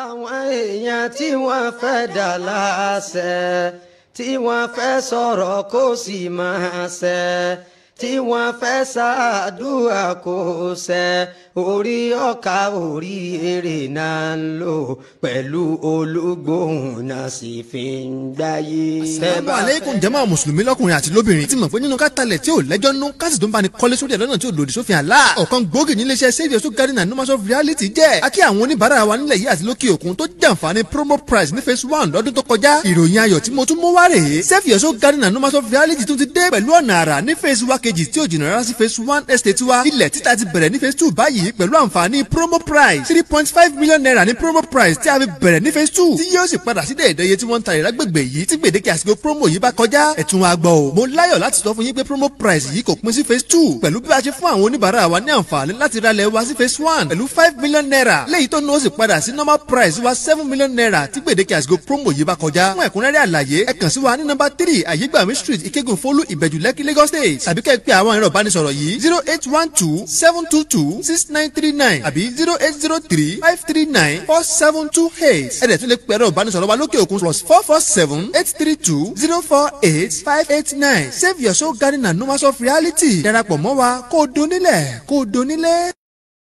àwọn èèyàn tí wọ́n fẹ́ dà láṣẹ tí wọ́n fẹ́ sọ̀rọ̀ kó sì máa ṣẹ tí wọ́n fẹ́ ṣàdúrà kò ṣẹ orí ọkà orí èrè náà ń lò pẹ̀lú olúgbòhùn náà sì fi ń gbáyé. assalamu alaikum jàmáà mùsùlùmí lọ́kùnrin àti lóbìnrin tí mọ̀ pé nínú kátàlẹ̀ tí ò lẹ́jọ́ nú kásì tó ń bani kọ́lé sórí ẹ̀ lọ́nà tí ò lòdì sófin Allah ọ̀kan gbòógì ní save your soul garden and numbers of reality jẹ́ a kí àwọn oníbàárà wa nílẹ̀ yìí àti lókè òkun tó jàǹfààní promo price ní phase one lọ́dún tó kọjá ìròyìn ayọ̀ tí mo tún mú wá rèé save your soul garden and numbers of reality tún ti dé pẹ̀lú ọ̀nà àrà ní phase one kejì tí ò jìnnà sí phase one estate wa ilẹ̀ títà ti bẹ̀rẹ̀ ní phase two báyìí pẹ̀lú àǹfààní promo price three point five million naira ní promo price tí a fi bẹ̀rẹ̀ ní phase two tí yóò sì padà sí dẹ̀ẹ́dẹ́yẹ tí wọ́n ń ta ìrágbègbè yìí tí gbèdéke àsìkò promo yìí bá kọjá ẹ̀tún wa gbọ́ o mo láyọ̀ láti sọ fún yín pé promo price yìí kò pín sí phase two pẹ̀lú bí a ṣe fún àwọn oníbàárà wa ní àǹfààní láti one pẹ̀lú five million naira léyìí tó náà normal price wa seven million naira tí gbèdéke àsìkò promo yìí bá kọjá fún ẹ̀kúnrẹ́rẹ́ àlàyé ẹ kàn sí wa ní nọ́mbà three àyígbàmí street ìkẹ́gùn fólú ìbẹ̀jú Lagos State tàbí kẹ́ kẹ́ pé àwọn ẹ̀rọ ìbánisọ̀rọ̀ yìí zero eight one two seven two two six nine three nine àbí zero eight zero three five three nine four seven two eight ẹ̀rẹ̀ tún lè pe ẹ̀rọ ìbánisọ̀rọ̀ wa lókè òkun plus four four seven eight three two zero four eight five eight nine save your soul garden and numbers of reality darapọ̀ mọ́ wa kó o donílẹ̀ kó o donílẹ̀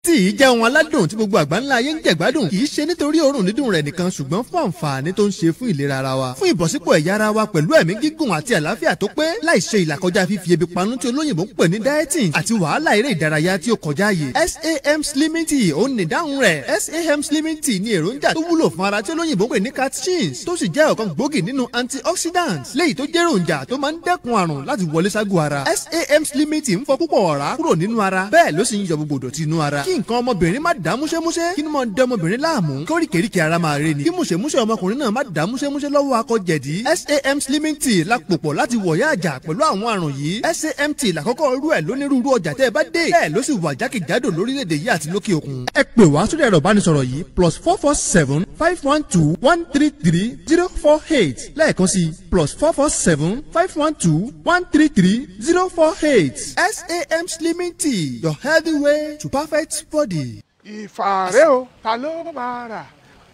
tí ì jẹ́ ohun aládùn tí gbogbo àgbáńlá ayé ń jẹ̀gbádùn kì í ṣe nítorí òórùn dídùn rẹ̀ nìkan ṣùgbọ́n fún àǹfààní tó ń ṣe fún ìlera ara wa fún ìbọ̀sípò ẹ̀yà ara wa pẹ̀lú ẹ̀mí gígùn àti àlàáfíà tó pé láì ṣe ìlàkọjá fífi ebi panu tí olóyìnbó ń pè ní dieting àti wàhálà eré ìdárayá tí ó kọjá yìí SAM Slimming Tea ó ní ìdáhùn rẹ̀ SAM Slimming Tea ni èròjà tó wúlò fún ara tí olóyìnbó ń pè ní catechins tó sì jẹ́ ọ̀kan gbòógì nínú antioxidants léyìí tó jẹ́ èròjà tó máa ń dẹ́kun àrùn láti wọlé ságọ́ ara SAM Slimming Tea ń fọ púpọ̀ ọ̀rá kúrò nínú ara bẹ́ẹ̀ ló sì ń yọ gbogbo ìdọ̀tí inú ara kí nǹkan ọmọbìnrin má dá múṣẹ́múṣẹ́ kí ni mo ń dẹ ọmọbìnrin láàmú kóríkèríkè ara máa re ni kí múṣẹ́múṣẹ́ ọmọkùnrin náà má dá múṣẹ́múṣẹ́ lọ́wọ́ akọjẹ̀dí SAM slimming tea la pòpọ̀ láti wọ̀yá àjà pẹ̀lú àwọn àrùn yìí SAM tea làkọ́kọ́ rú ẹ̀ lónírúurú ọjà tẹ́ ẹ bá dé ẹ ló sì wà jákèjádò lórílẹ̀‐èdè yìí àti lókè òkun. ẹ pè wá sórí ẹ̀rọ ìbánisọ̀rọ̀ yìí plus four four seven five one two one three three zero four eight lẹ́ẹ̀kan sí plus four four seven five one two one three three zero four eight SAM slimming tea your healthy way to perfect everybody. ìfàrẹ́ o ta ló máa rà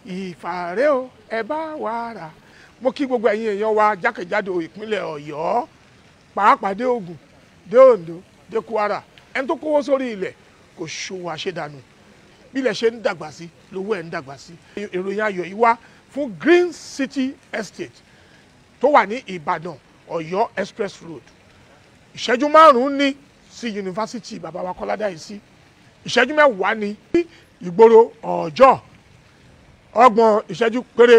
ìfàrẹ́ o ẹ bá wa rà mo kí gbogbo ẹ̀yin èèyàn wa jákèjádò ìpínlẹ̀ ọ̀yọ́ pàápàá dé ògùn dé oǹdó dé kwara ẹni tó kówó sórí ilẹ̀ kò ṣòwò àṣedànù bí ilẹ̀ ṣe ń dàgbà sí lówó ẹ̀ ń dàgbà sí. ìròyìn ayọ̀ yìí wá fún green city estate tó wà ní ìbàdàn ọ̀yọ́ express road ìṣẹ́jú márùn-ún ní sí yunifásitì bàbá wa kọ́ládàísí ìṣẹ́jú mẹ́wàá ní ìgboro ọjọ́ ọgbọ̀n ìṣẹ́jú péré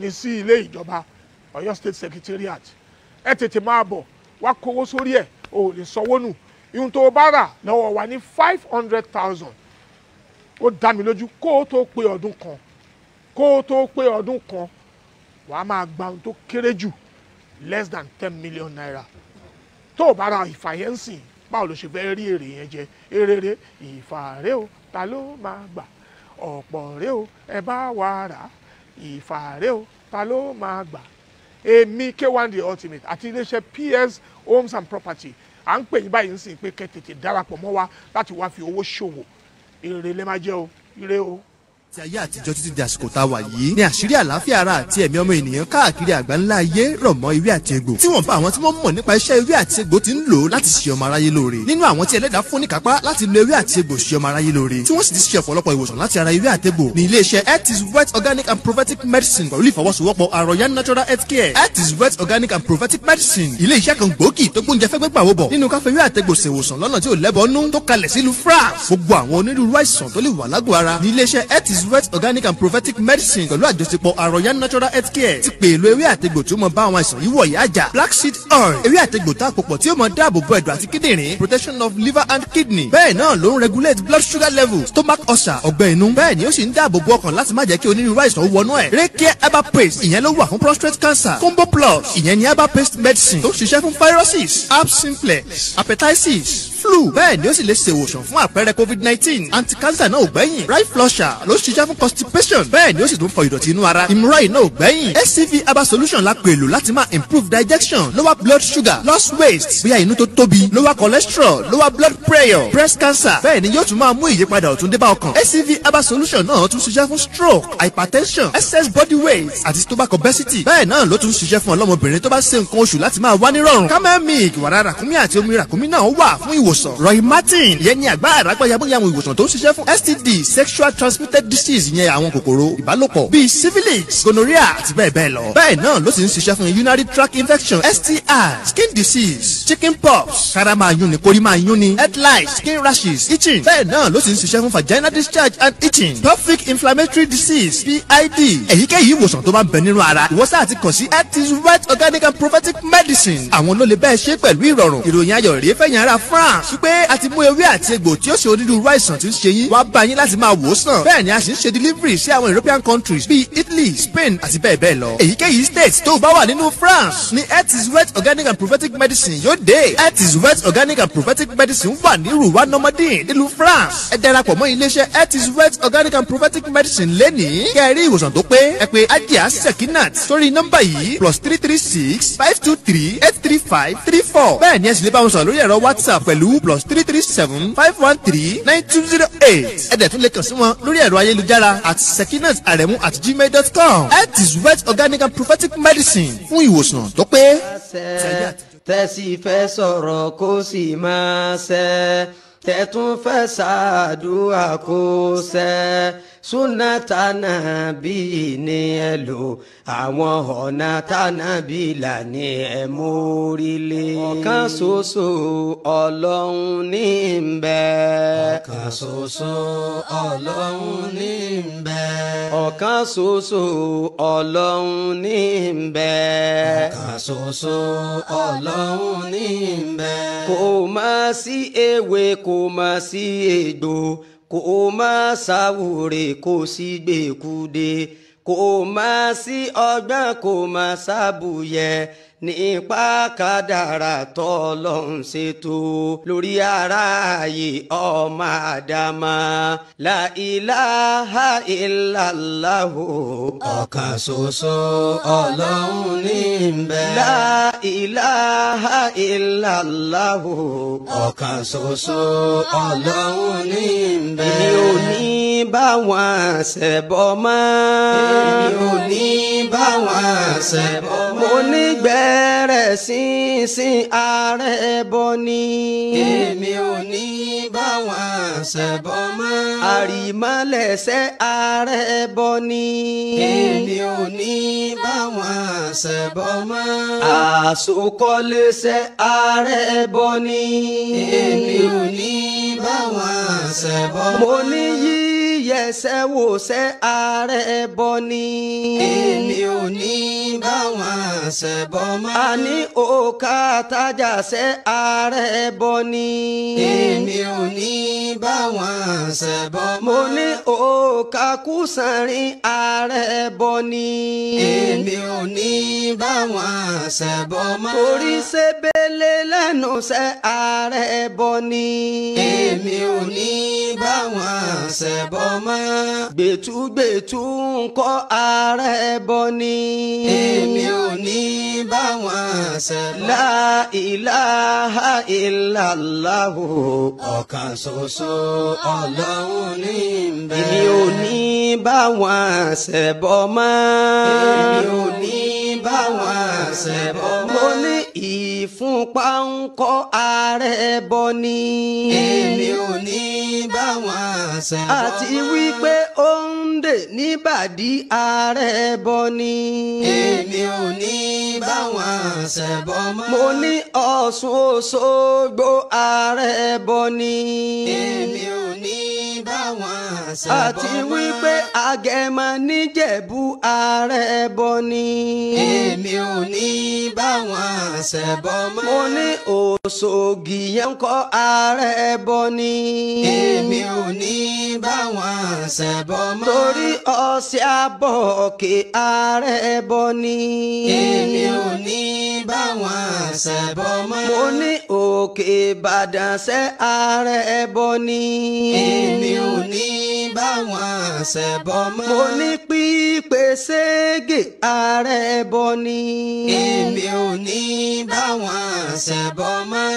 ní sí ilé ìjọba Ọ̀yọ́ state secretariat ẹ tètè máa bọ̀ wá kówó sórí ẹ̀ o ò lè sanwó nù ihun tó bá rà lọ́wọ́ wa ní five hundred thousand ó dá mi lójú kó o tó pé ọdún kan kó o tó pé ọdún kan wàá máa gba ohun tó kéré jù less than ten million naira tó o bá ra ìfàyẹ́nsìn báwo ló ṣe fẹ́ rí èrè yẹn jẹ eréré ìfàrẹ́ o ta ló máa gbà ọ̀pọ̀ rẹ o ẹ bá wa rà ìfàrẹ́ o ta ló máa gbà èmi K1 the ultimate àti iléeṣẹ́ PS homes and property à ń pè yín báyìí ń sìn pé kẹ́ tètè darapọ̀ mọ́ wa láti wá fi owó ṣòwò èrè lè máa jẹ́ o ire o láti ayé àtijọ́ títí di àsìkò tá a wà yìí ni àṣírí àlàáfíà ara àti ẹ̀mí ọmọ ènìyàn káàkiri àgbáńlá ayé rọ̀ mọ́ ewé àti egbò tí wọ́n bá àwọn tí wọ́n mọ̀ nípa iṣẹ́ ewé àti egbò ti ń lò láti ṣe ọmọ aráyé lóore nínú àwọn tí ẹlẹ́dàá fún ní kápá láti lo ewé àti egbò ṣe ọmọ aráyé lóore tí wọ́n sì ti ṣe ọ̀pọ̀lọpọ̀ ìwòsàn láti ara ewé àti egbò ní iléeṣẹ́ health is wet organic and prophetic medicine pẹ̀lú ìfọwọ́sowọ́pọ̀ Royal natural health care health is wet organic and prophetic medicine iléeṣẹ́ kan gbòógì tó gbóúnjẹ fẹ́ gbẹ́gbà wọ́bọ̀ nínú káfẹ́ ewé àti egbò ṣèwòsàn lọ́nà tí ò lẹ́bọ̀ọ́nú tó kalẹ̀ sílùú France gbogbo àwọn onírúurú àìsàn tó lè wà lágọ̀ọ́ ara ní iléeṣẹ́ health is advert organic and prophetic medicine pẹ̀lú àjọṣepọ̀ àròyá natural health care ti lo ewé àtegbò tí ó mọ bá àwọn àìsàn yìí wọ̀nyí àjà black seed oil ewé àtegbò tá a pò pọ̀ tí ó mọ dáàbò bo ẹ̀dọ̀ àti kíndìnrín protection of liver and kidney bẹ́ẹ̀ náà ló ń regulate blood sugar level stomach ulcer ọgbẹ́ inú bẹ́ẹ̀ ni ó sì ń dáàbò bo ọkàn láti má jẹ́ kí onírúurú àìsàn ó wọnú ẹ̀ rake herbal paste ìyẹn ló wà fún prostate cancer combo plus ìyẹn ni herbal paste medicine tó ṣiṣẹ́ fún fibrosis herb simplex hepatitis flu bẹ́ẹ̀ ni ó sì lè ṣe ìwòsàn fún àpẹẹrẹ covid nineteen anti-cancer náà ò gbẹ́yìn right flusher ló ṣiṣẹ́ fún constipation bẹ́ẹ̀ ni ó sì tún fọ ìdọ̀tí inú ara hemorrhoid náà ò gbẹ́yìn scv herbal solution la pè lò láti máa improve digestion lower blood sugar lost waste bóyá inú tó tóbi lower cholesterol lower blood pressure breast cancer bẹ́ẹ̀ ni yóò tún máa mú ìyípadà ọ̀tun dé bá ọkàn scv herbal solution náà tún ṣiṣẹ́ fún stroke hypertension excess body weight àti stomach obesity bẹ́ẹ̀ náà ló tún ṣiṣẹ́ fún ọlọ́mọbìnrin tó bá ṣe nǹkan oṣù láti máa wá nírọ̀rùn camel milk wàrà ràkúnmí àti omi ràkúnmí náà wà fún ìw ìwòsàn Martin, yẹn ni àgbá àràgbáyàbọ̀yà àwọn ìwòsàn tó ń ṣiṣẹ́ fún std sexual transmitted disease yẹn àwọn kòkòrò ìbálòpọ̀ bíi syphilis gonorrhea àti bẹ́ẹ̀ bẹ́ẹ̀ lọ bẹ́ẹ̀ náà ló sì ń ṣiṣẹ́ fún urinary tract infection sti skin disease chicken pox kára máa yún ni korí head lice skin rashes itching bẹ́ẹ̀ náà ló sì ń ṣiṣẹ́ fún vaginal discharge and itching pelvic inflammatory disease pid èyíkéyìí ìwòsàn tó bá ń bẹ nínú ara ìwọ́sà àti kàn sí health is right organic and prophetic medicine àwọn ló lè bẹ́ẹ̀ ṣe pẹ̀lú ìrọ̀rùn ìròyìn ayọ̀ rèé fẹ̀yìn ara france Farm wípé a ti mú ewé àti egbò tí ó ṣe onírúurú àìsàn tí ń ṣe yín wá bá yín láti máa wò ó sàn bẹ́ẹ̀ ni a sì ń ṣe delivery sí àwọn European countries bíi Italy Spain àti bẹ́ẹ̀ bẹ́ẹ̀ lọ èyíkéyìí state tó bá wà nínú France ni Earth's organic and prophetic medicine yóò dé Earth's organic and prophetic medicine wà ní rúwà normandy nílùú France ẹ darapọ̀ mọ́ iléeṣẹ́ Earth's organic and prophetic medicine lẹ́nìí kẹrí ìwòsàn tó pé ẹ pé Ajia Sekinat sórí nọ́mbà yìí plus three three six five two three eight three five three four bẹ́ẹ̀ ni ẹ sì lè bá wọn sọ̀rọ̀ lórí ẹ̀rọ WhatsApp pẹ̀lú pẹ̀lú plus three three seven five one three nine two zero eight ẹ̀dẹ̀ tún lè kàn sí wọn lórí ẹ̀rọ ayélujára at sekinat aremu at gmail dot com health is wealth organic and prophetic medicine fún ìwòsàn tó pé. tẹ́sí fẹ́ sọ̀rọ̀ kó sì máa ṣe tẹ́tún fẹ́ ṣàdúrà kó ṣe súnà tànà bí ni ẹ lò àwọn ọ̀nà tànà bí là ní ẹ mórílé. ọ̀kan ṣoṣo ọlọ́run ní ń bẹ. ọ̀kan ṣoṣo ọlọ́run ní ń bẹ. ọ̀kan ṣoṣo ọlọ́run ní ń bẹ. ọ̀kan ṣoṣo ọlọ́run ní ń bẹ. kò má sí ewé kò má sí egbò kò má ṣàwúre kò sí gbèkúde kò má sí ọgbọ́n kò má ṣàbùyẹ nípa kádàrà tọ́lọ́hún ṣètò lórí aráàyè ọmọ àdámà la ilaha illallahu ọ̀kan ṣoṣo ọlọ́hún ní bẹ̀. la ilaha illallahu ọ̀kan ṣoṣo ọlọ́hún ní bẹ̀. èmi ò ní bá wọn mọ́. èmi ò ní bá wọn ṣẹbọ mọ́. mo ní gbẹ̀rẹ̀ sínsìn ààrẹ bọ ni. èmi ò ní bá wọn ṣẹbọ mọ́. àrìmọ́lẹ̀ṣẹ̀ ààrẹ bọ ni. èmi ò ní bá wọn ṣẹbọ mọ́. àsokọ́lẹ̀ṣẹ̀ ààrẹ bọ ni. èmi ò ní bá wọn ṣẹbọ mọ́. mo ní yí ẹsẹ̀ wò ṣẹ́ ààrẹ bọ ni. èmi ò ní báwọn àṣẹbọ mọ́. a ní òkà tájà ṣẹ́ ààrẹ bọ ni. èmi ò ní báwọn àṣẹbọ mọ́. mo ní òkà kùsànrin ààrẹ bọ ni. èmi ò ní báwọn àṣẹbọ mọ́. torí ṣebele lẹ́nu ṣẹ́ ààrẹ bọ ni. èmi ò ní báwọn àṣẹbọ mọ́ mọ́. gbẹ̀tùgbẹ̀tù ń kọ́ ara ẹ ni. èmi ò ní bá wọn ṣe lọ. la ilaha illallah ọ̀kan ṣoṣo ọlọ́run ní bẹ́ẹ̀. èmi ò ní bá wọn ṣe bọ mọ́. èmi ò ní bá wọn ṣe bọ mọ́. mo ní ìfúnpá ń kọ́ ààrẹ bọ́ ni. èmi ò ní bá wọn àṣà wọn. àti wípé ó ń dè níbàdí ààrẹ bọ́ ni. èmi ò ní bá wọn àṣà bọ́ mọ́. mo ní Ọ̀ṣun Òṣogbo ààrẹ bọ́ ni. èmi ò ní bá wọn àṣà bọ́ mọ́. àti wípé Agẹmọ níjẹ̀bú ààrẹ bọ́ ni. èmi ò ní bá wọn àṣà bọ́ mọ́ ẹsẹ̀ bọ́ mọ́. mo ní Òṣògì yẹn ń kọ́ ààrẹ bọ́ ni. èmi ò ní báwọn ṣẹ̀bọ mọ́. torí ọ̀sẹ̀ àbọ̀ òkè ààrẹ bọ́ ni. èmi ò ní báwọn ṣẹ̀bọ mọ́. mo ní òkè Ìbàdàn ṣẹ́ ààrẹ bọ́ ni. èmi ò ní báwọn ṣẹ̀bọ mọ́. mo ní pípé ṣége ààrẹ bọ́ ni. èmi ò ní báwọn ṣẹ̀bọ mọ́.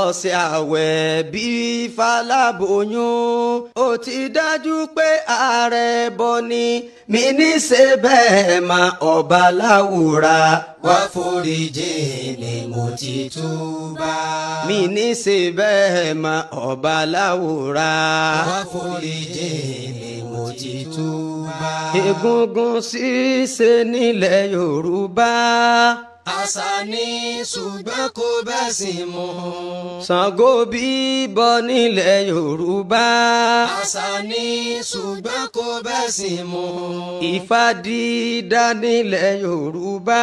ọ̀sẹ̀ àwẹ̀ bíi faláboyún ó ti dájú pé ààrẹ bọ ni mi ní ṣe bẹ́ẹ̀ ma ọba láwùrà wá foríjì mi mo ti túbà. mi ní ṣe bẹ́ẹ̀ mọ ọba láwùrà. wá foríjì mi mo ti túbà. egungun ṣíṣe nílẹ̀ Yorùbá àṣà ni ṣùgbọ́n kò bẹ́sìn mu. Ṣàngó bíbọ nílẹ̀ Yorùbá. àṣà ni ṣùgbọ́n kò bẹ́sìn mu. Ifá nílẹ̀ Yorùbá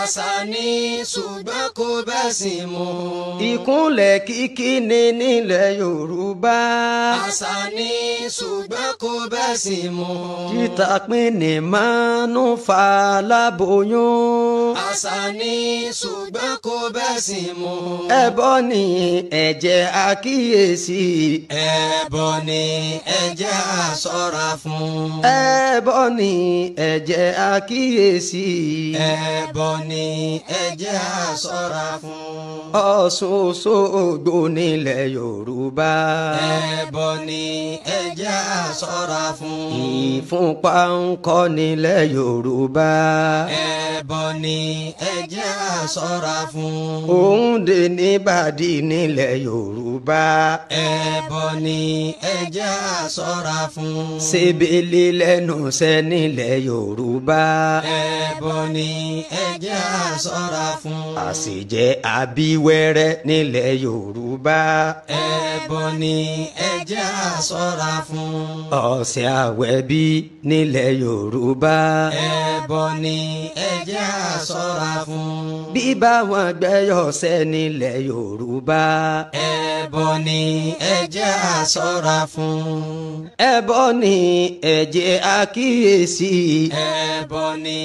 àṣà ni ṣùgbọ́n kò bẹ́sìn mu. ìkúnlẹ̀ kíkí ni nílẹ̀ Yorùbá. àṣà ni ṣùgbọ́n kò bẹ́sìn mu. títà pín ní máa ń fa aláboyún. àṣà ni ṣùgbọ́n kò bẹ́sìn mu. ẹbọ ni ẹ̀jẹ̀ àkíyèsí. ẹbọ ni ẹ̀jẹ̀ àṣọ́ra fún. ẹbọ ni ẹ̀jẹ̀ àkíyèsí. ẹbọ ẹbọ ni ẹ jẹ́ á ṣọ́ra fún. Ọ̀ṣun Òṣogbo nílẹ̀ Yorùbá. ẹbọ ni ẹ jẹ́ á ṣọ́ra fún. ìfúnpá ń kọ́ nílẹ̀ Yorùbá. ẹbọ ni ẹ jẹ́ á ṣọ́ra fún. òǹdè níbàdí nílẹ̀ Yorùbá. ẹbọ ni ẹ jẹ́ á fún. ṣebele lẹ́nu sẹ́ nílẹ̀ Yorùbá. ẹbọ ni ẹ jẹ́ a ṣọ́ra fún. àṣejẹ abíwẹ́rẹ́ nílẹ̀ Yorùbá. ẹbọ ni ẹ jẹ́ a ṣọ́ra fún. ọ̀sẹ̀ àwẹ̀bí nílẹ̀ Yorùbá. ẹbọ ni ẹ jẹ́ a ṣọ́ra fún. bíbá wọn gbẹ́yọ̀sẹ̀ nílẹ̀ Yorùbá. ẹbọ ni ẹ jẹ́ a ṣọ́ra fún. ẹbọ ni ẹ jẹ́ àkíyèsí. ẹbọ ni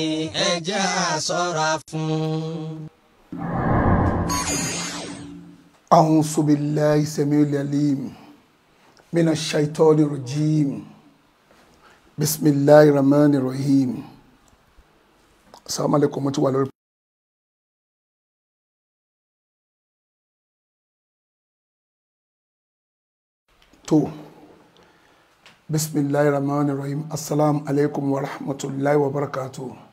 ẹ jẹ́ a fún ṣọ́ra fún. أعوذ بالله السميع العليم من الشيطان الرجيم بسم الله الرحمن الرحيم السلام عليكم ورحمة الله وبركاته تو بسم الله الرحمن الرحيم السلام عليكم ورحمة الله وبركاته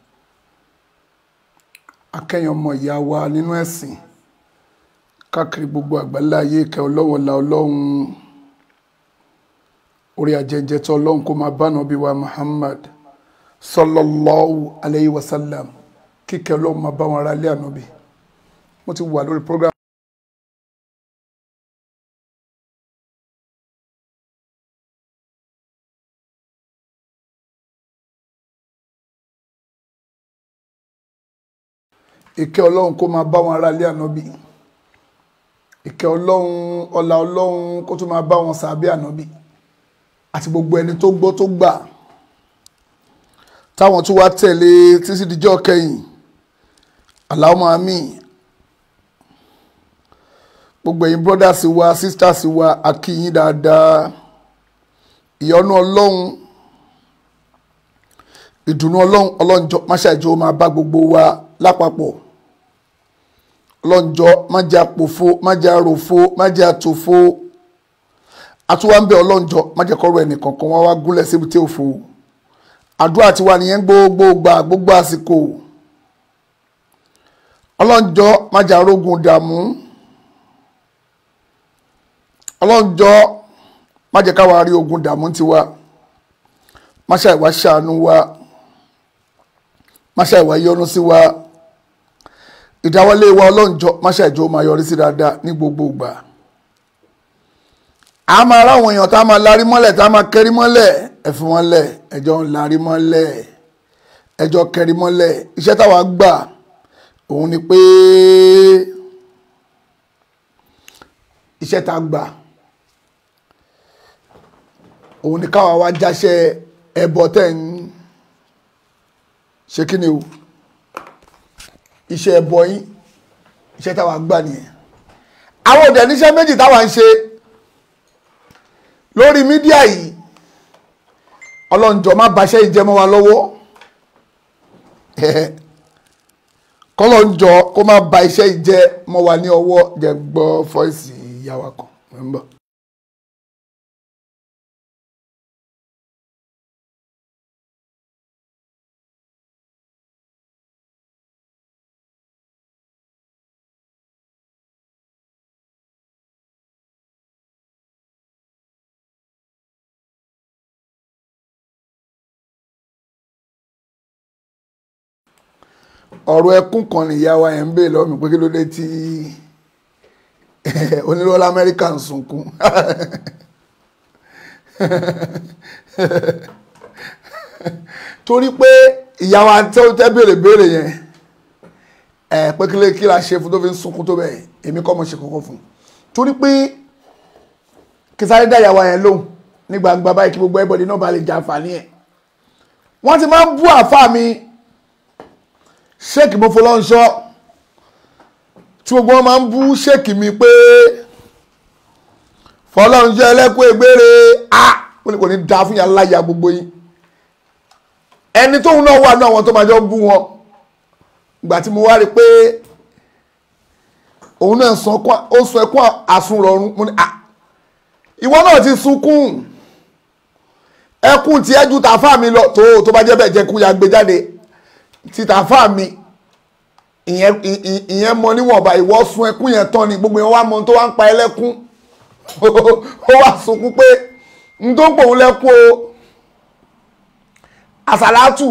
akẹ́yìn ọmọ ìyá wa nínú ẹ̀sìn káàkiri gbogbo àgbáláyé ìkẹ́ ọlọ́wọ́n la ọlọ́run orí ajẹjẹ tó ọlọ́run kó máa bá nàbí wa Muhammad sallallahu alayhi wa sallam kíkẹ́ ọlọ́run máa bá wọn ara ànábì mo ti wà lórí program. ìkẹ́ ọlọ́run kó máa bá wọn ará ilé ànábì ìkẹ́ ọlọ́run ọlá ọlọ́run kó tún máa bá wọn sàbí ànábì àti gbogbo ẹni tó gbọ́ tó gbà táwọn tún wá tẹ̀lé títí dijọ́ kẹyìn aláwọ̀ àmì gbogbo ẹ̀yin brothers wa sisters wa a kí yín dáadáa ìyọ́nú ọlọ́run ìdùnnú ọlọ́run ọlọ́run máṣáájú máa bá gbogbo wa lápapọ̀. La lọ́njọ́ májá pòfo májá ròfo májá tòfo àtúwáńbẹ́ ọlọ́njọ́ májá kọ́rọ̀ ẹnìkankan wá wá gúnlẹ̀ síbi tí ò fò àdúrà tiwa nìyẹn gbogbo gbà gbogbo àsìkò ọlọ́njọ́ májá rógun dààmú ọlọ́njọ́ májá káwa rí ogun dààmú tiwa máṣá ìwà ṣàánú wa máṣá ìwà yọ́nú sí wa. Masha, ìdáwọ́lé wa ọlọ́njọ́ máṣàjọ máa yọrí sí dáadáa ní gbogbo ìgbà a máa ráwọn èèyàn tá a máa larí mọ́lẹ̀ tá a máa kẹrí mọ́lẹ̀ ẹ fi wọ́n lẹ̀ ẹjọ́ ń larí mọ́lẹ̀ ẹjọ́ kẹrí mọ́lẹ̀ iṣẹ́ táwa gbà òun ni pé iṣẹ́ tá a gbà òun ni káwa wá jáṣẹ́ ẹbọ tẹ́ ń ṣe kí ni o iṣẹ́ ẹbọ yín iṣẹ́ táwa gbà nìyẹn àwọn òdẹ níṣẹ́ méjì táwa ń ṣe lórí mídíà yìí ọlọ́njọ́ má baṣẹ́ ìjẹmọ́ wa lọ́wọ́ kọ́lọ́njọ́ kó má ba iṣẹ́ ìjẹmọ́ wa ní ọwọ́ jẹ̀gbọ́ fọ́ìsì ìyá wa kan. ọ̀rọ̀ ẹkún kan nìyá wa yẹn ń bè lọ́mí pé kí ló dé tí onírọ́lá amẹ́ríkà ń sunkún torí pé ìyá wa tó tẹ́ béèrè béèrè yẹn ẹ̀ pé kí lè kí la ṣe fún tó fi ń sunkún tó bẹ́ẹ̀ èmi kọ́ mo ṣe kókó fún torí pé kí sáré dá ìyá wa yẹn lóhùn ní gbangba báyìí kí gbogbo everybody náà bá lè jàǹfààní ẹ̀ wọ́n ti máa ń bú àfáà mi Sheikh Mofolorunsho tí gbogbo wọn máa ń bú Sheikh mi pé Fọlọ́runṣọ́ ẹlẹ́kùn ègbére a ó ní kò ní da fún yàrá láyà gbogbo yín ẹni tóun náà wà ní àwọn tó máa jọ bú wọn ìgbà tí mo wá rí pé òun náà ó sọ ẹkún àsunrọ̀run mo ní à ìwọ náà ti sunkún ẹkún tí ẹjú tàfà mi lọ tó tó bá jẹ́ bẹ́ẹ̀ jẹ́ kú ya gbé jáde títàfà mi ìyẹn mọ níwọ̀nba ìwọ sun ẹkún yẹn tán ni gbogbo yẹn wá mọ tó wá ń pa ẹlẹ́kún ó wá sunkún pé n tó ń pòun lẹ́kún o àsàlátù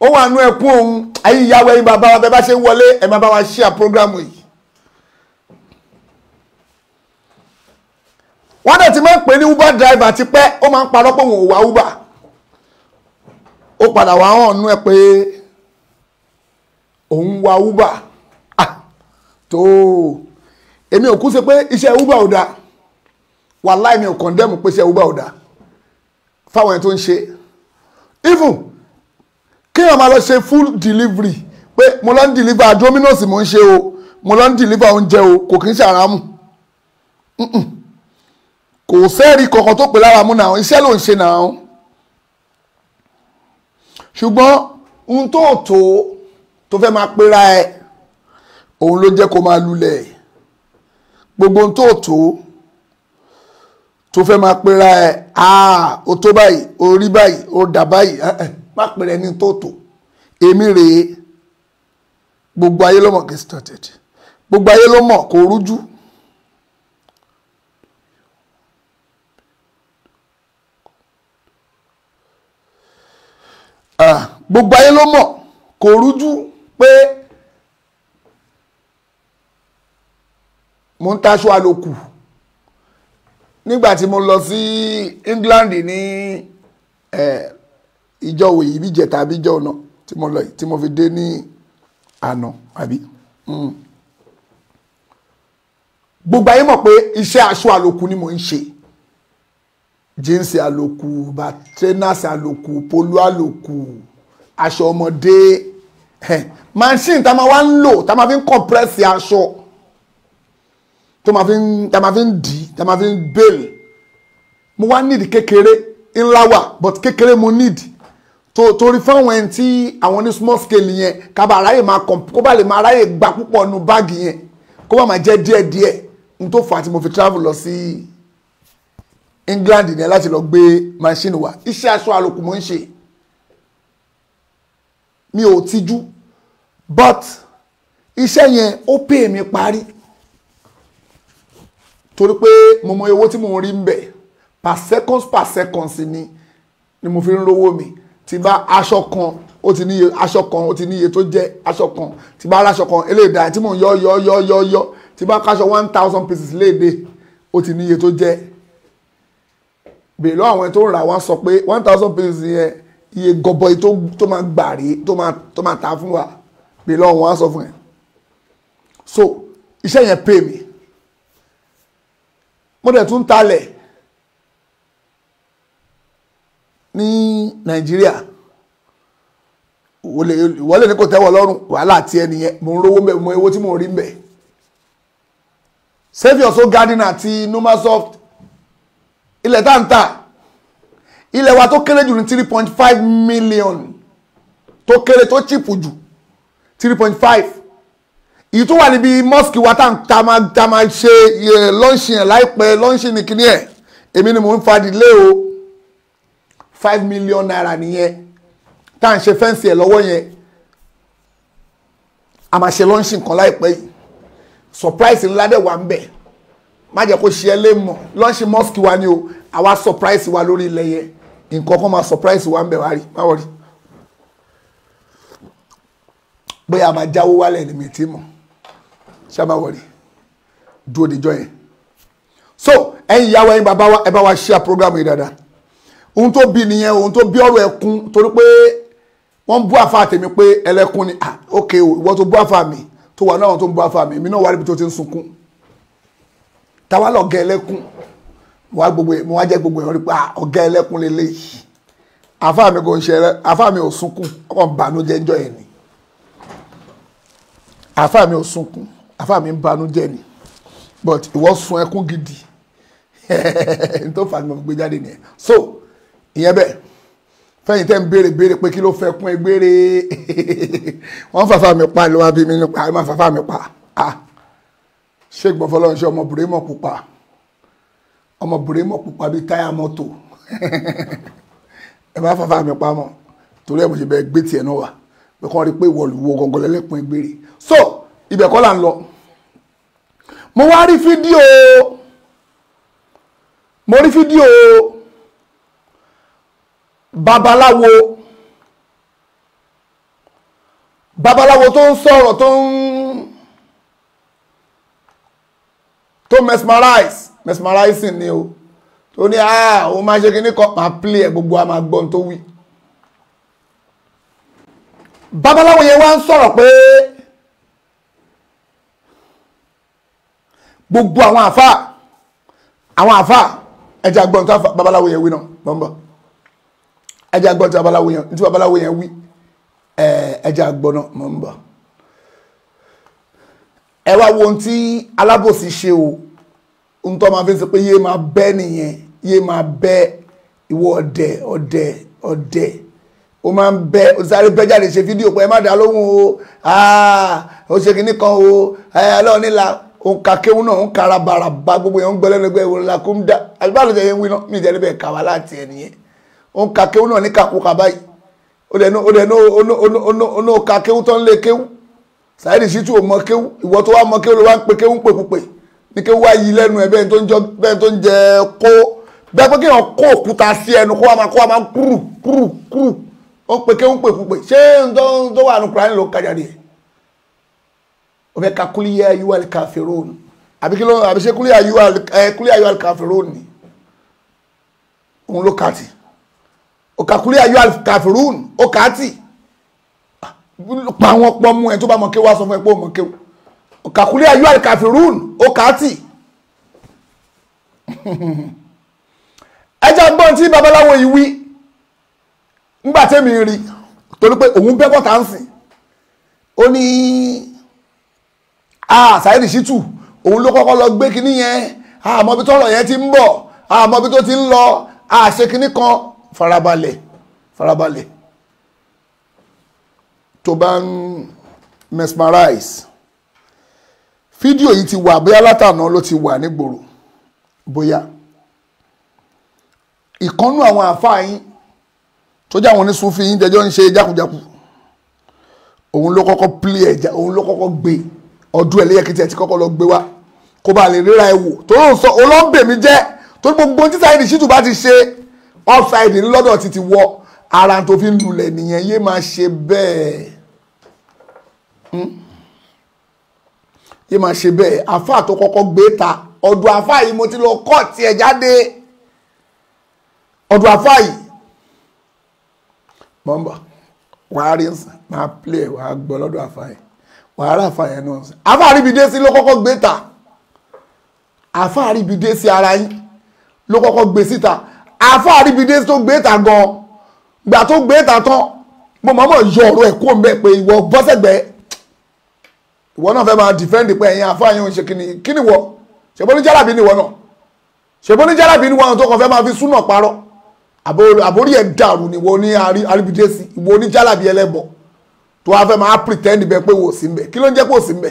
ó wà nú ẹkún òun ayé ìyàwó ẹyin bàbá wa bẹ́ẹ̀ bá ṣe wọlé ẹ máa bá wa ṣíà prógrámù yìí wọ́n dẹ̀ ti máa ń pè ní uber driver ti pẹ́ ó máa ń parọ́ pé òun ò wá uber ó padà wá hàn nú ẹ pé òun wa uber ah tó èmi ò kú sí pé iṣẹ́ uber ò dáa wàláì mi ò kọ̀ndẹ́mù pé iṣẹ́ uber ò dáa fáwọn ẹni tó ń ṣe even kéèyàn máa lọ ṣe full delivery pé mo lọ ń deliver Domino's mo ń ṣe o mo lọ ń deliver oúnjẹ o kò kí ń ṣàrámù kò sẹ́ẹ̀rí kankan tó pè lára mú náà iṣẹ́ ló ń ṣe náà ṣùgbọ́n ohun tó tó tó fẹ́ máa pera ẹ òun ló jẹ́ kó máa lulẹ̀ gbogbo ohun tó tó tó fẹ́ máa pera ẹ àà o tó báyìí o rí báyìí o dà báyìí má pera ẹni tó tó èmi rèé gbogbo ayé ló mọ̀ started gbogbo ayé ló mọ̀ rújú gbogbo ayé ló mọ̀ kò rújú pé mo ń taṣọ àlòkù nígbà tí mo lọ sí England ní ìjọ òyì bí jẹta bí jọ ọ̀nà tí mo lọ yìí tí mo fi dé ní àná àbí hmm. gbogbo ayé mọ̀ pé iṣẹ́ aṣọ àlòkù ni mo ń ṣe. Mm jíǹsì àlòkù bàtírẹ́nàsì àlòkù polo àlòkù aṣọ ọmọdé machine tá a máa wá ń lò tá a máa fi ń kọ̀pẹ́rẹ́sì aṣọ tó máa fi ń tá a máa fi ń dì í tá a máa fi ń bẹ́ẹ̀lì mo wá nídìí kékeré ńlá wà but kékeré mo nídìí tó torí fáwọn ẹni tí àwọn ní small scale yẹn kábà ráyè máa kàn kó bá lè máa ráyè gbà púpọ̀ nu báàgì yẹn kó bá máa jẹ́ díẹ̀díẹ̀ n tó fà á mo fi travel lọ Si, England ní láti lọ gbé machine wa iṣẹ́ aṣọ àlòkù mò ń ṣe mi ò tijú but iṣẹ́ yẹn ó pè mí parí torí pé mo mọ owó tí mo rí ń bẹ̀ per seconds per seconds ni ni mo fi ń rówó mi tí bá aṣọ kan ó ti níye aṣọ kan ó ti níye tó jẹ́ aṣọ kan tí bá aṣọ kan eléyìí dáa tí mò ń yọ yọ yọ yọ yọ bá kaṣọ one thousand pieces léde ó ti níye tó jẹ́ bèrè lọ́wọ́ àwọn tó ń ra wá sọ pé one thousand pieces yẹn iye gọbọi tó máa gbà rí tó máa ta fún wa bèrè lọ́wọ́ wọn á sọ fún ẹ so iṣẹ́ yẹn pè mí mo dẹ̀ tún talẹ̀ ní nàìjíríà wọlé ní kò tẹ́wọ̀ lọ́rùn wàhálà àti ẹni yẹn mo ń rówó mẹ́ mo ewó tí mo rí mẹ́ Saviour So Garden àti Numasoft ilẹ̀ tá ń tà ilẹ̀ wa tó kéré jù ní three point five million tó kéré tó chipu jù three point five èyí tó wà níbi mosque wa tá ta máa ṣe lọ́ńṣì yẹn láìpẹ́ lọ́ńṣì ní kíní ẹ̀ èmi ni mò ń fa ìdílé o five million naira nìyẹn tá à ń ṣe fẹ́ǹsì ẹ̀ lọ́wọ́ yẹn a máa ṣe lọ́ńṣì nǹkan láìpẹ́ yìí surprise ńlá dẹ̀ wà ń bẹ̀ má jẹ́ kó ṣe ẹ lé mọ̀ lọ́ọ̀ṣì mosque wa ni o àwa surprise wa lórí ilẹ̀ yẹn nǹkan kan máa surprise wa ń bẹ̀ wá rí má wọ̀rí bóyá a máa jáwó wálẹ̀ ní mi tí mọ̀ ṣá má wọ̀rí dúró dìjọ́ yẹn so ẹ̀yin ìyá wa ẹ̀yin bàbá wa ẹ bá wa share program yìí dáadáa ohun tó bí nìyẹn ohun tó bí ọ̀rọ̀ ẹkún torí pé wọ́n bú àfa àtẹ̀mí pé ẹlẹ́kún ni ah ok ìwọ tó bú àfa mi tó wà náà tó bú àfa mi èmi náà wà níbi tó ti ń sunkún táwa lọ ọ̀gá ẹlẹ́kùn mo wá jẹ́ gbogbo èèyàn rí pé ah, ọ̀gá ẹlẹ́kùn lélẹ̀ yìí àfáà mi kò ń ṣe àfáà mi ò sunkún ọkọ̀ ń ń jọ yẹn ni àfáà mi ò sunkún àfáà mi ń banújẹ́ ni but ìwọ sun ẹkún gidi n tó fà ní mo gbé jáde nìyẹn so ìyẹn bẹ́ẹ̀ fẹ́yìn tẹ́ ń béèrè béèrè pé kí ló fẹ́ kún ẹgbẹ́rẹ́ wọ́n fàfà mi pa ló wá bí mi nípa ẹ má fàfà mi pa ah sheik bọ́fọlọ́nṣẹ́ ọmọbìnrin mọ̀ pupa ọmọbìnrin mọ̀ pupa bíi táyà mọ́tò ẹ bá fàfà mi pamọ́ torí ẹ̀ mo ṣe bẹ́ẹ̀ gbé tiẹ̀ náà wà pé kọ́ rí pé ìwọ̀lù wo gangan lẹ́lẹ́pin gbére so ibẹ̀ kọ́ là ń lọ mo wá rí fídíò mo rí fídíò babaláwo babaláwo tó ń sọ̀rọ̀ tó ń tó mesmerize mesmerizing ni o tó ní ah òun máa ṣe kí ní kan máa play ẹ̀ gbogbo a máa gbọ́n tó wí babaláwo yẹn wá ń sọ̀rọ̀ pé gbogbo àwọn àfà àwọn àfà ẹja gbọ́n tó babaláwo yẹn wí náà bọ́m̀bọ́ ẹja gbọ́n tó babaláwo yẹn wí ẹja gbọ́n náà bọ́m̀bọ́ ẹ wá wo ohun tí alábòsí ṣe o ohun tó máa fi sọ pé yé máa bẹ́ nìyẹn yé máa bẹ́ ìwọ ọ̀dẹ ọ̀dẹ ọ̀dẹ o máa ń bẹ o sáré bẹ jáde ṣe fídíò pé ẹ má dá lóhùn o o ṣe kinní kan o ọlọ́run nílà òun ka kéwú náà òun kara baraba gbogbo yẹn ń gbọ́ lẹ́nu ẹgbẹ́ ìwòrán lakú ń dá àlùbáàlù tẹ̀yẹ ń wí náà mí ìjẹ́lẹ́ bẹ́ẹ̀ kà láti ẹ̀ nìyẹn òun ka kéwú náà ní kàkúkà báyìí o dẹ̀ ní o dẹ̀ ní o ní o ní o ní o ní o ka kéwú tó ń lé kéwú Saheed Shittu ò mọ kéwú ìwọ tó wá mọ kéwú ló wá ń pe kéwú ń pè púpè ní kéwú wá yí lẹ́nu ẹ̀ bẹ́ẹ̀ tó ń jẹ kó bẹ́ẹ̀ pé kéèyàn kó òkúta sí ẹnu kó wá máa kó wá máa kúrù kúrù kúrù ó ń pe kéwú ń pè púpè ṣé tó wà nù Kùránì ló kájà o ó fẹ́ ka kúlíyà yuwal kafirun àbí kí ló àbí ṣe kúlíyà yuwal kafirun ni òun ló kà tì ó ka kúlíyà yuwal kafirun ó kà tì pa wọn pọ̀ mú ẹ tó bá mọ̀ kéwàá sọ fún ẹ pé ó mọ̀ o kàkúlé ayú àìkàfìrún ó kàátì ẹjá gbọ́n tí babaláwo yìí wí ńgbà tẹ́mi rí torí pé òun bẹ́ bọ́ta ń sìn ó ní ah, Saheed Shittu òun ló kọ́kọ́ lọ gbé kinní yẹn àmọ́ bí tọ́rọ̀ yẹn ti ń bọ̀ àmọ́ bí tó ti ń lọ àṣekínní kan farabalẹ̀ farabalẹ̀ tó bá ń mesmerize fídíò yìí ti wà bóyá látàná ló ti wà nígboro bóyá ìkànnú àwọn àáfàá yín tó jẹ́ àwọn onísùnfì yín jẹjọ́ ń ṣe jákujàku òun ló kọ́kọ́ plé ẹ̀já òun ló kọ́kọ́ gbé ọdún ẹlẹ́yẹkìtì ẹ̀ ti kọ́kọ́ lọ gbé wá kó ba lè ríra ẹ̀ wò tó ń sọ olóńbèmí jẹ́ tó gbogbo títà ìdí ṣìtù bá ti ṣe offside lọ́dọ̀ ti ti wọ ara tó fi ń lulẹ̀ nìyẹn yé máa ṣe bẹ́ẹ̀. Hmm? yìí máa ṣe bẹ́ẹ̀ àfáà tó kọ́kọ́ gbé ta ọ̀dọ̀ àfáà yìí mo ti lọ kọ́ tiẹ̀ jáde ọ̀dọ̀ àfáà yìí mọ́mbà wàá rí nsìn máa play wàá gbọ́ lọ́dọ̀ àfáà yìí wàá rà àfáà yẹn náà nsìn àfáà ríbi dé sí ló kọ́kọ́ gbé ta àfáà ríbi dé sí ara yín ló kọ́kọ́ gbé síta àfáà ríbi dé tó gbé ta gan gbà tó gbé ta tán mo mọ̀ọ́mọ̀ yọ ọ̀rọ̀ ẹ̀ kó ń bẹ́ẹ̀ pé ìwọ bọ́sẹ̀gbẹ́ ìwọ náà fẹ́ máa defend pé ẹ̀yin afáàyàn ń ṣe kíni kíni wọ ṣèbó ní jálàbí ni ìwọ náà ṣèbó ní jálàbí ni wọn tó kàn fẹ́ máa fi súnà parọ́ àbórí ẹ̀ dàrú ni ìwọ ní àríbidé sí ìwọ ní jálàbí ẹlẹ́bọ tó wá fẹ́ máa pretend bẹ pé wò sí mbẹ kí ló ń jẹ́ pé ò sí mbẹ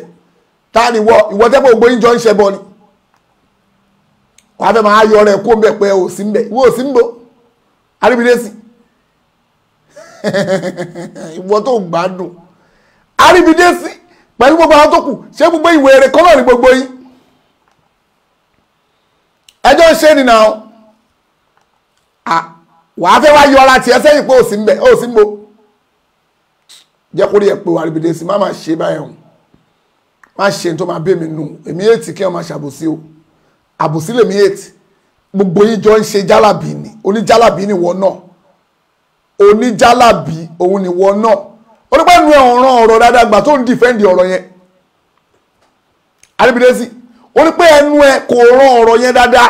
ta ni ìwọ ìwọ tẹ́ pé ògbó yín jọ ń ṣẹbọ ni wà á fẹ́ máa yọ ọ̀rẹ́ kó mbẹ pé ò sí mbẹ ìwọ ò sí mbọ àríbidé sí ìwọ tó gbádùn àríbidé sí pẹ̀lú gbogbo àwọn tó kù ṣé gbogbo ìwé èrè kọ́lọ̀ ní gbogbo yín ẹjọ́ ń ṣe nìna o wàá fẹ́ wá yọ ara tiẹ̀ sẹ́yìn pé òsì ń bẹ̀ òsì ń bo jẹ́ kórè ẹ̀ pé àrìbìdè sí má má ṣe báyẹn o má ṣe tó má bẹ́ mi nù èmi èètì kí wọ́n má ṣàbòsí o àbòsí lèmi èètì gbogbo yín jọ ń ṣe jálàbí ni oníjálàbí ni wọ́n náà oníjálàbí òun ni wọ́n náà olùpẹ̀lú ọ̀ràn ọ̀rọ̀ dáadáa gbà tó ń dìfẹ́ǹdì ọ̀rọ̀ yẹn alibidesi ó ní pé ẹnu ẹ kò ràn ọ̀rọ̀ yẹn dáadáa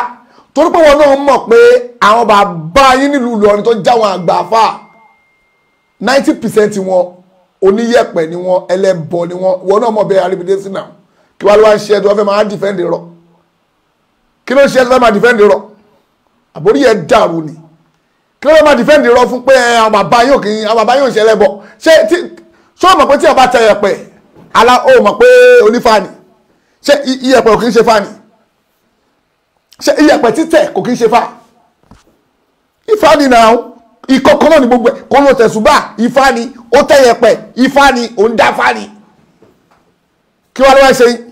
torí pé wọn náà mọ̀ pé àwọn bàbá yín nílùú Ìlọrin tó jáwọn àgbà fà ninety percent wọn oníyẹ̀pẹ̀ ni wọn ẹlẹ́bọ ni wọn wọn náà mọ̀ bẹ́ẹ̀ alibidesi náà kí wàá ló wá ń ṣe ẹ̀dùn ọ̀fẹ́ máa dìfẹ́ǹdì rọ kí ló ń ṣe ẹ̀dùn ọ̀fẹ́ máa dìfẹ́ǹdì rọ àbórí ẹ̀ dàrú ni kí ló máa defend irọ́ fún pé eh, àwọn bàbá yóò kì í àwọn bàbá yóò ṣẹlẹ̀ bọ̀ ṣé tí ṣé o mọ̀ pé tí ọba tẹ yẹ̀pẹ̀ ala o mọ̀ pé onífàní ṣé iyẹ̀pẹ̀ kò kì í ṣe fàní ṣé iyẹ̀pẹ̀ títẹ̀ kò kì í ṣe fà ìfàní náà ìkọ̀kọ̀ náà ni gbogbo ẹ̀ kọ́ ló tẹ̀sùbà ìfàní ó tẹ yẹ̀pẹ̀ ìfàní ó ń kí wàá lọ́wọ́ ṣe yín.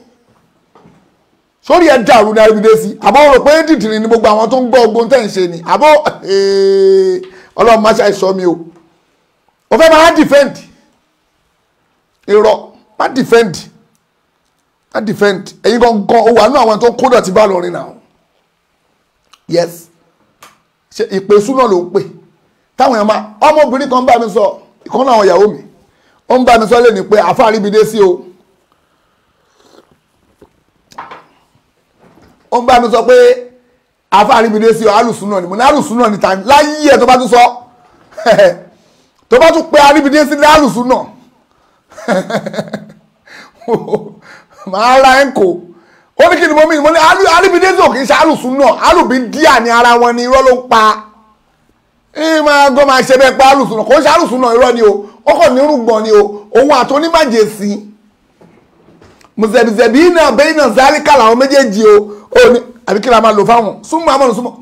sórí ẹ dàrú náà ibi sí àbọ̀ rò pé dìdìrì gbogbo àwọn tó ń gbọ́ ogun tẹ̀ ṣe ni àbọ̀ eh, ọlọ́run má ṣàìsọ mi o ò fẹ́ defend irọ́ defend eyi defend ẹ̀yin gangan wà àwọn tó kó dọ̀tí bá lọ́rin náà yes ṣe ìpè súná ló ń pè táwọn máa ọmọbìnrin kan bá mi sọ ìkànnì àwọn ìyàwó mi ó ń bá mi sọ lé ní pé o. ó ń bá mi sọ pé afárímidé sí ọ alùsùnà ni mo ní alùsùnà ni tani láyé ẹ tó bá tún sọ tó bá tún pé arímidé sí ní alùsùnà màá ra ẹ̀ ń kó ó ní kí ni mo mí mo ní arímidé sí òkè ṣe alùsùnà alùbí díà ní ara wọn ni irọ́ ló ń pa ìmọ̀ gan máa ṣe bẹ́ẹ̀ pa alùsùnà kò ń ṣe alùsùnà irọ́ ni o ó kàn ní rúgbọ̀n ni o òun àtọ́nímàjèsí mùsẹ̀bìsẹ̀bì iná bẹ́ẹ̀ iná zálíkà làwọn méjèèjì o ò ní àbí kí la máa lò fáwọn súnmọ́ àmọ́ súnmọ́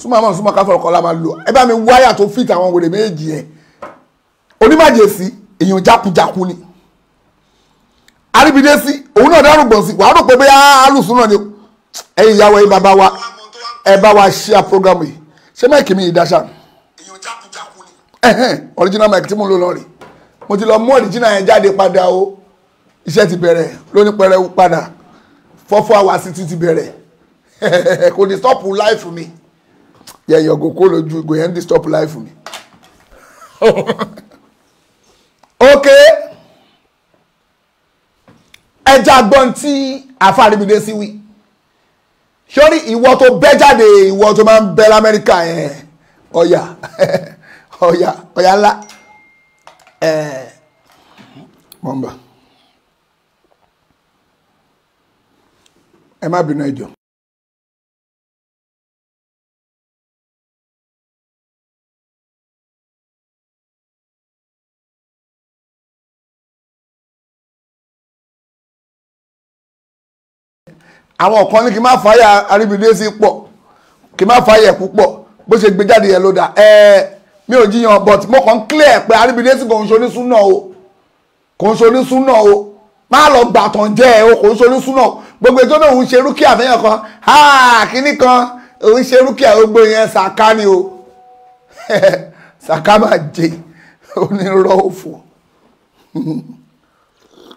súnmọ́ àmọ́ súnmọ́ káfọ́ ọkọ̀ la máa lò ẹ bá mi wáyà tó fìtà àwọn wèrè méjèèjì yẹn onímàjèsí èèyàn jákujáku ni àríbidé sí òun náà dárúgbọ̀n sí wàá rò pé bóyá alùsùn náà ni ẹ̀yin ìyàwó ẹ̀yin bàbá wa ẹ bá wa share program yìí ṣé máìkì original mic tí mo lò lọ rè mo ti lọ mú iṣẹ́ ti bẹ̀rẹ̀ lóní pẹrẹwu padà fọ́fọ́ àwàsí tún ti bẹ̀rẹ̀ kò ní stop life mi yẹ̀yẹ̀ ògò kó lójú ìgò yẹn ń stop life mi. ok ẹja gbọ́n tí àfàrìbìdé sí wí sórí ìwọ tó bẹ́ jáde ìwọ tó máa ń bẹ lamẹ́ríkà yẹn ọ̀yà ọ̀yà ọ̀yà ńlá ẹ̀ mọ̀nbà. ẹ má bínú ẹ jọ̀ọ́. àwọn kan ní kí má fàáyà aríbidésí pọ̀ kí má fàáyà púpọ̀ bó ṣe gbé jáde yẹn ló dà ẹ mi ò jiyàn but mo kàn ń clear pé aríbidésí kò ń ṣonísúná o kò ń ṣonísúná o má lọ gbàtàn jẹ́ ẹ o kò ń ṣonísúná o gbogbo ètò náà òun ṣe rúkìá fẹ́yàn kan kíní kan òun ṣe rúkìá gbogbo yẹn ṣàká ni o ṣàká máa jẹ onírọ́ òfò.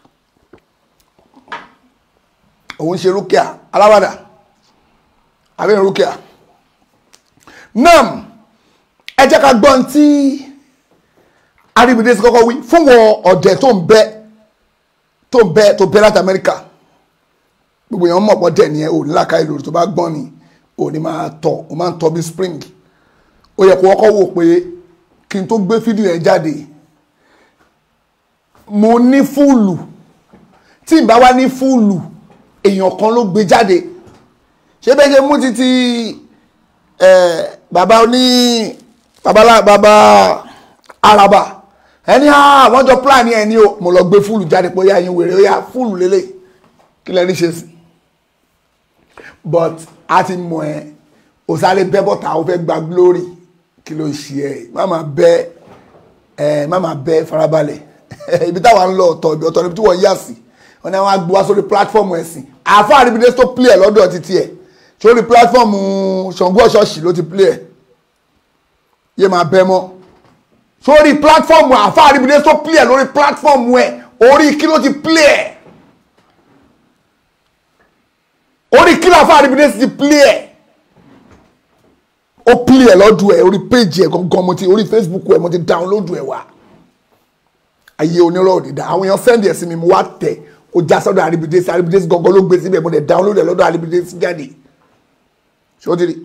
òun ṣe rúkìá alábàdà àbí rúkìá nam ẹ jẹ́ ká gbọ́n tí aríbidé sí kọ́kọ́ wí fún wọn ọ̀dẹ̀ tó ń bẹ tó ń bẹ tó bẹ láti amẹ́ríkà gbogbo èèyàn mọ̀ pọ̀ dẹ̀ ni ẹ ò ní làákàyè lórí tó bá gbọ́n ni ò ní máa tọ̀ ó máa ń tọ̀ bí spring ó yẹ kó kọ́kọ́ wò pé kí n tó gbé fídíò ẹ jáde mo ní fúùlù tí n bá wá ní fúùlù èèyàn kan ló gbé jáde ṣé bẹ́ẹ̀ ṣe mú títí bàbá oní bàbá araba ẹni àwọn ah, jọ plan ẹni o mo lọ gbé fúùlù jáde pé ó yá yín wèrè ó yá fúùlù lélẹ̀ kí lẹ́ni ṣe sí but a ti mọ̀ ẹ́ o sáré bẹ́ bọ́ta o fẹ́ gba glory kí ló ṣe ẹ́ má máa bẹ́ ẹ má máa bẹ́ farabalẹ̀ ibi táwa ń lọ ọ̀tọ̀ ibi ọ̀tọ̀ níbi tí wọ́n yà sí wọn ni àwọn agbó wa sórí platform ẹ̀sìn àáfà àríbidé tó play ẹ̀ lọ́dọ̀ títí ẹ̀ sórí platform Ṣàngó ọ̀ṣọ́ọ̀ṣì ló ti play ẹ̀ yé máa bẹ́ mọ́ sórí platform àáfà àríbidé tó play ẹ̀ lórí platform ẹ̀ orí kí ló ti play ẹ̀. orí kíláfà àríbídé ti play ẹ̀ ó play ẹ̀ lọ́dún ẹ̀ orí péjì ẹ̀ gangan mo ti orí facebook ẹ̀ mo ti download ẹ̀ wá ayé onírọ̀ òdìdá àwọn èèyàn send ẹ̀ sí mi mo wá tẹ̀ ó já sọ́dọ̀ àríbídé sí àríbídé sí gangan ló gbé síbẹ̀ mo dẹ̀ download ẹ̀ lọ́dọ̀ àríbídé sí jáde ṣòdìrí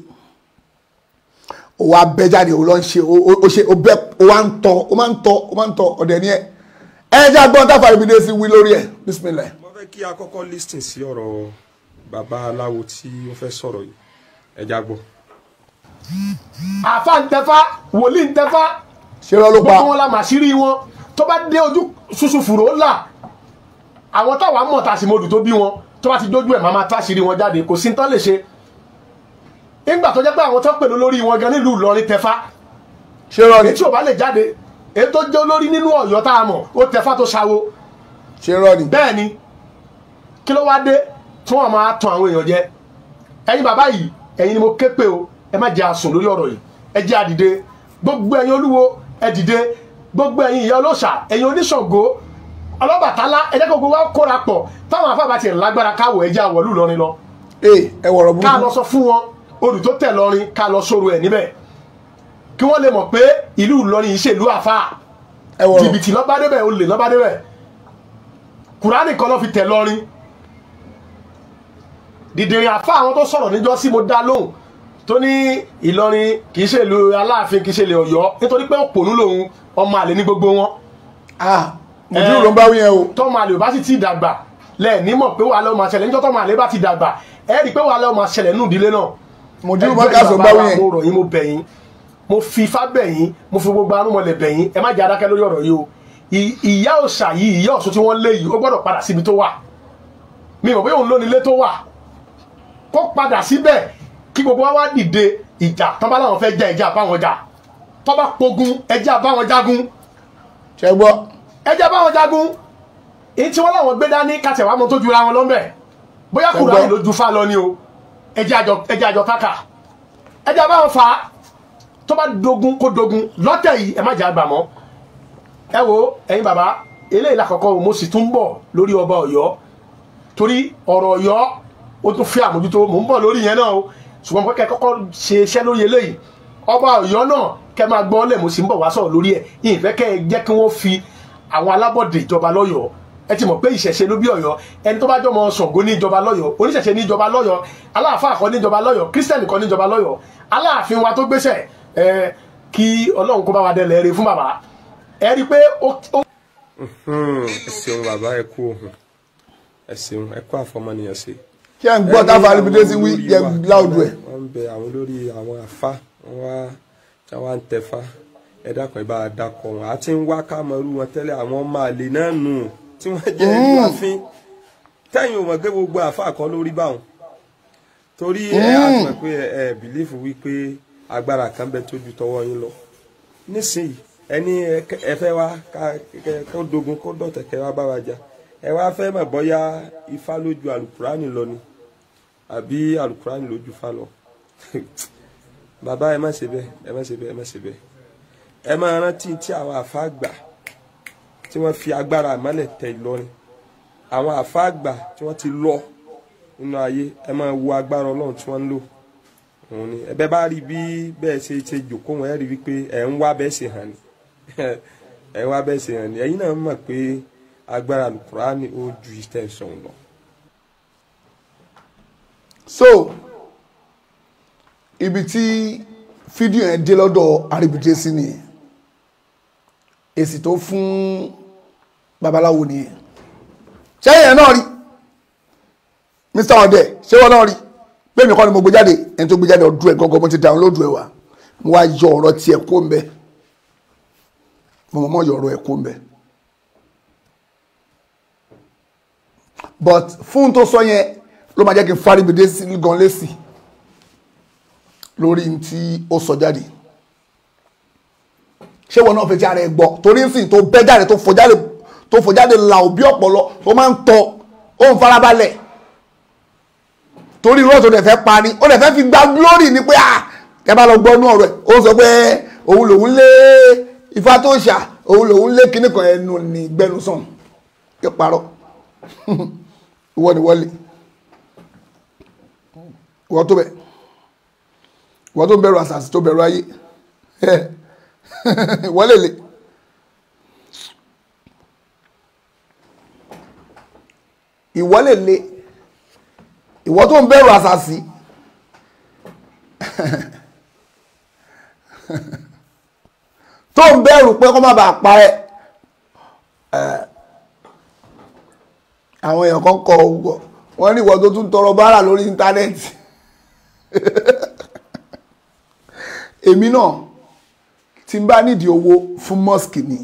ó wá bẹ́ jáde ó lọ ń ṣe ó ṣe ó bẹ́ ó wá ń tọ́ ó máa ń tọ́ ó máa ń tọ́ ọ̀dẹ̀ ni ẹ̀ ẹ̀ jẹ́ àgbọ̀n táfà àríbídé sí wí lórí ẹ̀ bísímìlẹ̀. mo fẹ́ kí a kọ́kọ́ listen sí ọ̀rọ̀ bàbá aláwo tí ó fẹ́ sọ̀rọ̀ yìí ẹja gbọ́. àfa ń tẹfá wòlíì ń tẹfá gbogbo wọn la mà sírí wọn tó bá dé ojú ṣuṣu fùrọ̀ ó là àwọn táwa mọ̀ tá a sì mọ̀dù tó bí wọn tó bá ti dójú ẹ̀ máa máa tá àṣírí wọn jáde kò sí tán lè ṣe nígbà tó jẹ́ pé àwọn tó pè lórí wọn gan nílùú Ìlọrin tẹfá ṣe ni tí ò bá lè jáde èyí tó jẹ́ olórí nínú Ọ̀yọ́ tá a mọ̀ ó tẹfá tó ṣawo bẹ́ẹ̀ ni kí ló wá dé tí wọ́n máa tan àwọn èèyàn jẹ ẹ̀yin bàbá yìí ẹ̀yin ni mo ké pè o ẹ má jẹ́ àsùn lórí ọ̀rọ̀ yìí ẹ jẹ́ àdìde gbogbo ẹ̀yin olúwo ẹ dìde gbogbo ẹ̀yin ìyá olóṣà ẹ̀yin oníṣàngó ọlọ́bàtálá ẹ jẹ́ gbogbo wa kóra pọ̀ táwọn afábà ti lágbára káwọ̀ ẹ jẹ́ àwọ̀ lù lọrin lọ. Eh, ẹ wọ̀rọ̀ burúkú ká lọ sọ fún wọn odù tó tẹ̀ lọrin ká lọ sóru ẹ̀ níbẹ̀ kí wọ́n lè mọ̀ pé ìlú ìlọrin yìí ṣèlú àfà jìbìtì lọ́bàdébẹ̀ olè lọ́bàdébẹ̀ kùránì kan lọ́ fi tẹ̀ lọrin dìdìrín àfa àwọn tó sọ̀rọ̀ níjọ́ sí mo dá lóhùn tó ní Ìlọrin kì í ṣe ìlú Aláàfin kì í ṣe ilẹ̀ Ọ̀yọ́ nítorí pé òpònú lòun ọmọ àlè ní gbogbo wọn. mùdírù ló ń bá wí yẹn o. tọ́mọ àlè ò bá sì ti dàgbà lẹ̀ nímọ̀ pé wàá lọ́ọ́ máa ṣẹlẹ̀ níjọ́ tọ́mọ àlè bá ti dàgbà ẹ rí pé wàá lọ́ọ́ máa nù ìdílé náà. mùdírù bọ́dà sọ bá wí yẹn. mo rọ̀ yín mo bẹ̀ yín mo fi mo fi gbogbo arúmọlẹ̀ bẹ̀ yín ẹ má jẹ́ adákẹ́ lórí ọ̀rọ̀ o ìyá òòṣà yìí ìyá Ọ̀ṣun tí wọ́n lé yìí ó mi mọ̀ bóyá òun ló nílé tó wà kó padà síbẹ̀ kí gbogbo wa wá dìde ìjà tán bá láwọn fẹ́ jẹ ìjà báwọn jà tán bá pogun ẹjẹ́ àbáwọn jagun. ṣe gbọ́. ẹjẹ́ àbáwọn jagun èyí tí wọ́n láwọn gbé dání kàtẹ́ wàá mọ tó jura wọn lọ́mẹ̀ bóyá kùránì ló ju fa lọ ni o ẹjẹ́ àjọ káka ẹjẹ́ àbáwọn fa tó bá dogun kó dogun lọ́tẹ̀ yìí ẹ má jẹ́ àgbà mọ́ ẹ wo ẹ̀yin bàbá eléyìí làkọ́kọ́ mo sì tún bọ̀ lórí ọba Ọ̀yọ́ torí ọ̀rọ̀ Ọ̀yọ́ ó tún fẹ́ àmójútó mò ń bọ̀ lórí yẹn náà o ṣùgbọ́n kẹ́ kọ́kọ́ ṣe iṣẹ́ lórí eléyìí ọba ọ̀yọ́ náà kẹ́ máa gbọ́ lẹ̀ mo sì ń bọ̀ wá sọ̀rọ̀ lórí ẹ̀ ìfẹ́ kẹ́ ẹ jẹ́ kí wọ́n fi àwọn alábọ̀dé ìjọba lọ́yọ̀ọ́ ẹ ti mọ̀ pé ìṣẹ̀ṣe ló bí ọ̀yọ́ ẹni tó bá jọmọ ṣàngó ní ìjọba lọ́yọ̀ọ́ oníṣẹ̀ṣe ní ìjọba lọ́yọ̀ọ́ aláàfáà kan ní ìjọba lọ́yọ̀ọ́ kírísítẹ́nì kan ní ìjọba lọ́yọ̀ọ́ aláàfin wa tó gbéṣẹ̀ ẹ kí ọlọ́run kó bá wa dẹlẹ̀ rè fún bàbá ẹ rí i pé ó. ẹ ṣeun bàbá ẹ kú ohun ẹ ṣeun ẹ kú àfọmọnìyàn sí i kí ẹ̀ ń gbọ́ táfa alibidé sí wí yẹ láòdù ẹ̀. wọ́n ń bẹ àwọn olórí àwọn àfa wọ́n wá ń tẹ̀fá ẹ dákun ẹ bá wọn àti ń wá kámọ́rú wọn tẹ́lẹ̀ àwọn ọmọ àlè náà nù tí wọ́n jẹ́ mm. ìgbàfin tẹ́yìn ò mọ̀ pé gbogbo àfa kan lórí báwọn torí ẹ àgbà mm. pé ẹ bìlífù wípé agbára kan bẹ tójú tọwọ́ yín lọ nísìnyí ẹni ẹ fẹ́ wá kó dogun kó dọ̀tẹ̀ kẹ́ wá bá wa jà ẹ wá fẹ́ mọ̀ bọ́yá ifá lójú alukurani lọ ni àbí alukurani lójú fa lọ bàbá ẹ má ṣe bẹ́ẹ̀ ẹ má ṣe bẹ́ẹ̀ ẹ má ṣe bẹ́ẹ̀ ẹ má rántí tí àwọn àfa àgbà tí wọ́n fi agbára àmọ́lẹ̀ tẹ̀ Ìlọrin àwọn àfa àgbà tí wọ́n ti lọ nínú ayé ẹ má wo agbára Ọlọ́run tí wọ́n ń lò òun ni ẹbẹ bá rí bí bẹ́ẹ̀ ṣe ṣe jòkó ẹ rí wípé ẹ ń wá bẹ́ẹ̀ ṣe hàn ni ẹ wá bẹ́ẹ̀ ṣe hàn ni ẹ̀yin náà mọ̀ pé agbára alukurani ó ju iṣẹ́ lọ. so ibi tí fídíò yẹn dé lọ́dọ̀ àríbìdé sí ni èsì tó fún babaláwo nìyẹn sẹ́yìn ẹ̀ náà rí mr ọ̀dẹ̀ ṣé wọ́n náà rí bẹ́ẹ̀ mi kọ́ ni mo gbé jáde ẹni tó gbé jáde ọdún ẹ̀ gọ́gọ́ mo ti download ẹ̀ wá mo wá yọ ọ̀rọ̀ tiẹ̀ kó ń bẹ mo mọ̀ yọ ọ̀rọ̀ ẹ̀ kó ń bẹ́ẹ̀. but fún tó sọ yẹn ló máa jẹ́ kí n fárígbèdé gan lésì lórí tí ó sọ jáde ṣé wọn náà fẹ́ jáde gbọ́ torí ń sìn tó bẹ́ jáde tó fọ́ jáde tó fọ́ jáde là òbí ọ̀pọ̀lọ tó máa ń tọ ó ń farabalẹ̀ torí irú rẹ̀ fẹ́ parí ó rẹ̀ fẹ́ fi gba glory ni pé ah ẹ bá lọ gbọ́ inú ọ̀rọ̀ ẹ̀ ó sọ pé òun lòun lé ifá tó ṣà òun lòun lé kíníkan ẹnu ní gbẹnusàn ẹ parọ́. ìwọ ni wọ́lì ìwọ tó bẹ̀ ìwọ tó bẹ̀rù àṣàṣì tó bẹ̀rù ayé wọ́lẹ̀ lè. ìwọ lè le ìwọ tó ń bẹ̀rù àṣàṣì tó ń bẹ̀rù pé kó má bàa pa ẹ́ àwọn èèyàn kan kọ owó wọ́n ní ìwọ tó tún tọrọ bárà lórí íńtánẹ́ẹ̀tì èmi náà tí n bá nídìí owó fún mosque ni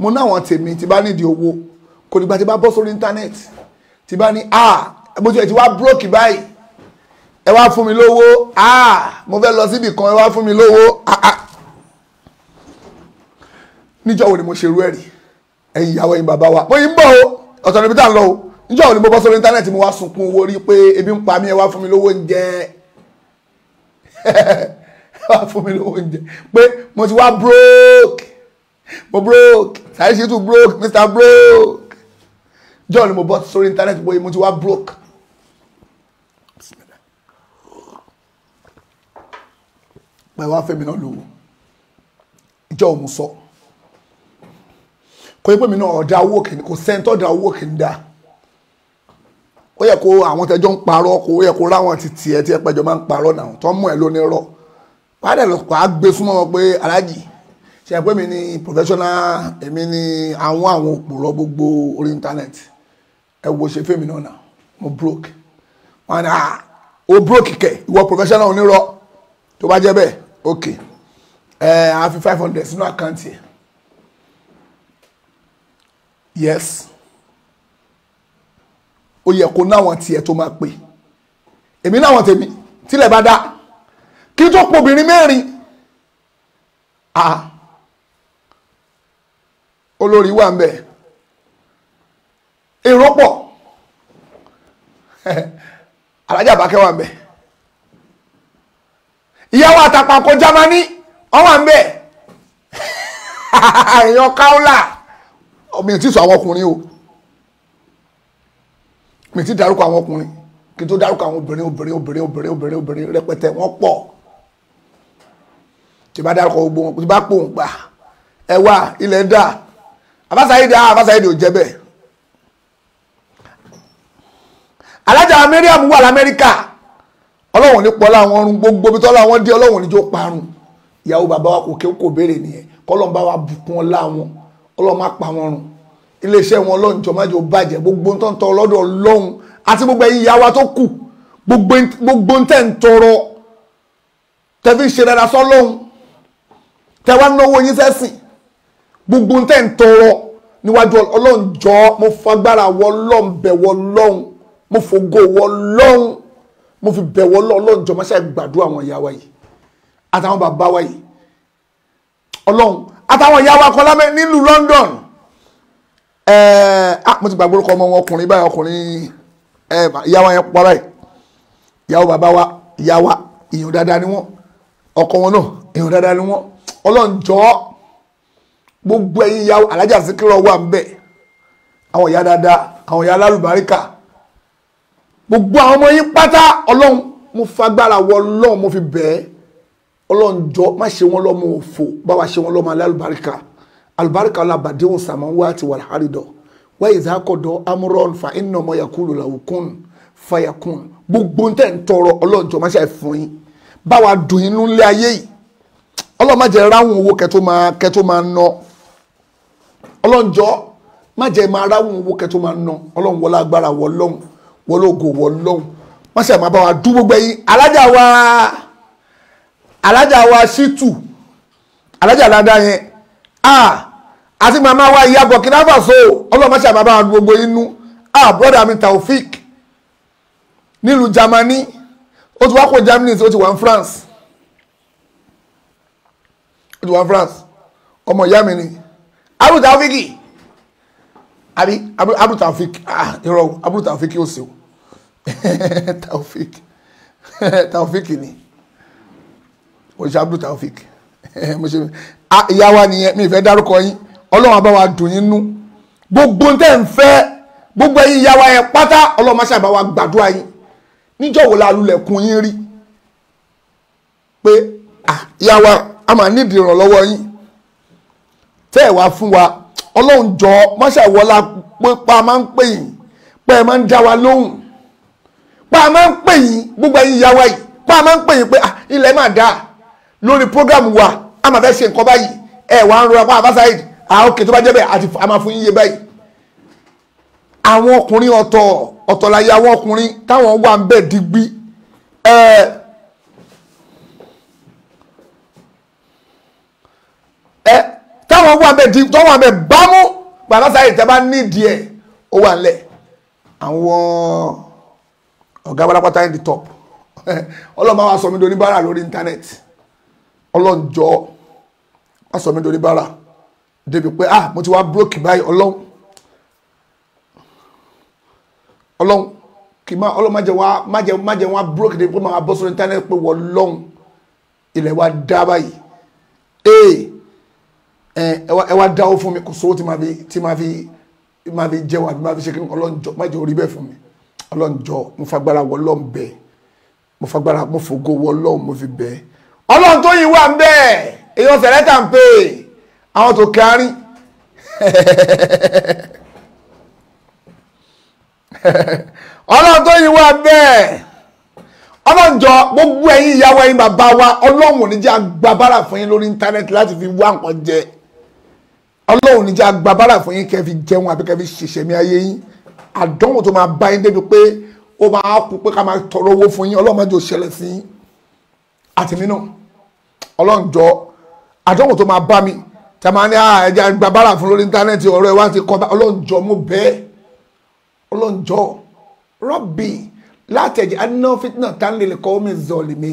mo náwọn tèmi tí bá nídìí owó kò nígbà tí bá bọ́ sórí íńtánẹ́ẹ̀tì tí bá ní a ah, bó ti ẹ̀ ti wá búrọ́kì báyìí ẹ wá fún mi lówó a ah, mo fẹ́ lọ síbì kan ẹ wá fún mi lówó a ah, a níjọ́ wo ni mo ṣe rú ẹ̀rí ẹ̀yin ìyàwó ẹ̀yin bàbá wa mo yìí ń bọ̀ o ọ̀tọ̀ níbi tá à ń lọ o níjọ́ òní mo bọ́ sórí íńtánẹ́ẹ̀tì mo wá sunkún owó rí pé ebi ń pa mí ẹ wá fún mi lówó oúnjẹ ẹ wá fún mi lówó oúnjẹ pé mo ti wá broke mo broke sàrí ṣètò broke mr broke níjọ́ òní mo bọ́ sórí íńtánẹ́ẹ̀tì pé mo ti wá broke. pẹ̀lú afẹ́mi náà lò ó ìjọ òun sọ. So kó yẹ pé mi náà ọ̀dà owó kìíní kò sẹ́ńtọ́ ọ̀dà owó kìíní dà ó yẹ kó àwọn tẹjọ́ ń parọ́ kó yẹ kó ráwọn ti tiẹ̀ tí ẹ pẹ́jọ máa ń parọ́ náà tó mú ẹ lónírọ́ wàá dẹ̀ lọ́kọ̀ á gbé fún wọn pé aláàjì ṣe pé mi ni professional èmi ni àwọn àwọn òpòrọ̀ gbogbo orí íńtánẹ́ẹ̀tì ẹ wo ṣe fẹ́mi náà náà mo broke wọn ni ah o broke kẹ ìwọ professional onírọ́ tó bá jẹ́ bẹ́ẹ̀ ok ẹ á fi five hundred sínú àkáǹtì ẹ̀ yes ó yẹ kó náwọn tiẹ̀ tó máa pè èmi náwọn tèmi tílẹ̀ bá dá kí tó pobìnrin mẹ́rin ah olórí wà ń bẹ̀ èrò pọ̀ alájà bá kẹwàá ń bẹ̀ ìyàwó àtàpàkọ Jámánì ọwà ń bẹ̀ èèyàn káúlà mi ti sọ àwọn ọkùnrin o mi ti dárúkọ àwọn ọkùnrin kí n tó dárúkọ àwọn obìnrin obìnrin obìnrin obìnrin obìnrin obìnrin rẹpẹtẹ wọ́n pọ̀ tí bá dárúkọ gbogbo wọn tí bá pò ń gbà ẹwà ilẹ̀ dà abásáyé dà abásáyé ah, dà ò jẹ́ bẹ́ẹ̀ alájà Mariam wà lamẹ́ríkà ọlọ́wọ̀n ní pọ́lá àwọn ọrùn gbogbo bí tọ́lá wọn dé ọlọ́wọ̀n níjó parun ìyàwó bàbá wa kò kí béèrè nìyẹn kọ́lọ́n bá wa bùkún ọlá wọn ọlọ́run má pa wọn run iléeṣẹ́ wọn ọlọ́run jọ májò bàjẹ́ gbogbo ń tọ́ntọ́ lọ́dọ̀ ọlọ́run àti gbogbo ẹ̀yin ìyá wa tó kù gbogbo ń tẹ̀ ń tọrọ tẹ̀fí ṣe dáadáa sọ́lọ́run tẹ̀wá náwó yín sẹ́sìn gbogbo ń tẹ̀ ń tọrọ níwájú ọlọ́run jọ mo fagbára wọ ọlọ́run bẹ̀wọ̀ ọlọ́run mo fògo wọ ọlọ́run mo fi bẹ̀wọ̀ ọlọ́run jọ máṣe gbàdúrà àwọn ìyá yìí àtàwọn bàbá wa yìí ọlọ́run àtàwọn ìyá wa kan lábẹ́ nílùú London mo ti gbàgbọ́ orúkọ ọmọ wọn ọkùnrin báyìí ọkùnrin ìyá wa yẹn pọ̀ báyìí ìyàwó bàbá wa ìyá wa èèyàn dáadáa ni wọ́n ọkọ wọn náà èèyàn dáadáa ni wọ́n ọlọ́run jọ̀ọ́ gbogbo ẹ̀yin ìyàwó alájà síkírọ̀ wà ń bẹ̀ àwọn ìyá dáadáa àwọn ìyá alálùbáríkà gbogbo àwọn ọmọ yín pátá ọlọ́run mo fagbára wọ ọlọ́run mo fi bẹ̀ẹ́ ọlọ́njọ́ má ṣe wọ́n lọ́mọ òfò bá wa ṣe wọ́n lọ́mọ alálùbáríkà alùbáríkà alábàdéhùn sàmáwá àti wàlhárìdọ̀ wáyé zákọ̀dọ̀ amúrọ̀n fa iná ọmọ yakulu làwùkún fàyàkún gbogbo ntẹ̀ ń tọrọ ọlọ́njọ́ má ṣe fún yín bá wa dùn inú ńlẹ̀ ayé yìí ọlọ́run má jẹ́ ráhùn owó kẹ́tó máa kẹ́tó máa ná ọlọ́njọ́ má jẹ́ máa ráhùn owó kẹ́tó máa ná ọlọ́run wọlé agbára wọlọ́hùn wọlé ògo wọlọ́hùn má ṣe máa bá wa dùn gbogbo yín alájà wa alájà wa ṣítù alájà dáadáa yẹn a àti màmá wa ìyá burkina faso ọlọ́mọṣẹ́ àbábá wọn gbogbo inú a brọ́dà mi taofik nílùú germany ó ti wá kó germany ó ti wà ní france ó ti wà ní france ọmọ ìyá mi ni abu taofik àbí abu taofik ah irọ́ abu taofik yóò ṣe o taofik taofik ni. mo ṣe Abdul Taofik mo ṣe ìyá wa nìyẹn mi fẹ́ dárúkọ yín ọlọ́run àbá wa dùn yín nú gbogbo tẹ́ ń fẹ́ gbogbo ẹ̀yin ìyá wa yẹn pátá ọlọ́run máa ṣàbá wa gbàdúrà yín níjọ́ wo la lulẹ̀kùn yín rí pé ìyá wa a máa nídìí ìrànlọ́wọ́ yín tẹ́ ẹ̀ wá fún wa ọlọ́run jọ mọ́ṣàwọ́lá pípa máa ń pè yín pé ẹ máa ń dá wa lóhùn pa máa ń pè yín gbogbo ẹ̀yin ìyá wa yìí pa máa ń pè yín pé ilẹ̀ máa dáa lórí program wa a máa fẹ́ ṣe nǹkan báyìí ẹ wà ń rọra pa àbáṣáìd àwọn òkè tó bá jẹ́ bẹ́ẹ̀ àti a máa fún yín yé báyìí. àwọn ọkùnrin ọ̀tọ̀ ọ̀tọ̀ láyé àwọn ọkùnrin táwọn wà ń bẹ̀ digbí ẹ táwọn wà ń bẹ̀ digbí táwọn wà ń bẹ̀ bámú àbáṣáìd tẹ́ bá nídìí ẹ̀ ó wà lẹ̀ àwọn ọ̀gá wàlápàtà in the top ọlọ́mọ wa sọ mi di oníbàárà lórí íńtánẹ́ẹ̀tì ọlọ́njọ́ wọ́n sọ mí dorí bára débi pé ah mo ti wá búrọ́kì báyìí ọlọ́run ọlọ́run kì má ọlọ́run má jẹ́ wá má jẹ́ má jẹ́ wá búrọ́kì débi pé máa bọ́ sórí íńtánẹ́ẹ̀tì pé wọ́n lọ́hùn ilẹ̀ wa dá báyìí ee eh, eh, ẹ wá dáwó fún mi kò sówó tí máa fi tí máa fi máa fi jẹ́ wà bí máa fi ṣe kí ọlọ́njọ́ má jẹ́ orí bẹ́ẹ̀ fún mi ọlọ́njọ́ mo fagbára wọ́ lọ́n bẹ́ẹ̀ mo fagbára mo fògo wọ́ lọ́n mo fi bẹ́ẹ̀ ọlọ́run tó yìí wà ń bẹ́ẹ̀ èèyàn sẹ̀lẹ́tà ń pè àwọn tó kárí ọlọ́run tó yìí wà ń bẹ́ẹ̀ ọlọ́jọ́ gbogbo ẹ̀yin ìyàwó ẹ̀yin bàbá wa ọlọ́run ò ní jẹ́ agbábára fún yín lórí íńtánẹ́ẹ̀tì láti fi wá nǹkan jẹ ọlọ́run ò ní jẹ́ agbábára fún yín kẹ́ fi jẹun àbí kẹ́ fi ṣiṣẹ́ mi ayé yín àdánwò tó máa bá yín débi pé ó máa kú pé ká máa tọrọ owó fún yín ọlọ́run máa jò ṣẹlẹ̀ sí yín àtìmí náà ọlọ́run jọ àdánwò tó máa bá mi tí a máa ní ah, ẹja gba bára fún lórí íńtánẹ́ẹ̀tì ọ̀rọ̀ ẹ̀ wá ti kọ́ ọlọ́run jọ mo bẹ́ẹ̀ ọlọ́run jọ rọ́bì látẹ̀jẹ̀ aná fitna tánlẹ̀ lè kọ́ mi zọ̀lì mi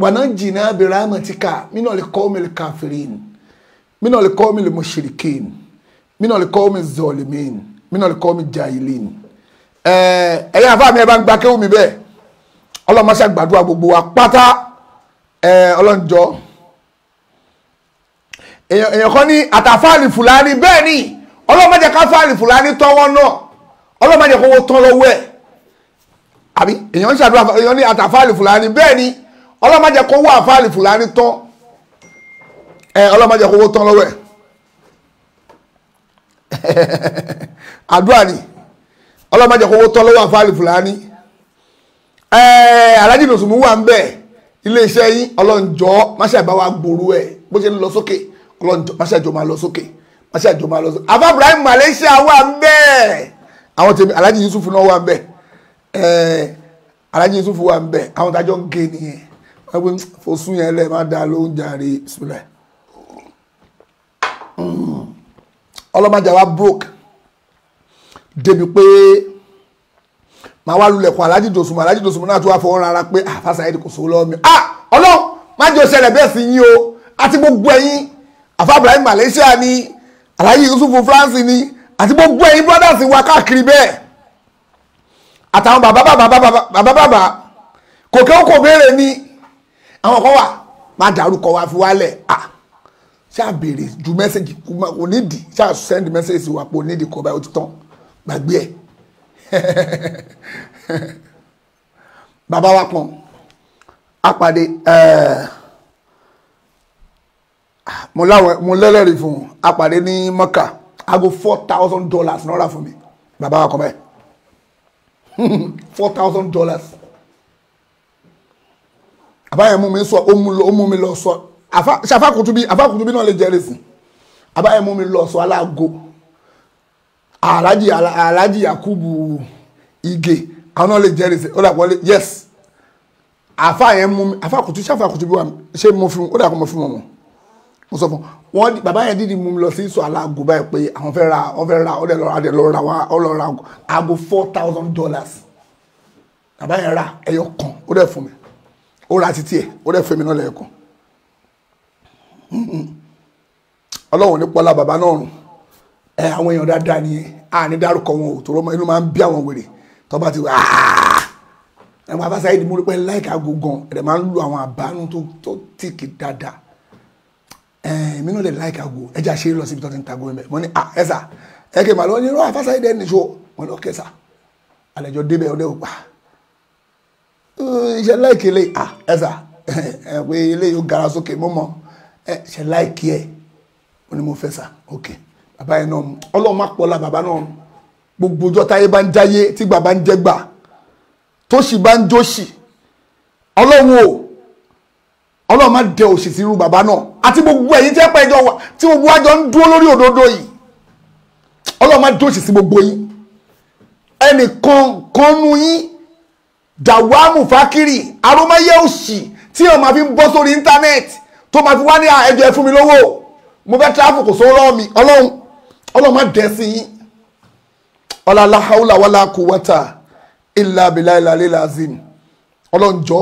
wàná jìnnà abẹ́rẹ́ àmọ̀tíkà mí náà lè kọ́ mi lè káfírin mí náà lè kọ́ mi lè mushrikin mí náà lè kọ́ mi zọ̀lì mi mí náà lè kọ́ mi jahilin ẹ̀yin àfáà mi bá ń gba mi bẹ́ẹ̀ ọlọ́mọṣẹ́ gbàdúrà gbogbo wa pátá ọlọ́njọ́ èèyàn kan ní àtàfáàlì fúlàní bẹ́ẹ̀ ni ọlọ́mọdé káfáàlì fúlàní tọ́wọ́ náà ọlọ́mọdé kọ́wọ́ tán lọ́wọ́ ẹ̀ àbí èèyàn ń ṣàdúrà èèyàn ní àtàfáàlì fúlàní bẹ́ẹ̀ ni ọlọ́mọdé kọ́wọ́ àfáàlì fúlàní tán ọlọ́mọdé kọ́wọ́ tán lọ́wọ́ ẹ̀ àdúrà ni ọlọ́mọdé kọ́wọ́ tán lọ́wọ́ àfáàlì fúlàní. Alhaji Dosunmu wà ń bẹ̀ iléeṣẹ́ yín ọlọ́njọ́ máṣe àbáwá gbòòrò ẹ̀ bó ṣe ń lọ sókè ọlọ́njọ́ máṣe máa lọ sókè máṣe máa lọ sókè Alfa Ibrahim Malaysia wà ń bẹ̀ àwọn tèmi Alhaji Yusuf náà wà ń bẹ̀ Alhaji Yusuf wà ń bẹ̀ àwọn tájọ́ ń gé nìyẹn wọ́n pé fosún yẹn lẹ́ẹ̀ má dáa ló ń jàre sílẹ̀ hmm. ọlọ́mọdé wa broke débi pé màá wá lulẹ̀kùn aláàjì dòsùnmọ̀ aláàjì dòsùnmọ̀ náà tó wá fọwọ́ rárá pé àfàṣà ah, yìí kò sówó lọ́wọ́ mi. ah ọlọ́run ma jẹ́ òṣèlè bẹ́ẹ̀ sí yín o àti gbogbo ẹ̀yin àfa Ibrahim Malaysia ni aláàjì Yusufu France ni àti gbogbo ẹ̀yin brothers wa káàkiri bẹ́ẹ̀ àtàwọn bàbá bàbá bàbá bàbá kò kẹ́ kò béèrè ni àwọn kan wà má dárúkọ wa fi wálẹ̀ ah ṣé à béèrè ju mẹ́sẹ̀gì kò nídìí di à send mẹ́sẹ̀gì sí wa pé onídìí kọ́ báyìí ó ti tán gbàgbé ẹ̀ bàbá wa pọ̀n apàdé eh, mo láwọn mo lẹ́lẹ́rìí fún un apàdé ní mọ́kà aago four thousand dollars náírà fún mi bàbá wa kọ́ báyìí four thousand dollars àbáyẹ̀mú mi sọ ó mú mi lọ sọ ṣàfàkùtù bí àfàkùtù bí náà lè jẹ́rìí sí àbáyẹ̀mú mi lọ sọ aláàgó. Alaji alhaji yakubu ige àwọn náà lè jẹ́rìí sí ó dàpọ̀ yes àfa yẹn mú mi àfa kùtù ṣáfà kùtù bí wà ṣé mo fi ó dàpọ̀ mo fi mọ̀ mọ̀ mo sọ fún wọn bàbá yẹn dídì mú mi lọ sí sọ aláàgó báyìí pé àwọn fẹ́ ra wọ́n fẹ́ ra ọ̀dẹ̀ lọ́ra ọ̀dẹ̀ lọ́ra wa ọlọ́ra aago four thousand dollars Baba yẹn ra ẹyọ kan ó dẹ̀ fún mi ó ra títí ẹ̀ ó dẹ̀ fún mi náà lẹ́yìn kan ọlọ́run ní pọ́lá bàbá náà rùn ẹ àwọn èèyàn dáadáa ni àní dárúkọ wọn ò tòrọ inú máa ń bí àwọn wèrè tó bá ti wà ẹ̀wọ̀n abáṣá yìí ni mo rí pé láìka gogan ẹ̀rẹ̀ máa ń lu àwọn àbánú tó tìkì dáadáa èmi náà lè láìka go ẹja ṣe é lọ síbi tó ti ń ta go ẹ̀mẹ́ mo ní à ẹ̀sà ẹ̀kẹ́ màá lọ ní irọ́ àfáṣá yìí dẹ́ni ṣo wọn lọ kẹsà àlẹjọ débẹ̀ ọdẹ òpá ṣe láìkì lè à ẹ̀sà ẹ̀ pé ilé yóò gara sókè mọ́mọ́ ṣe láìkì ẹ̀ ó ní mo fẹ́ sà ókè. Okay bàbá yẹn náà ọlọ́run má pọ̀ la bàbá náà gbogbo ọjọ́ táyé bá ń jáyé tí gbà bá ń jẹ́ gbà tóṣì bá ń jóṣì ọlọ́run o ọlọ́run má dẹ òṣì sí irú bàbá náà àti gbogbo ẹ̀yin tí ẹ pẹ́ ìjọ wa tí gbogbo wa jọ ń dúró lórí òdodo yìí ọlọ́run má dẹ òṣì sí gbogbo yín ẹnìkan kan nu yín dàwámù fákìrì arómáyé òṣì tí wọn máa fi bọ́ sórí íńtánẹ́ẹ̀tì tó máa fi wá ní ẹjọ́ ẹ fún mi lówó mo fẹ́ tíráfù kò sówó lọ́wọ́ mi ọlọ́run ọlọ́run má dẹ̀ sí yín ọlá aláhàúlà wàlá quwwata illa billahi al-ali al-azim ọlọ́run jọ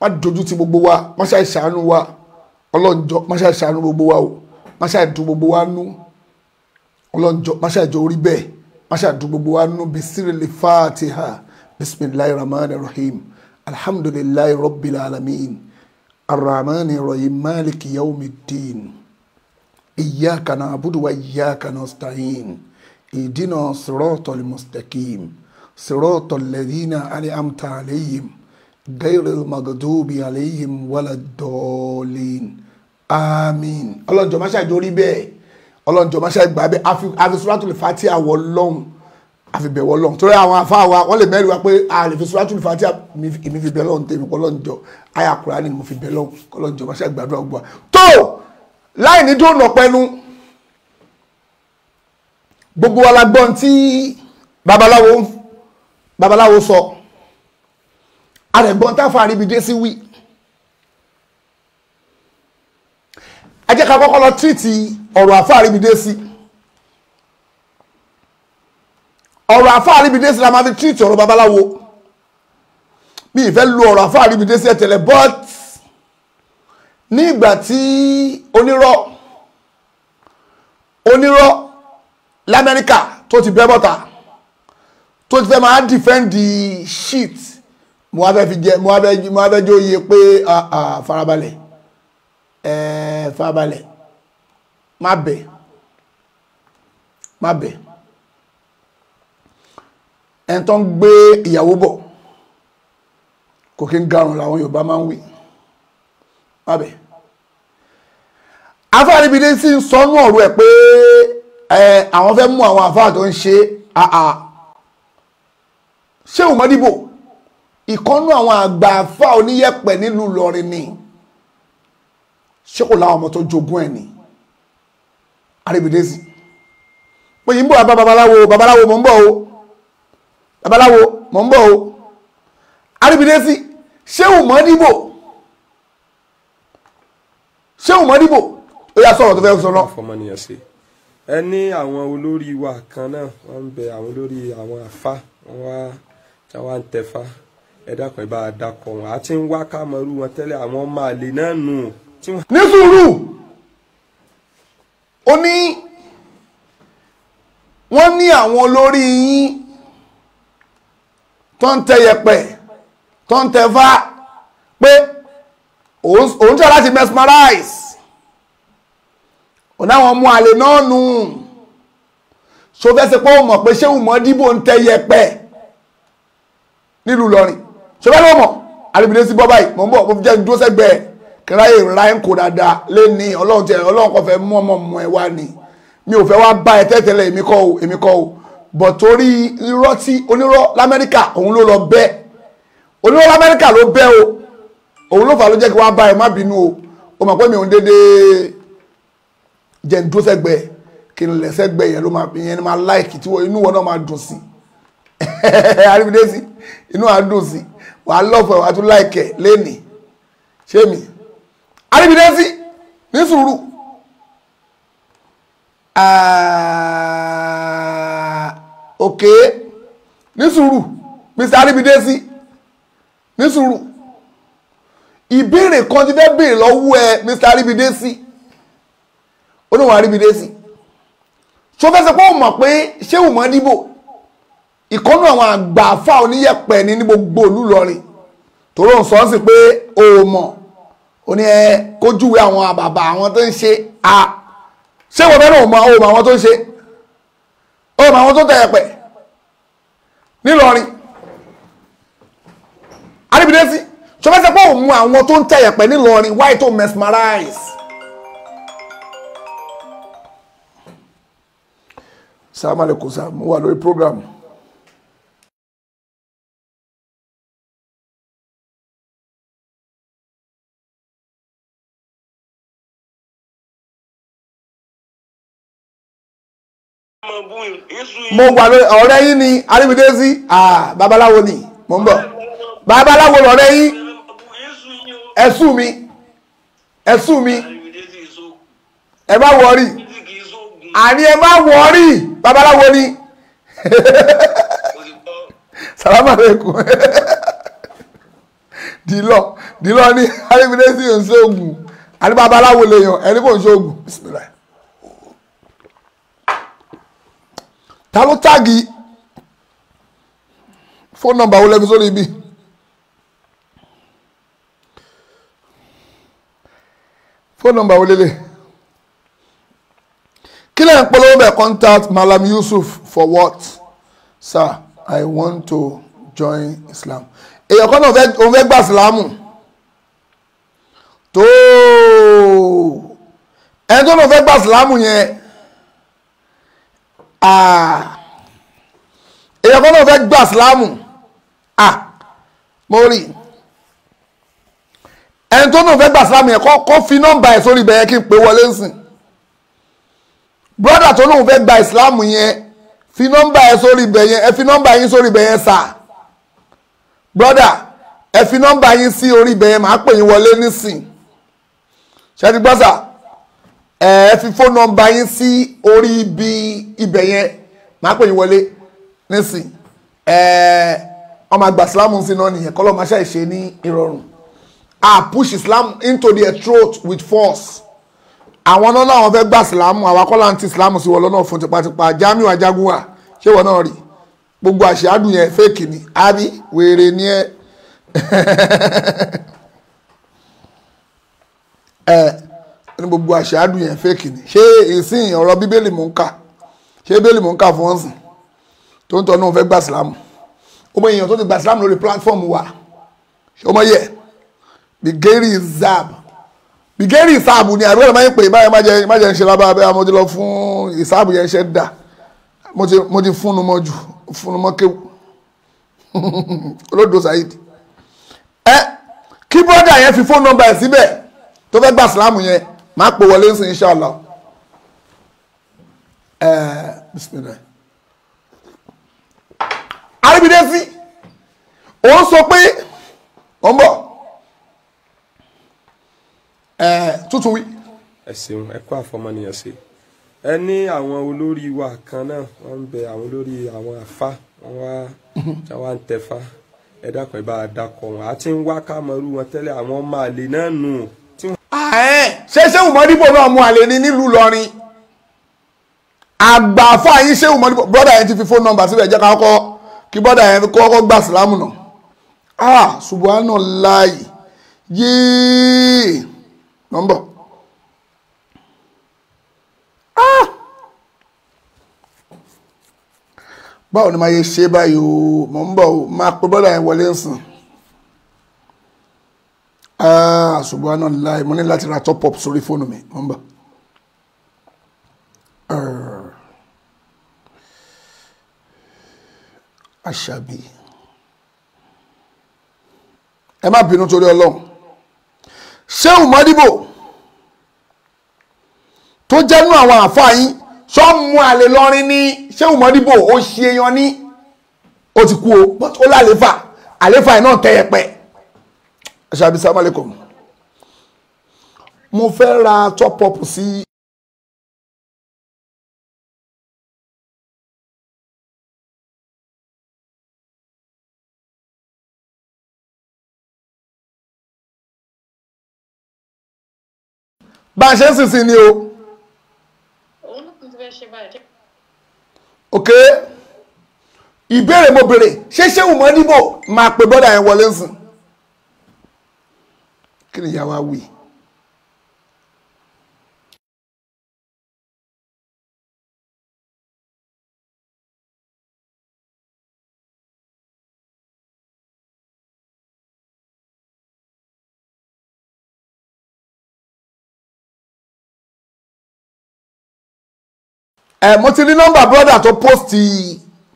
má dojú ti gbogbo wa má ṣe àìṣàánú wa ọlọ́run jọ má ṣe àìṣàánú gbogbo wa o má ṣe àìdùn gbogbo wa nú ọlọ́run jọ má ṣe àìjọ orí bẹ́ẹ̀ má ṣe àìdùn gbogbo wa nú bisirili fatiha bisimilahi rahman rahim alhamdulilayi rabbil alamin arrahman rahim maliki yawmi din iyyaka na'budu wa iyyaka nasta'in ihdina siratal mustaqim siratal ladhina an'amta alayhim gairil magdubi alayhim waladdallin àmín ọlọ́njọ́ máṣá ìjórí bẹ́ẹ̀ ọlọ́njọ́ máṣá ìgbà bẹ́ẹ̀ àfi suratul fatiha wọ lọ́hùn àfi bẹ̀wọ̀ lọ́hùn torí àwọn afá wa wọ́n lè mẹ́rin wa pé a lè fi suratul fatiha èmi fi bẹ̀ lọ́hùn tèmi kọ́ lọ́njọ́ àyà mo fi bẹ̀ lọ́hùn kọ́ lọ́njọ́ máṣá ìgbàdúrà gbọ́ tó láì ní dùn ọ̀nà pẹ̀lú gbogbo wa la gbọ́n tí babaláwo babaláwo sọ àrẹ̀gbọ́n táfà àríbidé sí wí ẹ jẹ́ ká kọ́kọ́ lọ tírìtì ọ̀rọ̀ àfà àríbidé sí ọ̀rọ̀ àfà àríbidé sí la máa fi tírìtì ọ̀rọ̀ babaláwo mi ìfẹ́ lu ọ̀rọ̀ àfà àríbidé sí ẹ̀ tẹ̀lẹ̀ ní ìgbà tí onírọ́ onírọ́ l'Amẹ́ríkà tó ti bẹ́ bọ́ta tó ti fẹ́ máa dìfẹ́ǹdì shit mo wá fẹ́ fi jẹ mo wá fẹ́ jó iye pé farabalẹ̀ ẹ̀ẹ́ farabalẹ̀ má bẹ̀ má bẹ̀ ẹni tó ń gbé ìyàwó bọ̀ kò kí ń garùn làwọn Yorùbá máa ń wí má bẹ̀ afáàríbidé sì ń sọnú ọ̀rọ̀ ẹ̀ pé àwọn fẹ́ mú àwọn afáà tó ń ṣe àà ṣé òmọdìbò ìkọ́nú àwọn àgbà afáà oníyẹ̀pẹ̀ nílùú Ìlọrin ni ṣé kò láwọn ọmọ tó jogún ẹ̀ ni àríbidé sì pé yìí ń bọ̀ àbá babaláwo babaláwo mò ń bọ̀ o babaláwo mò ń bọ̀ o àríbidé sì ṣé òmọdìbò ṣé ó yá sọ̀rọ̀ tó fẹ́ sọ náà. fọmọnìyàn ṣe ẹ ní àwọn olórí wa kan náà wọ́n ń bẹ àwọn olórí àwọn àfa wọ́n wá já wá ń tẹ̀fá ẹ dákun ẹ bá a dákọ̀ wọn àti ń wá kámọ́rú wọn tẹ́lẹ̀ àwọn ọmọ àlè náà nù. ní sùúrù ó ní wọ́n ní àwọn olórí yín tó ń tẹ yẹ̀pẹ̀ tó ń tẹ̀fá pé òun ṣe láti mesmerize ọ̀nà àwọn ọmọ àlè náà nù so fẹ́ ṣe pé ó mọ̀ pé ṣé òun mọ̀ dìbò ń tẹ yẹpẹ́ nílùú lọ́rin so fẹ́ ló mọ̀ alùpùpù sí bọ́ báyìí mọ̀ ń bọ̀ mo fi jẹ́ dúró sẹ́gbẹ̀ẹ́ kíráyè ńlá ń kó dáadáa lé ní ọlọ́run tẹ ọlọ́run kò fẹ́ mú ọmọ mọ́ ẹ wá ni mi ò fẹ́ wá bá ẹ tẹ́tẹ́lẹ̀ èmi kọ́ o èmi kọ́ o bọ̀ torí irọ́ tí onírọ́ lamẹ́ríkà òun ló lọ bẹ́ onírọ́ lamẹ́ríkà ló bẹ́ o òun ló fà ló jẹ́ kí wá bá ẹ má bínú o o mọ̀ pé mi ò déédéé jẹ́ ń dúró sẹ́gbẹ́ kí n lẹ̀ sẹ́gbẹ́ yẹn ló máa yẹn ni máa láìkì tí inú wọn náà máa dùn sí àríwídé sí inú wa dùn sí wàá lọ́fọ̀ẹ́ wàá tún láìkẹ̀ lẹ́nì ṣé mi àríwídé sí ní sùúrù òkè ah, ní sùúrù mr àríwídé sí ní sùúrù ìbéèrè kan ti fẹ́ béèrè lọ́wọ́ ẹ mr àríwídé sí olóhùn àríbidé sí so fẹsẹ̀ pé ó mọ̀ pé ṣéwù mọ́ díbò ìkọ́nù àwọn àgbààfà oníyẹ̀pẹ̀ ní ní gbogbo ìlú Ìlọrin tòró ń sọ ọ́ sí pé o mọ̀ ó ní ẹ kójúwe àwọn àbàbà àwọn tó ń ṣe a ṣé wọ́n fẹ́ràn òmò òmò àwọn tó ń ṣe òmò àwọn tó tẹ̀ ẹ̀pẹ̀ nílọrin àríbidé sí so fẹsẹ̀ pé òmò àwọn tó ń tẹ̀ ẹ̀pẹ̀ nílọrin why to mesmerize. salaam aleykum sir mo wà lórí program. mo wà lórí ọ̀rẹ́ yín ni aríbidé sí babaláwo ni mo ń bọ̀ babaláwo lọ̀rẹ́ yín ẹ̀sùn mi ẹ̀sùn mi ẹ bá wọrí àní ẹ bá wọrí babaláwo ni salamu aleykum dìlọ dìlọ ní alibidesi ń ṣoògùn àní babaláwo lèèyàn ẹni kò ń ṣoògùn bisimilayi Talo ló táàgì fóònù nọ́mbà wo lẹbi sórí ibi. fóònù nọ́mbà wo lélẹ̀ kí lẹ́ ń polówó bẹ̀ contact Malam Yusuf for what sir i want to join Islam èèyàn kan náà òun fẹ́ gba ìsìlámù tó ẹni tó náà fẹ́ gba ìsìlámù yẹn èèyàn kan náà fẹ́ gba ìsìlámù mo rí ẹni tó náà fẹ́ gba ìsìlámù yẹn kó fi nọ́mbà ẹ̀ sórí ibẹ̀ yẹn kí n pè wọlé sìn. Brother, tó lóun fẹ́ gba ìsìláàmù yẹn fi nọ́mbà ẹ sórí ibẹ̀ yẹn ẹ fi nọ́mbà yín sórí ibẹ̀ yẹn sà brọ́dà ẹ fi nọ́mbà yín sí orí ibẹ̀ yẹn màá pè yín wọlé nísìn ṣẹ́ni gbọ́sà ẹ fi fóònù nọ́mbà yín sí orí ibi ibẹ̀ yẹn màá pè yín wọlé nísìn ẹ ọmọ àgbà ìsìláàmù ń sin náà nìyẹn kọ́lọ́ máa ṣàìṣe ní ìrọ̀rùn ah push Islam into their throat with force àwọn náà náà wọn fẹ́ gba ìsìlámù àwa kọ́ láǹtí ìsìlámù sí wọn lọ́nà fún tipatipa Jamiu Ajagunwa ṣé wọn náà rí gbogbo àṣàdùn yẹn fẹ́ẹ̀kì ni àbí wèrè ni ẹ ẹ ní gbogbo àṣàdùn yẹn fake ni ṣé ìsìn ọ̀rọ̀ bíbélì mò ń kà ṣé bíbélì mò ń kà fún wọn sìn tó ń tọ́ náà fẹ́ gba ìsìlámù ọmọ èèyàn tó ti gba ìsìlámù lórí platform wa ọmọ yẹ bigeri zab bìgẹ́rì ìsáàbù ni àbúrò máa ń pè báyìí má jẹ́ má jẹ́ ń ṣe lábá abẹ́ mo ti lọ fún ìsáàbù yẹn ṣe dà mo ti fúnnu mọ́ jù fúnnu mọ́ kéwù olódò Saheed ẹ kí bọ́dà yẹn fi fóònù nọ́mbà ẹ̀ síbẹ̀ tó fẹ́ gba sílámù yẹn máa pò wọlé sí inṣàlá ẹ bisimilayi arábìdẹ́sí òun sọ pé òun bọ̀ ẹ tuntun wí. ẹ ṣeun ẹ kó àfọmọnìyàn ṣe ẹ ní àwọn olórí wa kan náà wọn ń bẹ àwọn olórí àwọn àfa wọn wá tí wọn ń tẹfa ẹ dákun ẹ bá a dákọ wọn àti ń wá kámọrú wọn tẹ́lẹ̀ àwọn ọmọ àlè náà nù. ààyè ṣé sẹ́wọ̀n mọ́díbò náà mú àlè ní nílùú lọ́rin àgbà fáyín sẹ́wọ̀n mọ́díbò bọ́dà yẹn ti fi fóònù nọ́mbà síbẹ̀ jẹ́ ká kọ́ kí bọ́dà yẹn kọ́kọ́ gbà sílámù náà. ah subhanallah yéé nọ́mbọ̀ ah! báwo ni máa yẹ ṣe báyìí o mò ń bọ̀ o máa pé bọ́dà yẹn wọlé ń sìn ah, subhanallah mo ní láti ra top up sórí fóònù mi mò ń bọ̀ ah. àṣàbí ẹ má bínú torí ọlọ́run. Ṣéhù Modibo tó jẹ́nu àwọn àfáà yín ṣọ́ọ̀mù àlè lọ́rin ni Ṣéhù Modibo ó ṣe èèyàn ní ó ti kú o but ó lálẹ́fà àlẹ́fà ẹ̀ náà tẹ̀yẹ̀pẹ̀ ṣàbí sàmàlẹ́kọ̀ọ́ mo fẹ́ ra top up sí bá a ṣe ń sìn sí ni o. ok ìbéèrè mo béèrè ṣé ṣé wùmọ́ níbò máa pe bọ́dà yẹn wọlé ń sìn kí ni ìyá wa wí. ẹ eh, mo ti rí nọ́mbà brọ́dà tó pósìtì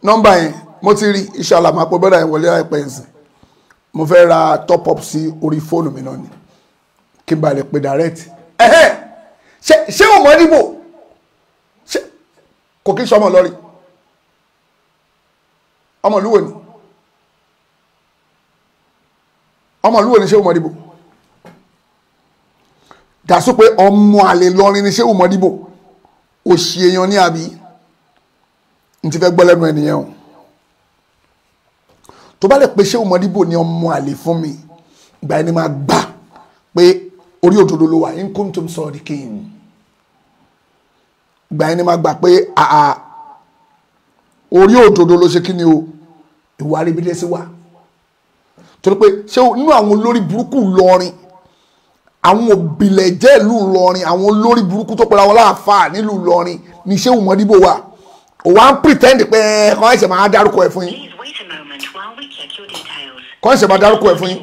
nọ́mbà yẹn mo ti rí inshallah máa pe brọ́dà yẹn wọlé láìpẹ́ ẹ̀sìn mo fẹ́ ra top up sí orí fóònù mi náà ni kí n bá lè pe direct ẹ̀hẹ́ ṣé ṣé o mọ̀ níbo ṣé kò kí n sọmọ lórí ọmọlúwo ni ọmọlúwo ni ṣé o mọ̀ níbo dàsú pé ọmọ àlè lọrin ni ṣé o mọ̀ níbo òṣì èèyàn ní àbí n ti fẹ́ gbọ́ lẹ́nu ènìyàn o tó bá lè pe ṣé òmọdíbò ni ọmọ àlè fún mi ìgbà ẹni máa gbà pé orí òdodo ló wà in kuntum sadiqin ìgbà ẹni máa gbà pé àà orí òdodo ló ṣe kí ni o ìwà àríbídẹ́sí wà torí pé ṣé nínú àwọn olórí burúkú lọrin àwọn òbílẹ̀jẹ́ ìlú Ìlọrin àwọn olórí burúkú tó pera wọn láàfáà nílùú Ìlọrin ní ṣé òun mọ́díbò wa òun á ń pretend pé kọ́ ẹ̀ṣẹ̀ máa dárúkọ ẹ̀ fún yín kọ́ ẹ̀ṣẹ̀ máa dárúkọ ẹ̀ fún yín.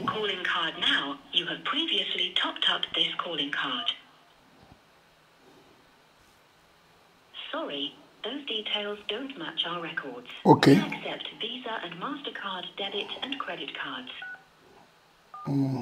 Sorry, those details don't match our records. We accept Visa and MasterCard debit and credit cards. Mm.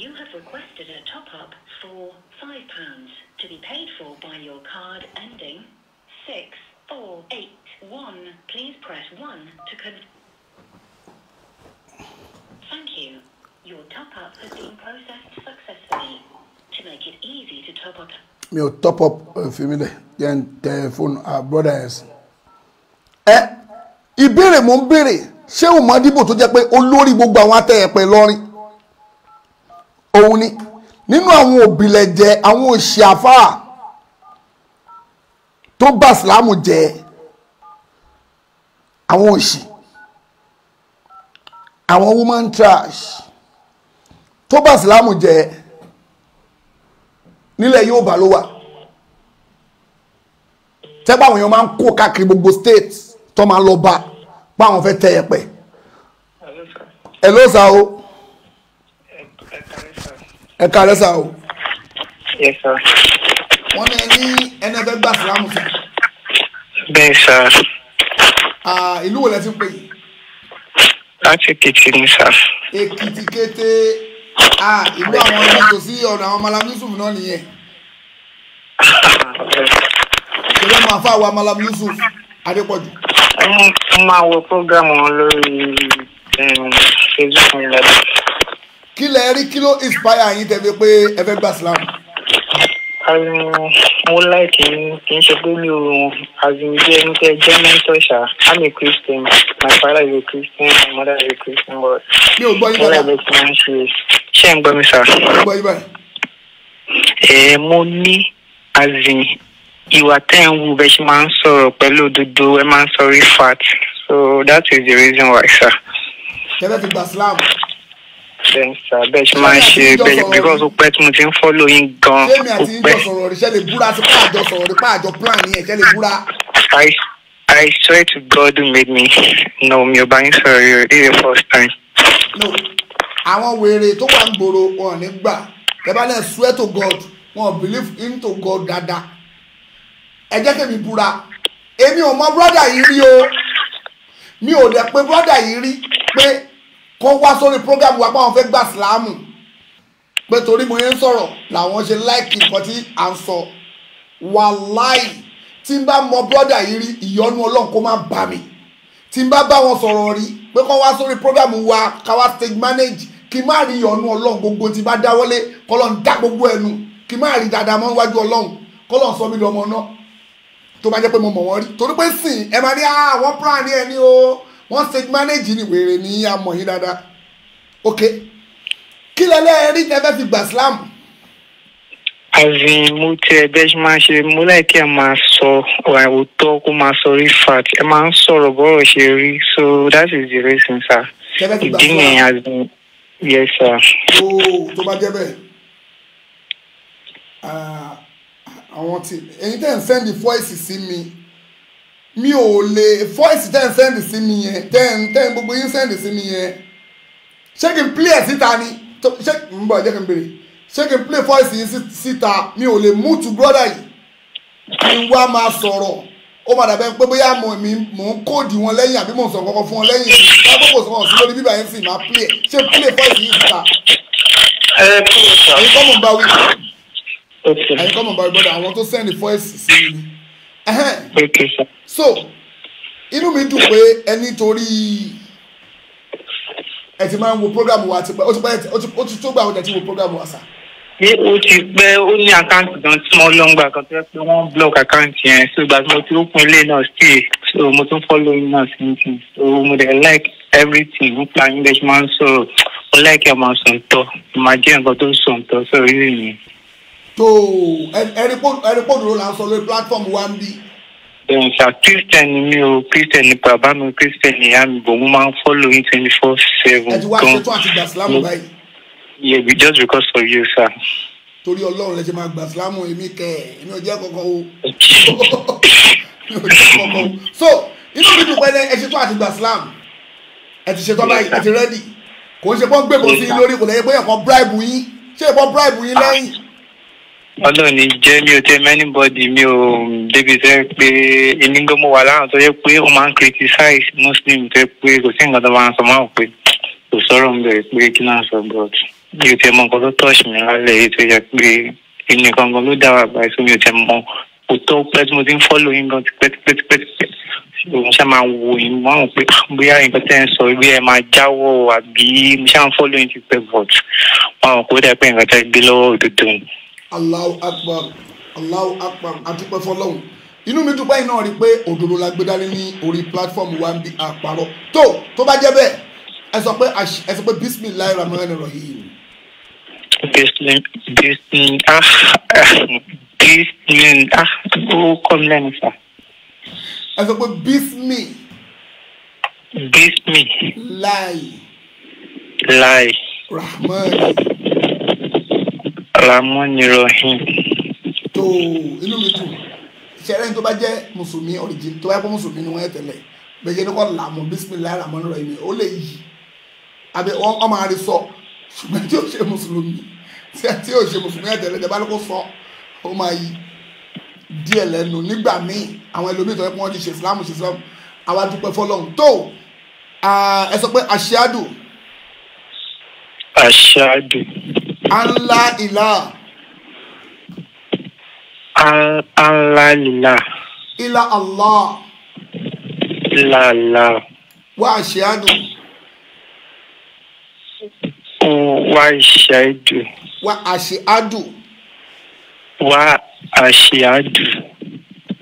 You have requested a top-up for £5 to be paid for by your card ending 6481. Please press 1 to confirm. Thank you. Your top-up has been processed successfully. To make it easy to top up. Me top up family then telephone our brothers. Eh, ibere ah, àbúrọ̀dà mo ń béèrè ṣé o mọ díbò tó jẹ́ pé olórí gbogbo àwọn atẹ́yẹpẹ lọ́rin òun ni nínú àwọn òbílẹ̀jẹ́ àwọn òṣì àfáà tó bá ìsìláàmù jẹ́ àwọn òṣì àwọn woman trash tó bá ìsìláàmù jẹ́ nílẹ̀ Yorùbá ló wà tẹ́gbà àwọn èèyàn máa ń kó káàkiri gbogbo state tó máa lọ bá páwọn fẹ́ tẹ ẹ̀pẹ̀ ẹ̀ ló o ẹ káàárẹ̀ sà o. yes sir. wọ́n ní ẹni ẹni ẹ fẹ́ gbà sílámù sà. bẹ́ẹ̀ sà. ìlú wo lẹ ti pè yìí. láti èkìtì ni sà. èkìtì kété ìlú àwọn ọmọ tó sí ọ̀dọ̀ àwọn malam yusuf náà nìyẹn. ìlú àwọn afa wa malam yusuf adépọ̀jù. mo máa wo programu lórí eh, facebook nílẹ̀ kí lẹ rí kí ló inspire yín tẹ́ pé ẹ fẹ́ gba Islam. mo láìkí ní kì í ṣe pé mi ò àgbìnjẹ ní kẹ jẹ mẹńtọ ṣá i'm a christian my father is a christian my mother is a christian but mi ò gbọ́ yín dáadáa mo láìpẹ́ tí wọ́n ṣe ṣé ń gbọ́ mi sá. gbọ́ yín báyìí. ẹ mo ní azin ìwà tẹ́ ń wù bẹ́ẹ̀ ṣe máa ń sọ̀rọ̀ pẹ̀lú òdodo ẹ máa ń sọ fat so that is the reason why sir. kẹ́lẹ́ fi gba Islam bẹ́ẹ̀ bẹ́ẹ̀ ṣe máa ń ṣe bẹ́ẹ̀ because ó tí mo ti ń fọ́lọ́ yín gan-an ó I swear to God who made me no mi ò bá yín sọ̀rọ̀ yìí this the first time. no àwọn wèrè tó wà ń gbòòrò wọn ní gbà bẹ́ẹ̀ náà swear to God wọn believe into God dáadáa ẹ jẹ́ kí mi búra èmi ò mọ brọ́dà yìí rí o mi ò dẹ̀ pé brọ́dà yìí rí pé kó wá sórí program wa báwọn fẹ́ gbà síláàmù pé torí mo yẹn ń sọ̀rọ̀ làwọn ṣe láìkì nǹkan tí à ń sọ wàláì tí n bá mọ bọ́dà yìí rí ìyọ́nú ọlọ́run kó má bà mí tí n bá bá wọn sọ̀rọ̀ rí pé kó wá sórí program wa káwa stage manage kí n má rí ìyọ́nú ọlọ́run gbogbo tí n bá dáwọ́lé kọ́lọ́n dá gbogbo ẹnu kí n má rí dáadáa mọ́ níwájú ọlọ́run kọ́lọ́n sọ mí lọ́mọ náà tó bá jẹ́ pé mo mọ̀ wọ́n rí torí pé sìn ẹ máa ní àwọn ah, plan ẹ o wọ́n stage manage ni wèrè ní amọ̀ yín dáadáa ok kí lẹ́lẹ́ rí tẹ́fẹ́ fi gbà slam. àzìn mo tiẹ̀ bẹ́ẹ̀ ṣe máa ṣe mo láì kí ẹ máa sọ òótọ́ kó máa sọ rí fact ẹ máa ń sọ̀rọ̀ bọ́rọ̀ ṣe rí so that is the reason sir ìdí nìyẹn àzìn yes sir. ooo oh, tó bá jẹ́ bẹ́ẹ̀ ah, àwọn tí ẹ̀yin tẹ́ ń send the voice sí mi mi ò lè voice ten send sí mi yẹn ten ten gbogbo yín send sí mi yẹn ṣé play ẹ̀ síta ni ṣé n bọ̀ jẹ́ kí n béèrè ṣé play voice yín síta mi ò lè mú tu brother yìí kí n wá máa sọ̀rọ̀ ó padà bẹ́ẹ̀ pé bóyá mo mi mò ń kóòdì wọn lẹ́yìn àbí mò ń sọ kankan fún wọn lẹ́yìn ẹ̀ lágbó kò sọ̀rọ̀ sí lórí bíbá yẹn sì máa play ṣé play voice yín síta. ẹ kí ló sọ. ẹ̀yin kọ́ mọ̀ bá wí ẹ̀yin kọ́ mọ̀ bá wí bọ́dà àwọn tó send voice sí mi so inú mi dùn pé ẹni torí ẹ ti máa ń wo program wa ti pẹ́ ó ti pẹ́ ó ti tó gbà ó ti wo program wa sà pé ó ti pẹ́ ó ní àkáǹtì gan tí mo lọ ń gba kan tó yẹ pé wọ́n block àkáǹtì yẹn so ìgbà tí mo ti open ilé náà sí so mo tún follow yín náà sí nìkan so mo dẹ̀ like everything nípa english man. So, mo like ẹ̀ máa sọ̀ ń tọ́ màá jẹ́ nǹkan tó ń sọ̀ ń tọ́ sọ̀rọ̀ yìí nìyẹn. tó ẹ̀rí pòdùró là ń sọ lórí platform one ń sa Christian ni mi o Christian ni bàbá mi Christian ni ìyá mi bò mo máa ń follow yín twenty four seven gan. ẹ ti wá ṣètò àti gbà sílámù báyìí. yeah be just because of you sir. torí ọlọ́run lè ṣe máa gbà sílámù èmi kẹ èmi ò jẹ́ kọ̀ọ̀kan o mi ò jẹ́ kọ̀ọ̀kan o so inú mi dùn pẹ́lẹ́ ẹ ṣètò àti gbà sílámù ẹ ti ṣètò báyìí ẹ ti rẹ́dì kò ń ṣe pọ́n gbẹ̀bọ̀ sí i lórí kò lẹ́yìn pé ẹ̀kọ́ bribe yín ṣé ẹ̀kọ́ bribe yín lẹ́yìn ọlọ́run ní jẹ́ mi ò tẹ́ mẹ́nìbọ́dì mi ò débi tẹ́ pé enígbọ́n wà láwọn tó yẹ pé ó máa ń criticize muslim tẹ́ pé kò sí nǹkan tó máa ń sọ máa ń pè kò sọ̀rọ̀ ń bẹ̀rẹ̀ pé kí náà sọ but mi ò tẹ́ mọ nǹkan tó touch mi lálẹ́ yìí tó yẹ pé èmi gangan ló dá wà báyìí so mi ò tẹ́ mọ kò tó pẹ́ tí mo ti ń follow yín gan tipẹ́tipẹ́tipẹ́ òun ṣá máa wo yín mo máa ń pè bóyá nǹkan tẹ́ ń sọ bí ẹ máa jáwọ́ àbí mo ṣá ń follow yín ti pẹ́ but wọn kò dà pé nǹkan tẹ́ gbé lọ́wọ́ òdodo Allahu Akbar Allahu Akbar adúpẹ́ fọlọ́hún inú mi dúpẹ́ yìí náà rí i pé òdodo la gbé dání ní orí platform wa ń bí àparọ́ tó tó bá jẹ́ bẹ́ẹ̀ ẹ sọ pé ẹ sọ pé bismillahir rahmanir rahim. bismillah bismillah O kọ́ mi lẹ́nu sá. ẹ sọ pé bismi. bismi. Lai, lai. rahman ramoni rohim. tó inú mi dùn ìṣẹ̀rẹ́ tó bá jẹ́ mùsùlùmí ọ̀rìjì tó bá yẹ kó mùsùlùmí ni wọ́n yẹ tẹ̀lẹ̀ gbẹ̀gẹ́ ní kò làmú bisimilayi ramoni rohim ó lè yí àbí wọ́n máa rí sọ ṣùgbọ́n tí ò ṣe mùsùlùmí tí ò ṣe mùsùlùmí yẹ tẹ̀lẹ̀ tẹ̀bá ló kó sọ ó máa yí díẹ̀ lẹ́nu nígbà míì àwọn ẹlòmíì tó yẹ islam ṣe islam àwa dúpẹ́ fọlọ́run tó ẹ sọ pé aṣáájú. aṣáájú anla ìlà. anla ìlà. ìlà Allah. ìlà Allah. wà á ṣe àdùn. wà á ṣe àdùn. wà á ṣe àdùn. wà á ṣe àdùn.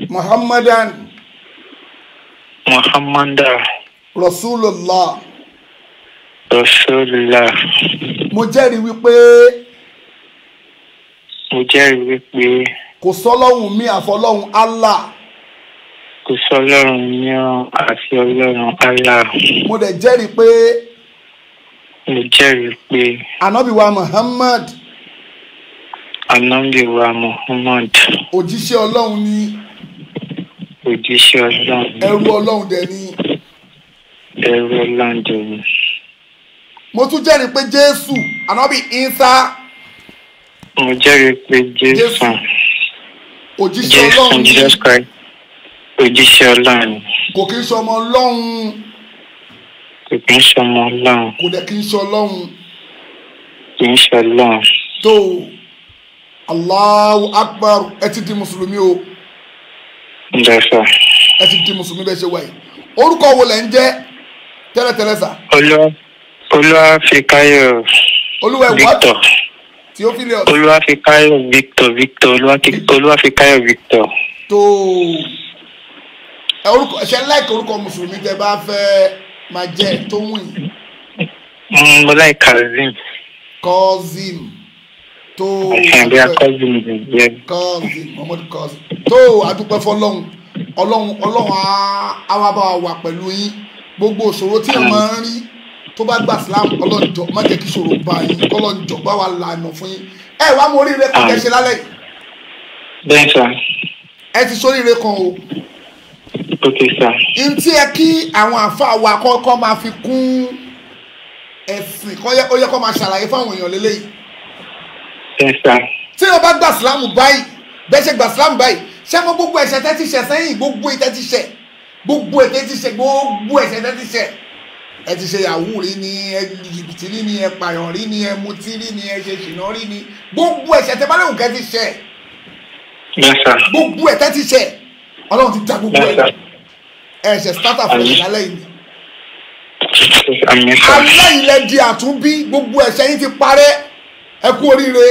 muhammadan. muhammadan. rasulullah. Rasulullah. Mo jẹ́rìí wípé. Mo jẹ́rìí wípé. Kò sọ́lọ́hun mi àfọlọ́hun Allah. Kò sọ́lọ́hun mi àfi ọlọ́run Allah. Mo dẹ̀ jẹ́rìí pé. Mo jẹ́rìí pé. Ànábì Muhammad. Ànábì Muhammad. Òjíṣẹ́ ọlọ́run ni. Òjíṣẹ́ ọlọ́run. Ẹrú ọlọ́run dẹ̀ ni. Ẹrú ọlọ́run dẹ̀ ni mo tún jẹ́rìí pé jésù ànábì ìsá. mo jẹ́rìí pé jésù òjíṣẹ́ ọlọ́run jesus christ òjíṣẹ́ ọlọ́run. kò kí n ṣe ọmọ ọlọ́run. kò kí n ṣe ọmọ ọlọ́run. kò dẹ̀ kí n ṣe ọlọ́run. kì í ṣe ọlọ́run. tó Allahu akbar ẹ ti di mùsùlùmí o. ǹjẹ́ sọ. ẹ ti di mùsùlùmí bẹ́ẹ̀ ṣe wáyé orúkọ wo lẹ ń jẹ́ tẹ́lẹ̀tẹ́lẹ̀ sà. olóò olúwàfíkáyọ̀ uh, victor olúwàfíkáyọ̀ uh, victor victor olúwàfíkáyọ̀ uh, victor. tó ẹ orúkọ ṣe láìka orúkọ mùsùlùmí tẹ bá fẹ́ máa jẹ tó wùn yìí. Mm, mo láì kazeem. kazeem tó kazeem mohammed kazeem tó adúpẹ́ fọlọ́hún ọlọ́hún ọlọ́hún á wá bá wa wà pẹ̀lú yín gbogbo òṣòro tí ẹ mm. máa ń rí tó bá gba Islam ọlọ́njọ́ má jẹ́ kí ṣòro bá yín kọ́lọ́njọ́ bá wa lànà fún yín ẹ wá mọ oríire kan kẹ́ ṣe lálẹ́ yìí. bẹ́ẹ̀ sà. ẹ ti sóríire kan o. ok sà. n tí ẹ kí àwọn àáfàá wa kọ́kọ́ máa fi kún ẹ̀sìn ó yẹ kó máa ṣàlàyé fáwọn èèyàn lélẹ́yìí. bẹ́ẹ̀ sà. tí o bá gba Islam báyìí bẹ́ẹ̀ ṣe gba Islam báyìí ṣé mo gbogbo ẹ̀ṣẹ̀ tẹ́tí ṣẹ̀ sẹ́yìn gbogbo ẹ̀ṣẹ̀ tẹ́tí ṣẹ̀ gbogbo ẹ̀ṣẹ̀ tẹ́tí ṣẹ̀ gbogbo ẹ̀ṣẹ̀ tẹ́tí ṣẹ̀ ẹ ti ṣe yahoo rí ni ẹ jìbìtì rí ni ẹ pààyàn rí ni ẹ mutí rí ni ẹ ṣe ṣìnà rí ni gbogbo ẹ̀ṣẹ̀ tẹ́ bá léwu ti ṣẹ̀ gbogbo ẹ̀ tẹ́ ti ṣẹ̀ Ọlọ́run ti dá gbogbo ẹ̀ ẹ̀ṣẹ̀ starter fún ìyálẹ̀ yìí alẹ́ ilẹ̀ di àtúnbí gbogbo ẹ̀ṣẹ̀ yín ti parẹ́ ẹ kú oríire.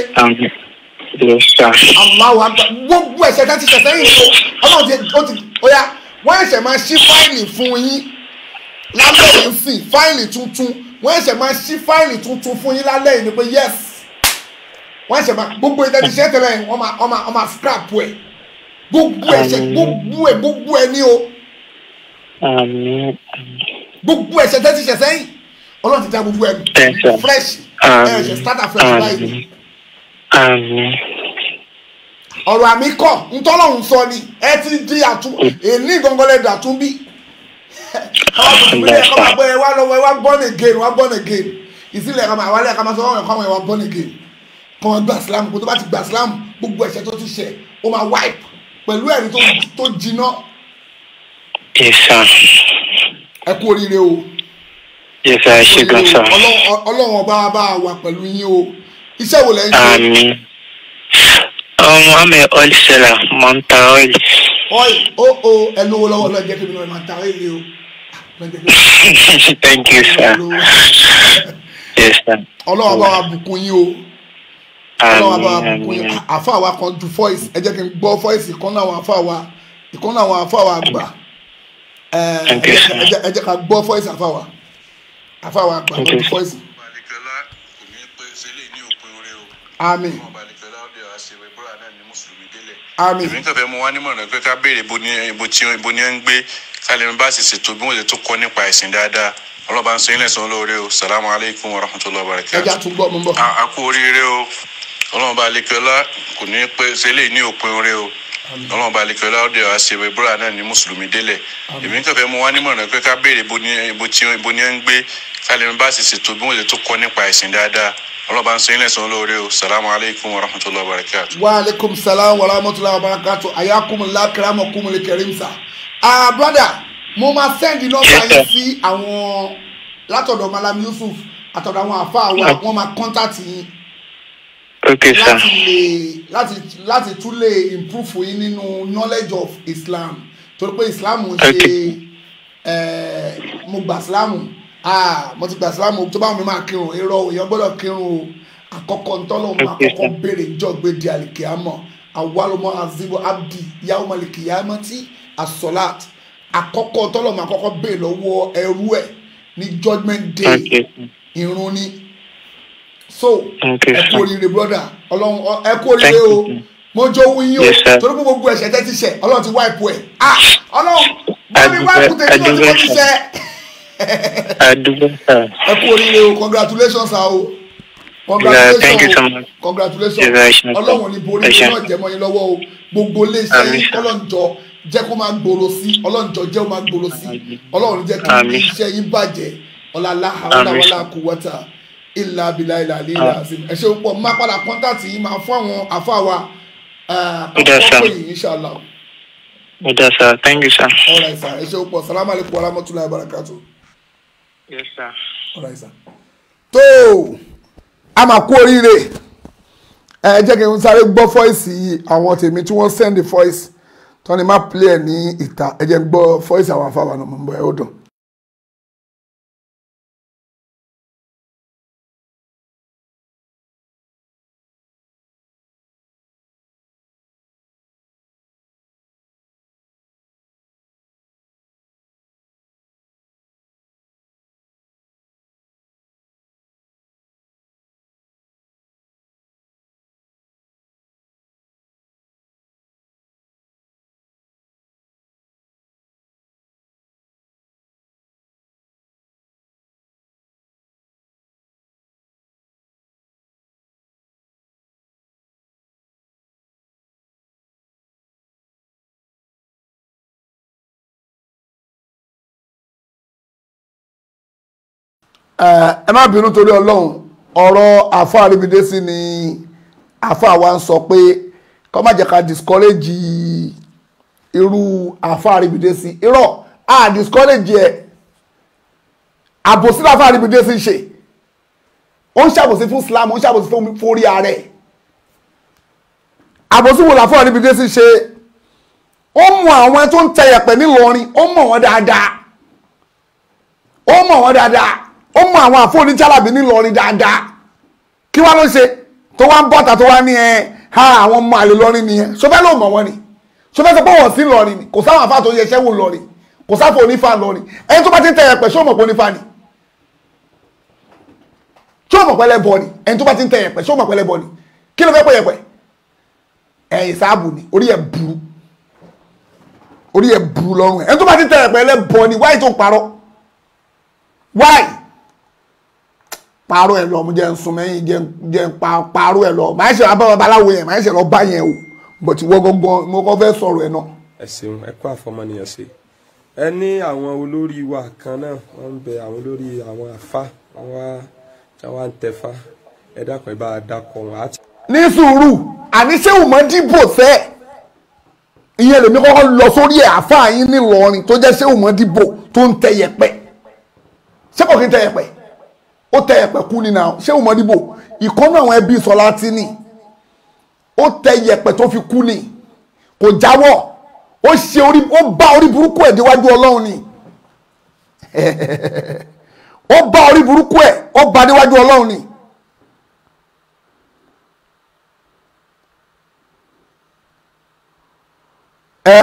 aláwọ̀ àgbà gbogbo ẹ̀ṣẹ̀ tẹ́ ti ṣẹ̀ sẹ́yìn Ọlọ́run ti ó ya wọ́n ẹ̀ṣẹ̀ máa ṣí fáìlì fún yín lálẹ́ yìí sì fáìlì tuntun wọ́n ẹ̀ṣẹ̀ máa ṣí fáìlì tuntun fún yín lálẹ́ yìí ni pé yes wọ́n ẹ̀ṣẹ̀ máa gbogbo ẹ̀ tẹ́tí ṣẹ́ tẹ́lẹ̀ wọ́n máa wọ́n máa wọ́n máa scrap ẹ̀ gbogbo ẹ̀ṣẹ̀ gbogbo ẹ̀ gbogbo ẹ̀ ní o gbogbo ẹ̀ṣẹ̀ tẹ́tí ṣẹ̀ sẹ́yìn ọlọ́run ti da gbogbo ẹ̀ fresh ẹ̀ṣẹ̀ start afresh báyìí ọ̀rọ̀ àmì kọ̀ ntọ́lọ́hún sọ ni ẹ ti di àtún èyí ní ìgbọ̀ngọ́lẹ̀ dàtún bíi káwá tuntun bí lẹ́ẹ̀kan máa gbọ́ ẹ wá lọ́wọ́ ẹ wá born again pẹ̀lú ẹ̀rí tó jiná. ẹ kú oríire o. ẹ ṣe gan sa. ọlọ́run ọba bá wà pẹ̀lú yín o iṣẹ́ wo lẹ́yìn. àmín ọmọ àmì oil seller mọ̀ oil. oil o o ẹ lówó lọ́wọ́ lọ́jọ́ kí mi lọ́ọ́ máa ta oil o. thank you sir yes sir. ọlọ́wọ́ bá wa bùkún yín o ọlọ́wọ́ bá wa bùkún yín àfa wa kan ju voice ẹ jẹ́ kí n gbọ́ voice ìkan náà àfa wa ìkan náà àfa wa gbà ẹ jẹ́ ká gbọ́ voice àfa wa àfa wa gbà lórí voice. àmín àmín. èmi kàn mo wá nímọ̀ràn pé ká béèrè ibo ni ibo tí ibo ni ń gbé kálẹ̀ bá sì ṣètò bí wọ́n ṣe tún kọ́ nípa ẹ̀sìn dáadáa ọlọ́ba ń sọ yín lẹ́sàn-án lóore o salamu alaykum wa rahmatulahi wa barakatuh. ẹja tún gbọ́ mo ń bọ̀. a kú oríire o ọlọ́run bá alekiola kò ní pẹ́ sẹ́lẹ̀ ní òpin oore o ọlọ́run bá lẹ́kọ̀ọ́ láwùjọ àṣewé búra náà ní mùsùlùmí délẹ̀ èmi kàn fẹ́ mú wá nímọ̀ràn pé ká béèrè ibo ni ẹ ń gbé kálẹ̀ mi bá sì ṣètò bí wọ́n ṣe tó kọ́ nípa ẹ̀sìn dáadáa ọlọ́run bá ń sọ ilé ìsọ̀rọ̀ lóore o salamu aleykum wa rahmatulahi wa barakatu. wa aleykum salam wa rahmatulahi wa barakatu ayakumula kiramakum lekerimsa. ah brother mo máa send nọ́mbà yẹn sí àwọn látọ̀dọ̀ malam yusuf àtọ̀dọ̀ àwọn àfa àwọn ah. àwọn máa contact yín okay sir láti lè láti tún lè improve fún yín nínú knowledge of Islam torí pé Islam ń ṣe mo gbà Islam mo ti gbà Islam tó bá wọn mi máa kírun irọ́ èèyàn gbọ́dọ̀ kírun o àkọ́kọ́ ntọ́lọ́ máa kọ́kọ́ béèrè ìjọ́gbé di àlìkè àmọ́ awalomọ azibo abdi yaomaliki yamati asolat àkọ́kọ́ ntọ́lọ́ máa kọ́kọ́ béèrè lọ́wọ́ ẹrú ẹ̀ ní judgement day irun ni. Okay so ẹ kú oríire brother ọlọ́run ẹ kú oríire o mọ́jọ́ owó yín o torí pé gbogbo ẹ̀ṣẹ̀ tẹ́ ti ṣẹ̀ ọlọ́run ti wáìpù ẹ̀ ah ọlọ́run bọ́ọ̀lù wáìpù tẹ̀sí náà ti wọ́n ti ṣẹ̀. ẹ kú oríire o congratulations ah o congratulations o congratulations ọlọ́run ní borí ìlú náà jẹ́mọ́ yín lọ́wọ́ o gbogbo iléeṣẹ́ ọlọ́njọ́ jẹ́ kó máa gbòòrò sí ọlọ́njọ́ jẹ́ kó máa gbòòrò sí ọlọ́run jẹ́ kó iṣẹ́ yín bàjẹ́ ọlọ́lá àwọn ọlọ́wọ́lá kò wọ́tà ilà abilà ilà ilà ẹ ṣe púpọ̀ máa padà kọ́ńtàtì yìí máa fún àwọn àfa wa uh, yìí inṣàlá. ẹ sir ṣe púpọ̀ salamu alaykum wa rahmatulahi wa barakatu. yes sir. a máa kú oríire ẹ jẹ́ kí n sáré gbọ́ fọ́ìsì yìí àwọn tèmi tí wọ́n send the tọ́ni má play ní ìta ẹ jẹ́ gbọ́ fọ́ìsì àwọn afáwọn ọmọ ẹ̀ ó dùn. ẹ má bínú torí ọlọ́run ọ̀rọ̀ àfa àríbidé sí ni àfa wa ń sọ pé kọ́ má jẹ́ ká discourage irú àfa àríbidé sí irọ́ a discourage ẹ̀ àbòsí láfa àríbidé sí ṣe ó ń ṣàbòsí fún Islam ó ń ṣàbòsí fún orí ààrẹ àbòsí wo làfa àríbidé sí ṣe ó mọ àwọn tó ń tẹyẹ̀pẹ̀ nílọrin ó mọ wọn dáadáa ó mọ wọn dáadáa ó mọ àwọn àfọ oníjàlábí ńìlọrin dáadáa kí wá ló ṣe tó wá ń bọ́ta tó wá ní ẹ ha àwọn ọmọ àlè lọrin nìyẹn sọfẹ́ ló mọ̀ wọ́n ni sọfẹ́ sọ pé wọ́n sí lọrin ni kò sáwọn àfáà tó yẹ iṣẹ́ wò lọrin kò sáfò onífà lọrin ẹni tó bá ti ń tẹ̀yẹ̀ pẹ̀ sọ́mọ̀ pé onífà ni sọ́mọ̀ pẹ́ lẹ́bọ̀ ni ẹni tó bá ti ń tẹ̀yẹ̀ pẹ̀ sọ́mọ̀ pẹ́ lẹ́bọ̀ ni kí ló fẹ́ pẹ̀ yẹ̀pẹ̀ ẹ̀yìn sáàbù ni orí ẹ̀ burú orí ẹ̀ burú lọ́rùn ẹ̀ ẹni tó bá ti ń tẹ̀yẹ̀ pẹ̀ lẹ́bọ̀ ni wáyé tó parọ́ wáyé pààrọ̀ ẹ̀ lọ mo jẹ́ ń sun mẹ́yìn jẹ́ ń pààrọ̀ ẹ̀ lọ màá ṣe abá babaláwo yẹn màá ṣe lọ bá yẹn o bọ̀tí wọ́n gangan mo kọ́ fẹ́ sọ̀rọ̀ ẹ̀ náà. ẹ ṣeun ẹ kó àfọmọnìyàn ṣe ẹ ní àwọn olórí wa kan náà wọ́n ń bẹ àwọn olórí àwọn àfa àwọn àwọn àǹtẹ̀fà ẹ dákun ẹ bá a dákun wọn. ní sùúrù àní ṣé o mọ dìbò fẹ́ ìyẹn lèmi kọ́kọ́ lọ sórí ẹ̀ àfa yín nílọrin tó jẹ́ ṣé o mọ dìbò tó ń tẹ yẹpẹ ṣé kò kí ń tẹ yẹpẹ ó tẹ yẹ̀pẹ̀ kú ni náà ṣé òmọdìbò ìkọ́nà àwọn ẹbí sọlá tí ni ó tẹ yẹ̀pẹ̀ tó fi kú ni kò jáwọ́ ó ṣe orí ó bá orí burúkú ẹ̀ déwájú ọlọ́run ni ó bá orí burúkú ẹ̀ ó bá déwájú ọlọ́run ni. ẹ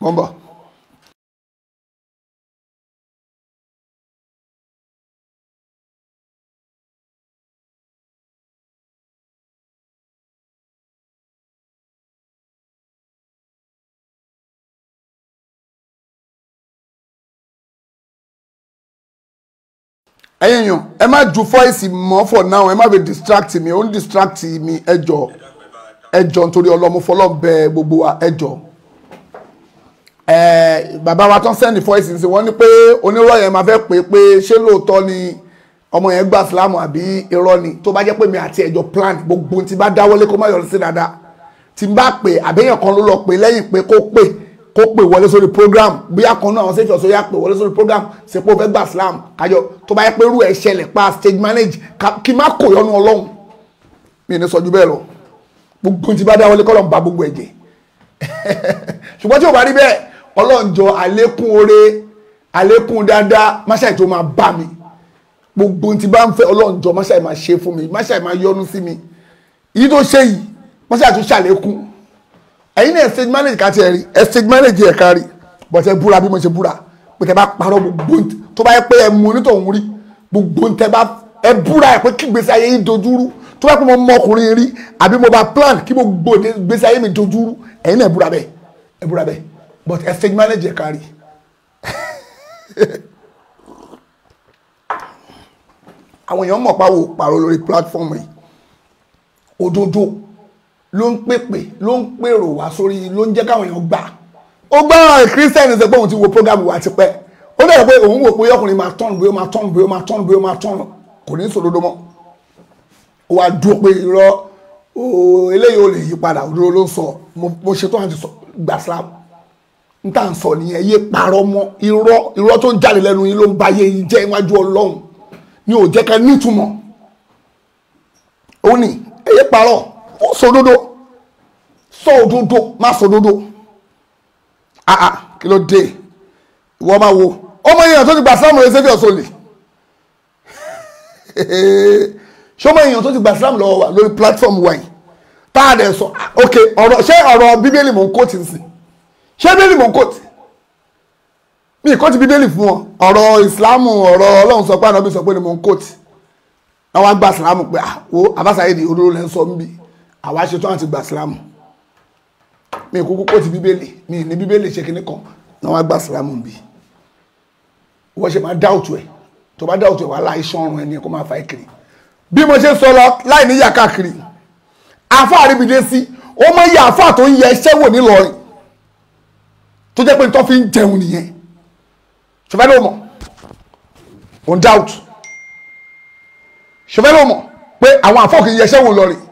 gbọ́n bọ̀. ẹ̀yin yàn ẹ má ju fọ́ìsì mọ́ for now ẹ má be distract mi ó ń distract mi ẹ jọ ẹ jọ nítorí ọlọ́mọ fọlọ́n bẹ gbogbo wa ẹ jọ ẹ bàbá wa tán sẹ́ndì fọ́ìsì sí wọ́n ní pé onírọ̀ yẹn máa fẹ́ pè é pé ṣé lóòótọ́ ni ọmọ yẹn gba Islam àbí irọ́ ni tó bá jẹ́ pé mi àti ẹ̀jọ̀ Plant. gbogbo tí bá dáwọ́lé kó má yọrí sí dáadáa tí n bá pè àbẹ́yẹn kan ló lọ pè lẹ́yìn pé kó pè kó pè wọlé sórí program bóyá kan náà àwọn ṣèṣọ sọ yá pè wọlé sórí program ṣèpò fẹ́ gbà slam kájọ tó bá yẹ pé irú ẹ̀ ṣẹlẹ̀ pa stage manage kí má kò yọnu ọlọ́run mi ní sọ ju bẹ́ẹ̀ lọ gbogbo tí bá dá wọlé kọ́lọ̀ ń ba gbogbo ẹ̀jẹ̀ ṣùgbọ́n tí ò bá rí bẹ́ẹ̀ ọlọ́njọ àlékún oore àlékún dáadáa máṣáì tó máa bá mi gbogbo tí bá ń fẹ́ ọlọ́njọ máṣáì máa ṣe fún mi máṣáì máa yọ́nú sí mi èyí tó ṣe yìí máṣáì tó ṣàlékún ẹ̀yin náà estate manager kàti ẹ̀rí estate manager ẹ̀ka rí bọ̀tẹ́ búra bí mo ṣe búra pé tẹ́ bá parọ́ gbogbo tó bá yẹ pé ẹ mú onítọ̀hún rí gbogbo tẹ́ bá ẹ búra ẹ pé kí gbèsè ayé yìí dojúrú tó bá pé mo mọ ọkùnrin rí àbí mo bá plan kí gbogbo gbèsè ayé mi dojúrú ẹ̀yin náà búra bẹ́ẹ̀ ẹ búra bẹ́ẹ̀ but estate manager ẹ̀ka rí. àwọn èèyàn mọ̀ pa wo pàrọ̀ lórí platform yìí òdodo ló ń pèpè ló ń pèrò wá sórí ló ń jẹ́ káwọn èèyàn gbà ó gbọ́ kírísítẹ́nì ṣe pé òun ti wo program wa ti pẹ́ ó dẹ̀ pé òun wò pé ọkùnrin máa tọ́nù bí ó máa tọ́nù bí ó máa tọ́nù bí ó máa tọ́nù kò ní sòdodo mọ́ ó wá dúró pé irọ́ eléyìí ò lè yí padà òdúró ló ń sọ mo ṣetán àti gbà Islam n tà ń sọ nìyẹn yé parọ́ mọ́ irọ́ irọ́ tó ń jáde lẹ́nu yín ló ń ba yín jẹ́ iwájú Ọlọ́run ni ò jẹ́ ká nítumọ̀ ó ní ẹ yé parọ́ ó sòdodo sọ òdodo má sòdodo ah, ah, kí ló dé ìwọ máa wo ọmọ èèyàn tó ti gbà sáàmù rẹ sẹ́fì ọ̀sọ̀lẹ̀ ṣọmọ èèyàn tó ti gbà sáàmù lọ́wọ́ wa lórí platform wa yìí tá a dẹ̀ sọ ok ọ̀rọ̀ ṣé ọ̀rọ̀ bíbélì mò ń kóòtù sí ṣé bíbélì mò ń kóòtù mi kóòtù bíbélì fún ọ ọ̀rọ̀ ìsìláàmù ọ̀rọ̀ ọlọ́run sọ pé ànábì sọ pé ni mò ń kóòtù àwọn àgbà ìsìláàmù pé àwọ ah, abáṣáyé ni olóró lẹ́ ń sọ àwa ṣe tán àti gbà sílámù mi kúkú kó ti bíbélì mi ní bíbélì ṣe kíní kan náà wá gbà sílámù bí wọ́n ṣe máa dáùtù ẹ̀ tó bá dáùtù ẹ̀ wá láì ṣọ́run ẹni kó máa fa ìkiri bí mo ṣe sọ lọ láì ní yà káàkiri àáfàá àríbìdé sí ó mọ iye àáfàá tó ń yẹ iṣẹ́ wò nílọrin tó jẹ́ pé tó fi ń jẹun nìyẹn ṣùgbọ́n ló mọ̀ on doubt ṣùgbọ́n ló mọ̀ pé àwọn àáfàá kì í yẹ iṣẹ́ wò lọ́rin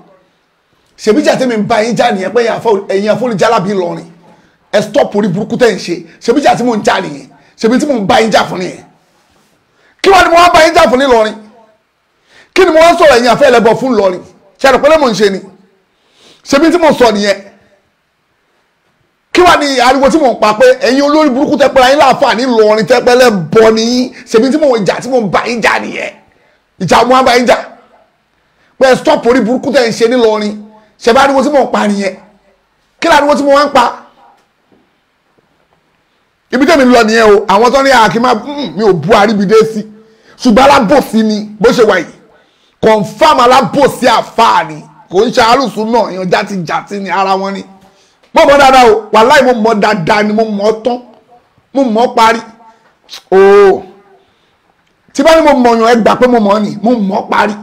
ṣèbí jà tẹ́mi ń bá yín já nìyẹn pé ẹ̀yin àfọlùjálábí lọrin ẹ stop orí burúkú tẹ́ ń ṣe ṣèbí jà tí mò ń já nìyẹn ṣèbí tí mò ń bá yín já fún nìyẹn kí wàá ni mo wá bá yín já fún nílọrin kí ni mo wá sọ̀rọ̀ ẹ̀yin àfẹ́ ẹlẹ́bọ̀ fún lọrin ṣe àrùn pẹ́lẹ́ mò ń ṣe ni ṣèbí tí mò ń sọ nìyẹn kí wàá ni ariwo tí mò ń pa pé ẹ̀yin olórí burúkú tẹ́ pẹ́ra yín láǹfààní lọrin tẹ́ pẹ́lẹ́ bọ̀ nìyí ṣèbí tí mò ń jà tí mò ń bá yín já nìyẹn ìjà mo wá bá yín já pé stop orí burúkú tẹ́ ń ṣe nílọrin ṣe bá ariwo tí mò ń pa nìyẹn kí láriwo tí mo wá ń pa ibi tẹ́mi lọ nìyẹn o àwọn tó ní àkímá hmm, mi ò bu àríbidé sí ṣùgbọ́n alábòsí ni bó ṣe wà yìí confam alábòsí àfáà ni kò ń ṣe àrùsùn náà èèyàn játijàti ni ara wọn ni mo mọ dáadáa o wàláì mo mọ dáadáa ni mo mọ tán mo mọ parí o tí bá ní mo mọ̀yàn ẹ gbà pé mo mọ̀ ni mo mọ̀ parí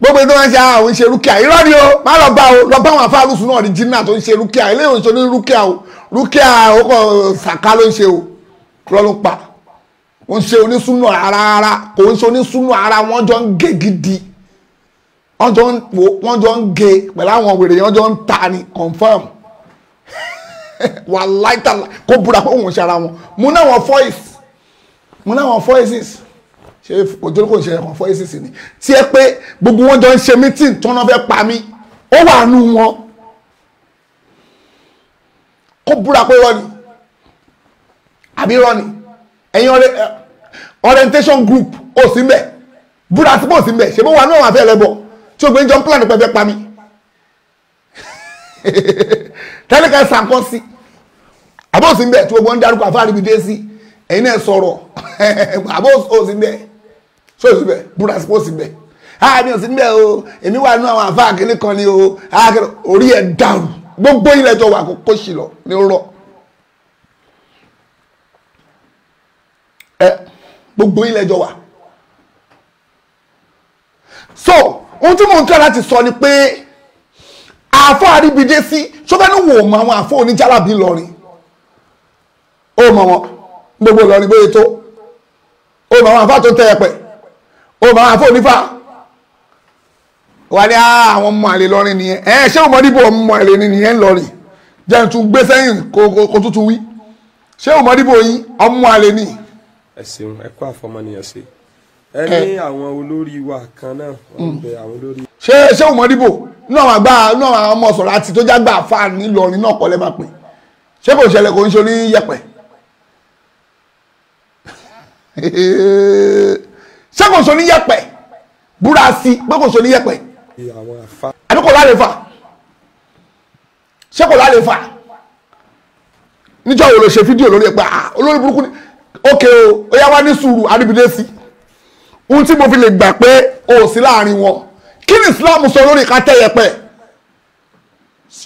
gbogbo tó máa ń ṣe àwọn ah, ìṣe rúkìá irọ́ ni o má lọ bá o lọ bá àwọn afárúsùn náà ní jìnnà tó ń ṣe rúkìá eléyìí ń ṣe ní rúkìá o rúkìá ó kàn ṣàká ló ń ṣe o kúrọ́ ló ń pa ó ń ṣe onísùnú ara ara kò ń ṣe onísùnú ara wọ́n jọ ń gé gidi wọ́n jọ ń wọ́n jọ ń gé pẹ̀lú àwọn wèrè yẹn wọ́n jọ ń ta ni confam wàláìtàlá kó búra pé òun ṣe ara wọn mo náà wọn voice mo náà wọn voices ṣé òjò kò ń ṣe ẹ̀kọ́ fọ́ acc ni tí ẹ pé gbogbo wọn jọ ń ṣe mítìn tí wọn fẹ́ pa mí ó wà nù wọn kó búra pé irọ́ ni àbí irọ́ ni ẹ̀yin orientation group ò sí mbẹ̀ búra tí kò sí mbẹ̀ ṣe bó wà nù àwọn afẹ́ ẹlẹ́bọ̀ tí o gbé jọ ń plan pẹ́ fẹ́ pa mí tẹ́lẹ̀ ká sàǹkan sí àbọ̀ sí mbẹ̀ tí o gbọ́n dárúkọ àfáàrí mi dé sí ẹ̀yin náà sọ̀rọ̀ àbọ̀ sí mbẹ̀ sóòsì bẹ búra spọ́ọ̀sì bẹ àmì òsì níbẹ̀ o èmi wà nínú àwọn àfa àkíní kan ni o àkíní orí ẹ̀ dàrú gbogbo ilẹ̀ tó wà kókó sì lọ ní rọ ẹ gbogbo ilẹ̀ jọ wà so ohun tí mò ń tọ́ láti sọ ni pé àfọ àríbidé sí sọfẹ́ni wò mọ àwọn àfọ oníjàlábí lọrin o mọ wọn gbogbo lọrin bóyá tó ó mọ àwọn àfọ àtúntẹ̀ ẹ̀pẹ̀ ó máa fò nífà wà ní ah, àwọn ọmọ àlè lọrin nìyẹn ẹ ṣé òmọ dìbò ọmọ àlè ni nìyẹn lọrin jẹ́ n tún gbé sẹ́yìn kó tuntun wí ṣé òmọ dìbò yín ọmọ àlè ni. ẹ ṣeun ẹ kó àfọmọnìyàn sí ẹ ní àwọn olórí wa kan náà wọn mm. bẹ àwọn olórí. ṣé ṣé òmọ dìbò náà wà gbà náà àwọn ọmọ sọ̀rọ̀ àti tó jágbà àfáà nílọrin náà kọ́lẹ́ máa pè ṣé kò ṣẹlẹ̀ kò ń ṣe oníyẹ̀pẹ̀. ṣé kò so ní yẹ̀pẹ̀ búra sí pé kò so ní yẹ̀pẹ̀ àbí kò láre fà ṣé kò láre fà níjọ́ wo ló ṣe fídíò lórí ẹ̀ pé ah, olórí burúkú ni ókè o ó yá wá ní sùúrù àríbìdé sí ohun tí mo fi lè gbà pé o ò sí láàrin wọn kí ni Islam sọ lórí ká tẹ́ yẹ̀pẹ̀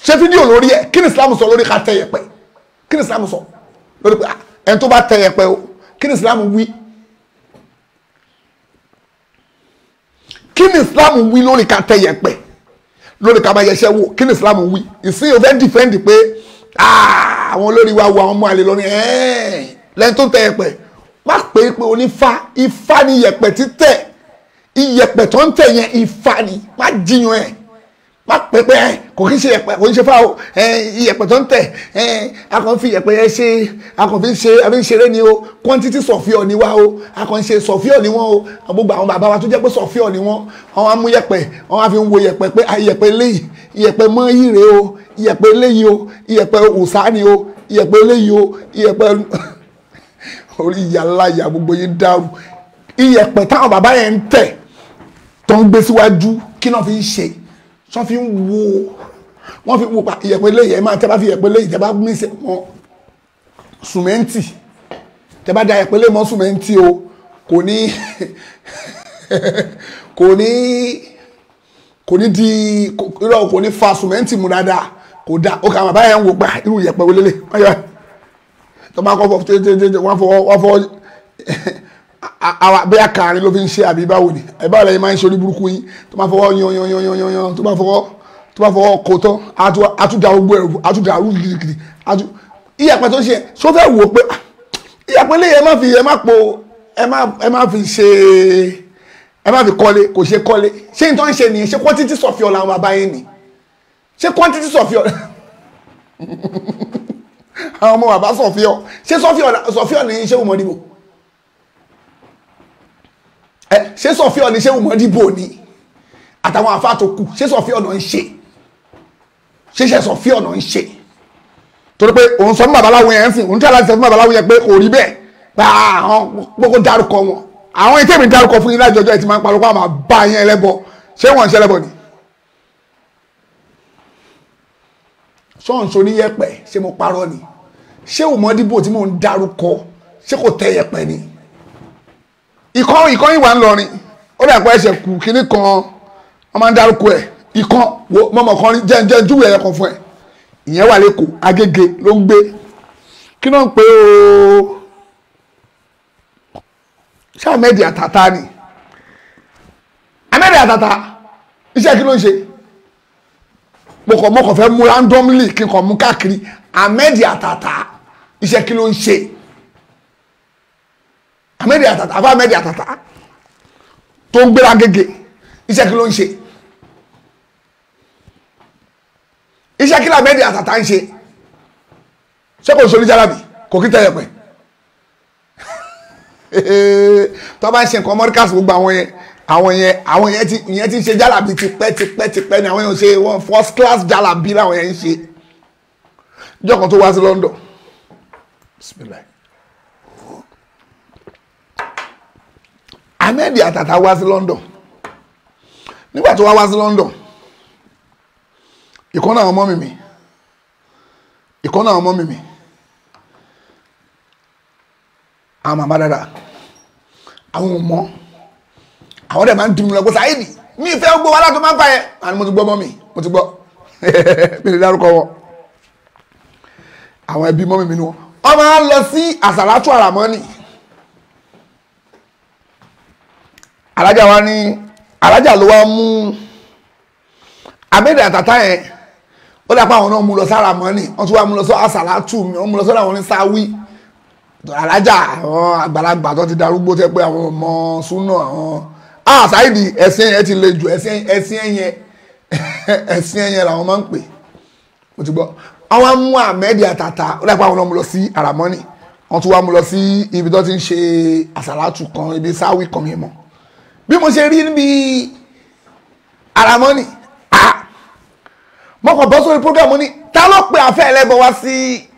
ṣe fídíò lórí ẹ̀ kí ni Islam sọ lórí ká tẹ́ yẹ̀pẹ̀ kí ni Islam sọ lórí pé ah, ẹni tó bá tẹ́ yẹ̀pẹ̀ o kí ni Islam wí kí ni islam wí lórí ká tẹ yẹ̀pẹ̀ lórí ká máa yẹsẹ wò kí ni islam wí ìsìn yóò fẹ́ dìfẹ́ǹdì pé ah, àwọn olórí wa wo àwọn ọmọ àlè lọ ní lẹ́yìn tó tẹ yẹ̀pẹ̀ má pé pé onífá ifá ni yẹ̀pẹ̀ títẹ̀ iyẹ̀pẹ̀ tó ń tẹ̀ yẹn ifá ni má jiyàn ẹ̀ má pẹpẹ kò kí ń ṣe yẹ̀pẹ̀ kò ń ṣe fá o iyẹ̀pẹ̀ tó ń tẹ̀ a kàn fi yẹ̀pẹ̀ yẹn ṣe a kàn fi ṣe a fi ń ṣeré ni o quantity sọfíọ ni wa o a kàn ń ṣe sọfíọ ni wọn o gbogbo àwọn bàbá wa tó jẹ́ pé sọfíọ ni wọn wọn á mú yẹ̀pẹ̀ wọn á fi ń wo yẹ̀pẹ̀ pé iyẹ̀pẹ̀ eléyìí iyẹ̀pẹ̀ mọ yìí rèé o iyẹ̀pẹ̀ eléyìí o iyẹ̀pẹ̀ òòṣà ni o iyẹ̀pẹ̀ eléyìí o iyẹ̀pẹ̀ orí ìyá ńlá ìyá gbogbo yìí dàrú iyẹ̀pẹ̀ táwọn bàbá yẹn ń tẹ̀ tó ń gbé síwájú kí náà fi ń ṣe sọ fi ń wo wọ́n fi wo pa ìyẹ̀pẹ̀ léyìí ẹ̀ máa tẹ́ bá fi ìyẹ̀pẹ̀ léyìí tẹ́ bá mí sẹ́ mọ́ sùmẹ́ǹtì tẹ́ bá da ìyẹ̀pẹ̀ léyìí mọ́ sùmẹ́ǹtì o kò ní kò ní kò ní di irọ́ kò ní fa sùmẹ́ǹtì mu dáadáa kò da ó kà máa báyẹn ń wo pa irú ìyẹ̀pẹ̀ wọlé lè wọ́n yọ tó máa kọ́ fọ́ wọ́n fọ́ àwa bóyá kàrin ló fi ń ṣe àbí báwo ni ẹ báwo lẹ́yìn máa ń ṣe orí burúkú yín tó máa fọwọ́ yan yan yan yan yan tó máa fọwọ́ tó máa fọwọ́ kó tán àtúndà gbogbo ẹ̀rù àtúndà àrùn gidigidi àtú ìyàpẹ́ tó ṣe sọ fẹ́ wò ó pé ah, ìyàpẹ́ lè yẹ má fi ẹ má po ẹ má fi ṣe ẹ má fi kọ́lé kò ṣe kọ́lé ṣé nǹkan ṣe nìyẹn ṣé quantity sọ̀fíọ́ làwọn bàbá yín ni ṣé quantity sọ̀fíọ́ àwọn ọmọ bàbá sọ̀fíọ́ ṣé sọ̀fíọ́ ni ṣé òmòdìbò ẹ ṣé sọfíà ni ṣé Modibo ni àtàwọn àfáà tó kù ṣé sọfíà ọ̀nà ń ṣe ṣé ṣe sọfíà ọ̀nà ń ṣe torí pé òun sọ fún babaláwo yẹn sìn òun tí aláṣẹ fún babaláwo yẹn pé kò rí bẹ́ẹ̀ pa àwọn gbogbo dárúkọ wọn àwọn ètò èmi dárúkọ fún yín láti ọjọ́ ẹ ti máa ń parọ́ pé àwọn àbá yẹn ẹlẹ́bọ ṣé wọ́n ń ṣe ẹlẹ́bọ ni. sọ́ọ̀nso ní yẹ̀pẹ̀ ṣé mo parọ́ ni ṣé o Modibo tí mò ń dárúkọ ṣé kò tẹ yẹ̀pẹ̀ ni ìkan ìkan ìwà ńlọrin ó dà pé ẹsẹ̀ kù kínní kan wọ́n máa ń dárúkọ ẹ̀ ìkan wo mọ́mọ́ kan rí jẹ́njẹ́ júwèé ẹ̀yọ kan fún ẹ̀ ìyẹn wà lẹ́kọ̀ọ́ Agége ló ń gbé kí náà ń pè ó sàmẹ́dì àtàtà ni amẹ́dì àtàtà iṣẹ́ kí ló ń ṣe mọ̀kọ̀ mọ̀kọ̀ fẹ́ mú randomly kí n kàn mú káàkiri amẹ́dì àtàtà iṣẹ́ kí ló ń ṣe amẹ́dì àtàtà àfa amẹ́dì àtàtà tó ń gbéra gègé iṣẹ́ kí ló ń ṣe iṣẹ́ kí làmẹ́dì àtàtà ń ṣe ṣé kò sórí jarabi kò kí tẹ̀lé pẹ̀ tó bá ń ṣe nǹkan mọ́ríkàsì gbogbo àwọn yẹn àwọn yẹn àwọn yẹn ti yẹn ti ń ṣe jalabi tipẹ́ tipẹ́ tipẹ́ ni àwọn yẹn ń ṣe wọn first class jalabi làwọn yẹn ń ṣe jọkàn tó wá sí London bismillah. I Ahmed Atata wá sí London nígbà tó wá wá sí London ìkọ́nà àwọn ọmọ mi mi ìkọ́nà àwọn ọmọ mi mi àwọn màmá dáadáa àwọn ọmọ àwọn dẹ̀ máa ń dùn mí lọ pé Saheed mi ìfẹ́ gbogbo wa látọ̀ máa ń fa yẹ àni mo ti gbọ́ mọ́ mi mo ti gbọ́ mi lè dárúkọ wọn àwọn ẹbí mọ́ mi mi ni wọn wọn máa lọ sí àsàlátù àràmọ́nì. alájà wa ní alájà ló wá mú abẹ́rẹ́ àtàtà yẹn ó dàpọ̀ àwọn náà mú lọ sára mọ́nì wọ́n tún wá mú lọ sọ àsàlátù mi wọ́n mú lọ sọ́dọ̀ àwọn oníṣáwí alájà àwọn àgbàlagbà tó ti darúgbó tẹ́ pé àwọn ọmọ súnà àwọn àṣàìdì ah, ẹ̀sìn ẹ̀yẹ ti le jù ẹ̀sìn ẹ̀yẹ ẹ̀sìn ẹ̀yẹ làwọn máa ń pè mo ti gbọ́ àwọn mú ahmed àtàtà ó dàpọ̀ àwọn náà mú lọ sí àràmọ́nì wọ́n tún wá mú lọ sí ibi tó ti ń ṣe àsàlátù kan ibi sáwì kan yẹn mọ́ bí mo ṣe rí níbi àràmọ́nì mo kàn bọ́ sórí program ní ta ló pe àfẹ́ ẹlẹ́bọ wá sí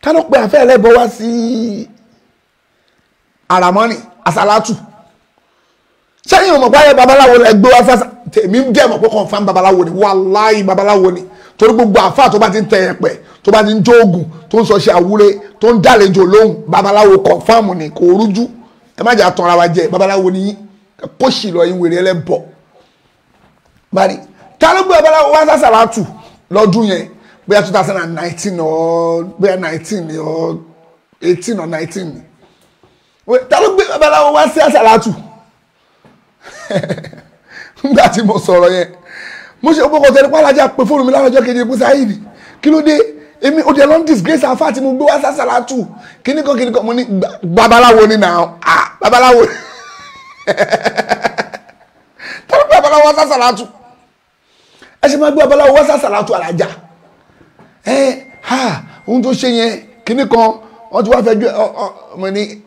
ta ló pe àfẹ́ ẹlẹ́bọ wá sí àràmọ́nì àsálátù sẹ́yìn ọmọ báyẹ̀ babaláwo lẹ gbé wá fásá tèmi ń dẹ̀ mọ̀ pé confam babaláwo ni wàláì babaláwo ni torí gbogbo àfáà tó bá ti ń tẹ ẹ̀pẹ̀ tó bá ti ń jó oògùn tó ń sọ ṣe àwúre tó ń dàlejò lóhùn babaláwo confam ni kò rújú E ma ara wa jẹ ni kó sì lọ yín wèrè ẹlẹ́bọ̀ bari ta ló gbé babaláwo wá sàṣàlátù yẹn bóyá two 2019 and nineteen or bóyá nineteen or eighteen or ta ló gbé babaláwo wá mo yẹn mo mi èmi ó jẹ́ lọ́n disgrace àfa àti mo gbé wá sásàlátù kíní kan kíní kan mo ní babaláwo ni nà ah babaláwo tọ́lá babaláwo wá sásàlátù ẹ ṣe máa gbé babaláwo wá sásàlátù àlàjà ẹ ha ohun tó ṣe yẹn kíní kan wọ́n ti wá fẹ́ ju ọmọ ní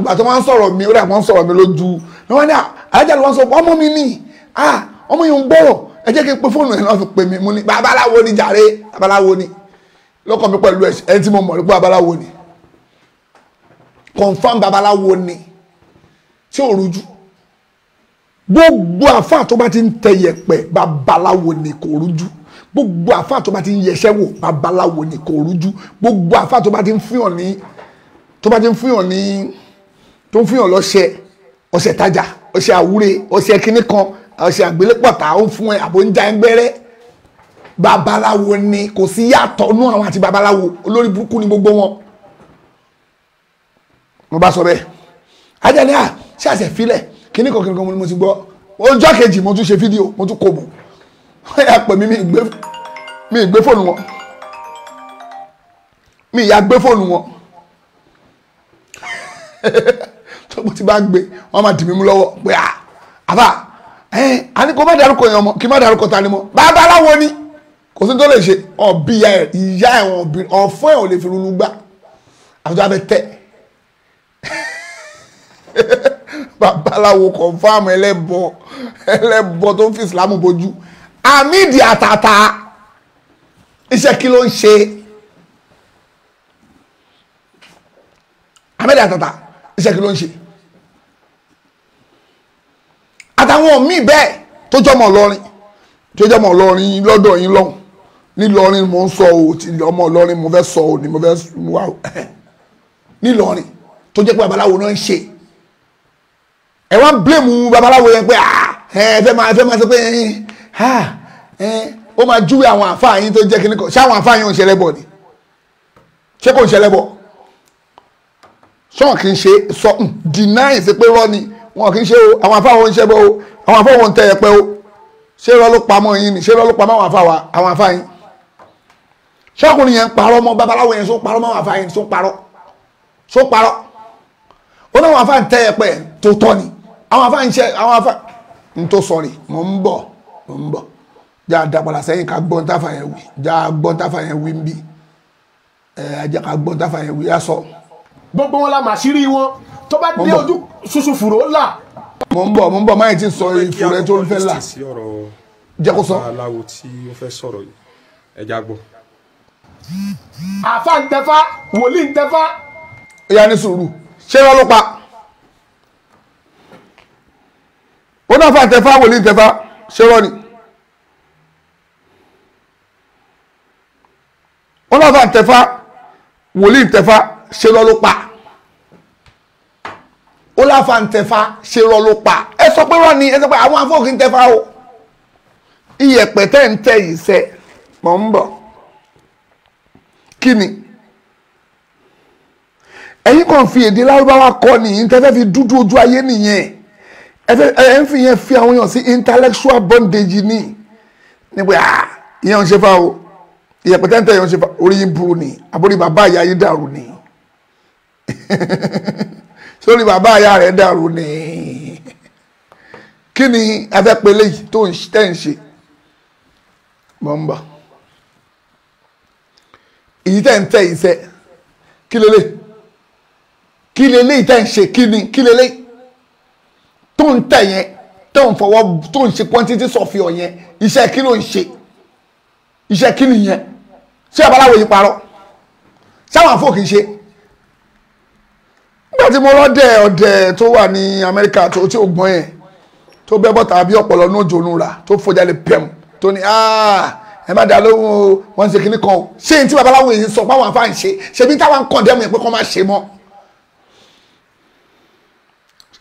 gbà tó máa ń sọ̀rọ̀ mi ó dà wọ́n ń sọ̀rọ̀ mi lójú wọ́n ní àlàjà ló wọ́n sọ ọmọ mi ní ah ọmọ yìí ń gbọ́rọ̀ ẹ jẹ́ kí n pe fóònù ẹ̀ náà fi pè mí mo ní babaláwo ni jàre babaláwo ni lọ́kàn mi pẹ̀lú ẹni tí mo mọ̀ nípa babaláwo ni confam babaláwo ni tí ò rújú gbogbo àfáà tó bá ti ń tẹ yẹ̀pẹ̀ babaláwo ni kò rújú gbogbo àfáà tó bá ti ń yẹsẹ́ wò babaláwo ni kò rújú gbogbo àfáà tó bá ti ń fihàn ní tó bá ti ń fihàn ní tó ń fihàn lọ́sẹ̀ ọ̀sẹ̀ tajà ọ̀sẹ̀ àwúre ọ̀sẹ̀ kìnnìkan ọ̀sẹ̀ àgbélépọ̀tà ó ń fún ẹ àbò ń já ẹgbẹ́rẹ́ babaláwo ni kò sí yàtọ̀ nú àwọn àti babaláwo olórí burúkú ni gbogbo wọn mo bá sọ bẹ́ẹ̀ ajá ni à ṣé àṣẹ filẹ̀ kíní kan kíní kan mo ti gbọ́ ọjọ́ kejì mo tún ṣe fídíò mo tún kò mọ̀ wọ́n yà pè mí mi ìgbé fóònù wọn mi ìyá gbé fóònù wọn tó mo ti bá ń gbé wọn máa dì mí mú lọ́wọ́ pé à àbá ẹ àní kò má dárúkọ yẹn mọ́ kí má dárúkọ ta ni mọ́ babaláwo ni kò sí tó lè ṣe ọ̀bí ìyá ẹ̀ wọn obìnrin ọ̀fọ́ ẹ̀ ò lè fi rúnú gbà àtúntò abẹ tẹ̀ babaláwo confam ẹlẹ́bọ ẹlẹ́bọ tó ń fi islam bojú amídì àtàtà iṣẹ́ kí ló ń ṣe amídì àtàtà iṣẹ́ kí ló ń ṣe àtàwọn míì bẹ́ẹ̀ tó jọmọ lọrin tó jọmọ lọrin lọ́dọ̀ yín lọ́hùn nílọrin mo ń sọ o ti ọmọ l'orin mo fẹ́ sọ o ni mo fẹ́ wá o nílọrin tó jẹ́ pé babaláwo náà ń ṣe ẹ wá ń blame babaláwo yẹn pé ah, ẹ fẹ́ máa fẹ́ máa sọ pé ah, ah, ó máa júwe àwọn àfáàyín tó jẹ́ kíní kan ṣé àwọn àfáàyín ò ń ṣẹlẹ̀ bọ̀ ni ṣé kò ń ṣẹlẹ̀ bọ̀ sọ̀n kì í ṣe hmm, deny ṣe pé rọ́ ni wọn kì í ṣe o àwọn àfáàwọn ń ṣẹbọ o àwọn àfáàwọn ń tẹ̀yẹ̀pẹ̀ o ṣé rọ́ ló pamọ́ yín ni ṣé rọ́ ló pamọ́ àwọn àfáàwọn àfáàyín ṣọkùnrin yẹn ń parọ́ mọ́ babaláwo yẹn só parọ́ mọ́ àfa yẹn só parọ́ só parọ́ ó náà àwọn afa ń tẹ́ ẹ̀pẹ́ tó tọ́ ni àwọn afa ń ṣe àwọn afa ń tó sọ̀rì mò ń bọ̀ mò ń bọ̀ já dàgbàlà sẹ́yìn ká gbọ́n táfà yẹn wí já gbọ́n táfà yẹn wí ń bí ẹ̀ ajá ká gbọ́n táfà yẹn wí á sọ. gbogbo wọn la màṣírí wọn tó bá dé ojú ṣuṣu fùrọ̀ ó là. mò ń bọ̀ mò ń bọ̀ máyì tí sọ ìfúrẹ́ tó ń fẹ́ là jẹ́ kó sọ. aláwo tí ó fẹ́ sọ̀rọ̀ yìí ẹja gbọ́ àfa ń tẹfá wòlíì ń tẹfá. ìyá ní sùúrù ṣé wọn ló pa ó náà fà tẹfá wòlíì ń tẹfá ṣé wọn ni. ó náà fà ń tẹfá wòlíì ń tẹfá ṣé wọn ló pa ó láfa ń tẹfa ṣe rọ ló pa ẹ sọ pé rọ ni ẹ sọ pé àwọn afọ́ọ̀kì ń tẹfa o iyẹ̀pẹ̀ tẹ́ ń tẹ yìí sẹ́ mọ̀ ń bọ̀ kí ni ẹ̀yin kàn fi èdè lárúbáwá kọ́ nìyí tẹ́ fẹ́ fi dúdú ojú ayé nìyẹn ẹ ń fi yẹn fi àwọn èèyàn sí intellectual bondage ni níbo ah ìyẹn ń ṣe fa o ìyẹ̀pẹ̀ tẹ́ntẹ́ ìyẹn ń ṣe fa orí yín burú ni àbórí bàbá ìyá yín dàrú ni sórí bàbá ìyá rẹ̀ dàrú ni kí ni afẹ́pẹ́lẹ́ yìí tó ń tẹ́ ń ṣe bọ́m̀bà èyí tẹ́ ń tẹ́ yìí sẹ́ kí lélẹ̀ kí lélẹ̀ yìí tẹ́ ń ṣe kí ni kí lélẹ̀ tó ń tẹ̀ yẹn tó ń fọwọ́ tó ń ṣe quantity sọ̀fìọ̀ yẹn iṣẹ́ kí ló ń ṣe iṣẹ́ kí nìyẹn ṣé abaláwo yìí parọ́ sáwọn àfọ kì í ṣe nígbà tí mo lọ́dẹ ọ̀dẹ tó wà ní Amẹ́ríkà tó tí ò gbọ́n yẹn tó bẹ́ bọ́ta bí ọ̀pọ̀lọ́ nójó nura tó fojá lè pẹ̀m tó ní aaa. Ah, ẹ má dá lóhùn o wọ́n ń ṣe kinní kan o ṣé n tí babaláwo yìí sọ fáwọn afáàn ṣe ṣebí táwọn kọ̀ndẹ́mù yẹn pé kọ́ máa ṣe mọ́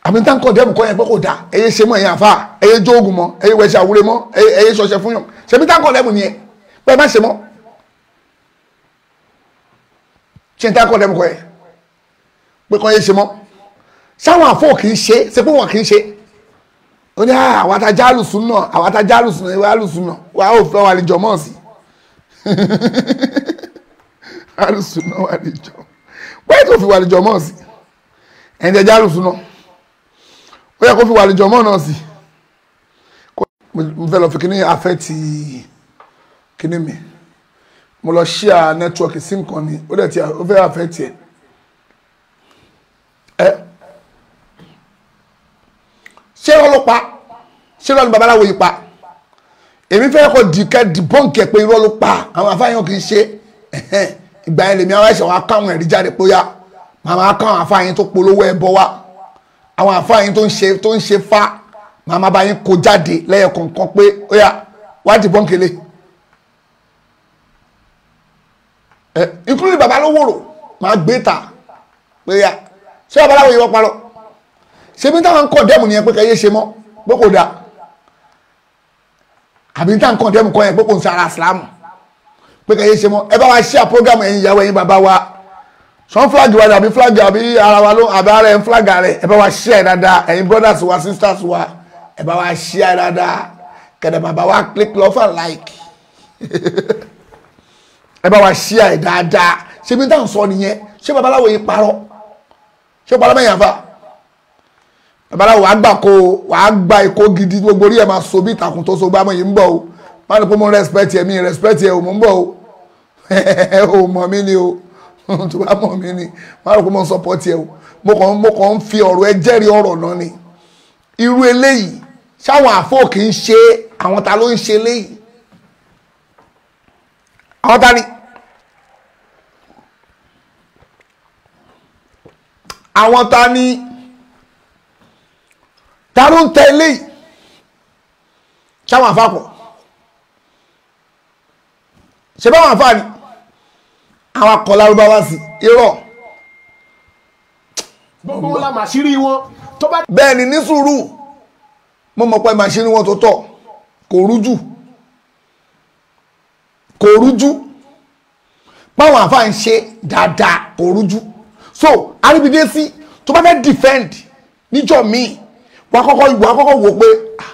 àbí táwọn kọ̀ndẹ́mù kọ́ yẹn pé kò dá ẹyẹ ṣe mọ́ ẹ̀yìn àfáà ẹyẹ jó oògùn mọ́ ẹyẹ wẹ̀ṣẹ̀ àwúre mọ́ ẹyẹ ṣọṣẹ fún yàn ṣebí táwọn kọ̀ndẹ́mù yẹn pé má ṣe mọ́ ṣé n táwọn kọ̀ndẹ́mù kọ́ yẹn pé kọ́ yẹn ṣe mọ́ sáwọn àfọ̀ kì í ṣe ṣe pé wọn kì í ṣe ó ní ah, àwọn àtajà àlùsùn àwọn àtajà àlùsùn ìwé àlùsùn náà wà á ò fẹ́ wà lìjọ mọ́ sí àrùsùn náà wà lìjọ wáyé tó fi wà lìjọ mọ́ sí ẹni tẹ́jà àrùsùn náà ó yẹ kó fi wà lìjọ mọ́ náà sí mo fẹ́ lọ fi kíní afẹ́ ti kíní mi mo lọ ṣí à nẹ́tíwọ́ọ̀kì sí nǹkan ni ó dẹ̀ ti ó fẹ́ afẹ́ tiẹ̀ ẹ ṣé ọlọ́pàá ṣé ọlọ́ni babaláwo yìí pa èmi fẹ́ kọ́ di ká di bọ́ǹkì ẹ̀ pé irọ́ ló pa àwọn afáyàn kì í ṣe ìgbà yẹn lèmi aláìsàn wa káwọn ẹ̀rí jáde póyà màmá káwọn afáyàn tó polówó ẹbọ wa àwọn afáyàn tó ń ṣe tó ń ṣe fa màmá bá yín kó jáde lẹ́yìn kọ̀ọ̀kan pé ó yà wá di bọ́ǹkì lé ẹ ìkúlù bàbá ló wòrò màá gbé ta pé yà ṣé babaláwo yìí wọ́n parọ́ ṣe bí táwọn ń kọ̀ dẹ́mù nìyẹn pé kẹ́yẹ́ ṣe mọ́ pé kò dáa àbí tá n kàn dẹ́mu kọ́ yẹn pé kò ń sara islam pé kẹ́yẹ ṣe mọ́ ẹ bá wa ṣíà program ẹ̀yin ìyàwó ẹ̀yin bàbá wa sọ́n flag wa àbí flag àbí ara wa ló àbí ara ẹ̀ ń flag rẹ̀ ẹ bá wa ṣíà ẹ̀ dáadáa ẹ̀yin brothers wa sisters wa ẹ bá wa ṣíà ẹ̀ dáadáa kẹ̀dẹ̀ bàbá wa click love and like ẹ bá wa ṣíà ẹ̀ dáadáa ṣé bí táwọn sọ nìyẹn ṣé babaláwo yìí parọ́ ṣé parọ́ mẹ́yìn àfa babaláwo wàá gbà kó wàá gba èkó gidi gbogbo orí ẹ̀ máa so bí ìtàkùn tó so gbá mọ̀ yìí ń bọ̀ o má ní pé mo respect ẹ̀ mi respect ẹ̀ o mo ń bọ̀ o o mọ̀ mí ni o tó bá mọ̀ mí ni má ní pé mo support ẹ̀ o mo kàn mo kàn ń fi ọ̀rọ̀ ẹ jẹ́rìí ọ̀rọ̀ náà ni irú eléyìí ṣáwọn àfọ kì ṣe àwọn ta ló ń ṣe eléyìí àwọn ta ni àwọn ta ni ta ló ń tẹ ilé yìí sáwọn àfapọ̀ ṣe báwọn àfáà ni àwọn akọ̀ lárúbáwá sí irọ́ gbogbo la màṣírí wọn tó bá. bẹ́ẹ̀ ni ní sùúrù mo mọ̀ pé màṣírí wọn tó tọ́ kò rújú kò rújú báwọn àfáà ṣe dáadáa kò rújú so aríbidé sí tó bá fẹ́ defend níjọ́ míì wọ́n kọ́kọ́ wọ́n kọ́kọ́ wò pé ah,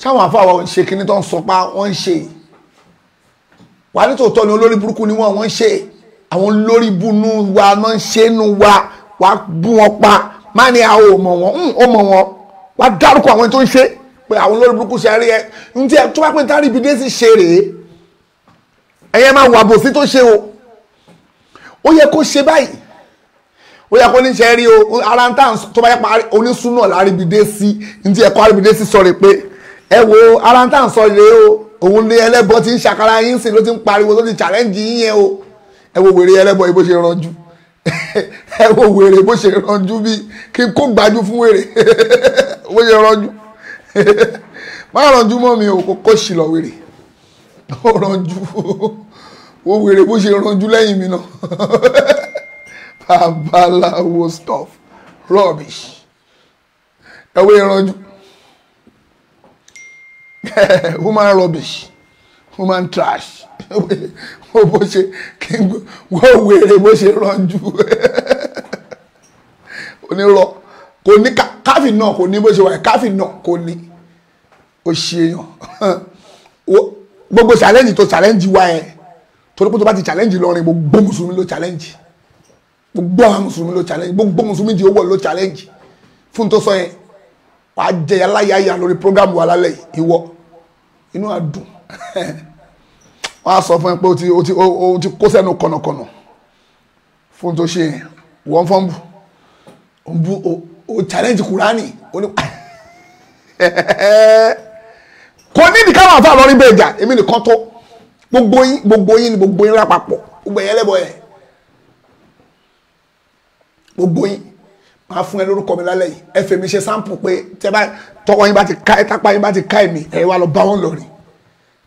ṣáwọn àfáwọ̀ ń ṣe kíní tó ń sọpá wọ́n ń ṣe wà ní tòótọ́ ni olórí burúkú ni wọ́n wọ́n ń ṣe àwọn olórí bunú wa náà ń ṣe nu wa wà bú wọn pa má ní àwọn ò mọ̀ wọ́n ó mọ̀ wọ́n wà dárúkọ àwọn tó ń ṣe pé àwọn olórí burúkú ṣe rí ẹ tí ẹ tó bá pé tá ríbi dé sí ṣe rèé ẹ̀yẹ máa wà bòsí tó ṣe o ó yẹ kó ṣe báyìí ó yẹ kó ní ṣe rí o ara ń tà tó bá yẹ pa onísùnà láríbidé sí ní ti ẹ̀kọ́ àríbidé sí sọ̀rọ̀ pé ẹ wo ara ń tà sọ rèé o òun ni ẹlẹ́bọ ti ń ṣàkárá yín sí ló ti ń pariwo tó ti challenge yín yẹn o ẹ wo wèrè ẹlẹ́bọ yìí bó ṣe ranjú ẹ wo wèrè bó ṣe ranjú bí kí n kó gbájú fún wèrè bó ṣe ranjú má ranjú mọ́ mi o kò kó ṣì lọ wèrè ó ranjú wo wèrè bó ṣe ranjú lẹ́yìn mi náà babaláwo stuff rubbish ẹwé ìrànjú human rubbish human trash bó ṣe kí n wọ́n wèrè bó ṣe rànjú onírọ̀ kò ní káfí náà kò ní bó ṣe wà káfí náà kò ní ó ṣe èèyàn gbogbo challenge tó challenge wá ẹ torí pé tó bá ti challenge lọrin gbogbo mùsùlùmí ló challenge gbogbo àwọn mùsùlùmí ló challenge gbogbo mùsùlùmí di owó ló challenge fún tó sọ yẹn wàá jẹyà láyàyà lórí program wa lálẹ́ ìwọ inú àdùn wọ́n á sọ fún ẹ pé o ti kó sẹ́nu kọ̀nàkọ̀nà fún tó ṣe wọ́n fọ́n bù ó bú o challenge kurani ó ní kò ní ìdíkà wọn àfa lọ rí bẹ́ẹ̀ jà èmi nìkan tó gbogbo yín gbogbo yín ni gbogbo yín lápapọ̀ gbogbo ẹ̀yẹ yẹn gbogbo yín máa fún ẹ lórúkọ mi lálẹ́ yìí ẹ fèmí ṣe sample pé tẹ bá tọwọ́ yín bá ti ká ẹ tápá yín bá ti ká èmi ẹ wá lọ bá wọn lọrin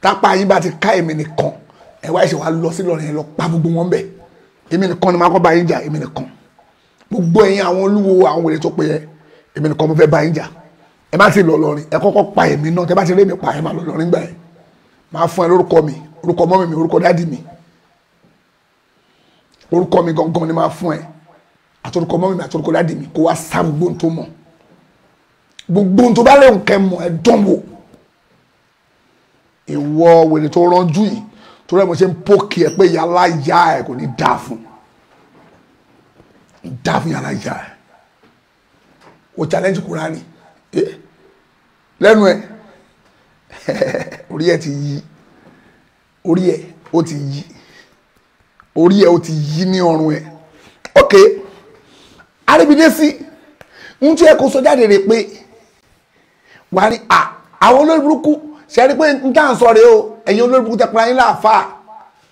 tápá yín bá ti ká èmi nìkan ẹ wá ìṣèwà lọ sí lọrin ẹ lọ pa gbogbo wọn bẹ èmi nìkan ni máa kọ́ bá yín jà èmi nìkan gbogbo ẹ̀yin àwọn olúwo àwọn wèrè tó pé ẹ èmi nìkan mo fẹ́ bá yín jà ẹ má ti lọ lọrin ẹ kọ́kọ́ pa èmi náà tẹ bá ti rí èmi pa ẹ má lọ lọrin gbà ẹ máa mi orúkọ mọ́mì mi orúkọ ni máa fún ẹ àtòrúkọ mọ́mí mi àtòrúkọ dáàdì mi kó wá sá gbogbo tó mọ̀ gbogbo tó bá lè nǹkan mọ̀ ẹ dán wò ìwọ wèrè tó ránjú yìí tó rẹ̀ mo ṣe ń pòkì ẹ pé yàrá ya ẹ kò ní dáa fún dáa fún yàrá ya ẹ o challenge Kùránì lẹ́nu ẹ orí ẹ ti yí orí ẹ ó ti yí orí ẹ ó ti yí ní ọrùn ẹ ok. Arẹ́bídẹ́sí ń tí ẹ kó sọ jáde rè pé wà ní àwọn olórí burúkú ṣe rí pé n táà ń sọ rèé o ẹ̀yin olórí burúkú tẹ pera yín láàfáà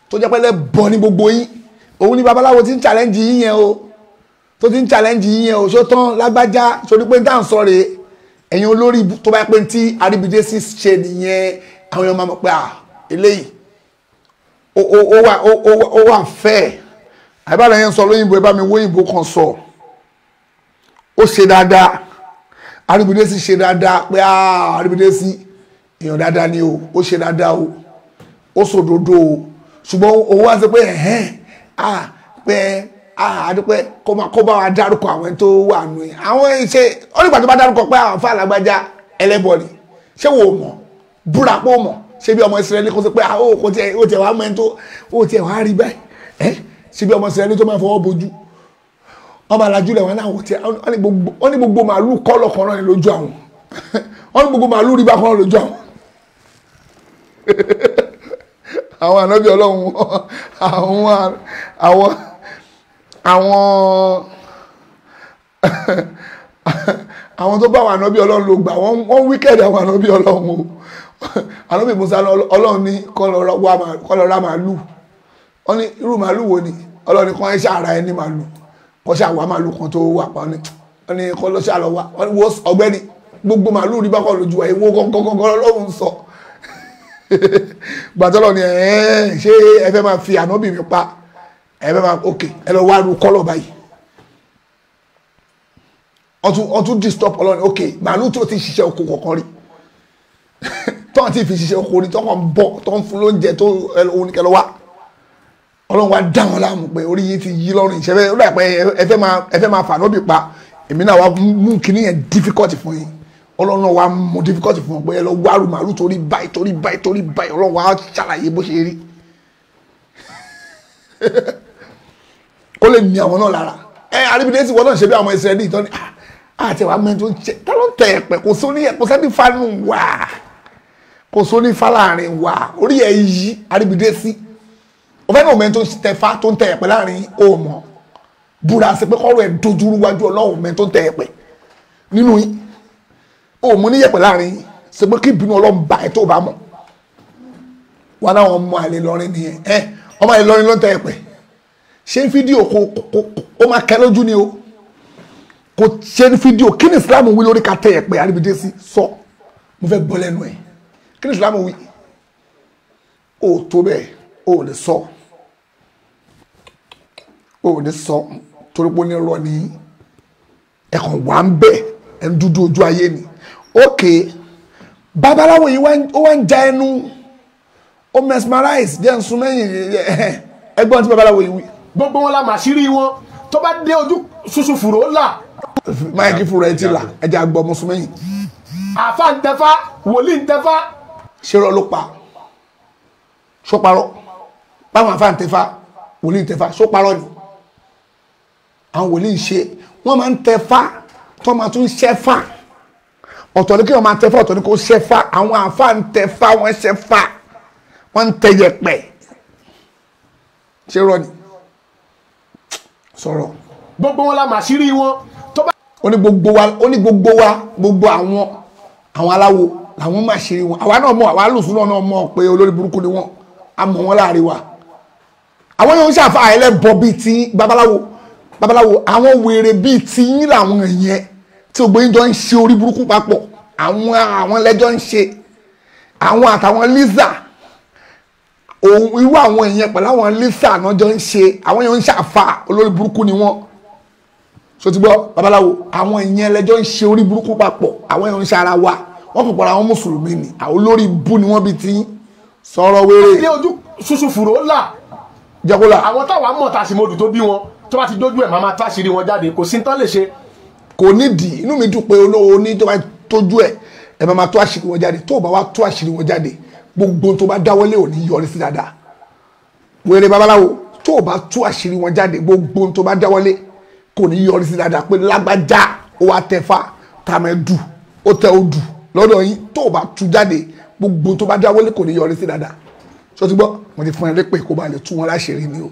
tó jẹ́ pẹ́lẹ́ bọ̀ ní gbogbo yín òun ni babaláwo ti ń challenge yín yẹn o tó ti ń challenge yín yẹn o ṣó tán lágbájá sórí pé n táà ń sọ rèé ẹ̀yin olórí tó bá yẹ pé tí Arẹ́bídẹ́sí ṣe nìyẹn àwọn èèyàn máa mọ̀ pé à eléyìí ó wà ó wà ó wà fẹ́ẹ̀ àìbára yẹn sọ lóyìnbó ẹ bá mi wóyìnbó kan sọ. So ó ṣe dáadáa Arìbìdésí ṣe dáadáa pé Arìbìdésí èèyàn dáadáa ni o ó ṣe dáadáa o ó ṣòdodo o ṣùgbọ́n owó wá sí pé ẹ̀hẹ́n à pé àdúpẹ́ kó bá wa dárúkọ àwọn tó wà nù ẹ̀ àwọn ṣe ó nígbà tó bá dárúkọ pé àwọn fáwọn alágbájá ẹlẹ́bọ ni ṣé wò ó mọ̀ búra pé ó mọ̀ ṣé bí ọmọ Ísírẹ́lì kó sọ pé ó tiẹ̀ wá mọ́ ẹni tó ó tiẹ̀ wá rí báyìí ṣé bí ọmọ Ísírẹ́lì tó máa fọwọ́ bojú wọ́n máa lajú lẹ̀ wọ́n náà wọ́n ti wọ́n ní gbogbo màálù kọ́lọ̀ kan náà lójú àwọn wọ́n ní gbogbo màálù rí bákan náà lójú àwọn àwọn ànábì ọlọ́run àwọn àwọn àwọn àwọn tó bá àwọn ànábì ọlọ́run ló gbà wọ́n wíkẹ̀d àwọn ànábì ọlọ́run o ànábì Musa ọlọ́run ní kọ́lọ̀ ra màálù wọ́n ní irú màálù wo ni ọlọ́run ní kọ́ ẹ́ ṣàrà ẹni màálù kọ́ṣà wa máa lu kan tó wà pa ọ́ ní kọ́ lọ́ṣà lọ wa ọ̀gbẹ́ni gbogbo màálù rí bákan lójú wa ewo kọ́kọ́kọ́ lọ́hùn sọ gbàtọ́lọ̀ ni ṣé ẹ fẹ́ máa fi ànábì mi pa ẹ fẹ́ máa ok ẹ lọ wá lu kọ́lọ̀ báyìí ọtún ọtún disturb ọlọ́ni ok màálù tó ti ṣiṣẹ́ oko kọ̀ọ̀kan rí tọ́n ti fi ṣiṣẹ́ oko rí tọ́kàn bọ̀ tọ́n fún lóúnjẹ tó ẹ lọ́wọ́ ní kẹlọ́wàá ọlọ́run wá dá wọn láàmú pé orí yìí ti yí lọ́rùn ìṣẹ́ fẹ́ ó dà pé ẹ fẹ́ máa fà pa èmi náà wá mú kinní yẹn difficult fún yín ọlọ́run wá mú difficult fún wọn pé ẹ lọ wárù màálù torí báyìí torí báyìí torí báyìí ọlọ́run wá ṣàlàyé bó ṣe rí kó lè ní àwọn náà lára ẹ àríbídé tí wọn náà ṣe bí àwọn ẹsẹ ní ìtọ́ni àti ah, ìwà mẹ́rin tó ń jẹ tá ló ń ẹ̀pẹ̀ kò sóní kò sẹ́ni fanu wà kò sóní fa láàrin wà orí ẹ̀ yí àríbídé sí o fẹ́ mọ̀ mẹ́ni tó ń tẹ̀fá tó ń tẹ̀ ẹ̀pẹ́ láàrin òmọ̀ búra sí pé kọ́rọ̀ ẹ̀ dojúrú wájú ọlọ́run mẹ́ni tó ń tẹ̀ ẹ̀pẹ́ nínú òmù níyẹ̀pẹ́ láàrin sí pé kí ìbínú ọlọ́run bá ẹ̀ tó bá mọ̀ wọn náà wọn mọ àlè lọrin nìyẹn ẹ ọmọ àlè lọrin ló ń tẹ ẹ̀pẹ̀ ṣé fídíò kò kò ó máa kẹ lójú ni o kò ṣe fídíò kí ni Islam wí lórí ká tẹ ẹ̀pẹ̀ àríbidé sí sọ mo fẹ́ gbọ́ lẹ́nu ẹ̀ kí ni Islam wí o tó bẹ́ẹ̀ o lè sọ. So o ò ní sọ torí pé ó ní rọ ní ẹ̀kàn wà ń bẹ̀ ẹ̀ ń dúdú ojú ayé ni ókè babaláwo yìí ó wá ń ja ẹnu ó mesmerize díẹ̀ ń sun mẹ́yìn ẹgbọ́n tí babaláwo yìí wí. gbogbo wọn la màṣírí wọn tó bá dé ojú ṣuṣu fùrọ̀ ó là máìkì fúnra ẹ ti là ẹjẹ àgbọ mùsùlùmí. àfa ń tẹfá wòlíì ń tẹfá. ṣerọ ló pa ṣó parọ́ báwọn àfa ń tẹfá wòlíì ń tẹfá ṣó parọ́ ni àwọn wòlíì ṣe wọ́n máa ń tẹ fá tó máa tún ṣẹ́ fá ọ̀tọ̀ ni kí wọ́n máa tẹ fá ọ̀tọ̀ ni kò ṣẹ́ fá àwọn àfa ń tẹ fá wọ́n ṣẹ́ fá wọ́n ń tẹ yẹpẹ̀ ṣé rọ sọ̀rọ̀. gbogbo wọn la mà sí rí wọn. ó ní gbogbo wa ó ní gbogbo wa gbogbo àwọn àwọn aláwo làwọn mà sí rí wọn àwa náà mọ̀ àwa lùsùn náà mọ̀ pé olórí burúkú ni wọn a mọ̀ wọn láàrin wa àwọn yóò ń ṣàfihàn ẹlẹ́bọ̀ bíi ti babaláwo babaláwo àwọn wèrè bíi tiyín làwọn yẹn tí ògbó yín jọ ń ṣe orí burúkú papọ̀ àwọn àwọn lẹ́jọ́ ń ṣe àwọn àtàwọn lisa òun irú àwọn èèyàn pẹ̀lú àwọn lisa náà jọ ń ṣe àwọn èèyàn ń ṣàfà olórí burúkú ni wọ́n so ti gbọ́ babaláwo àwọn èèyàn lẹ́jọ́ ń ṣe orí burúkú papọ̀ àwọn èèyàn ń ṣe ara wa wọ́n kò pọ̀ àwọn mùsùlùmí ni àwọn olórí bú ni wọ́n bí ti sọ̀rọ̀ wéré. ilé ojú ṣuṣu fùrọ̀ ó là. jẹ́ kó là. àwọn táwa mọ̀ tá a sì mọ̀ odù tó bí wọn tó bá ti dójú ẹ̀ máa máa táṣìírí wọn jáde kò sí tán lè ṣe. kò nídìí inú mi dùn pé olówó ní tó bá tójú ẹ̀ ẹ máa máa tó àṣírí wọn jáde tó bá wá tó àṣírí wọn jáde gbogbo tó bá dáwọ́lé ò ní yọrí sí dáadáa wèrè babaláwo tó bá tú àṣírí wọn jáde gbogbo tó bá dáwọ́lé kò ní yọrí sí dáadáa pé lágbájá ó wá tẹ̀fà tàmẹ́dù ó tẹ odù lọ́dọ̀ yín tó bá tú jáde gbogbo tó bá dáwọ́lé kò ní yọrí sí dáadáa sọtúgbọ́ mo ti fún ẹ lépè kó ba lè tú wọn láṣìírí ni o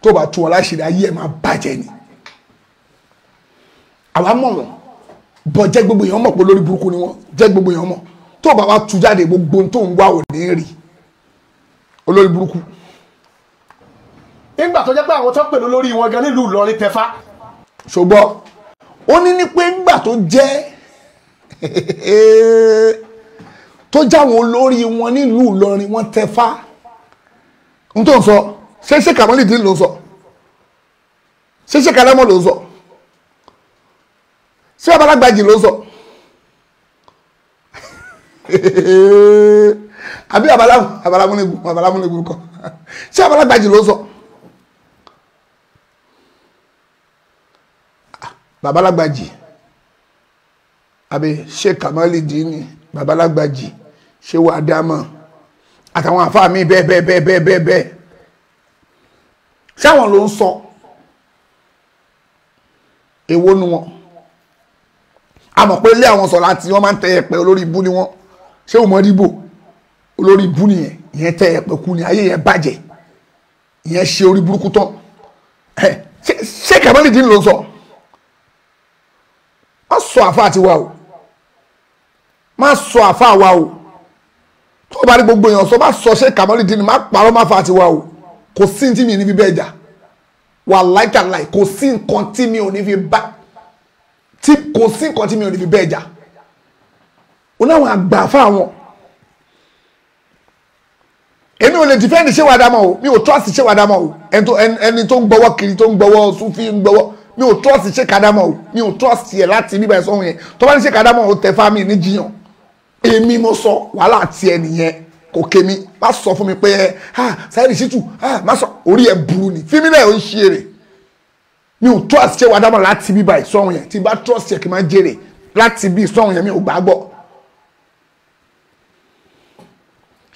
tó bá tú wọn láṣìírí ayé ẹ̀ máa bàjẹ́ ni àwa mọ̀ wọ́n bọ́ jẹ́ gbogbo èèyàn mọ̀ pé lórí burúkú ni wọ́n jẹ́ gbogbo èèyàn mọ̀ tó bá wa tú jáde gbogbo tó ń wá ò ní rí olórí burúkú. nígbà tó jẹ́ pé àwọn tó pè lórí wọn gan nílùú Ìlọrin tẹfá. ṣùgbọ́n ó ní ní pé nígbà tó jẹ́ tó jáwọn olórí wọn nílùú Ìlọrin wọn tẹfá n tó ń sọ. So, ṣẹṣẹ kàmọ́lì dín ló ń sọ ṣẹṣẹ kàlámọ́ ló ń sọ ṣé abalágbàjì ló ń sọ àbí abalámúnigun abalámúnigun kọ ṣé abalágbàjì ló ń sọ babalágbàjì àbí ṣé kàmọ́lì dín ní babalágbàjì ṣé wàá dámọ̀ àtàwọn àfáà mi bẹ́ẹ̀ bẹ́ẹ̀ bẹ́ẹ̀ bẹ́ẹ̀ bẹ́ẹ̀ ṣáwọn ló ń sọ èwo nu wọn a mọ̀ pé ilé àwọn sọ láti wọ́n máa ń tẹ ẹ̀pẹ́ olórí ibú ni wọ́n ṣé òun mọ̀ dìbò olórí ibú nìyẹn ìyẹn tẹ ẹ̀pẹ́ kú ni ayé yẹn bàjẹ́ ìyẹn ṣe orí burúkú tán ṣé kàmẹ́lì dín ló ń sọ má sọ àfa tiwa o má sọ àfa wa o tó o bá rí gbogbo èèyàn sọ má sọ ṣé kàmẹ́lì dín má parọ́ má fa tiwa o kò sí ní tí mi ní fi bẹ́ẹ̀ jà wà láìkàláì kò sí nǹkan tí mi ò ní fi bá tí kò sí nǹkan tí mi ò ní fi bẹ́ẹ̀ jà ó láwọn àgbà fáwọn èmi ò lè dìfẹ́ǹdì ṣé wàá dámọ̀ o mi ò trọ́ọ̀sì ṣé wàá dámọ̀ o ẹni tó ń gbọ́wọ́ kiri tó ń gbọ́wọ́ sufi ń gbọ́wọ́ mi ò trọ́ọ̀sì ṣé kàdámọ̀ o mi ò trọ́ọ̀sì ẹ̀ láti bíbá ẹ̀ sọ́hun yẹn tó bá ní ṣé kàdámọ̀ o tẹ̀ fámi ní jiyàn èmi mo sọ wàhálà tiẹ̀ nìyẹn òkè mi má sọ fún mi pé ẹ ha Saheed Shittu ha má sọ orí ẹ burú ni fímílẹ̀ ò ń ṣe èrè mi ò trust ṣé wàá dábàá láti bíbá ìsọ̀hún yẹn tí bá trust ṣe kí n máa jèrè láti bí ìsọ̀hún yẹn mi ò gbàgbọ́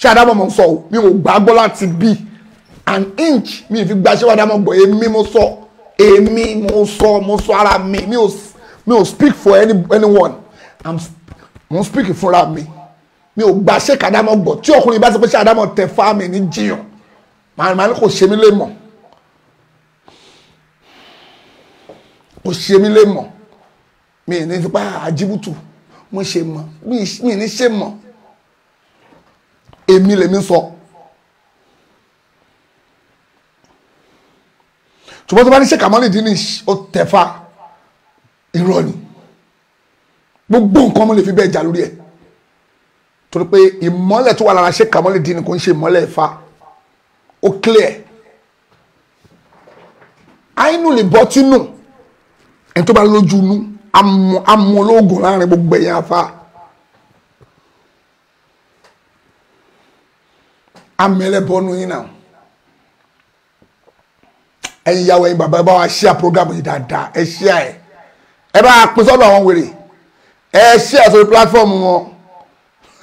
ṣé àdámọ̀ mọ̀ ń mi ò gbàgbọ́ láti bí an inch mi fi gba ṣé wàá dábàá gbọ́ èmi mo sọ èmi mo sọ mo sọ ara mi mi ò speak for any anyone i'm mo speak fúnra mi mi ò gba ṣé kàdámọ̀ gbọ́ tí ọkùnrin bá sọ pé ṣé àdámọ̀ tẹ fáàmì ní jiyàn màmá kò ṣe mí lè mọ̀ kò ṣe mí lè mọ̀ mi ní fipá àjíbùtù mo ṣe mọ̀ mi ní ṣe mọ̀ èmi lèmi sọ. ṣùgbọ́n tó bá ní ṣe kàmọ́lì dín ní ó tẹ̀fà irọ́ ni gbogbo nǹkan mo lè fi bẹ́ẹ̀ jà lórí ẹ̀ torí pé ìmọ́lẹ̀ tó wà lára ṣe kàmọ́lẹ̀ dín ni kò ń ṣe ìmọ́lẹ̀ ìfà ó clear àínú lè bọ́ tínú ẹni tó bá lójú inú amú ológun láàrin gbogbo ẹ̀yà afá amẹ́lẹ́bọ́nú yín náà ẹ̀yin ìyàwó ẹ̀yin bàbá ẹ bá wa share program yìí dáadáa ẹ share ẹ̀ ẹ bá pín sọ́dọ̀ àwọn wèrè ẹ share sórí platform wọn.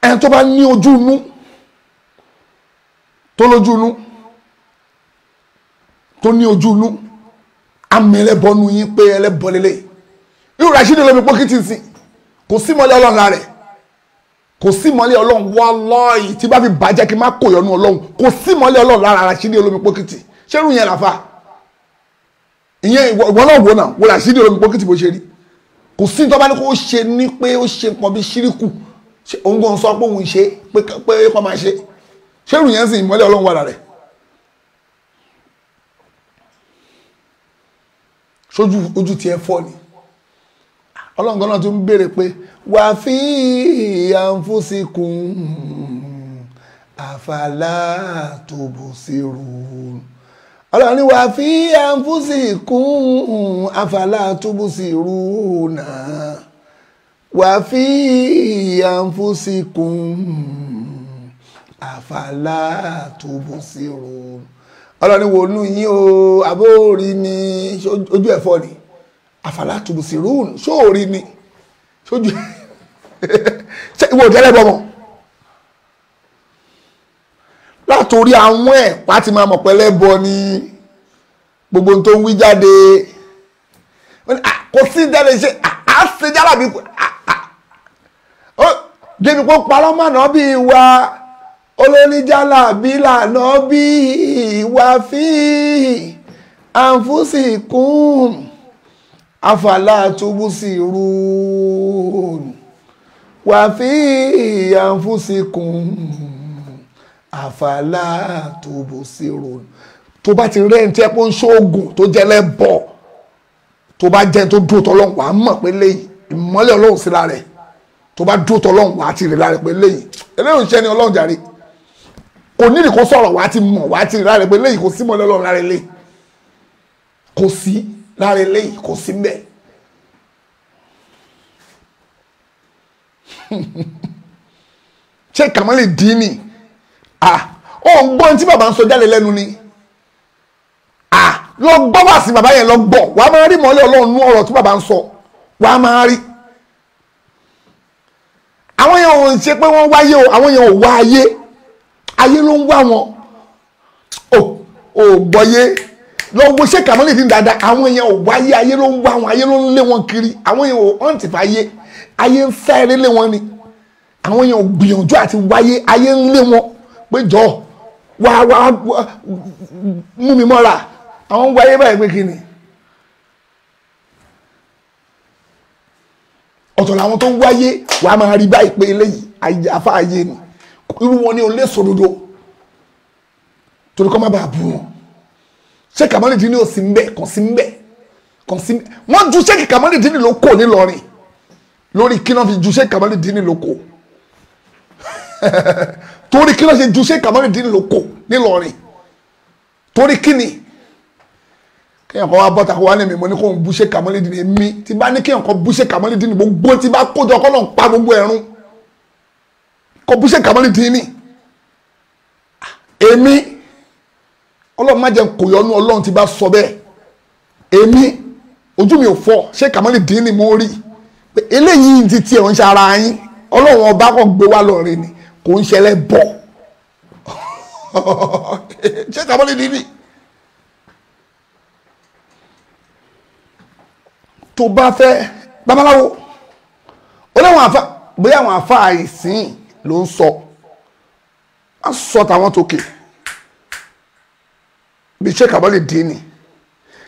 ẹni tó bá ní ojú inú tó lójú inú tó ní ojú inú àmì ẹlẹ́bọnú yín pé ẹlẹ́bọlélẹ̀ irú Rashidi lómi pókítì sí kò sí mọ́lẹ́ ọlọ́run rẹ̀ kò sí mọ́lẹ́ ọlọ́run wallahi tí bá fi bàjẹ́ kí n má kò yọnu ọlọ́run kò sí mọ́lẹ́ ọlọ́run lára Rashidi olómi pókítì ṣé irú yẹn làfà ìyẹn ìwọ náà wò náà wò Rashidi olómi pókítì bó ṣe rí kò sí tó bá ní kó ṣe ní pé ó ṣe nǹkan bí ṣíríkù òun gan sọ pé òun ṣe pé kó máa ṣe ṣé ìrù yẹn sì ìmọ́lẹ̀ ọlọ́run wà rẹ̀ sójú ojú tiẹ̀ fọ́ ni ọlọ́run gan náà tún béèrè pé wà fi àǹfóṣekùn àfàlà tòbòsí rò ọlọ́run ni wà fí àǹfùsì kún àfàlà túbùsì rúnà wà fí àǹfùsì kún àfàlà túbùsì rúnà ọlọ́run ni wònú yín o àbóòrí ni ojú ẹ̀fọ́ ni àfàlà túbùsì rúnà ṣóòrí ni ṣojú ìwò tẹ́lẹ̀ bọ́mọ̀. torí àwọn ẹ̀ pàtí máa mọ̀ pẹ́lẹ́ bọ ni gbogbo tó ń wí jáde kò sí jáde ṣe à á ṣe jára bí ó débi kó parọ́ mọ̀nà bí wa olóníjàlá bí lànà bí ìwà fi àǹfùsì kún àfàlà túbú sí rúùn wà fi àǹfùsì kún àfàlà tó bó sí ronú tó bá ti rẹ́ni tí ẹ pé ń ṣoògùn tó jẹ́ lẹ́bọ̀ tó bá jẹ́ tó dúró tọ́lọ́hún wàá mọ̀ pé lẹ́yìn ìmọ́lẹ̀ ọlọ́run sí lára ẹ̀ tó bá dúró tọ́lọ́hún wàá ti rí lára ẹ̀ pé lẹ́yìn eléyìí ń ṣẹ́ ni ọlọ́run jàre kò nídìí kó sọ̀rọ̀ wàá ti mọ̀ wàá ti rí lára ẹ̀ pé lẹ́yìn kò sí mọ́lẹ̀ ọlọ́run lára ẹ̀ kò sí lára ẹ̀ kò sí mbẹ́ ṣé kàmọ́lì dín ni ah ó ń gbọ́ tí bàbá ń sọ jáde lẹ́nu ni ah lọ gbọ́ wá sí bàbá yẹn lọ gbọ́ wàá máa rí mọ́lẹ́ ọlọ́run nú ọ̀rọ̀ tí bàbá ń sọ wàá máa rí àwọn yẹn ò ń ṣe pé wọ́n wáyé o àwọn yẹn ò wá ayé ayé ló ń wá wọn ò ò gbọ́yé lọ́wọ́ ṣé kàmọ́lì ti ń dáadáa àwọn èèyàn ò wáyé ayé ló ń wá wọn ayé ló ń lé wọn kiri àwọn èèyàn ò ọ̀ǹtì fàyè ayé ń fẹ́ lé wọn ni àwọn èèyàn ò gbìyànjú àti wáyé ayé ń lé wọn pé jọ wá wá mú mi mọ́ra àwọn ń wáyé báyìí pé kí ni ọ̀tọ̀ làwọn tó ń wáyé wàá máa rí báyìí pé eléyìí afá ayé ni irú wọn ni ò lè sòdodo torí kọ́ má bàa bù wọn ṣé kàmọ́lìdínní ò sí ń bẹ̀ kàn sí ń bẹ̀ kàn sí ń bẹ̀ wọ́n ju ṣé kàmọ́lìdínní ló kò nílọrin lórí kí náà fi ju ṣé kàmọ́lìdínní ló kò torí kí ló ṣe ju ṣé kàmọ́rìndín ló kò nílọrin torí kí ni kéèyàn kan wá bọ́ta kó wá lẹ́mìí mo ní kó ń bú ṣé kàmọ́rìndín mi. tí bá ní kéèyàn kan bú ṣé kàmọ́rìndín gbogbo tí bá kójọ kọ́ náà ń pa gbogbo ẹ̀rún kò bú ṣé kàmọ́rìndín ni èmi ọlọ́run má jẹ́ kò yọnu ọlọ́run tí bá sọ bẹ́ẹ̀ èmi ojú mi ò fọ ṣé kàmọ́rìndín ni mo rí eléyìí ti tiẹ̀ ń ṣe ara yín ọlọ́run ọba kan gbé wá ni kò ń ṣẹlẹ̀ bọ̀ ṣé tàbọ́lì nìyí. tó bá fẹ́ babaláwo oníwọ̀n àfa bóyá àwọn àfa àìsìn ló ń sọ a sọ tàwọn tókè bí ṣé tàbọ́lì dín ni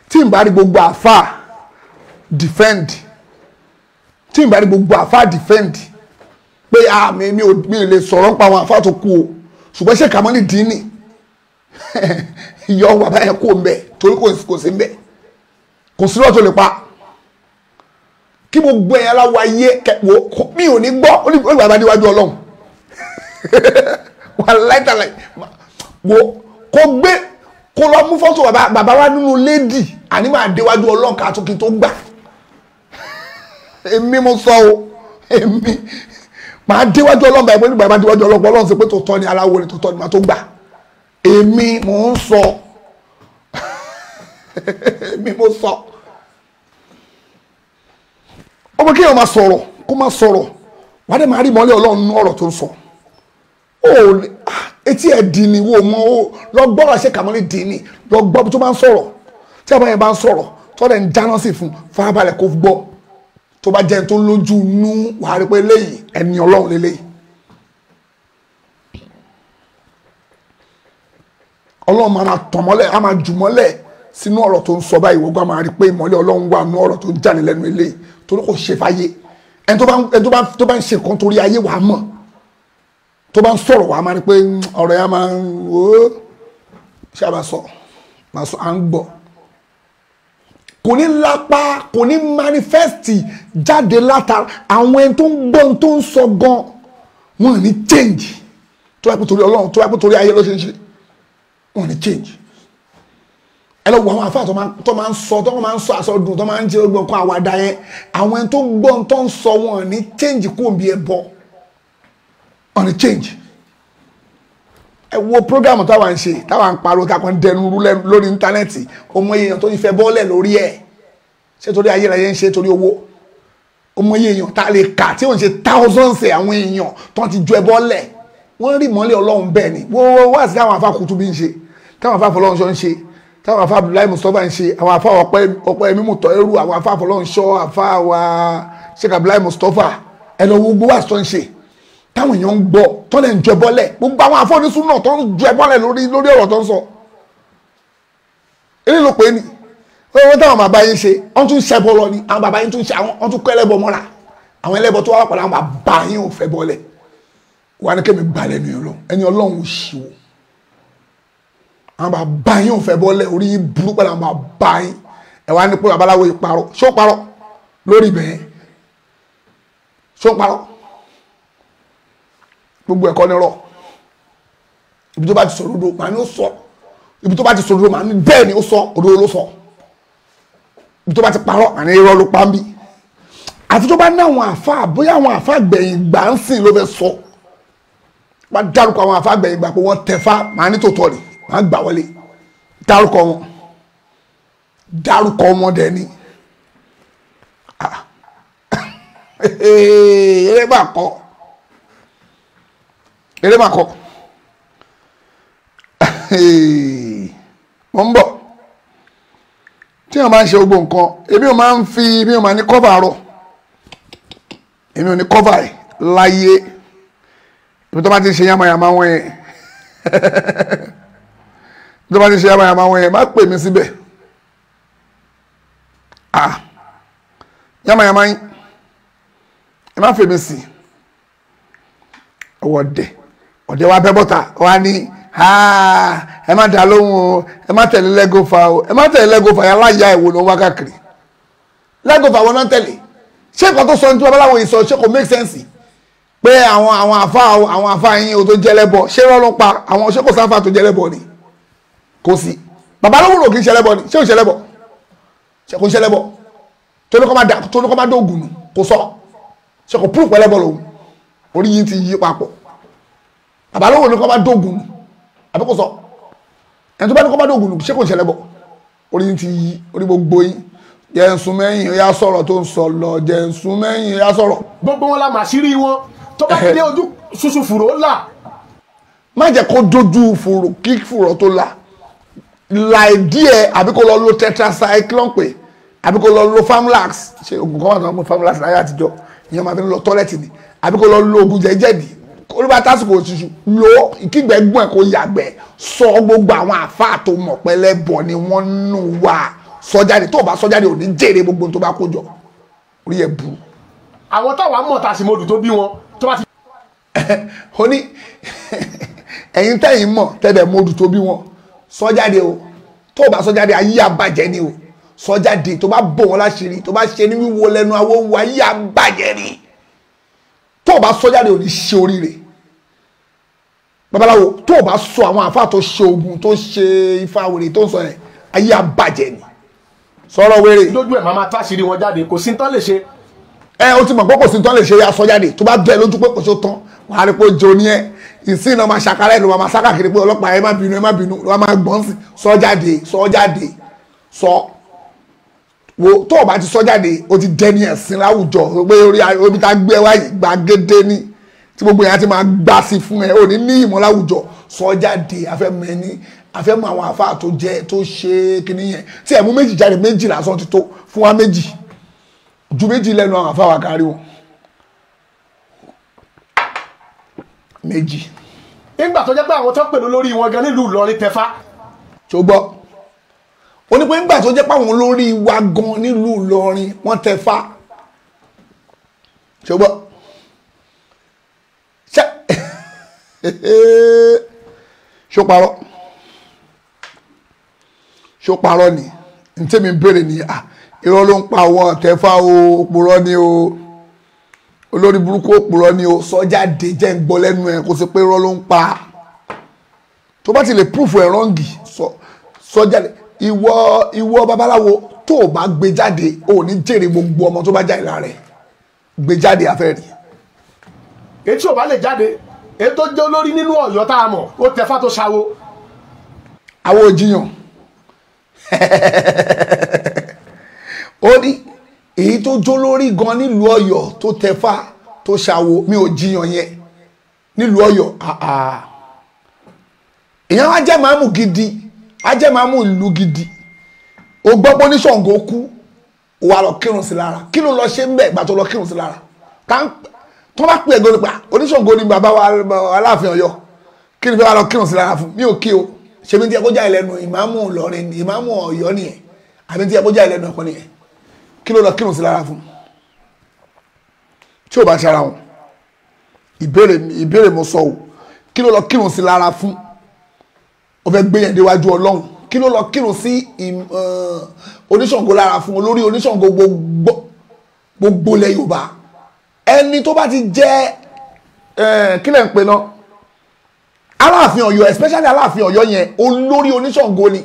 tí n bá rí gbogbo àfa defend tí n bá rí gbogbo àfa defend pé àmì mi ò mi lè sọ̀rọ̀ pa àwọn àfa tó kú o ṣùgbọ́n ṣé kàmọ́lì dín ní ìyọ́ bàbá yẹn kò ń bẹ̀ torí kò sí ń bẹ̀ kò sí lọ́tò lè pa kí mo gbọ́ ẹ̀yà aláwọ̀ ayé kẹ̀wọ́ mi ò ní gbọ́ ó ní ìgbà bá níwájú ọlọ́run wà láìtàlẹ̀ wo kò gbé kò lọ mú fọ́tò bàbá bàbá wa nínú léèdì àní máa déwájú ọlọ́run ká kí tó gbà èmi mo sọ o èmi màá déwájú ọlọ́run báyìí pé nígbà máa déwájú ọlọ́run ọlọ́run sọ pé tó tọ́ ni aláwo ni tó tọ́ ni màá tó gbà èmi mò ń sọ èmi mo sọ ọmọ kéèyàn máa sọ̀rọ̀ kó máa sọ̀rọ̀ wàá dẹ̀ máa rí mọ́lẹ̀ ọlọ́run nú ọ̀rọ̀ tó ń sọ ah, etí ẹ̀ dì ní wo mọ́ ó lọ gbọ́rọ̀ ṣe kàmọ́ ní dì ní lọ gbọ́ tó máa ń sọ̀rọ̀ tí àbáyẹn bá ń sọ̀rọ̀ tọ́lẹ̀ ń dáná sí fún farabalẹ̀ kó gbọ́ tó bá jẹ́ tó lójú inú wàá rí pé léyìí ẹni ọlọ́run léléyìí ọlọ́run máa tọ̀mọ́lẹ̀ á máa jùmọ́lẹ̀ sínú ọ̀rọ̀ tó ń sọ báyìí wọ́n gbà máa rí pé ìmọ́lẹ̀ ọlọ́run wà nú ọ̀rọ̀ tó ń jáde lẹ́nu eléyìí torí kò ṣe fáyé ẹni tó bá ń ṣe nǹkan torí ayé wàá mọ̀ tó bá ń sọ̀rọ̀ wàá máa rí pé ọ̀rọ̀ yẹn máa ń wò ó ṣáà à kò ní lápá kò ní manifesti jáde látara àwọn ẹni tó ń gbọ́ tó ń sọ gan wọn ní change tó wáyé torí ọlọ́run tó wáyé torí ayé ló ṣe wọn ní change ẹ lọ wo àwọn àfáà tó máa ń sọ tó máa ń sọ àsọdùn tó máa ń ṣe gbọ́n kan àwàdà yẹn àwọn ẹni tó ń gbọ́ tó ń sọ wọn ní change kò bí ẹ bọ wọn ní change ẹ wo programu táwa ń ṣe táwa ń pariwo táwa ń dẹnu rú lórí íńtánẹ́ẹ̀tì ọmọ èèyàn tó ti fẹ́ bọ́ọ̀lẹ̀ lórí ẹ̀ ṣé torí ayérayé ń ṣe torí owó ọmọ èèyàn tá a lè kà tí òun ṣe thousands àwọn èèyàn tó ti ju ẹ bọ́ọ̀lẹ̀ wọ́n rí mọ́lẹ̀ ọlọ́run bẹ́ẹ̀ ni wọ́n wá sí táwọn afákùtù bí ń ṣe táwọn afáfọlọ́nṣọ́ ń ṣe táwọn afá abdullahi mustapha ń ṣe àwọn afá ọpẹ mímú tọ ẹrú àwọn afá afọlọ́nṣọ́ afá wa sheikh abdullahi mustapha ẹ lọ wo gbogbo àṣọ ń ṣe táwọn èèyàn ń gbọ́ tó lè ń jẹ bọ́lẹ̀ gbogbo àwọn àfọ́nisún náà tó ń jẹ bọ́lẹ̀ lórí lórí ọ̀rọ̀ tó ń sọ eré ló pè é ni owó táwọn bàbá yín ṣe wọ́n tún ṣẹ́ bọ́ lọ ni àwọn bàbá yín tún ṣe àwọn wọ́n tún kọ́ ẹlẹ́bọ mọ́ra àwọn ẹlẹ́bọ tó wà pàdé àwọn bàbá yín ò fẹ́ bọ́lẹ̀ wà ní kémi gbalẹ̀ ní ọlọ́run ẹni ọlọ́run ò ṣì wò àwọn bàbá yín ò fẹ́ bọ́lẹ̀ orí yín burú pẹ̀lú àwọn bàbá yín ẹ̀ wá ní pé babaláwo yìí parọ́ ṣó parọ́ lórí bẹ́ẹ̀ ṣó parọ́ gbogbo ẹ̀kọ́ ni rọ̀ ibi tó bá ti sọ̀rọ̀ odò màá ní ó sọ ibi tó bá ti sọ̀rọ̀ odò màá ní bẹ́ẹ̀ ni ó sọ odò ló sọ ibi tó bá ti parọ́ àní irọ́ ló pa ń bí àti tó bá ní àwọn àfa bóyá àwọn àfa gbẹ̀yìn gbà ń sìn ló fẹ́ sọ wá dárúkọ àwọn àfa gbẹ̀yìn gbà pé wọ́n tẹ̀fá màá ní tòótọ́ rè màá gbà wọlé dárúkọ wọn dárúkọ wọn dẹ̀ ni ẹ ah. bá eré máa kọ mo ń bọ̀ tí wọn máa ń ṣe gbogbo nǹkan èmi ò máa ń fi èmi ò máa ní kọ́fà rọ èmi ò ní kọ́fà ẹ̀ láyé ibi tó bá ti ṣe yamayama wọn yẹn ibi tó bá ti ṣe yamayama wọn yẹn má pè mí síbẹ̀ ah yamayama yín ẹ má fèmí sí ọwọ́ dẹ̀ ọ̀dẹ̀ wa bẹ́ bọ́ta wa ní ẹ má dá lóhùn o ẹ má tẹ̀lé lẹ́gọ́fà o ẹ má tẹ̀lé lẹ́gọ́fà yàrá ìyá ìwò ló ń wá káàkiri lẹ́gọ́fà wọn náà tẹ̀lé ṣé tó sọ ní tí wọn bá láwọn ìsọ ṣé make sense pé àwọn àwọn àfa àwọn àfa yín o tó jẹlẹbọ ṣé rọ́ ló pa àwọn ṣé sáfà tó jẹlẹbọ ni kò sí bàbá ló wúlò kì í ṣẹlẹbọ ni ṣé ò ṣẹlẹbọ ṣe kò ṣẹlẹbọ tónúkọ́ má dóògùn kò sọ ṣe kò púrù pẹ́lẹ́bọ lòun orí yìí ti yí papọ̀ àbálòwò ní kọ́ bá dógun àbíkò sọ ẹni tó bá ní kọ́ bá dógun ṣé kò ṣẹlẹ̀ bọ̀ orí ti yí orí gbogbo yín jẹ̀sùn mẹ́yìn ya sọ̀rọ̀ tó ń sọ lọ jẹ̀sùn mẹ́yìn ya sọ̀rọ̀. gbogbo wọn la mà sí rí wọn tó bá dé ojú ṣuṣu fùrọ̀ ó là. má jẹ́ kó dojú fùrọ̀ kí fùrọ̀ tó là láì díẹ̀ àbí kó lọ lo tetracycline pé àbí kó lọ lo famlax ṣe oògùn kan ni àbí kó olúwa tásìkò òṣìṣú lo ìkígbẹ́ gbọ́n kó yàgbẹ́ sọ gbogbo àwọn àáfàá tó mọ̀ pẹ́lẹ́ bọ̀ ni wọ́n nù wá sọjáde tó o bá sọjáde ò ní jèrè gbogbo tó bá kó jọ orí ẹ̀ burú. àwọn táwa mọ̀ tàṣìmọ́dù tó bí wọn tó bá ti. ó ní ẹ̀yin tẹ́yin mọ̀ tẹ́bẹ̀ mọ́dù tó bí wọn sọjáde o tó o bá sọjáde ayé àbàjẹ́ ni o sọjáde tó bá bò wọn láṣìírí tó bá ṣe ní wíwo lẹ́nu awọ́wọ́ ayé àbàjẹ́ ni tó o bá sọjáde ò ní ṣe oríire babaláwo tó o bá sọ àwọn àfa tó ṣe oògùn tó ṣe ifá wèrè tó ń sọ yẹn ayé abàjẹ́ ni sọ̀rọ̀ wèrè. lójú ẹ̀ máa ma táṣìírí wọn jáde kò sí ní tán lè ṣe. ẹ o ti mọ̀ pé kò sí ní tán lè ṣe aṣọ jáde tó bá bẹ̀ lójú pé kò ṣe tán wà á rí pé jo ni ẹ ìsìn náà máa ṣàkárẹ̀ ló máa ṣàkàkiri pé ọlọ́pàá ẹ má bínú ẹ má bínú ló máa gbọ́n sí sọ jáde sọ jáde sọ wo tó o bá ti sọ jáde o ti dẹni ẹ̀sìn láwùjọ pé orí omi tá gbé wáyé gbàgede ni tí gbogbo yẹn ti máa gbà sí fún ẹ ò ní ní ìmọ̀ láwùjọ sọ jáde afẹ́mẹ́ni afẹ́mọ àwọn àfáà tó jẹ tó ṣe kíní yẹn tí ẹ̀mú méjì jáde méjì lásán ti tó fún wa méjì ju méjì lẹ́nu àwọn àfáà wa kárí wọn. méjì. nígbà tó jẹ́ pé àwọn tó pẹ̀lú lórí wọn gan nílùú Ìlọrin tẹ̀fá. tó gbọ́ ó ní pé nígbà tó jẹ́ pé àwọn olórí wa gan nílùú Ìlọrin wọ́n tẹ̀fá. tó gbọ́ ṣó parọ́ ṣó parọ́ ni ntẹ́mi béèrè ni à irọ́ ló ń pa àwọn àtẹ́fà o òpùrọ́ ni o olórí burúkú òpùrọ́ ni o sọ́jà dé jẹ́ ń gbọ́ lẹ́nu ẹ̀ kó sì pé irọ́ ló ń pa tó bá ti lè proof ẹ̀ rọ́ǹgì sọ́jà ìwọ ìwọ babaláwo tó o bá gbé jáde o ò ní jèrè gbogbo ọmọ tó bá jáde rà rẹ̀ gbé jáde afẹ́ rí. èyí o bá lè jáde ètò jẹ́ olórí nínú ọ̀yọ́ tá a mọ̀ ó tẹ̀fà tó ṣàwo. àwọn òjìyàn ó ní èyí tó jó lórí gan nílùú ọ̀yọ́ tó tẹ̀fà tó ṣàwo mi ò jiyàn yẹn nílùú ọ̀yọ́ èèyàn á jẹ́ màámù gidi á jẹ́ màámù ìlú gidi ó gbọ́ pé oníṣọ̀ǹgó kú wà lọ kírun sí lára kí ló lọ ṣe ń bẹ̀ ìgbà lọ kírun sí lára tó bá pè é gan ah, nípa oníṣògo ni bàbá wa aláàfin Ọ̀yọ́ kí ni fẹ́ wá lọ kírun sí lára fún mi ò kí o ṣèmi tí ẹ kó já ìlẹ́nu ìmáàmù Ìlọrin ìmáàmù Ọ̀yọ́ nìyẹn àbí tí ẹ kó já ìlẹ́nu ẹ̀kọ́ nìyẹn kí ló lọ kírun sí lára fún tí ò bá ṣara wọn ìbéèrè ìbéèrè mo sọ o kí ló lọ kírun sí lára fún o fẹ́ gbé yẹn déwájú Ọlọ́run kí ló lọ kírun sí oníṣògo lára fún olórí oníṣògo gbogbo gbogbo lẹ Yorùbá ẹni tó bá ti jẹ́ kí lẹ̀ ń pè náà aláàfin Ọ̀yọ́ especially aláàfin Ọ̀yọ́ yẹn olórí oníṣàngó ni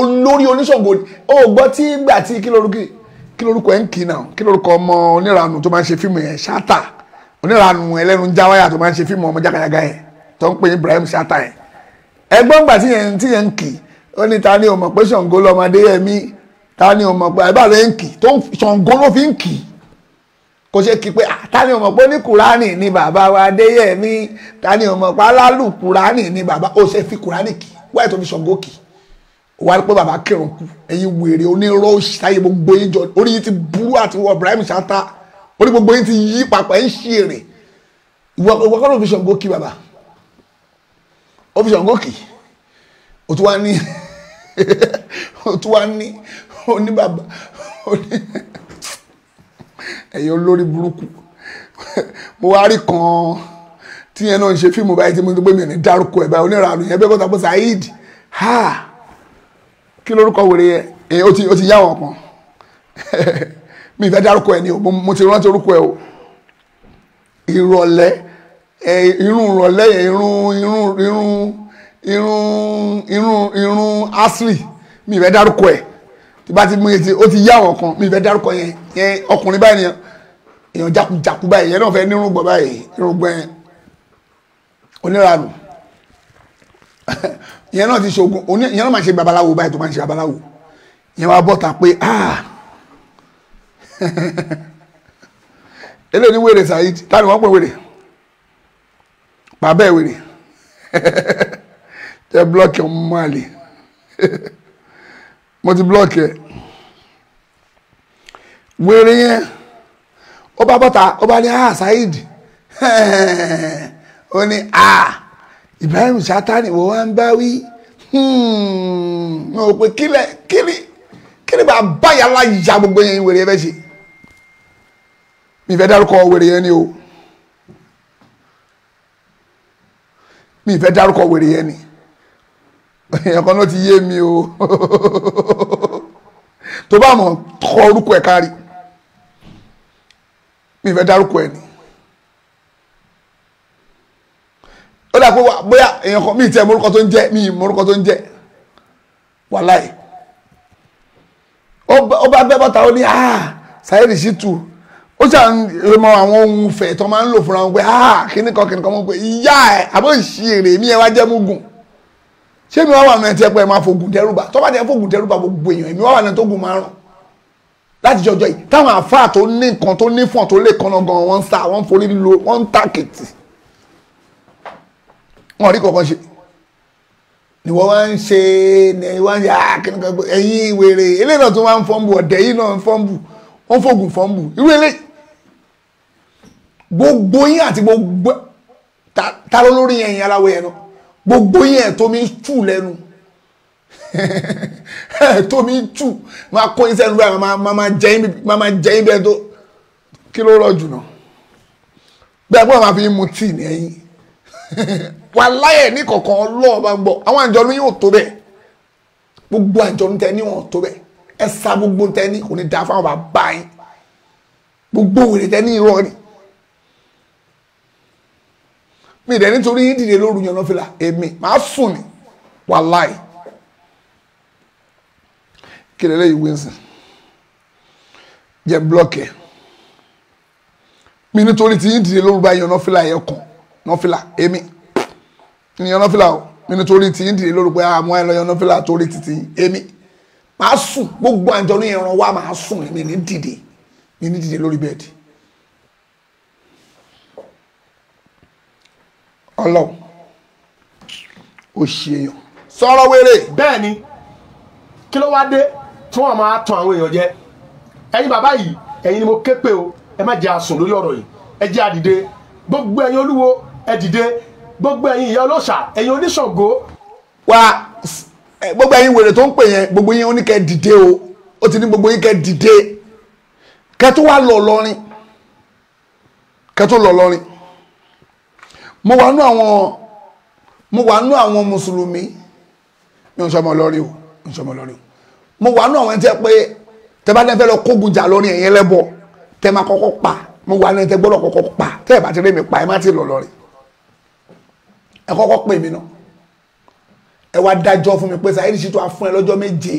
olórí oníṣàngó ni ó gbọ́ tí gbà tí kí lorúkì kí lorúkọ ẹ̀ ń kì náà kí lorúkọ ọmọ onírànù tó máa ń ṣe fíìmù yẹn ṣáàtà onírànù ẹlẹ́nu jáwáyà tó máa ń ṣe fíìmù ọmọ jákàjáká yẹn tó ń pè ní Ibrahim ṣáàtà yẹn ẹgbọ́n gbà tí yẹn tí yẹn ń kì ó ní ta ni ó mọ̀ pé Ṣàngó lọ́mọdé yẹn mí ta ni ó pé àbálẹ̀ ń kì kò ṣe kí pé ah, tani ọmọ pé ní kùránì ni bàbá wa adéyẹmí tani ọmọ pé alálù kùránì ni bàbá ó ṣe fi kùránì kì wáyé tó fi ṣọ̀gbọ́ kì wà á pé bàbá kírun kù ẹ̀yin wèrè onírọ́ òṣìṣàyè gbogbo yín jọ orí yín ti burú àti wọ Ibrahim Chata orí gbogbo yín ti yí papọ̀ ẹ̀ ń ṣe èrè ìwọ kọ́ ló fi ṣọ̀gbọ́ kì bàbá ó fi ṣọ̀gbọ́ kì ó tún wá ní ó tún wá ní ó ní bàbá ó ní ẹ̀yin olórí burúkú mo wá rí kan tí yẹn náà ń ṣe fíìmù báyìí tí mo ti gbé mi ní dárúkọ ẹ̀ báyìí onírànú yẹn bẹ́ẹ̀ kọ́ta pé Saheed ha kí lórúkọ wèrè yẹn ó ti ó ti yá wọn kan mi ìfẹ́ dárúkọ ẹ̀ ni o mo ti rántí orúkọ ẹ̀ o ìrọ̀lẹ́ irun ìrọ̀lẹ́ yẹn irun irun irun irun irun irun asri mi ìfẹ́ dárúkọ ẹ̀ tí bá ti mú etí ó ti yá àwọn kan mi ìfẹ́ dárúkọ yẹn yẹn ọkùnrin báyìí nìyẹn èèyàn jakujaku báyìí yẹn náà fẹ́ nírúgbọ̀n báyìí nírúgbọ̀n yẹn oníranù yẹn náà ti ṣoògùn yẹn náà máa ṣe babaláwo báyìí tó máa ń ṣe babaláwo yẹn wá bọ́ta pé ah eléyìí ní wèrè Saheed táni wọ́n pè wèrè bàbá ẹ̀ wèrè tẹ blọọkì ọmọ mọ́ àlè mo ti blọọkì ẹ̀ wèrè yẹn ó bá bọ́ta ó bá ní ah Saheed ó ní ah Ibrahim Sátánì wo wá ń bá wí mo hmm, pe kílẹ̀ kílì kílì bá báyà láyà gbogbo yẹn wèrè yẹn fẹ́ ṣe mi fẹ́ dárúkọ wèrè yẹn ni o mi fẹ́ dárúkọ wèrè yẹn ni èèyàn kan ló ti yé mi o tó bá mọ̀ kọ orúkọ ẹ̀ kárí mi fẹ́ dárúkọ ẹ̀ ni ó dà pé bóyá èèyàn kan mi ì tẹ morúkọ tó ń jẹ mi ì morúkọ tó ń jẹ wàláì ó bá bẹ́ bọ́ta ó ní ah Saheed Shittu ó ṣàmọ àwọn ohun fẹ̀ tó máa ń lò fúnra wọn pé ah kíní kan kíní kan mọ̀ pé ìyá ẹ̀ àbó ìṣirè mi ẹ wá jẹ́ múgùn ṣé mi wá wà nù pé ẹ máa fògùn dẹ́rùbà tó bá jẹ́ fògùn dẹ́rùbà gbogbo èèyàn èmi wá wà nù tó gùn márùn láti jọjọ yìí táwọn àáfàá tó ní nǹkan tó ní fọ̀n tó lè kanna gan wọ́n ń sá wọ́n ń forí lo wọ́n ń tàkìtì wọ́n rí kankan ṣe ni wọ́n wá ń ṣe ni wọ́n ń ṣe àkínníkan ah, ẹ̀yìn wèrè eléyìí náà tó wá ń fọ́nbù ọ̀dẹ̀ yìí náà ń fọ́nbù ó ń fògùn fọ́nbù irú eléyìí gbogbo yín àti gbogbo ta ló lórí ẹ̀yìn aláwọ̀ yẹn náà gbogbo yín ẹ̀ tó mi ń tù lẹ́nu tómi jù máa kó iṣẹ́ nígbà máa jẹ́ yín bẹ́ẹ̀ tó kí ló rọ̀ jù náà bẹ́ẹ̀ bọ́ọ̀ máa fi mu tíì ní ẹ̀yìn wà láyẹ̀ ní kọ̀ọ̀kan ọlọ́ọ̀ bá ń gbọ́ àwọn àjọlú yóò tó bẹ́ẹ̀ gbogbo àjọlú tẹ ní wọn tó bẹ́ẹ̀ ẹ sá gbogbo tẹ ní kò ní da fáwọn bàbá yín gbogbo wèrè tẹ ní irọ́ ni mi ìdẹ́ nítorí yín dìde lóru yànnà fìlà èmi màá sùn ni wà kí lè léyìí wíńsì jẹ́ blọ́ọ̀kì mi nítorí tí yín dìde lóru báyìí ọ̀nàfìlà yẹn kàn nọ́fìlà èmi no ọ̀nàfìlà o mi nítorí tí yín dìde lóru pé àmọ́ ẹ lọ yan ọ̀nàfìlà torí títí èmi màá sùn gbogbo àjọ ní ẹran wa màá sùn mi ní dìde mi ní dìde lórí bẹ́ẹ̀dì ọlọ́run ó ṣe èèyàn sọ̀rọ̀ wéré. bẹ́ẹ̀ ni kí tí wọ́n máa tan àwọn èèyàn jẹ ẹ̀yin bàbá yìí ẹ̀yin ni mo ké pè o ẹ má jẹ́ àsùn lórí ọ̀rọ̀ yìí ẹ jẹ́ àdìde gbogbo ẹ̀yin olúwo ẹ dìde gbogbo ẹ̀yin ìyá olóòṣà ẹ̀yin oníṣàngó. wá gbogbo ẹ̀yin wèrè tó ń pè yẹn gbogbo yín oníkẹ́ dìde o ó ti ní gbogbo yín kẹ́ dìde kẹ́ tó lọ lọ́rin kẹ́ lọ lọ́rin mo wà nú àwọn mo wà nú àwọn mùsùlùmí mi ò sọmọ lọ́rin o mi ò sọmọ lọ́rin o mo wà náà wọn jẹ pé tẹ bá dẹ́fẹ́ kógun jà lórí ẹ̀yìn ẹlẹ́bọ̀ tẹ máa kọ́kọ́ pa mo wà náà tẹ gbọ́dọ̀ kọ́kọ́ pa tẹ ẹ bá ti rí mi pa ẹ má ti lọ lọ́rin ẹ kọ́kọ́ pè mí náà ẹ wá dájọ́ fún mi pé Saheed Shittu á fún ẹ lọ́jọ́ méje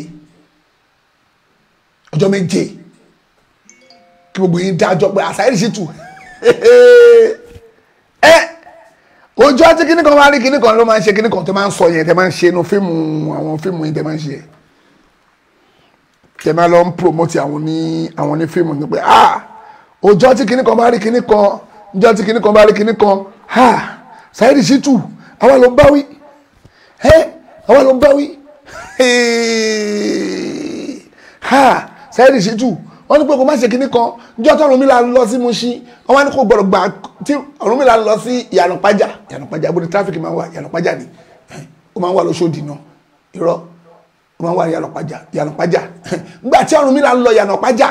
ọjọ́ méje kí gbogbo yín dájọ́ pé Saheed Shittu ẹ ojú àti kíníkan máa rí kíníkan ló máa ń ṣe kíníkan tẹ máa ń sọ yẹn tẹ máa ń ṣe inú fíìmù àwọn fíìmù yẹn tẹ máa ń ṣe yẹn tẹ máa lọ ń promote àwọn ní àwọn ní fíìmù ní pé ah ọjọ́ tí kinní kan bá rí kinní kan ọjọ́ tí kinní kan bá rí kinní kan ha ah, Saheed Shittu àwa ló ń báwí ẹ àwa ló ń báwí ha ah, Saheed Shittu wọ́n ní pé kò má ṣe kinní kan ọjọ́ tí Ọ̀rúnmìlà lọ sí Mùṣín wọ́n wá ní kó gbọ́dọ̀ gbà tí Ọ̀rúnmìlà lọ sí Ìyànà Ìpájà Ìyànà Ìpájà gbọ́dọ̀ tráfíkì máa wà Ìyànà Ìpájà ni ó máa ń wà lóṣòdì náà irọ́ wọ́n wá yànàpájà yànàpájà nígbà tí Ọ̀rúnmìlà ń lọ yànàpájà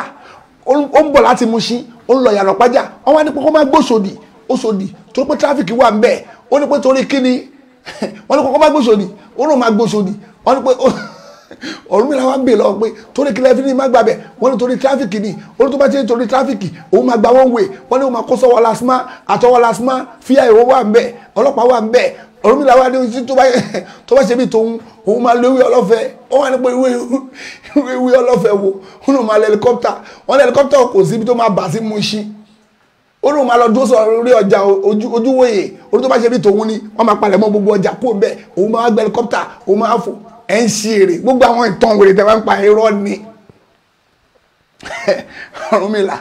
ó ń bọ̀ láti Mùṣín ó ń lọ yànàpájà wọ́n wá ní pé kó má gbósòdì òsòdì torí pé tráfíkì wà ń bẹ̀ ó ní pé torí kíni wọ́n ní pé kó má gbósòdì ó ní má gbósòdì wọ́n ní pé Ọ̀rúnmìlà wá ń bè lọ́wọ́ pé torí kílẹ̀ fi ni má gbàbẹ̀ wọ́n ní torí tráfíkì ni ó ní tó bá ti ní torí tráfíkì òun máa gba one way wọ́n ní Ọ̀rúnmìlà wá dé ojú tó bá ṣe bí tòun òun máa lo ewé ọlọ́fẹ́ wọ́n wá ní pé ewé ewé ọlọ́fẹ́ wo wọ́n lòun máa lọ ẹlikọ́pítà wọ́n lọ ẹlikọ́pítà kò síbi tó máa bà sí Mùṣín ó lòun máa lọ dúró sọ̀rọ̀ orí ọjà ojúwòye orí tó bá ṣe bí tòun ni wọ́n máa palẹ̀ mọ́ gbogbo ọjà kúrò bẹ́ẹ̀ òun máa gbẹ ẹlikọ́pítà òun máa fò ẹ̀ ń ṣe èrè gbogbo àwọn ìtàn wèrè tẹ̀ wá ń pa irọ́ ni Ọ̀rúnmìlà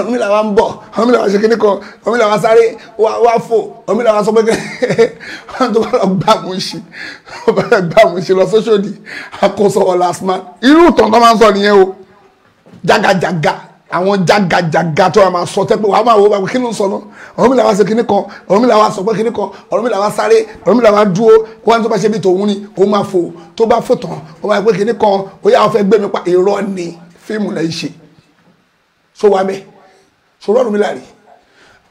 ọ̀nàmílà wa ń bọ̀ ọ̀nàmílà wa ṣe kíní kan ọ̀nàmílà wa sáré wá fò ọ̀nàmílà wa sọ pé wọ́n tó bá lọ gbà mú ṣe ó bá lọ gbà mú ṣe lọ sọ́ṣọ́dì àkóso ọ̀làs man irú ìtàn tó máa ń sọ nìyẹn o jágajàga àwọn jágajàga tó wà máa sọ tẹ́pẹ́ wàá máa wo bá kí ló ń sọ náà ọ̀nàmílà wa ṣe kíní kan ọ̀nàmílà wa sọ pé kíní kan ọ̀nàmílà wa sáré ọ̀nàmílà wa dúró wọn tó bá ṣe bí tòun ni ó máa fò tó bá fò tán ó máa pé kíní kan ó yà á fẹ́ gbé pa irọ́ ni fíìmù lẹ́yìn ṣe so wà mẹ́ẹ̀ ṣòro ọ̀run mi láàrí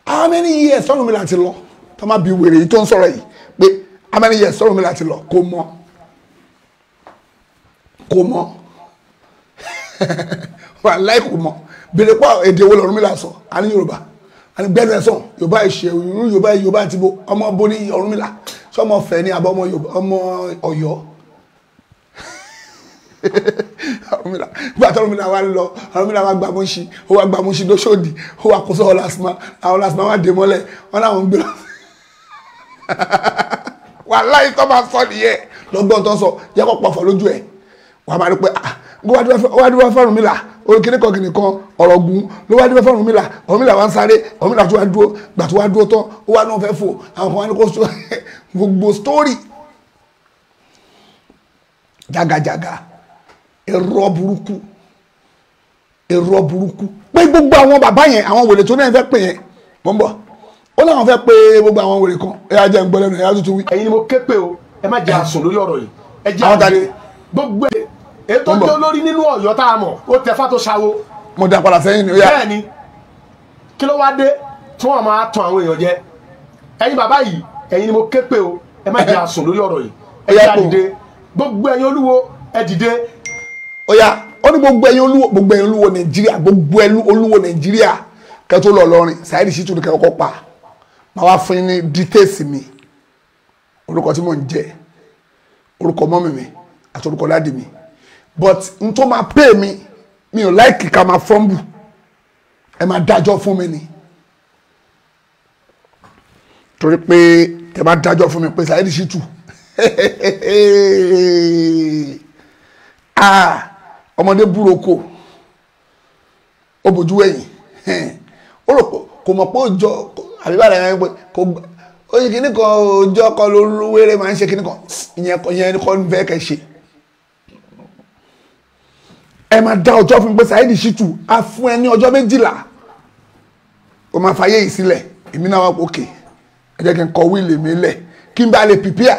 how many years ọ̀run mi láti lọ tó má bi wèrè yìí tó ń sọ̀rọ̀ yìí pé how many years ọ̀run mi láti lọ kò mọ̀ kò mọ̀ wà láì kò mọ̀ bèrè pa èdè wo lọ́run mi là sọ àní Yorùbá àní gbẹ́nu ẹ̀sán Yorùbá ìṣe Yorùbá Yorùbá àti ọmọ bo ní ọ̀run mi là sọmọ fẹ́ ní abọ́ ọmọ Ọ̀yọ́. Ọ̀rúnmìlà nígbà tí Ọ̀rúnmìlà wa lọ Ọ̀rúnmìlà wa gba mọ́ṣí ó wa gba mọ́ṣí lóṣòdì ó wa kó sọ ọ̀làsímà àwọn ọ̀làsímà wa dè mọ́lẹ̀ wọn làwọn ń gbéra wàláì tó máa sọ nìyẹn lọ́gbọ́n tó sọ yẹ kó pọ̀fọ̀ lójú ẹ̀ wàá máa rí pé ah wọ́n adúlọ́ fẹ́ràn mi là oríkìní kan kìnì kan ọ̀rọ̀ gun ló wá adúlọ́ fẹ́ràn mi là Ọ̀rúnmìlà wá ń sáré Ọ̀rúnmìlà tó wá dúró gbà tó wá dúró tán ó wá náà fẹ́ fò àwọn kan wá ní kó sọ gbogbo sítórì jagajaga ẹ̀rọ burúkú ẹ̀rọ burúkú pé gbogbo àwọn bàbá yẹn àwọn wèrè tó náà fẹ́ pè yẹn mọ̀ ń bọ̀ ó láwọn fẹ́ pé gbogbo àwọn wèrè kan ẹ á ń gbọ́lẹ́nu ẹ á wí. ẹ̀yin ni mo ké pé o ẹ má jẹ́ àsùn lórí ọ̀rọ̀ yìí ẹ jẹ́ àgbẹ̀ gbogbo ètò jẹ́ olórí nínú ọ̀yọ́ tá a mọ̀ ó tẹ fátó ṣawo. mo dá padà sẹ́yìn ni ó yà. bẹ́ẹ̀ni kí ló wá dé tí wọ́n máa tan àwọn èèyàn jẹ ẹ̀yin bàbá yìí ẹ̀yin ni mo ké pé o ẹ má jẹ́ àsùn lórí ọ̀rọ̀ yìí ẹ jẹ́ àdìde gbogbo ẹ̀yin olúwo ẹ dìde Oya, oni ní gbogbo ẹ̀yin olúwo gbogbo ẹ̀yin olúwo nàìjíríà gbogbo ẹ̀yin olúwo nàìjíríà kẹ́ tó lọ lọ́rin Saheed Shittu ní kẹ́ kọ́kọ́ pa máa wá fún yín details mi orúkọ tí mo nje. jẹ́ orúkọ mọ́mì mi àti orúkọ dáàdì mi but n tó máa pè mí mi o like ká máa fọ́nbù ẹ máa dájọ́ fún mi ni torí pe ẹ máa dájọ́ fún mi pé Saheed Shittu ah ọmọdé búroko ó bójú ẹ̀yìn ó rò kò mọ̀ pé ó jọ àbí bàrà ẹ̀yìn pé kò ó yẹ kíní kan òjò kan ló máa ń ṣe kíní kan ìyẹn kọ́ ń fẹ́ kẹ́ ṣe ẹ máa dá ọjọ́ fún mi pé Saheed Shittu a fún ẹ ní ọjọ́ méjìlá o máa fàyè yìí sílẹ̀ èmi náà wà òkè ẹ jẹ́ kí n kọ wíìlì mi lẹ̀ kí n bá lè pìpìà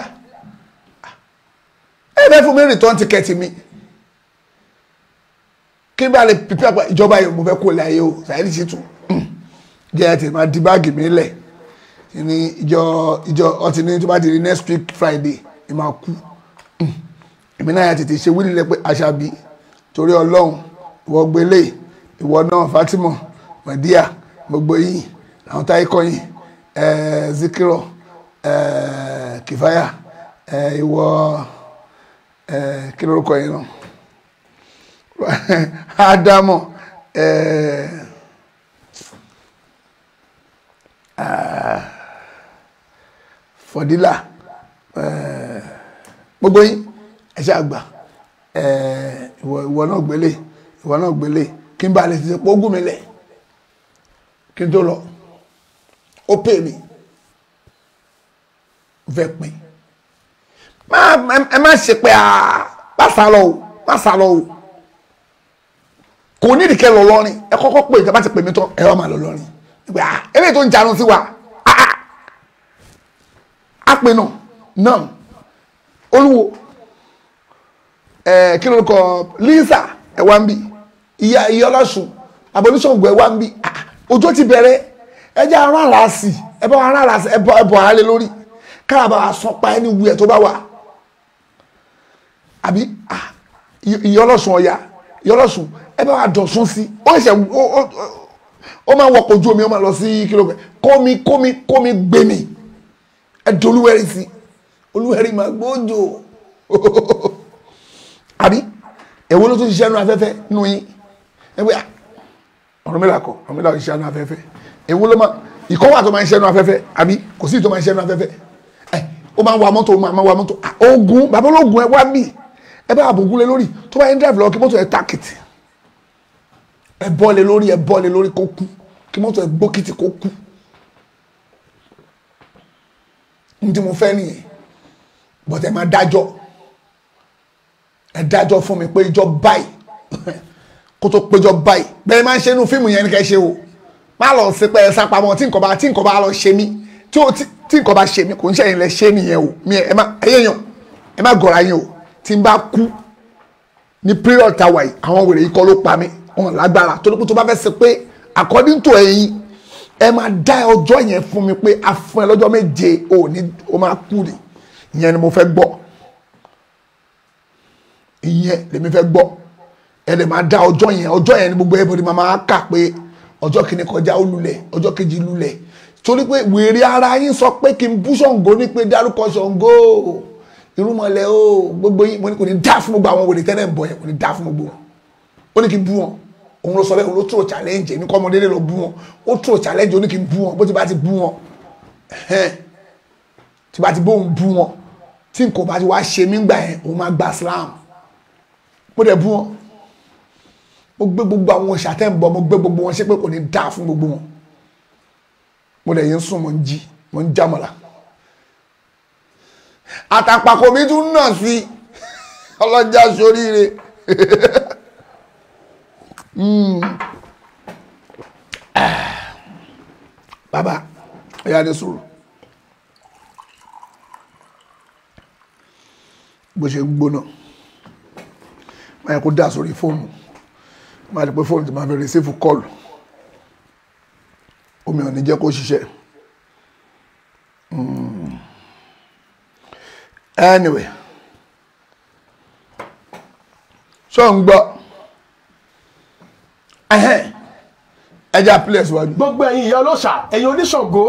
ẹ bẹ́ẹ̀ fún mi return ticket mi kí n bá lè pípẹ́ pa ìjọba yìí mo fẹ́ kó láyé o Saheed Shittu jẹ́ ẹ̀ tẹ̀ máa di báàgì mi lẹ̀ ní ìjọ ìjọ ọtí ní tó bá di next week Friday ẹ máa kú èmi náà yà tètè ṣe wílì lẹ pé àṣàbí torí ọlọ́run ìwọ gbélé ìwọ náà Fatima Madia gbogbo yìí làwọn táyé kọyìn Zikiro Kifaya ìwọ kí lórúkọ yìí náà ádámọ̀ fọ̀dílà gbogbo yín ẹ̀ṣẹ́ àgbà ìwọ náà gbélé ìwọ náà gbélé kí n bá lè ṣe pógún mi lẹ̀ kí n tó lọ ó pè mí fẹ́ pin ẹ má ṣe pé àá má sá lọ o má sá lọ o kò ní ìdíkẹ́ lọ lọ́rin ẹ kọ́kọ́ pé ìjọba ti pè mí tán ẹ wá máa lọ lọ́rin ìgbà ah eré tó ń jarun sí wa ah apinnu ah. náà olúwo ẹ eh, kí ló ń kọ lisa ẹ wá ń bì ìyá ìyá ọlọ́sùn aboliṣọ́gun ẹ wá ń bì ah ọjọ́ ti bẹ̀rẹ̀ ẹ jẹ́ arán àlàásì ẹ bá arán àlàásì ẹ bọ̀ ara lé lórí káàbà àsọpa ẹni wu ẹ tó bá wà àbí ah ìyá ọlọ́sùn ọ̀yà ìyá ọlọ́sùn ẹ bá wa dọ̀sún sí ó ṣe ó máa wọkọ̀ ojú omi ó máa lọ sí kìlọ̀ pẹ̀ kómi kómi kómi gbé mi ẹ dolúwẹ̀rí sí olúwẹ̀rí máa gbóòjò àbí èwo ló tún ṣiṣẹ́ nu afẹ́fẹ́ nu yín ẹ pé ah, ọ̀rọ̀ mẹ́la kọ̀ ọ̀rọ̀ mẹ́la ṣiṣẹ́ nu afẹ́fẹ́ èwo ló máa ìkọ́ wà tó máa ń ṣiṣẹ́ nu afẹ́fẹ́ àbí kò sí tó máa ń ṣiṣẹ́ nu afẹ́fẹ́ ẹ ó máa ń wa mọ́tò ó máa ń wa mọ́tò ogun ah, bàbá ológun ẹ wá bì ẹ bá àbògúnlé lórí tó bá yẹn drive ẹ bọ́ lé lórí ẹ bọ́ lé lórí kó kú kí mọ́tò ẹ gbókìtì kó kú n tí mo fẹ́ nìyẹn bọ́tẹ̀ máa dájọ́ ẹ dájọ́ fún mi pé ìjọ báyìí kó tó péjọ báyìí bẹ́ẹ̀ máa ń ṣe inú fíìmù yẹn ní kẹ́ ṣe o má lọ sí pé ẹ sá pamọ́ tí nǹkan bá tí nǹkan bá lọ ṣe mí tí o tí nǹkan bá ṣe mí kò ń ṣe ìrìnlẹ̀ ṣe nìyẹn o mi ẹ má ẹ yẹn ẹ má gọ̀ra yẹn o tí n bá kú ní pírọ̀ tàwa yìí àwọn wèrè yìí kọ́ ló pa mí wọn lágbára torí pé tó bá fẹ́ ṣe pé according to ẹ̀yin ẹ máa dá ọjọ́ yẹn fún mi pé a fún ẹ lọ́jọ́ méje ò ní o máa kú ni ìyẹn ni mo fẹ́ gbọ́ ìyẹn lèmi fẹ́ gbọ́ ẹ lè máa dá ọjọ́ yẹn ọjọ́ yẹn ni gbogbo ẹbọdì ni máa kà pé ọjọ́ kìíní kọjá ó lulẹ̀ ọjọ́ kejì lulẹ̀ torí pé wèrè ara yín sọ pé kí n bú ṣọ̀ǹgó ní pé dárúkọ ṣọ̀ǹgó irúmọlẹ̀ o gbogbo yín mo ní kò ní dá fún gbogbo àwọn wèrè tẹ́lẹ̀ ń bọ̀ yẹn kò ní dá fún gbogbo wọn ó ní kí n bú wọn òun ló sọ bẹ́ẹ̀ òun ló tró challenge èmi kọ́ ọmọdé lè lọ bú wọn ó tró challenge oní kì í bú wọn bó ti bá ti bú wọn tí bá ti bóun bú wọn tí n kò bá ti wá ṣe mí gbà yẹn òun máa gba Islam mo dẹ̀ bú wọn mo gbé gbogbo àwọn ṣàtẹ̀ǹbọ̀ mo gbé gbogbo wọn ṣé pé kò ní dáa fún gbogbo wọn mo dẹ̀ yẹn ń sùn mo ń jí mo ń jámọ̀lá àtàpàkò mi tún nà sí ọlọ́jà sóríire. bàbá ẹ̀yà ni sùúrù bó ṣe ń gbóná máa kó dà sórí fóònù máa lè pé fóònù ti máa fi rìsífù kọlù omi ò ní jẹ́ kó ṣiṣẹ́ mm. anyway ṣọ́ ń gbọ́. ẹja pílẹ̀ síwájú. gbogbo ẹ̀yin ìyá olóṣà ẹ̀yin oníṣàngó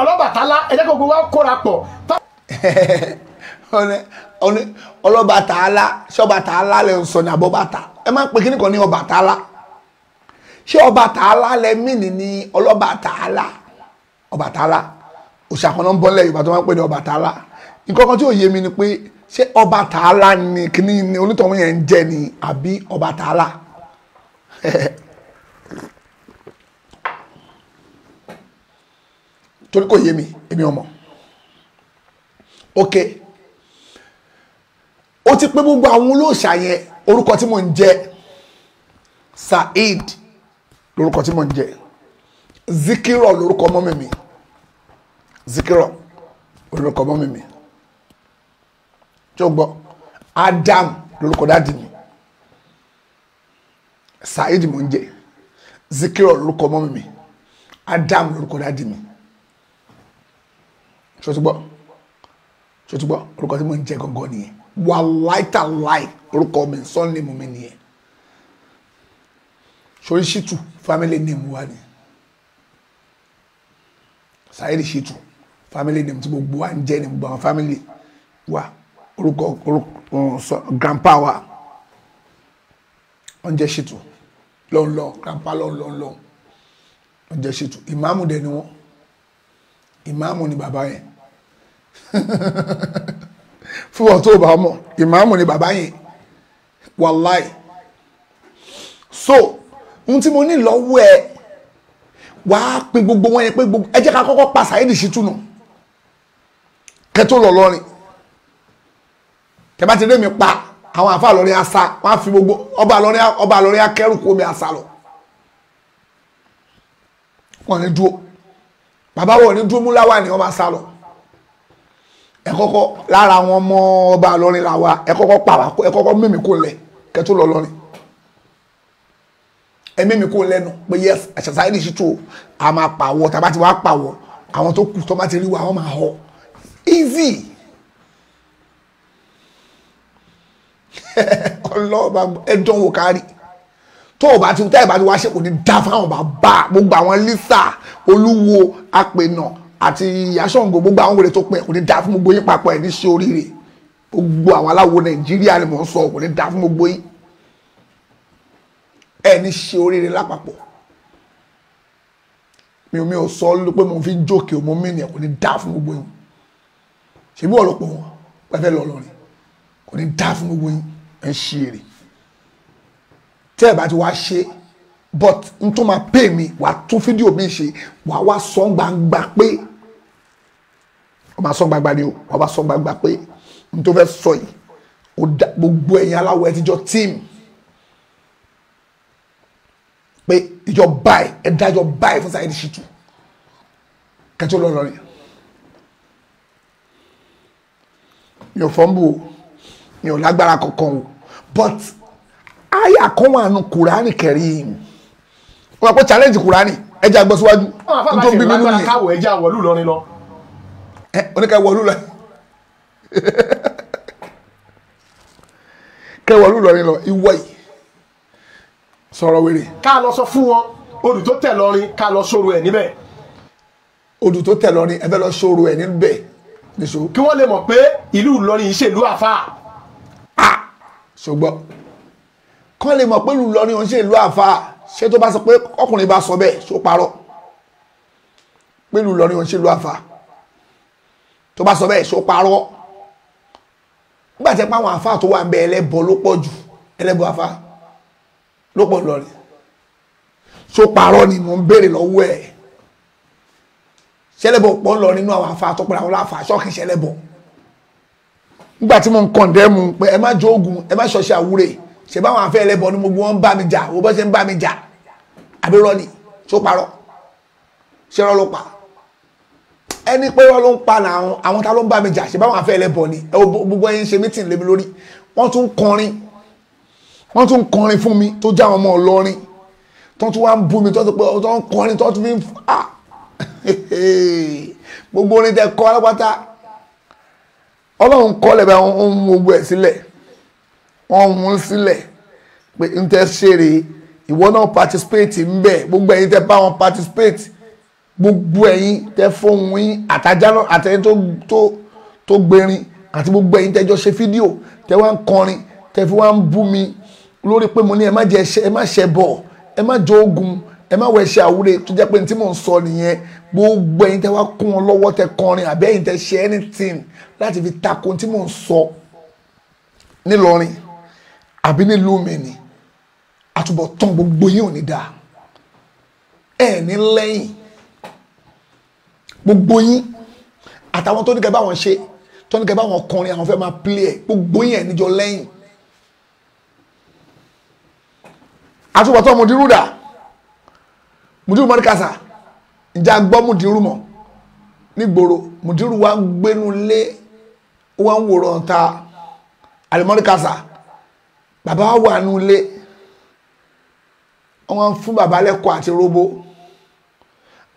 ọlọ́bàtálá ẹ̀jẹ̀ gbogbo wa kóra pọ̀. ọlọ́bàtálá ṣọ́bàtálá lẹ ń sọ ní abọ́bàtà ẹ máa ń pè ní ọbàtálá ṣé ọbàtálá lẹ mìíní ní ọlọ́bàtálá ọbàtálá ń bọ́ máa ń pè ní ọbàtálá nǹkan kan tí ò yé mi ni pé ṣé ọbàtálá ni kíní yẹn ń jẹ ni àbí ọbàtálá. torí kò yé mi èmi ọmọ ok ó ti pé gbogbo àwọn olóòṣà yẹn orúkọ tí mò ń jẹ Saheed lórúkọ tí mò ń jẹ Zikiro lórúkọ ọmọ mi mi Zikiro lórúkọ ọmọ mi mi tí ó gbọ́ Adam lórúkọ dáàdì mi Saidi mò ń jẹ zikiru adam lórúkọ dáàdì mi ṣòtúgbọ́ ṣòtúgbọ́ orúkọ tí mò ń jẹ gangan nìyẹn wà láìta láì orúkọ mi sọ́ọ̀nì mọ́mì nìyẹn sori shitu family name wa ni saheed shitu family name tí gbogbo wa ń ni gbogbo family wa luko orúkọ grandpa wa wọ́n jẹ́ shitu lọ́nlọ́ grandpa lọ́nlọ́nlọ́ wọ́n jẹ́ ṣètò ìmáàmù dẹ̀ ni wọ́n ìmáàmù ni bàbá yẹn fún wọn tó bá mọ̀ ìmáàmù ni bàbá yẹn wàláì so ohun tí mo ní lọ́wọ́ ẹ wàá pe gbogbo wọn yẹn pé gbogbo ẹ jẹ́ ká kọ́kọ́ pa Saheed Shittu kẹ́tọ́ lọ lọ́rin kẹ́ ti rí mi pa àwọn àfa àlọ́rin asa wọ́n á fi gbogbo ọba àlọ́rin ọba àlọ́rin akẹ́rù kó omi asa lọ. wọ́n ní dúró bàbá wọn ní dúró múláwá ni wọ́n máa sá lọ. ẹ kọ́kọ́ lára àwọn ọmọ ọba àlọ́rin làwa ẹ kọ́kọ́ pàwá ẹ kọ́kọ́ mímì kò lẹ̀ kẹ́tọ́ lọ lọ́rin. ẹ mímì kò lẹ́nu pé yẹs àṣàṣà yìí ṣì tó a máa pàwọ́ tàbá àwọn tó kù tó bá ti rí wa wọ́n máa họ easy. ọlọ́ọ̀bá ẹ̀dán wò kárí tó o bá ti tẹ́ ẹ̀ bá ti wá ṣe kò ní dá fáwọn bàbá gbogbo àwọn lísà olúwo apènà àti ìyàsọ̀ǹgò gbogbo àwọn wèrè tó pẹ́ kò ní dá fún gbogbo yín papọ̀ ẹ̀ ní ṣe oríire gbogbo àwọn aláwo nàìjíríà ni mò ń sọ kò ní dá fún gbogbo yín ẹ̀ ní ṣe oríire lápapọ̀ mi ò mi ò sọ ló pé mo fi jókè o mo mí ni ẹ̀ kò ní dá fún gbogbo yín ṣèbí ọ̀rọ̀ pọ̀ wọn pẹ́fẹ́ lọ lọ́rin kò ní dá fún gbogbo ẹ̀ ń ṣe èrè tí ẹ̀ bá ti wá ṣe but n tó máa pè mí wàá tún fídíò mi ṣe wàá wá sọ gbangba pé wàá máa sọ gbangba ni o wàá wá sọ gbangba pé n tó fẹ́ sọ yìí ó dá gbogbo ẹ̀yin aláwọ̀ ẹ̀ ti jọ tíìmù pé ìjọ báyìí ẹ̀ dájọ́ báyìí fún Saheed Shittu kẹtù lọ́lọ́rin yóò fọ́n bù o mi ò lágbára kankan o but àyà kan wà nù kùránì kẹrìm wọn kò challenge kùránì ẹja gbọ́ síwájú nítorí bí mímú yẹn. káwọ ẹja wọlú lọrin lọ. ẹ oníkà wọlú lọ kẹ wọlú lọrin lọ ìwọ yìí sọ̀rọ̀ wèrè. ká lọ sọ fún wọn odù tó tẹ̀ lọrin ká lọ sọ̀rọ̀ ẹ̀ níbẹ̀. odù tó tẹ̀ lọrin ẹ fẹ́ lọ sọ̀rọ̀ ẹ̀ níbẹ̀. kí wọ́n lè mọ̀ pé ìlú Ìlọrin yìí ṣèlú àfáà ṣùgbọ́n kán lè mọ̀ pé ìlú Ìlọrin òun ṣe ìlú àfa ṣé tó bá sọ pé ọkùnrin bá sọ bẹ́ẹ̀ ṣó parọ́ pé ìlú Ìlọrin òun ṣe ìlú àfa tó bá sọ bẹ́ẹ̀ ṣó parọ́ nígbà tí ẹ pa àwọn àfa tó wà ń bẹ ẹlẹ́bọ ló pọ̀ jù ẹlẹ́bọ àfa ló pọ̀ lọ́rin ṣó parọ́ ni mò ń béèrè lọ́wọ́ ẹ̀ ṣẹlẹ́bọ pọ̀ lọ nínú àwọn àfa tó pẹ̀lú àwọn láfa ṣọ́ọ̀kì ṣẹlẹ́bọ nígbà tí mo ń kọ̀ndẹ́mu pé ẹ má jọ oògùn ẹ má ṣọṣẹ àwúre ṣe báwọn afẹ́ ẹlẹ́bọ ni gbogbo wọn ba bá mi jà owó bọ́ ṣe ń bá mi jà àbúrò ni tó parọ́ ṣé rọ́ ló pa ẹni pé rọ́ ló ń pa náà àwọn ta ló ń bá mi jà ṣe báwọn afẹ́ ẹlẹ́bọ ni gbogbo ẹyin ṣe mítìn lé mi lórí wọ́n tún kọrin wọ́n tún kọrin mi tó já ọmọ ọlọ́rin tó tún wá ń bú mi tó tún pé tó ń kọrin fi ń gbogbo orin tẹ kọ alápátá ọlọ́run kọ́ lẹ́bẹ̀ ó ń mú gbogbo ẹ̀ sílẹ̀ wọ́n mú sílẹ̀ pé n tẹ́ ṣeré ìwọ náà participate ń bẹ̀ gbogbo ẹ̀yin tẹ́ bá wọn participate gbogbo ẹ̀yin tẹ́ fóun yín àtàjà náà àtẹ̀yìn tó gbẹ̀rin àti gbogbo ẹ̀yin tẹ́ jọ ṣe fídíò tẹ́ wá ń kọrin tẹ́ fi wá ń bú mi lórí pé mo ní ẹ má jẹ ẹ má ṣẹ bọ̀ ẹ má jẹ ogun ẹ má wọ ẹṣẹ àwúre tó jẹ́ pé ní tí mò ń sọ nìyẹn gbogbo ẹ̀yin tẹ́ wá kún wọn lọ́wọ́ tẹ́ kọrin àbí ẹ̀yin tẹ́ ṣe anything láti fi tako tí mò ń sọ nílọrin àbí nílùú mi ni àtúbọ̀tán gbogbo yín ò ní dáa ẹ ní lẹ́yìn gbogbo yín àtàwọn tó ní kẹ́ báwọn ṣe tó ní kẹ́ báwọn kọrin àwọn fẹ́ máa play ẹ̀ gbogbo yín ẹ̀ níjọ lẹ́yìn àtúbọ̀tán ọmọdé rúdà mùdírù mọ́ríkàsà ìjà gbọ́ mùdírù mọ̀ nígboro mùdírù wa ń gbénu lé wọ́n ń wòrán ta àlùmọ́ríkàsà bàbá wà nù lé wọ́n fún bàbá lẹ́kọ̀ọ́ àti róbó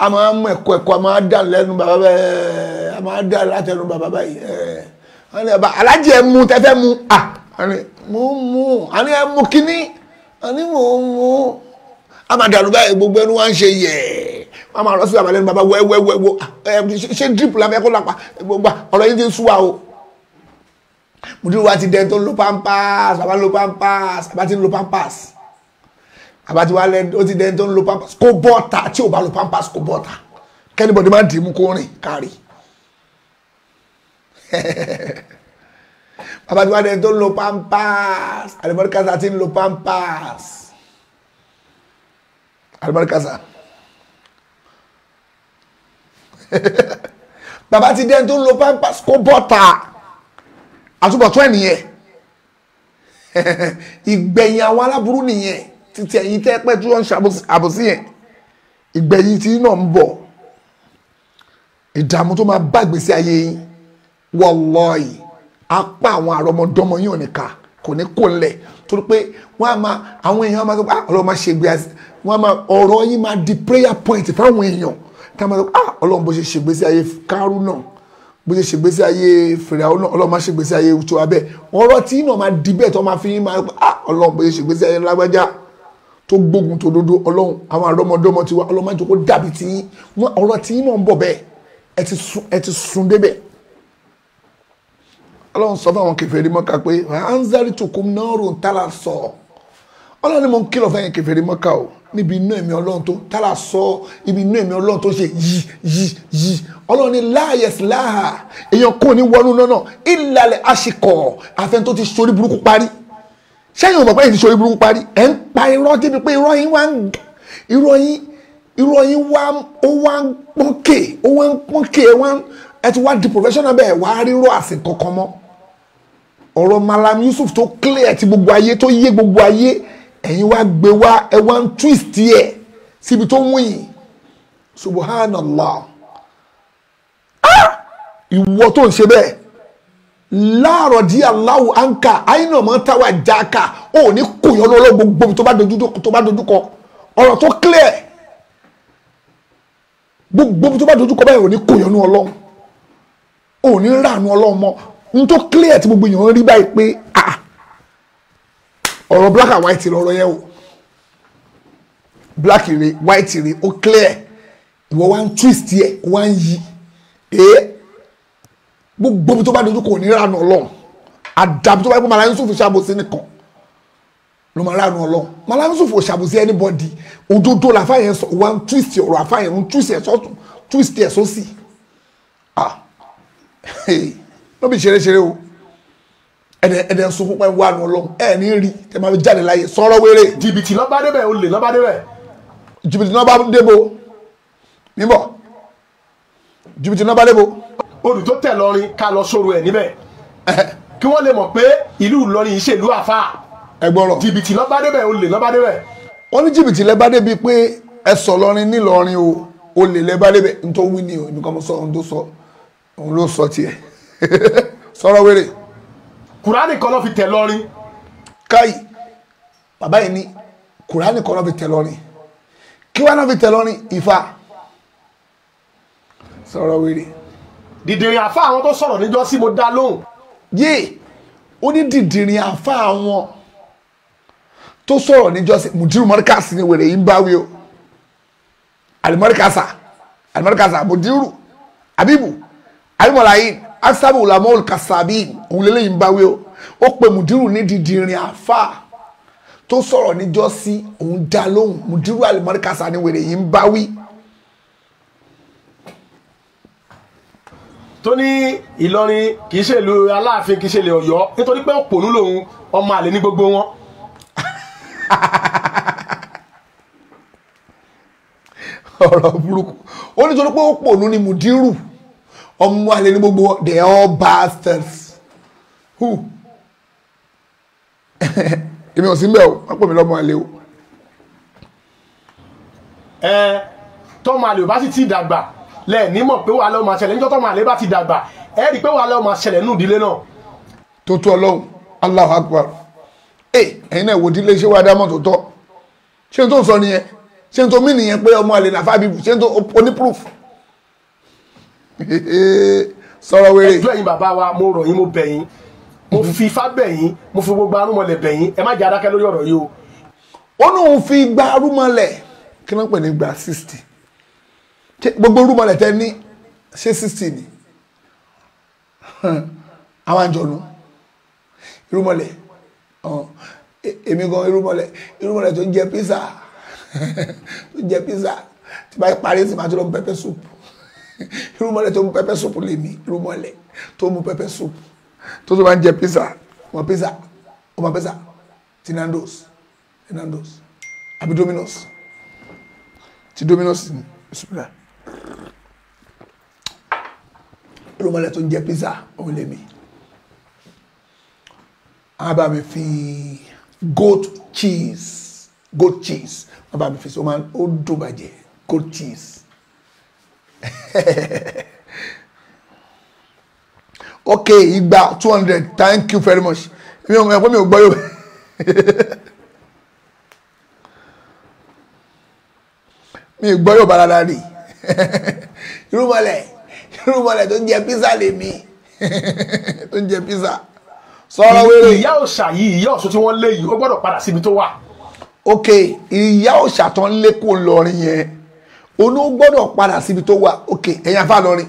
a máa mú ẹ̀kọ́ ẹ̀kọ́ a máa dà lẹ́nu bàbá bẹ́ẹ̀ a máa dà látẹnu bàbá báyìí ẹ̀ wọ́n ní bàbá alájì ẹ̀ mú tẹ́fẹ́ mú à mú mú àní ẹ̀ mú kínní àní mò mú a máa dàrú báyìí gbogbo ẹnu wa ń ṣe yẹ wọn máa rọ sí àbálẹ́nu bàbá wẹ́wẹ́wẹ́wọ́ ṣé drip la fẹ́ kó lápá gbogbo ọ̀rọ̀ yìí ti sú wa o mùdúró wa ti dẹni tó ń lo pampers bàbá ń lo pampers bàbá ti ń lo pampers bàbá ti wá lẹni ó ti dẹni tó ń lo pampers kó bọ́ọ̀tà tí ò bá lo pampers kó bọ́ọ̀tà kẹ́nìbọ̀dé má dì í kó rìn kárí bàbá ti wá dẹni tó ń lo pampers àlùbọ́dé kásá ti ń lo pampers alibarikasa bàbá ti dẹ́n tó ń lo pampers kó bọ́ta àtúbọ̀tún ẹ̀ nìyẹn ìgbẹ̀yìn àwọn aláburú nìyẹn títí ẹ̀yìn tẹ́ pẹ́ tó ń ṣàbòsí yẹn ìgbẹ̀yìn tí náà ń bọ̀ ìdààmú tó máa bá ìgbésí ayé yín wọ́lọ́ọ̀yì apá àwọn àrọmọdọ́mọ yín ò ní ká kò ní kó lẹ̀ torí pé wọ́n á máa àwọn èèyàn máa sọ pé ah, ọlọ́run máa ṣe gbé àti wọ́n á máa ọ̀rọ̀ yín máa di prayer point fáwọn èèyàn tá a máa sọ pé ah, ọlọ́run bó ṣe ṣègbésí ayé kárú náà bó ṣe ṣègbésí ayé fèrè àwọn náà ọlọ́run máa ṣègbésí ayé tó abẹ́ ọ̀rọ̀ tí náà máa di bẹ́ẹ̀ tó máa fi yín máa sọ pé ah, ọlọ́run bó ṣe ṣègbésí ayé lágbájá tó gbógun tó dodo ọlọ́run àwọn àrọ́mọdọ́mọ ti wá ọlọ́run máa jókòó dàbí tí ọ̀rọ̀ tí náà ń bọ̀ bẹ́ẹ̀ ẹ ti sùn débẹ̀ ọlọ́run sọ fáwọn kèfèrí Mọ́kà pé anzari tukum náírà tálà sọ ọlọ́run ni mo ń kìlọ̀ fẹ́yìn kèfèrí Mọ́kà o níbi inú ẹ̀mí ọlọ́run tó tálà sọ ibi inú ẹ̀mí ọlọ́run tó ṣe yí yí yí ọlọ́run ni láàyèsí láhà èèyàn kò ní wọnú náà ìlàlẹ̀ àṣekọ̀ àfẹn tó ti sori burúkú parí sẹ́yìn ò mọ̀ pé èyí ti sori burúkú parí ẹ̀ ń pa irọ́ débi pé irọ́ yín wá ń irọ́ yín irọ́ yín wá ó wá ń pọ́nkè ó wá ń pọ́nkè ẹ ti wá di professional bẹ́ẹ̀ wá rírọ́ àsìkò kan mọ́ ọ̀rọ̀ Malam Yusuf tó clear ti gbogbo ayé tó yé gbogbo ayé ẹ̀yin wá gbé wá ẹ wá ń twist ẹ̀ síbi tó wù yín subhanallah ah ìwọ tó ń ṣe bẹ́ẹ̀ láàrọ̀ dí aláwọ̀ àǹkà àyìnà máa ń táwa jáka ó ní kò yọ lọ́wọ́ gbogbo tó bá dojú kọ ọ̀rọ̀ tó clear gbogbo tó bá dojú kọ báyìí ò ní kò yọ ní ọlọ́run ò ní ràánú ọlọ́run n tó clear tí gbogbo èèyàn rí báyìí pé ah ọ̀rọ̀ black and white lọ́rọ̀ yẹn o black re white re ó clear ìwọ wá ń twist yẹ wá ń yí ee eh? gbogbo ibi tó bá dojú kò ní ìlànà ọlọ́run àdàbí tó bá yẹ kó màlá yusuf ṣàbòsí nìkan ló máa ránu ọlọ́run màlá yusuf ò ṣàbòsí anybody òdodo làfà yẹn sọ wá ń twist ọ̀rọ̀ àfà yẹn ń twist ẹ̀ sọ́tún twist ẹ̀ sọ́sì ah hey ló bí ṣeré o ẹ̀dẹ̀ ẹ̀dẹ̀ sun púpọ̀ wà nù ọlọ́run ẹ̀ ní rí tẹ máa fi jáde láyé sọ̀rọ̀ wéré. jìbìtì lọ́ba débẹ̀ olè lọ́ba débẹ̀. jìbìtì lọ́ba débo níbọ̀ jìbìtì lọ́ba débo. olùtó tẹ̀ lọrin ká lọ sóru ẹ̀ níbẹ̀ kí wọ́n lè mọ̀ pé ìlú Ìlọrin ìṣèlú àfa. ẹ gbọ́rọ̀ jìbìtì lọ́ba débẹ̀ olè lọ́ba débẹ̀. wọ́n ní jìbìtì lẹ́ba débi pé ẹ sọ lọrin nílọrin o olè lẹ́ba débẹ̀ nítorí wí ni o ìbí kan mo sọ ohun tó sọ òun ló sọ tiẹ̀. sọ̀rọ̀ wéré. kùránì kan ló fi tẹ̀ lọ́rin. káyì bàbá yìí ní kùránì kan ló fi tẹ̀ lọ́rin kí wọ́n náà fi tẹ̀ lọ́rin ìfà sọ̀rọ̀ wéré. dìdìrín àfa àwọn tó sọ̀rọ̀ níjọ́ sí mo dá lóhùn. yé ó ní dìdìrín àfa àwọn tó sọ̀rọ̀ níjọ́ sí mùdírù mọ́ríkàsì ni wèrè yìí ń bá wí o alimọ́ríkàsà alimọ́ríkàsà mùdírù abibu abimọ̀láyìn asabu ulamol kasabi òun lélẹ́yìí ń báwí o ó pe mùdírù ní dídìrín àáfàá tó sọ̀rọ̀ níjọ́ sí òun dá lóhùn mùdírù alimọ́ríkàsá ni wèrè yìí ń báwí. tó ní ìlọrin kì í ṣe ìlú aláàfin kì í ṣe ilẹ̀ ọ̀yọ́ nítorí pé òpònú lòun ọmọ àlè ní gbogbo wọn. ọ̀rọ̀ burúkú ó nítorí pé òpònú ni mùdírù ọmọ àlè ní gbogbo they are bastards who èmi ò sí mbẹ́ o wọ́n pè mí lọ́mọ àlè o. ẹ tọ́mọ àlè ò bá sì ti dàgbà lẹ́ẹ̀ni mọ̀ pé wàá lọ́ọ́ máa ṣẹlẹ̀ níjọ́ tọ́mọ àlè bá ti dàgbà ẹ rí i pé wàá lọ́ọ́ máa nù ìdílé náà. tó tó ọlọ́run Allahu Akbar ẹ eh, ẹ̀yin náà wò dílé ṣé wa dá mọ́ tó tọ́ ṣé n tó sọ nìyẹn ṣé n tó mí nìyẹn pé ọmọ àlè nàfà bíbù ṣé n tó oní proof. sọ̀rọ̀ wéré ẹjọ́ yín bàbá wa mo rọ̀ yín mo bẹ̀ yín mo fi ifá bẹ̀ yín mo fi gbogbo arúmọlẹ̀ bẹ̀ yín ẹ má jẹ́ adákẹ́ lórí ọ̀rọ̀ yìí o. ó lóun fi gba arúmọlẹ̀ kí ló ń pè ní gba sixty gbogbo arúmọlẹ̀ tẹ ní ṣé sixty ni àwọn àjọ̀nù irúmọlẹ̀ èmi gan irúmọlẹ̀ irúmọlẹ̀ tó ń jẹ pizza tó ń jẹ pizza tí bá parí sí máa tó lọ pẹpẹ soup irú to tó mú pẹ́pẹ́ sùpù lè mí irú mọ́lẹ̀ tó mú pẹ́pẹ́ sùpù tó tó bá ń pizza ọmọ pizza ọmọ pizza ti nandos ti nandos àbí dominos ti dominos bisimilá irú mọ́lẹ̀ tó ń pizza òun lè mí a mi fi goat cheese goat cheese Aba bá mi fi so máa ń ó dùn bàjẹ́ goat cheese. okay igba two hundred thank you very much mi ò ẹ̀kọ́ mi ò gbọ́ yóò. mi ò gbọ́ yóò bára dárí irúmọlẹ̀ irúmọlẹ̀ tó ń jẹ písà lèmi tó ń jẹ písà sọ̀rọ̀ wéré. ìyá òòṣà yìí ìyá ọ̀ṣun tí wọ́n lé yìí ó gbọ́dọ̀ padà síbi tó wà. ok ìyá òòṣà tó ń lé lọrin yẹn olóhùn gbọ́dọ̀ padà síbi tó wà ok ẹ̀yin afá lọrin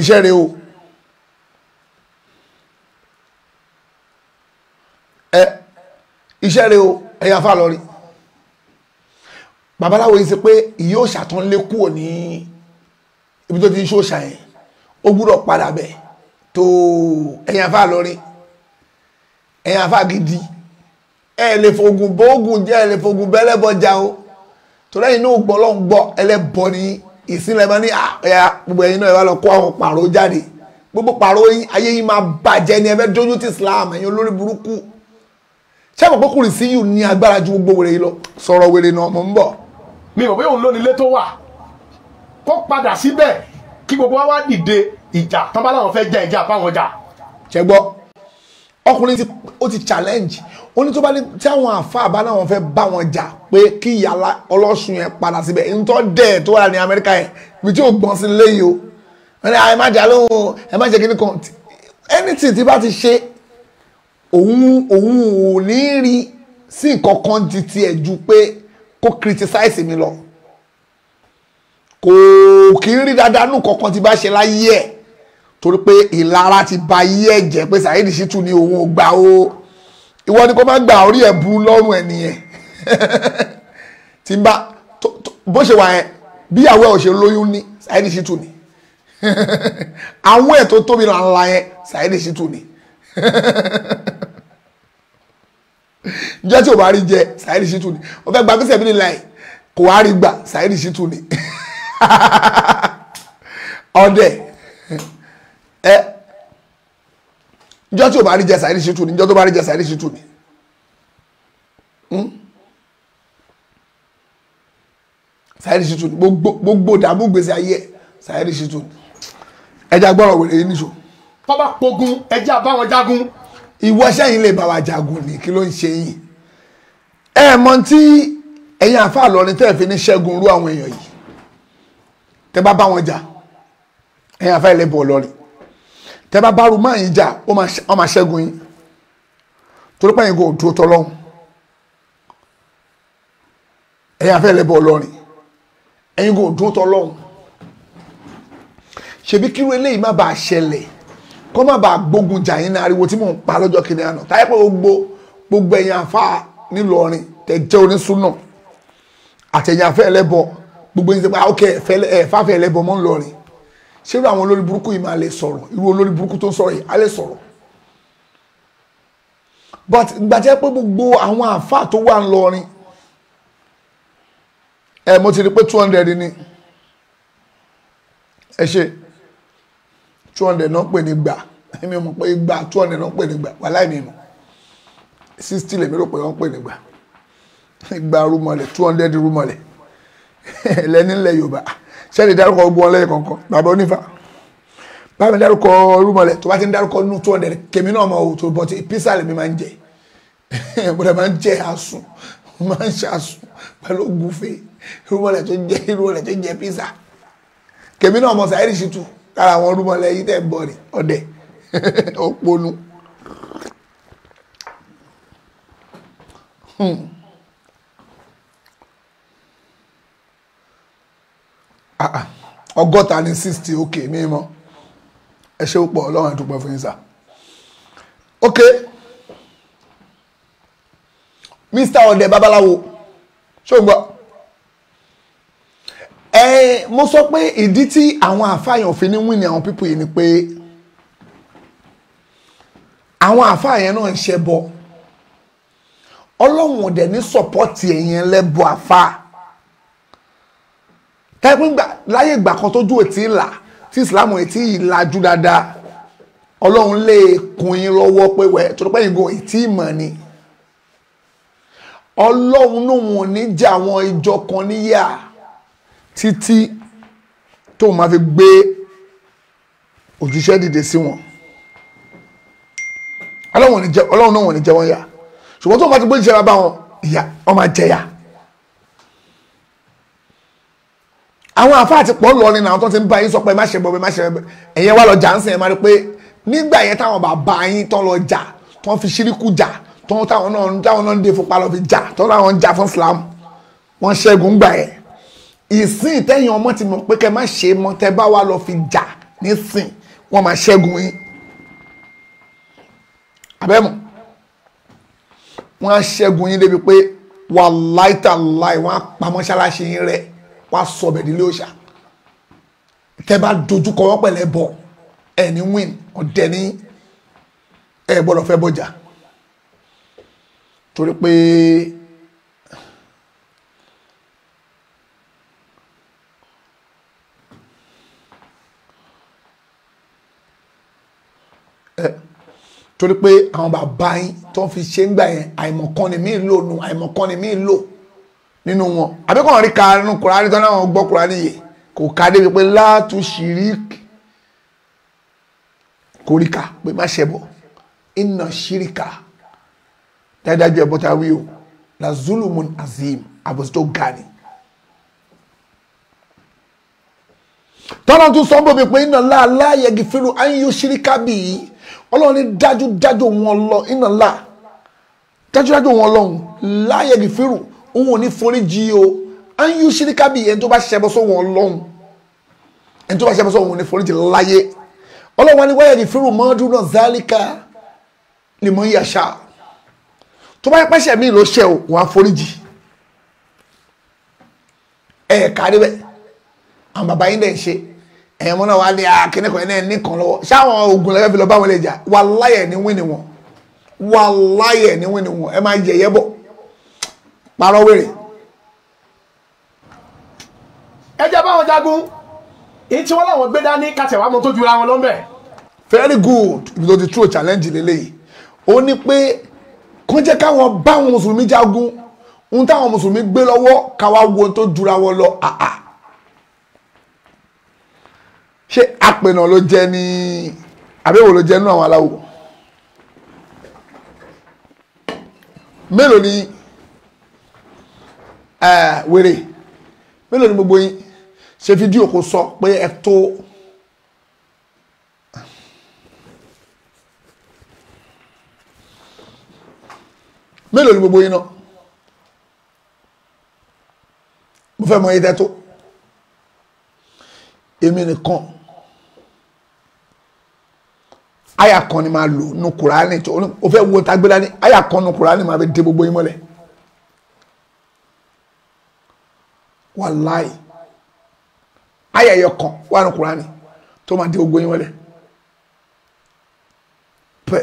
iṣẹ́ rẹ o ẹ iṣẹ́ rẹ o ẹ̀yin afá lọrin babaláwo yìí ṣe pé ìyí òòṣà tó ń lé kúrò ní ibi tó ti ń ṣòòṣà yẹn ó gbọ́dọ̀ padà bẹ̀ tó ẹ̀yin afá lọrin ẹ̀yin afá gidi ẹ̀ lè fògùn bóògùn jẹ́ ẹ̀ lè fògùn bẹ́lẹ́bọ jà o torí ẹ̀yin náà gbọ́ ọlọ́run gbọ́ ẹlẹ́bọ ni ìsìnlẹ̀ máa ní àyà gbogbo ẹ̀yin náà ẹ wá lọ kó àwọn pààrọ̀ jáde gbogbo pààrọ̀ ayé yìí máa bàjẹ́ ni ẹ fẹ́ dójú ti Islam ẹ̀yin olórí burúkú ṣé mo kókùnrin sí yìí ní agbára ju gbogbo wèrè yìí lọ sọ̀rọ̀ wèrè náà mò ń bọ̀. mi ò bóyá òun ló nílé tó wà kó padà síbẹ̀ kí gbogbo wa wá dìde ìjà tán bá láwọn fẹ́ jẹ ìjà báwọn jà. ṣẹ́gbọ́ ọkùnrin ti o ti challenge ó ní tó bá ní tí àwọn àfa àbá náà wọn fẹ́ bá wọn jà pé kí ìyá ọlọ́sùn yẹn padà síbẹ̀ ntọ́ dẹ̀ tó wà ní Amẹ́ríkà yẹn ibi tí ò gbọ́n sí léyìí o wọn ah, ẹ má jà lóhùn ẹ má jẹ́ kí ni kan anything tí bá ti ṣe òun òun ò ní rí sí nǹkan kan di tiẹ̀ ju pé kó criticize mi lọ kò kì í rí dáadáa nù kankan tí bá ṣe láyé ẹ̀ torí pé ìlara ti ba yí ẹ̀jẹ̀ pé Saheed Shittu ni òun ò gbà o ìwọ ni kò máa gba orí ẹ̀ bu lọ́rùn ẹ̀ nìyẹn tí n bá bó ṣe wà yẹn bíyàwó ẹ̀ ò ṣe lóyún ní Saheed Shittu ni àwọn ẹ̀ tó tóbi lànà yẹn Saheed Shittu ni jẹ́ tí o bá rí jẹ Saheed Shittu ni o fẹ́ gba bí sẹ́mi ní láì kò wá rí gbà Saheed Shittu ni ọ̀dẹ̀ ẹ ìjọ tí o bá rí jẹ Saheed Shittu ni ìjọ tó bá rí jẹ Saheed Shittu ni Saheed hmm? Shittu ni gbogbo dààmú gbèsè ayé ẹ Saheed Shittu ni ẹja gbọ́rọ̀ wèrè yìí níṣó. tọ́ba pogun ẹja bá wọn jagun. ìwọ sẹ́yìn lè bá wa jagun ni kí ló ń ṣe yìí ẹ mọ tí ẹ̀yin àfa àlọ́rin tẹ́ ẹ̀ fi ní ṣẹ́gun rú àwọn èèyàn yìí tẹ́ bá bá wọn jà ẹ̀yin àfa ìlẹ́bù ọlọ́rin tẹ́ bá bárò máa yín jà ó máa ṣẹ́gun yín torí pẹ́yìn kò dúró tọ́lọ́hún ẹ̀yin afẹ́ lẹ́bọ̀ ọlọ́rin ẹ̀yin kò dúró tọ́lọ́hún ṣebí kírú eléyìí má bàa ṣẹlẹ̀ kó má bàa gbógun jà yín ní ariwo tí mò ń pa lọ́jọ́ kìnìún àná táyé pé gbogbo gbogbo ẹ̀yin afá nílọrin tẹ̀ jẹ́ onísùnà àtẹ̀yìn afẹ́ lẹ́bọ̀ gbogbo yín ti pa ok ẹ̀fáfẹ́ lẹ́bọ̀ mọ́ ńlọrin ṣé irú àwọn olórí burúkú yìí máa lè sọ̀rọ̀ irú olórí burúkú tó ń sọ̀rọ̀ yìí á lè sọ̀rọ̀ but gbàjẹ́ pé gbogbo àwọn àáfàá tó wà ńlọrin ẹ mo ti rí pé two hundred ni ẹ ṣe two hundred náà pè ní gbà èmi mọ̀ pé gbà two hundred náà pè ní gbà wà láì mi mọ̀ sixty lèmi rò pé wọ́n pè ní gbà gba rúmọlẹ̀ two hundred rúmọlẹ̀ lẹ́ni ilẹ̀ yorùbá sẹ́ni dárúkọ gbogbo wọn lẹ́yìn kọ̀ọ̀kan bàbá onífà bàbá mi dárúkọ rúmọlẹ̀ tó bá ti ń dárúkọ nú two hundred kèmí náà mọ̀ ò tó bọ̀ tí písà lèmi máa ń jẹ bọ̀dà máa ń jẹ àsùn máa ń ṣàsùn pẹ̀lú ògúnfe rúmọlẹ̀ tó jẹ rúmọlẹ̀ tó jẹ písà kèmí náà mọ̀ sàárì ṣìtú lára àwọn rúmọlẹ̀ yìí tẹ̀ bọ̀ rè ọ̀dẹ̀ òponu. Hmm. Ah, ah. ọgọ́ta ní sixty ok mímọ́ ẹ ṣe púpọ̀ ọlọ́run àdúpẹ́ fún yín sà ok mr ọdẹ babaláwo ṣùgbọ́n ẹ mo sọ pé ìdí tí àwọn àfàyàn fi ní wíìnì àwọn pípù yìí ni pé àwọn àfàyàn náà ń ṣe bọ ọlọ́run ọdẹ ní sọ̀pọ́tì ẹ̀yẹn lẹ́bọ̀ àfàá tẹ́pín láyé ìgbà kan tójú ètí ìlà tí ìsìlámù ètí ìlàjú dáadáa ọlọ́run lè kún yín lọ́wọ́ pé wẹ̀ torípẹ́ yìí gan ètí ìmọ̀ ni ọlọ́run lòun ní jẹ́ àwọn ìjọ kan níyà títí tóun máa fi gbé òjíṣẹ́ dìde sí wọn ọlọ́run náà wọ́n ní jẹ wọ́n yà ṣùgbọ́n tóun bá ti gbé òjíṣẹ́ bá wọn ìyà wọ́n máa jẹ yà. àwọn àfáà ti pọ̀ lọ́rin náà tó ti ń bá yín sọ pé má ṣe bọ̀ pé má ṣe bọ̀ ẹ̀yẹn wá lọ jà ń sìn ẹ̀ máa rí pé nígbà yẹn táwọn bàbá yín tán lọ jà tán fi ṣíríkù jà tán táwọn náà táwọn náà ń dé fúnpa lọ fi jà tán láwọn ń jà fún Islam wọ́n ṣẹ́gun gbà yẹn ìsìn tẹ́yìn ọmọ ti mọ̀ pé kẹ́ má ṣe mọ́ tẹ́ bá wá lọ fi jà nísìn wọ́n máa ṣẹ́gun yín abẹ́mọ̀ wọ́n á ṣẹ́gun yín débi pé wàláìtàláì wọ́n á pa mọ́ṣáláṣí yín rẹ̀ wàá sọ ọbẹ̀ nílé òòṣà tẹ́ bá dojú kọ wọ́n pẹ̀lẹ́ bọ̀ ẹni win ọ̀dẹ̀ ní ẹ gbọ́dọ̀ fẹ́ bọ̀jà torí pé torí pé àwọn bàbá yín tó fi ṣe ń gbà yẹn àìmọ̀kan ni mí lò nù àìmọ̀kan ni mí lò nínú wọn àbíkọ̀ rí ka nínú kùránì tán láwọn gbọ́ kùránì yìí kò ká débi pé látú ṣìríkì kò rí ka pé má ṣe bọ̀ iná ṣìríkà dájájú ẹ̀bọ́ wí o la zulumun azim àbòsí tó ga ni. tọ́lá tún sọ bóbi pé iná láàlá yẹgi fíru ayé ṣìríkà bíi ọlọ́run ní dájúdájú wọn lọ iná láà dájúdájú wọn lọ́hùn láàyè gìfírù òun ò ní foríjì o áyú ṣíríkàbí ẹni tó bá ṣẹbọ sóhun ọlọ́run ẹni tó bá ṣẹbọ sóhun ò ní foríjì láyé ọlọ́run wa ni wáyà ìfirù mọ́ọ́dún náà zálíkà lè mọ ìyàṣà tó bá pẹ́sẹ̀ mí ló ṣe òun àforíjì ẹ̀ẹ̀ka rí bẹ́ẹ̀ àwọn bàbá yín dẹ̀ ń ṣe ẹ̀yìn mọ́nà wa ní akínníkan ẹ̀ nìkan lọ́wọ́ ṣáwọn ogun lẹ́fẹ̀ẹ́ fi lọ bá wọn lè jà wà láyẹ̀ wíni wọn wà láyẹ̀ wíni wọn ẹ máa jẹ̀yẹ́ bọ̀ parọ́ wèrè ẹjẹ báwọn jagun èyí tí wọ́n láwọn gbé dání kàtẹ́wà mọ́ tó jura wọn lọ́mbẹ̀. very good ibi tó ti true challenge lélẹ́yìí ó ní pé kàn jẹ́ káwọn báwọn mùsùlùmí jagun ohun táwọn mùsùlùmí gbé lọ́wọ́ káwa wo tó jura wọn lọ àà ah, ah. ṣé àpènà ló jẹ ní àbẹ̀wò ló jẹ nínú àwọn aláwọ̀ mélòó ni wèrè mélòó ni gbogbo yín ṣe fídíò kò sọ pé ẹ tó mélòó ni gbogbo yín náà mo fẹ́ mọ ẹ̀dẹ́ tó èmi nìkan àyà kan ni máa lò nù kùránì tó o fẹ́ wo tagbélá ní àyà kan nù kùránì máa fi dé gbogbo yín mọ́lẹ̀. wàláì ayẹyẹ kan wà ní kúránì tó máa di ogun yín wọlé pẹ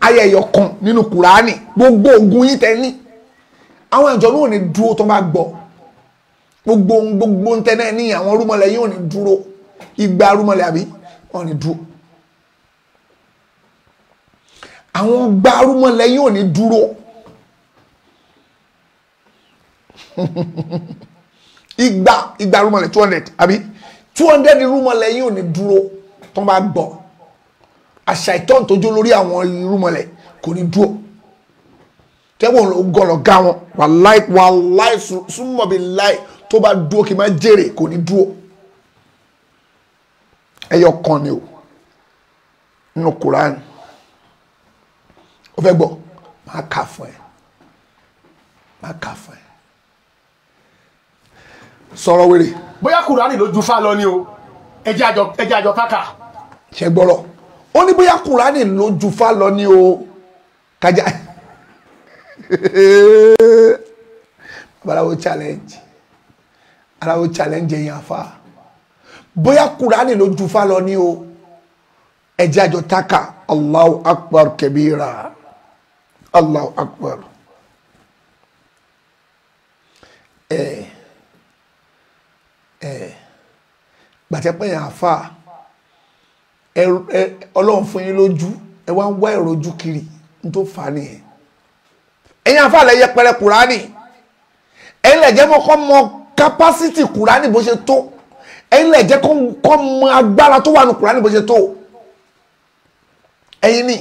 ayẹyẹ kan nínú kúránì gbogbo ogun yín tẹ ní àwọn àjọ náà ò ní dúró tó bá gbọ́ gbogbo gbogbo ń tẹ́lẹ̀ ní àwọn rúmọlẹ̀ yóò ní dúró igba rúmọlẹ̀ àbí wọn dúró àwọn gba rúmọlẹ̀ yóò ní dúró igba igba rúmọlẹ̀ two hundred àbí two hundred rúmọlẹ̀ yìí ò ní dúró tó bá gbọ́ àṣà ìtọ́n lori lórí àwọn rúmọlẹ̀ kò ní dúró tẹ́wọ̀n ló gọ̀lọ̀ ga wọn wàláì wàláì súnmọ́ bíi láì tó bá dúró kì í máa jèrè kò ní dúró ẹyọ kan ni o nínú Quran ó fẹ́ gbọ́ ma kà fún ẹ máa kà fún ẹ sọ̀rọ̀ wèrè. bóyá kùránì ló ju fá lọ ni o ẹjẹ́ àjọ ẹjẹ́ àjọ káka. ṣe gbọ́rọ̀ ó ní bóyá kùránì ló ju fá lọ ni o kájà babaláwo challenge aláwo challenge yẹn àfa bóyá kùránì ló ju fá lọ ni o ẹjẹ́ àjọ táka Allahu akbar kabira Allahu akbar. Eh gbàtẹ́pẹ́ yẹn àfà ọlọ́run fún yín lójú ẹ wá ń wá ìrojú kiri ní tó fà á nìyẹn ẹ̀yin àfà lẹ yẹpẹrẹ kùránì ẹ̀yin lẹ jẹ́ kọ́ mọ kápásítì kùránì bó ṣe tó ẹ̀yin lẹ jẹ́ kọ́ mọ agbára tó wà ní kùránì bó ṣe tó ẹ̀yin ni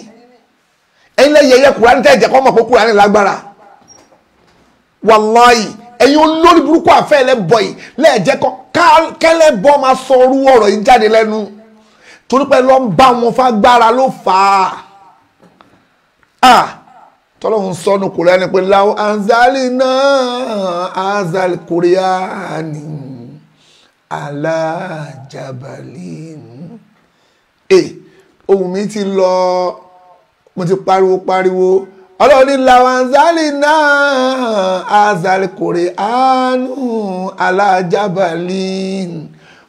ẹ̀yin lẹ yẹyẹ kùránì tẹ́ jẹ́ kọ́ mọ̀ pé kùránì lágbára wàláyìí ẹ̀yin olórí burúkú àfẹ́ ẹlẹ́bọ yìí lẹ́ẹ̀jẹ́ kọ́ kẹ́lẹ́bọ máa sọ orú ọ̀rọ̀ yìí jáde lẹ́nu torí pé lọ́n bá wọn fágbára ló fà á tọ́lọ́hún sọnù kò lẹ́ni pé láwọn azali náà azali kòríánì alájàbálì ẹ ohun mi ti lọ mo ti pariwo pariwo ọlọ́ọ̀ni làwàǹzálì náà azali kòrè anu alájábàlì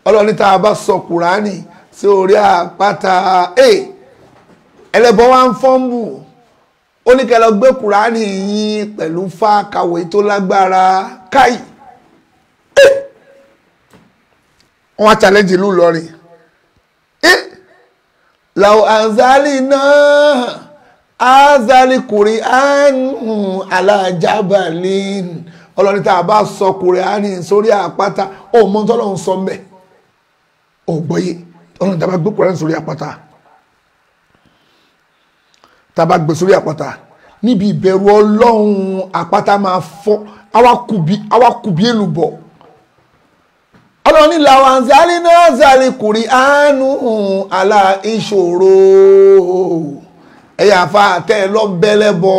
ọlọ́ọ̀ni tá a bá sọ kùránì sí orí àpáta eh, ẹlẹ́bọ wa ń fọ́nbù ó ní kẹlọ gbé kùránì yín pẹ̀lú fá kàwé tó lágbára káì eh. wọ́n á challenge ìlú Ìlọrin eh. láwàǹzálì náà. azali kùrì ánù alájábàlín a bá sọ kùrì ánì sórí àpáta ó mọ tọ́lọ́ ń sọ mbẹ́ ta ba gbo tá a bá gbé kùrì ánì apata àpáta n'ibi a bá apata ma àpáta níbi ìbẹ̀rù ẹ̀yà fa àtẹ́ lọ́bẹ̀lẹ́bọ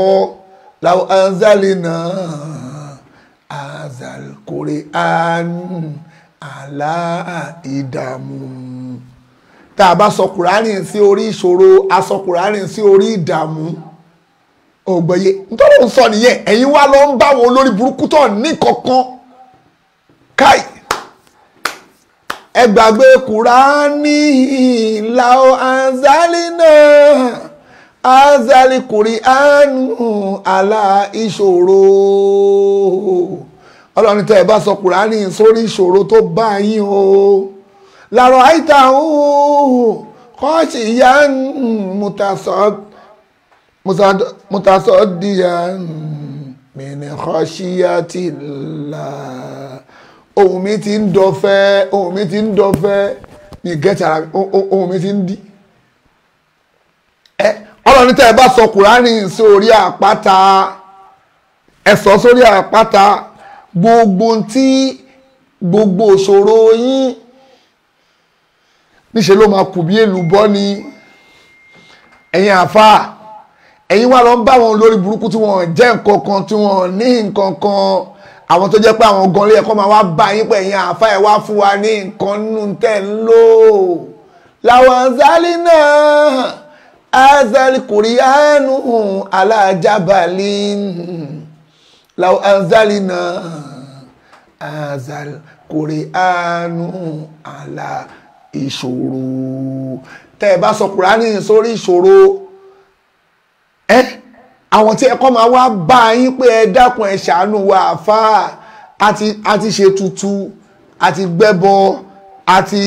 làwọn anzali náà azali kore anu àlá ìdààmú tá a bá sọ kùránì sí orí ìṣòro a sọ kùránì sí orí ìdààmú ògbọ́yé nítorí òun sọ nìyẹn ẹ̀yin wá lọ ń bá wọn olórí burúkú tó ní káì ẹ gbàgbé kùránì làwọn anzali náà azali kur'anu ala ìṣòro ọlọ́run tẹ́ ẹ bá sọ kùránì sórí ìṣòro tó bá yín o làrọ̀ àìta òun kọ́ọ̀ṣì ìyá mutasọ́díyà mìíràn kọ́ṣíyà ti là ohun mi ti ń dọ̀fẹ́ ohun mi ti ń dọ̀fẹ́ mi gẹ́tara ohun mi ti ń dí ní tẹ́ ẹ bá sọ kùránì sí orí àpáta ẹ sọ sórí àpáta gbogbo tí gbogbo ìṣòro yín níṣẹ́ ló máa kù bí èlùbọ́ ni ẹ̀yin àfáà ẹ̀yin wá lọ bá wọn lórí burúkú tí wọ́n jẹ́ nǹkan kan tí wọ́n ní nǹkan kan àwọn tó jẹ́ pé àwọn gan lé ẹ̀kọ́ máa wá bá yín pé ẹ̀yin àfáà ẹ̀ wá fún wa ní nǹkan nínú tẹ̀ ń lò láwọn zálí náà azal kuriyanu ala jabalin law anzalina azal kuriyanu ala ìṣòro tẹ́ ẹ bá sọ kùránì sórí ìṣòro ẹ àwọn tí ẹkọ máa wá bá yín pé ẹ dákun ẹ ṣàánú wa àfáà àti ṣètùtù àti gbẹbọ àti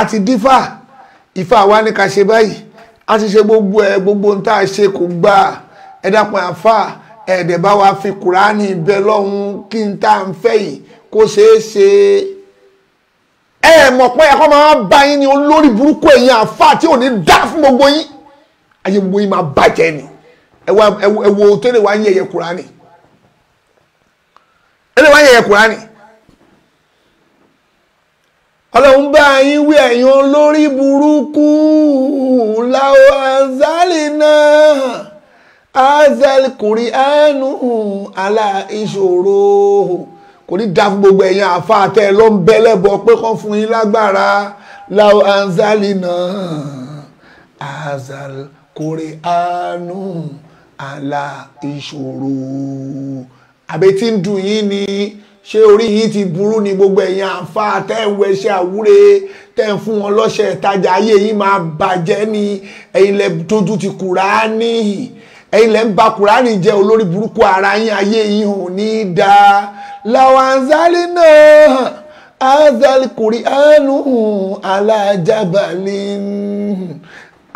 àti dífà ìfà wa ní ká ṣe báyìí a ti ṣe gbogbo ẹ gbogbo ń tá a ṣe kò gbà ẹ dápọn àfà ẹ̀ẹ́dẹ̀ bá wa fi kùránì bẹ lọ́hún kí n tá à ń fẹ́ yìí kó ṣeé ṣe ẹ mọ̀ pé ẹ̀kọ́ máa bá yín ni olórí burúkú ẹ̀yin àfà tí ò ní dá fún gbogbo yín ayé gbogbo yín máa bàjẹ́ ni ẹ̀wọ̀ tó lè wá ń yẹ̀yẹ̀ kùránì ọlọ́run bá yín wí ẹ̀yin olórí burúkú láwọ azali náà azal kùrí ẹnu àlà ìṣòro kò ní dá fún gbogbo ẹ̀yin àáfàá tẹ́ ẹ ló ń bẹ́lẹ́bọ pé kán fún yín lágbára láwọ azali náà azal kùrí ẹnu àlà ìṣòro àbẹ́tí ń dùn yín ni ṣé orí yìí ti burú ni gbogbo ẹ̀yin àǹfà tẹ́ ń wẹṣẹ́ àwúre tẹ́ ń fún wọn lọ́ṣẹ̀ ìtajà ayé yìí máa bàjẹ́ ni ẹ̀yin lẹ tójú ti kùránì ẹ̀yin lẹ ń ba kùránì jẹ́ olórí burúkú ara yín ayé yìí hàn ní da lawanzali náà azali kùrí ánú alájábàlì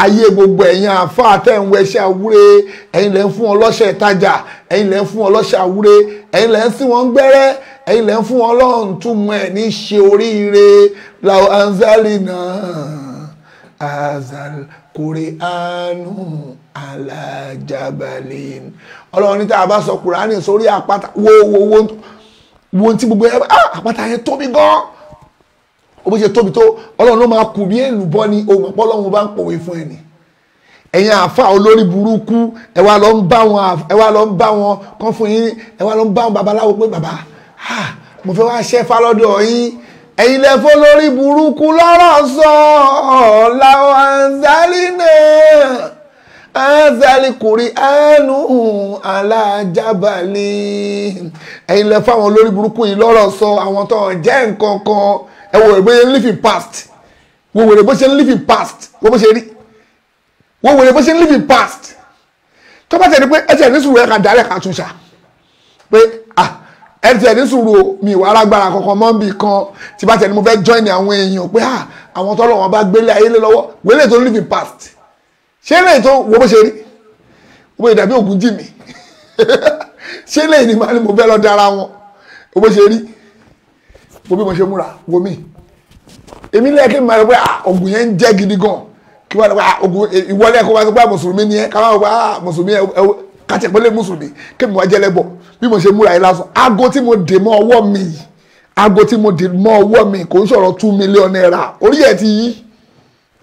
ayé gbogbo ẹ̀yin àǹfà tẹ́ ń wẹṣẹ́ àwúre ẹ̀yin lẹ ń fún wọn lọ́ṣẹ̀ ìtajà ẹ̀yin lẹ ń fún wọn lọ́ṣẹ̀ àwúre ẹ̀yin lẹ ń sìn wọn gbẹ́rẹ́ ẹ̀yin lẹ́ ń fún ọlọ́run túmọ̀ ẹ̀ ní ṣe oríire lao anzali náà azal kure anu alajabalin ọlọ́run ní tá a bá sọ kùránì sórí àpáta wo wo wo wo ti gbogbo ẹ ah, àpáta yẹn tóbi gan-an ó bó ṣe tóbi tó ọlọ́run ló máa kù bí èlùbọ́ ni ohun ọ̀pọ̀ ọlọ́run bá ń pòwe fún ẹni ẹ̀yin àfa olórí burúkú ẹ wá lọ ń bá wọn kán fún yín ẹ wá ń bá wọn babaláwo pé bàbá Ah, mo fẹ́ wá ṣẹ́fà lọ́dọ̀ yín ẹ̀yin lẹ fọ́ lórí burúkú lọ́rọ̀ sọ làwọn àǹsálì náà àǹsálì kùrì àánú alájábàlì ẹ̀yin lẹ fọ́ àwọn olórí burúkú yìí lọ́rọ̀ sọ àwọn tó ń jẹ́ nǹkan kan ẹ wò rẹ̀ bóyá living past wò wèrè bó ṣe ń living past wò bó ṣe rí wò wèrè bó ṣe ń living past tó bá tẹ̀ ní pé ẹ̀jẹ̀ ní sùúrù ẹ̀ kà dálẹ̀ kà pé ah ẹ tiẹ̀ ní sùúrù mi ìwà alágbára kankan mọ́ bí kan tí bá tẹ̀lé mo fẹ́ join àwọn èèyàn pé à ah, àwọn tọ́lọ̀ wọn bá gbélé ayé lé lọ́wọ́ wẹ́lẹ̀ tó live in past ṣé lè tó wo bó ṣe rí wo ìdàbí ògùn jì mí ṣé lè ní máa ní mo fẹ́ lọ dára wọn wo bó ṣe rí wo bí mo ṣe múra wo mi èmi lẹ́ẹ̀kí mi máa rẹ pé à ah, ògùn yẹn ń jẹ́ gidi gan kí wọ́n lọ pé à ògùn ìwọlé ẹ̀kọ́ wa sọ pé à ah, mùsùlùmí ni ẹ káwọn wọ́n pé à mùsùlùmí ẹ kàtí ìpínlẹ̀ mùsùlùmí kémi wá jẹ́lẹ́bọ̀ bí mo ṣe múra yìí lásán aago tí mo dè mọ́ ọwọ́ mi aago tí mo dè mọ́ ọwọ́ mi kò ń sọ̀rọ̀ two million naira orí ẹ̀ ti yí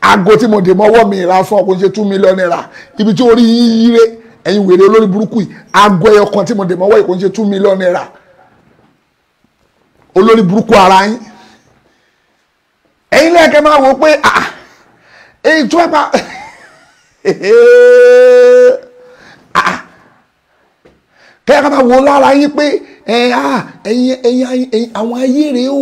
aago tí mo dè mọ́ ọwọ́ mi lásán kò ń ṣe two million naira ibi tí orí yí yíre ẹ̀yin wèrè olórí burúkú yìí aago ẹyọ kan tí mo dè mọ́ ọwọ́ yìí kò ń ṣe two million naira olórí burúkú ara yín ẹ̀yin lẹ́ẹ̀kẹ́ máa wò pé ah, ah èyí tó ẹ̀ bá kẹ́yà máa wò lára yín pé ẹ̀yin ẹ̀yin àwọn ayé rèé o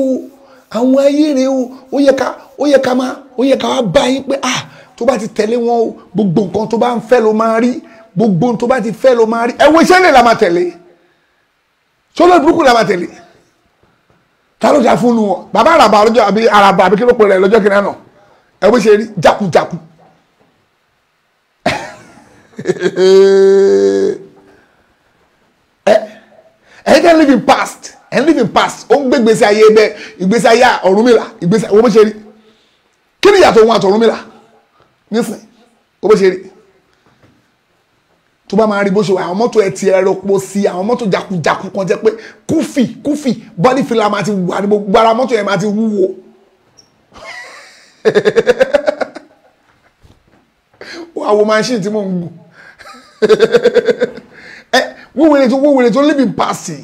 àwọn ayé rèé o ó yẹ ká ó yẹ ká máa ó yẹ ká wá bá yín pé ah tó bá ti tẹ̀lé wọn o gbogbo nǹkan tó bá ń fẹ́ ló máa rí gbogbo tó bá ti fẹ́ ló máa rí ẹ̀wọ̀n iṣẹ́ lè la máa tẹ̀lé sọlá burúkú la máa tẹ̀lé ta ló jà fún nu wọn bàbá àràbà lọ́jọ́ àbí àràbà àbí kí ló pè rẹ̀ lọ́jọ́ kìnìún náà ẹ̀wọ̀n iṣẹ́ jákujáku. Eh? ẹ̀yin kẹ́ ń live in past ẹ̀ ń live in past ó ń gbé ìgbésí ayé bẹ́ẹ̀ ìgbésí ayé Ọ̀rúnmìlà ìgbésí ayé wọ́n bó ṣe rí kí ni ìyàtọ̀ òun àtọ̀rúnmìlà nísìn wọ́n bó ṣe rí tó bá máa rí bó ṣe wà àwọn mọ́tò ẹ̀ ti ẹ̀rọ po sí àwọn mọ́tò jakujaku kan jẹ́ pé kúfì kúfì bọ́dí fìlà máa ti wà ní gbogbo ara mọ́tò yẹn máa ti wúwo wọ́n àwo máa ń ṣì tí mò ń gùn eh, wíwèrè tó wíwèrè tó lébi paasi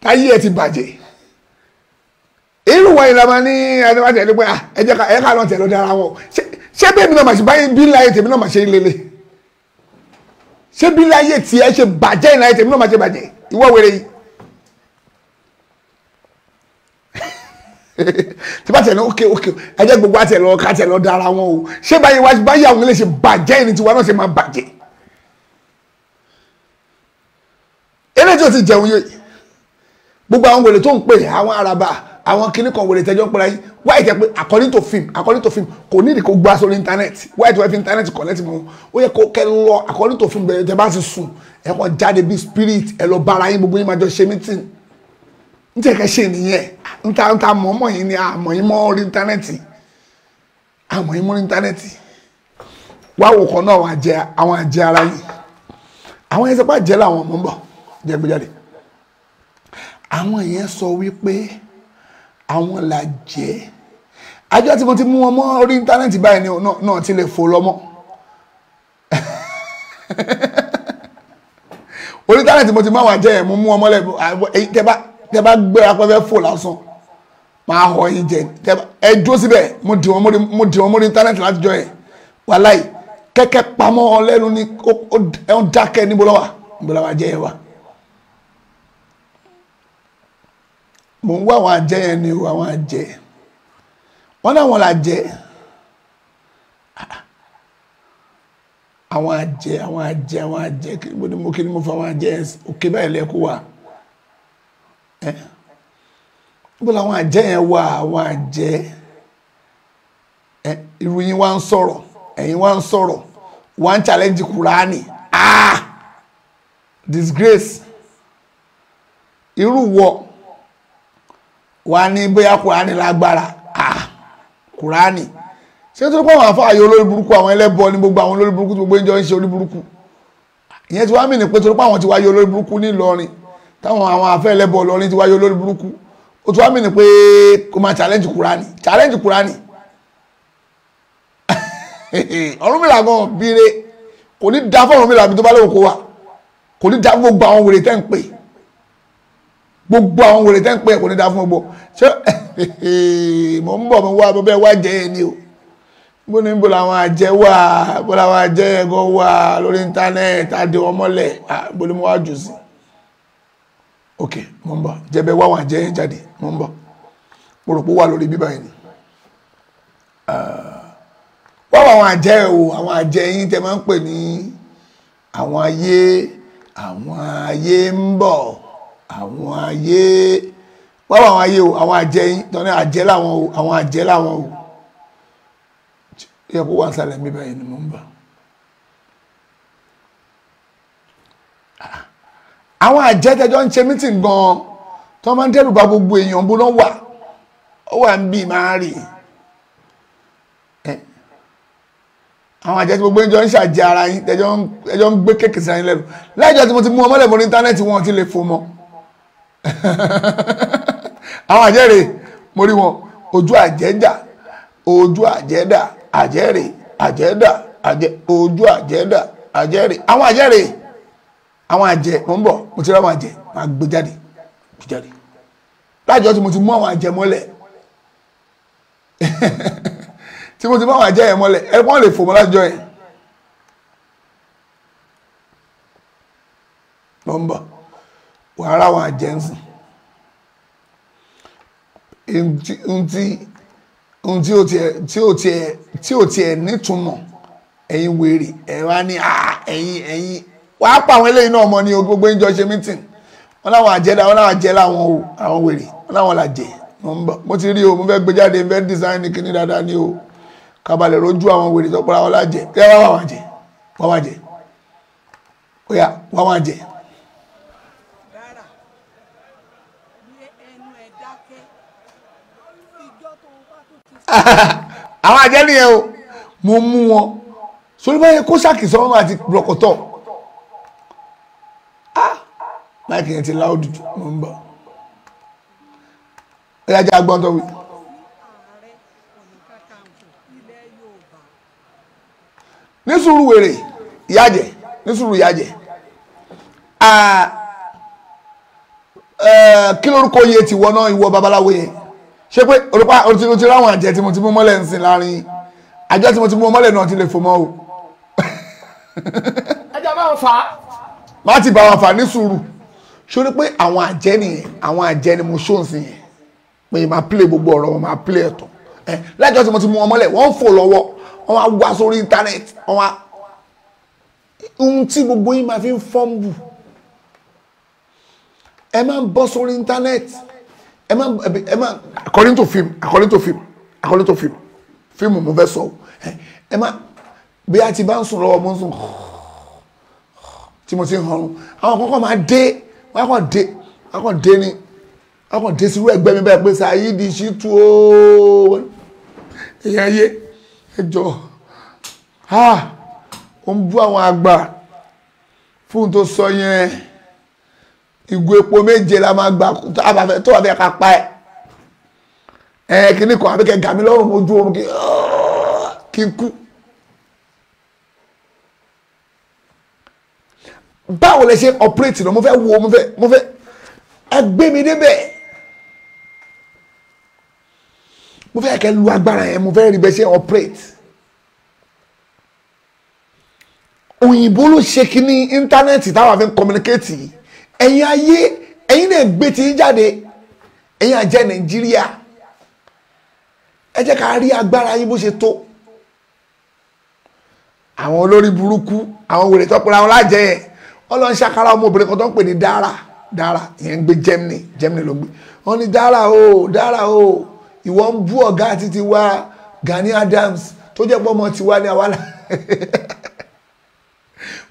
táyé ẹ ti bàjẹ́ irú wọ̀nyí la máa ní adébájẹ ẹni pé ah, ẹ jẹ́ ká ẹ ká lọ tẹ̀ lọ́dẹ ara wọn ṣé bẹ́ẹ̀ mi náà màṣẹ báyìí bí láyé tèmi náà màṣẹ lélẹ̀ ṣé bí láyé tiẹ̀ ṣe bàjẹ́ ìnáyé tèmi náà màṣẹ bàjẹ́ ìwọ wèrè yìí tí bá tẹ̀ ní ókè ókè ẹ jẹ́ gbogbo àtẹ̀ lọ ká tẹ̀ lọ dára wọn o ṣé báyìí wájú báyìí àwọn ilé ṣe bàjẹ́ ìní tiwa náà ṣe máa bàjẹ́ eléyìí tí o ti jẹun yé gbogbo àwọn wèrè tó ń pè àwọn araba àwọn kinní kan wèrè tẹjọ́ ń pera yín wáyé jẹ́ pé according to film according to film kò ní ìdí kó gbá sórí internet wáyé tí wọ́n fi internet connect mọ́ ó yẹ kó kẹ́ lọ according to film bẹ̀rẹ̀ tẹ́ bá ti sùn ẹ kàn jáde bí spirit ẹ lọ bára yín gbogbo yín máa jọ ṣe meeting ń tẹ̀ kẹ́ ṣe nìyẹn ń ta ń ta mọ̀ọ́mọ̀ yín ni àmọ̀ yín mọ́ orí internet jẹ́ gbéjáde àwọn yẹn sọ wípé àwọn là jẹ́ ajá tí mo ti mú wọn mọ́ orí íńtánẹ́ẹ̀tì báyìí náà ti lè fò lọ́mọ́ orí íńtánẹ́ẹ̀tì mo ti máa wà jẹ́ ẹ̀ mo mú wọn mọ́lẹ̀ tẹ bá gbé apẹ́fẹ́ fò lásán máa họ yín jẹ ẹ dúró síbẹ̀ mo dì wọ́n mórí íńtánẹ́ẹ̀tì látijọ́ yẹn wàláì kẹ́kẹ́ pamọ́ lẹ́nu ni ó dákẹ́ níbo lọ́wà níbo lọ́wà jẹ́ ẹ wa. mò ń wá àwọn àjẹ́ yẹn ni o àwọn àjẹ́ wọ́n náà wọ́n là jẹ́ àwọn àjẹ́ àwọn àjẹ́ àwọn àjẹ́ kí ni mo kí ni mo fa àwọn àjẹ́ òkè báyìí lẹ́kú wa ẹ́ bó làwọn àjẹ́ yẹn wà àwọn àjẹ́ ẹ ìròyìn wa ń sọ̀rọ̀ ẹ̀yin wa ń sọ̀rọ̀ wa ń challenge Kùránì ah disgrace irú wọ̀ wà ní bóyá kùránì lágbára kùránì ṣé tó pọ̀ wọ́n fàáyé olórí burúkú àwọn ẹlẹ́bọ ní gbogbo àwọn olórí burúkú tí gbogbo ìjọ ń ṣe olórí burúkú ìyẹn ti wá ni pé torí pé àwọn ti wáyé olórí burúkú ní Ìlọrin táwọn àwọn afẹ́ ẹlẹ́bọ Ìlọrin ti wáyé olórí burúkú ó ti wá mìíní pé kò máa challenge kùránì challenge kùránì Ọ̀rúnmìlà gan bíire kò ní da fún Ọ̀rúnmìlà mi tó bá lóko wa kò ní da gbogbo àwọn wèrè tẹ́ ń pè gbogbo àwọn wèrè tẹ́ ń pẹ́ kò ní da fún gbogbo ṣé mò ń bọ̀ mo wá bọ́ bẹ́ẹ̀ wá jẹ́ ẹ ni o bó ní bó làwọn àjẹ́ wà bó làwọn àjẹ́ ẹ̀gọ́ wà lórí íńtánẹ́ẹ̀tì àdé ọmọlẹ̀ bó ló mú wá jù sí ok mò ń bọ̀ jẹ́bẹ̀ wá wọn àjẹ́ jáde mò ń bọ̀ mo rò pé wà lórí bíbá yìí ni wá àwọn àjẹ́ o àwọn àjẹ́ yín tẹ máa ń pè ní àwọn ayé àwọn ayé ń bọ̀ àwọn ayé wọ́n àwọn ayé o àwọn àjẹ́ yín tọ́ni àjẹ́ láwọn o àwọn àjẹ́ láwọn o yẹ kó wà sálẹ̀ mi báyìí ni mo ń bà àwọn àjẹ́ tẹjọ́ ń ṣe mítìn gan tó máa ń dẹ́rù bà gbogbo èèyàn bó náà wà ó wà ń bì máa rì àwọn àjẹ́ tí gbogbo ẹjọ́ ń ṣàjẹ́ ara yín tẹjọ́ ń gbé kéèkì sí ara yín lẹ́rù láìjọ́ tí mo ti mú ọmọlẹ̀ mọ́ ní íńtánẹ́ẹ̀tì wọn ti lè fò mọ́. àwọn àjẹ́rè mo rí wọn ojú àjẹ́jà ojú àjẹ́dà àjẹ́rè àjẹ́dà àjẹ́ ojú àjẹ́dà àjẹ́rè àwọn àjẹ́rè àwọn àjẹ́ mo ń bọ̀ mo ti ráwọn àjẹ́ máa gbé jáde gbé jáde lájọ tí mo ti mú àwọn àjẹ́ mọ́lẹ̀ tí mo ti mú àwọn àjẹ́ yẹn mọ́lẹ̀ ẹ wọ́n lè fò mọ́ lájọ yẹn mo ń bọ̀ wàhálà wà jẹ́nsìn tí ó tiẹ̀ tí ó tiẹ̀ nítumọ̀ ẹ̀yin wèrè ẹ̀ wá ní ẹ̀yin ẹ̀yin wàá pa àwọn eléyìí náà mọ ní gbogbo ìjọ ṣe mítìn wọn láwọn àjẹdá wọn láwọn àjẹ láwọn o àwọn wèrè wọn láwọn làjẹ mo ti rí o mo fẹ́ gbé jáde mo fẹ́ dísáìnì kìíní dáadáa ní o kábàlẹ̀ rojú àwọn wèrè tó pọ̀ láwọn lájẹ kí wọ́n wá wà jẹ wọ́n wá jẹ ó wọ́n wá àwọn àjẹ́ nìyẹn o mo mú wọn sórí báyẹn kó ṣàkíyèsí ọmọ àti rọkọtọ láìkì ah! yẹn ti láòdù jù mo ń bọ̀ ẹ yájá gbọ́n tó wí. ní sùúrù wèrè ìyájẹ ní sùúrù ìyájẹ ah! eh, kí lórúkọ yẹ ti wọ ìwọ babaláwo yẹn ṣé pé olùpá o ti ráwọn àjẹ tí mo ti mú mọ́lẹ̀ ń sin láàrin àjọ tí mo ti mú mọ́lẹ̀ náà ti lè fò mọ́ o. ẹja máa ń fà á. má ti bá wọn fà ní sùúrù ṣórí pé àwọn àjẹ nìyẹn àwọn àjẹ ni mo ṣó ń sìn yẹn pé máa play gbogbo ọ̀rọ̀ wọn máa play ẹ̀tọ́ ẹ lájọ tí mo ti mú wọn mọ́lẹ̀ wọ́n ń fò lọ́wọ́ wọ́n á wá sórí íńtánẹ́ẹ̀tì wọ́n á ohun tí gbogbo yín máa fi ń fọ́ǹbù ẹ máa ń bọ́ sórí íńtánẹ́ẹ̀tì ẹ má ẹ má according to film according to film according to film film mo fẹ́ sọ ẹ má bí a ti bá ń sùn lọ́wọ́ mo ń sùn tí mo ti ń hànú àwọn kọ́kọ́ máa dé wọ́n á kàn dé wọ́n á kàn dé ni wọ́n á kàn dé sírú ẹgbẹ́ mi báyìí pé sáyé di ṣí tu ooo èèyàn yé ẹjọ́ ó ń bú àwọn àgbà fún tó sọ yẹn ìgò epo méje la máa gba tó wà fẹ́ ká pa ẹ̀ ẹ̀ kíní kan àbíkẹ́ gàmí lọ́rùn ojú oorun kí n kú. báwo lẹ ṣe ọ̀pẹ́rẹ́tì náà mo fẹ́ wo mo fẹ́ mo fẹ́ ẹgbẹ́ mi débẹ̀ mo fẹ́ kẹ́ lu agbára yẹn mo fẹ́ rí bẹ́ ṣe ọ̀pẹ́rẹ́tì. òyìnbó ló ṣe kíní íńtánẹ́ẹ̀tì táwa fi kọ́míníkéètì yìí ẹ̀yin ayé ẹ̀yin náà gbé ti jáde ẹ̀yin àjẹ́ nàìjíríà ẹ jẹ́ ká rí agbára yín bó ṣe tó àwọn olórí burúkú àwọn wèrè tó pera wọn lájẹ yẹn wọn lọ ń ṣàkárà ọmọbìnrin kan tó ń pè ní dára dára ìyẹn ń gbé Germany Germany ló ń gbé wọn ní dára o dára o ìwọ ń bú ọ̀gá àti tiwa Gani Adams tó jẹ́ pọ́ ọmọ tiwa ní àwa náà.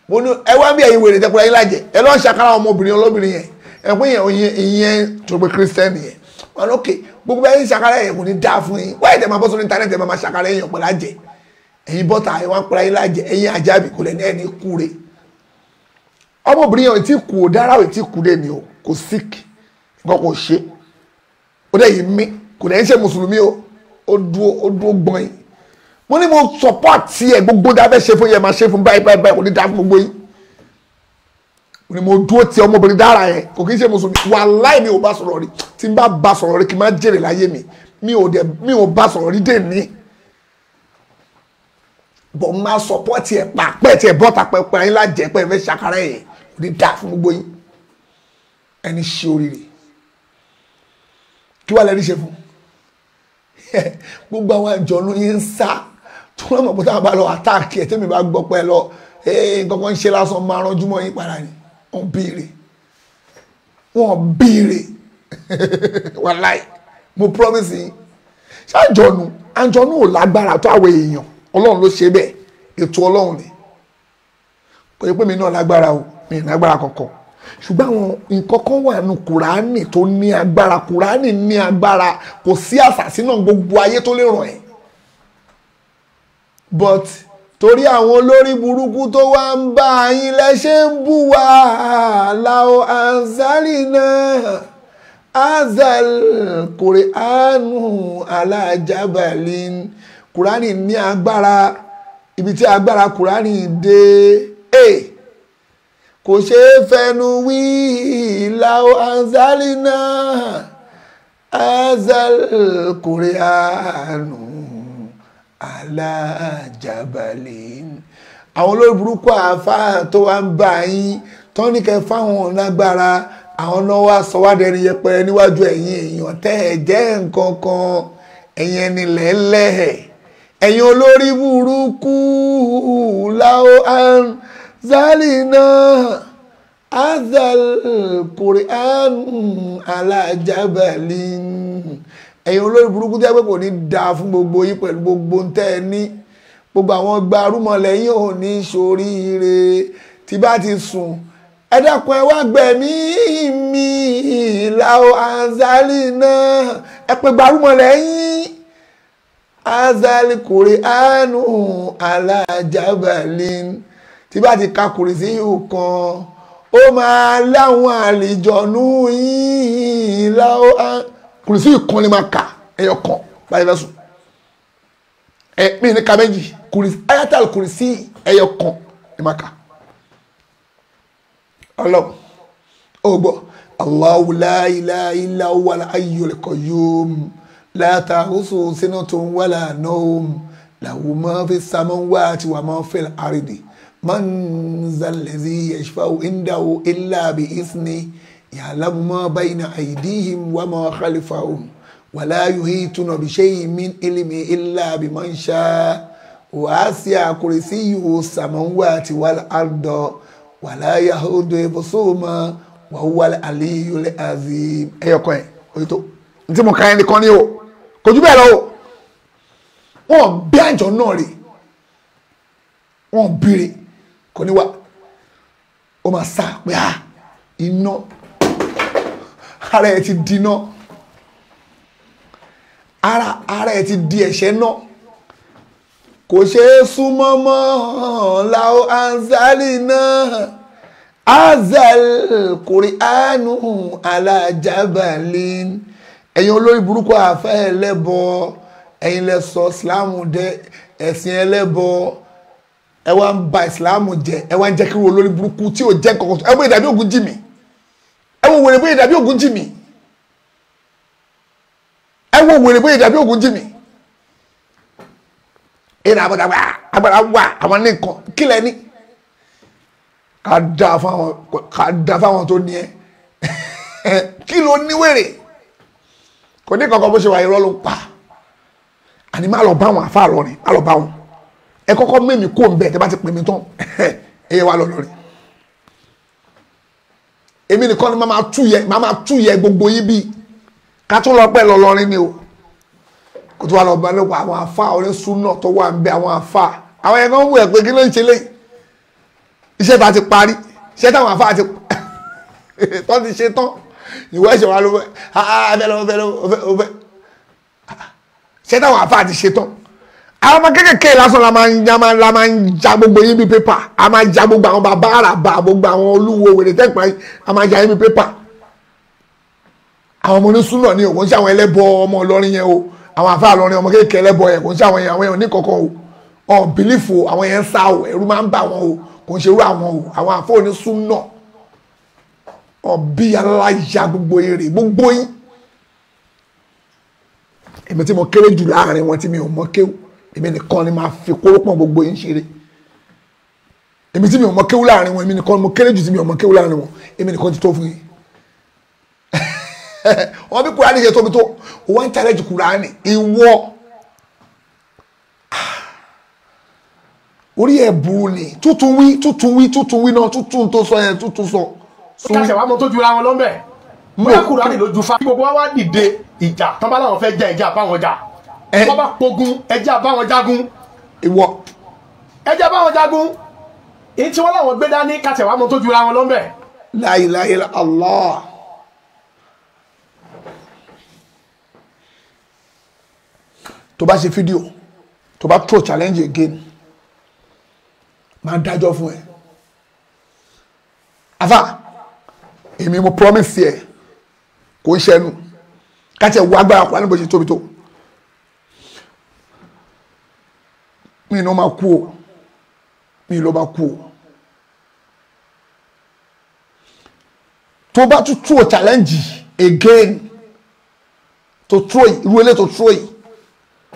mo ní ẹ wá bí ẹ̀yin wèrè tẹkura yín lájẹ ẹ lọ ṣàkárà ọmọbìnrin olóbìnrin yẹn ẹ pé ìyẹn ìyẹn tó pé christian yẹn wọn ní ok gbogbo ẹ̀yin ṣàkárà yẹn kò ní dáa fún yín wáyé tẹ máa bọ́ sórí íńtánẹ́ẹ̀tì ẹ máa ṣàkárà yẹn ọ̀pẹ̀ lájẹ ẹ̀yin bọ́tà ẹ wá ń pera yín lájẹ ẹ̀yin ajábì kò lẹ́ni ẹni ti kú o dára o ti kú ni o kò sick nǹkan kò ṣe ó dẹ̀ yìí mí kò dẹ̀ ń ṣe mùsùlùmí o ó dúó ó dúó gbọ́n mo ní mo support tiẹ̀ gbogbo dábẹ́ ṣe fún yẹn máa ṣe fún báyìí báyìí báyìí kò ní dá fún gbogbo yín mo ní mo dúró ti ọmọbìnrin dára yẹn kò kí n ṣe mùsùlùmí wàláì mi ò bá sọ̀rọ̀ rí tí n bá bá sọ̀rọ̀ rí kì í má jèrè láyé mi mi ò dẹ̀ mi ò bá sọ̀rọ̀ rí dè ní bọ̀ máa support tiẹ̀ pàpẹ́ tiẹ̀ bọ́ta pẹ́pẹ́ ayé lájẹ́ pẹ́ fẹ́ ṣàkárá yẹn kò ní dá fún gbogbo yín ẹni ṣe oríire kí wàá lẹ́ni ṣe gbogbo àwọn àjọ̀nú yín ń sá tó náà mọ̀ pé táwọn bá lọ àtáàkì ẹ̀ tẹ́mi bá gbọ́ pẹ́ lọ nǹkan kan ń ṣe lásán máa ranjú mọ́ yín padà ni wọ́n béèrè wọ́n béèrè wàláì mo promise yín ṣáàjọ̀nù àjọ̀nù ò lágbára tó àwọn èèyàn ọlọ́run ló ṣe bẹ́ẹ̀ ètò ọlọ́run ni kò yẹ pé mi náà lágbára o mi ì lágbára kankan ṣùgbọ́n àwọn nǹkan kan wà nù kùránì tó ní agbára kùránì ní agbára kò sí àṣàsí náà gbogbo ayé tó lè ràn ẹ́ but torí àwọn olórí burúkú tó wá ń bá yín lẹ́ṣẹ̀ ń bù wá láò ansari náà azal kòrìánù alájábàlín kùránì ní agbára ibi tí agbára kùránì dé e kò ṣeé fẹnu wí láò ansari náà azal kòrìánù aláàjàbálẹ̀ àwọn olórí burúkú àáfàá tó wá ń bá yín tó fáwọn àwọn náà wá sọ wá dẹni yẹpẹrẹ níwájú ẹ̀yin èèyàn tẹ́ ẹ jẹ́ nǹkan kan ẹ̀yin ẹni lẹ́lẹ́ olórí ẹ̀yin olórí burúkú tẹ́ pé kò ní dáa fún gbogbo yín pẹ̀lú gbogbo ń tẹ́ ẹ ní gbogbo àwọn gbarúmọ̀ lẹ́yìn ò ní ṣoríire tí bá ti sùn ẹ dákun ẹ wá gbẹ̀mí mi ìlà azali náà ẹ pé gbarúmọ̀ lẹ́yìn azali kòrè àánú alájàbálẹ̀ tí bá ti ka kòrè sí yìí kan ó máa láwọn àlejò nù yìí ìlà azali kùrùsí ìkan ni máa kà ẹyọ kan báyìí fẹ́ sùn ẹ mí ní ká méjì kùrùsí ayatal kùrùsí ẹyọ kan ni máa kà ọlọ́run ó gbọ́ Allahu la ilaha illa huwal hayyul qayyum la ta'khusuhu sinatun wala nawm lahu ma fis samawati wa ma fil ardi man zal ladhi yashfa'u indahu illa bi izni. يعلم ما بين أيديهم وما خلفهم ولا يهيتون بشيء من علمه إلا بمن شاء واسع كرسيه السماوات والأرض ولا يهود بصوما وهو العلي العظيم ẹyọkan ẹ oyito ntí mo kàn yẹn nìkan ni o kò jù bẹ́ẹ̀ o wọn bí àjọ náà rè wọn bèrè kò ní wa ó máa sá pé a iná ara ẹ̀ ti di ara ara ẹ̀ ti di ẹ̀ṣẹ̀ náà kò ṣe é súnmọ́ mọ́ láwọ anzali náà azal kùrì anu alájábàlín ẹ̀yin olórí burúkú àfẹ́ ẹlẹ́bọ ẹ̀yin lẹ sọ sílámù dẹ ẹ̀sìn ẹlẹ́bọ ẹ wá ń ba ìsìlámù jẹ ẹ wá ń jẹ́ kí wọ́n olórí burúkú tí ò jẹ́ kọ̀ọ̀kan ẹ bọ́ ìdàbí ògùn jì mí ẹ wo wèrè bóyá dàbí ògùn jìmì ẹ wo wèrè bóyá dàbí ògùn jìmì ìrìn àbọ̀dà wà agbára wà àwọn ní nǹkan kílẹ̀ ní ká dá fáwọn tó ní ẹ kí ló ní wèrè kò ní kankan bó ṣe wà irọ́ ló pa àní má lọ bá wọn àfa àlọ́ rìn má lọ bá wọn ẹ kọ́kọ́ mímì kó ń bẹ̀ tẹ́ bá ti pè tán ẹ yẹ wá lọ èmi nìkan ni màá máa tú yẹ màá máa tú yẹ gbogbo yín bí ká tún lọ pẹ́ lọ́lọ́rin ni o kó tó wà lọ bá nípa àwọn àfa onísúnà tó wà ń bẹ àwọn àfa àwọn yẹn kan wù ẹ pé kí ló ń ṣe léyìí iṣẹ́ ta ti parí iṣẹ́ táwọn àfa ti tọ́ ti ṣe tán ìwọ ẹ̀ṣẹ̀ wa ló fẹ́ abẹ́lẹ́ ọ̀fẹ́ ọ̀fẹ́ ṣẹ́ táwọn àfa ti ṣe tán àwọn ọmọ kékèké lásán la máa ń ja la máa ń ja gbogbo yín bí pépà a máa ja gbogbo àwọn bàbá àràbà gbogbo àwọn olúwo wèrè tẹ́pà a máa ja yín bí pépà àwọn ọmọ onísúnà ni òkò ń ṣe àwọn ẹlẹ́bọ ọmọ ọlọ́rin yẹn o àwọn àfáà lọ́rin ọmọ kékèké ẹlẹ́bọ yẹn kò ń ṣe àwọn yẹn àwọn yẹn oníkọ̀ọ̀kan o ọ̀ bìlífù àwọn yẹn ń sá o ẹ̀rú máa ń bà wọ́n o kò ń ṣe irú àwọn o àwọn àfáà onísúnà ọ̀bí aláya gbogbo èrè gbogbo yín èmi tí mo kéré jù láàrin wọn tí mi ò mọ kéwù èmi nìkan ni máa fi kórópọ̀n gbogbo yín ṣeré èmi tí mi ò mọ kéwú láàrin wọn èmi nìkan mo kéré jù tí mi ò mọ kéwú láàrin wọn èmi nìkan ti tó fún yín wọn bí kúránì ṣe tóbi tó wọn ń challenge kúránì ìwọ ah. orí ẹ burú ni tuntun wí tuntun wí tuntun wí náà tuntun tó sọ yẹn tuntun sọ. ó kà ṣẹ̀wá mọ tó jura wọn lọ́mọ̀ ẹ̀ mọ́ kúránì ló ju fa gbogbo wa wá dìde ìjà tán bá fẹ́ jẹ ìjà báwọn jà ẹ bá pogun ẹjẹ àbáwọn jagun ìwọ ẹjẹ àbáwọn jagun èyí tí wọn làwọn gbé dání kàtẹwàá mọ tó jura wọn lọ́nbẹ̀. la ilaha Allah. tó bá ṣe fídíò tó bá throw challenge again máa dájọ́ fún ẹ afa èmi mo promise yẹ kò ń ṣẹnu ká tẹ wọ agbára kó wà níbo ṣe tóbi tó. mi ló máa kú o mi ló máa kú o challenge again To throw, o to throw. tó tú o yìí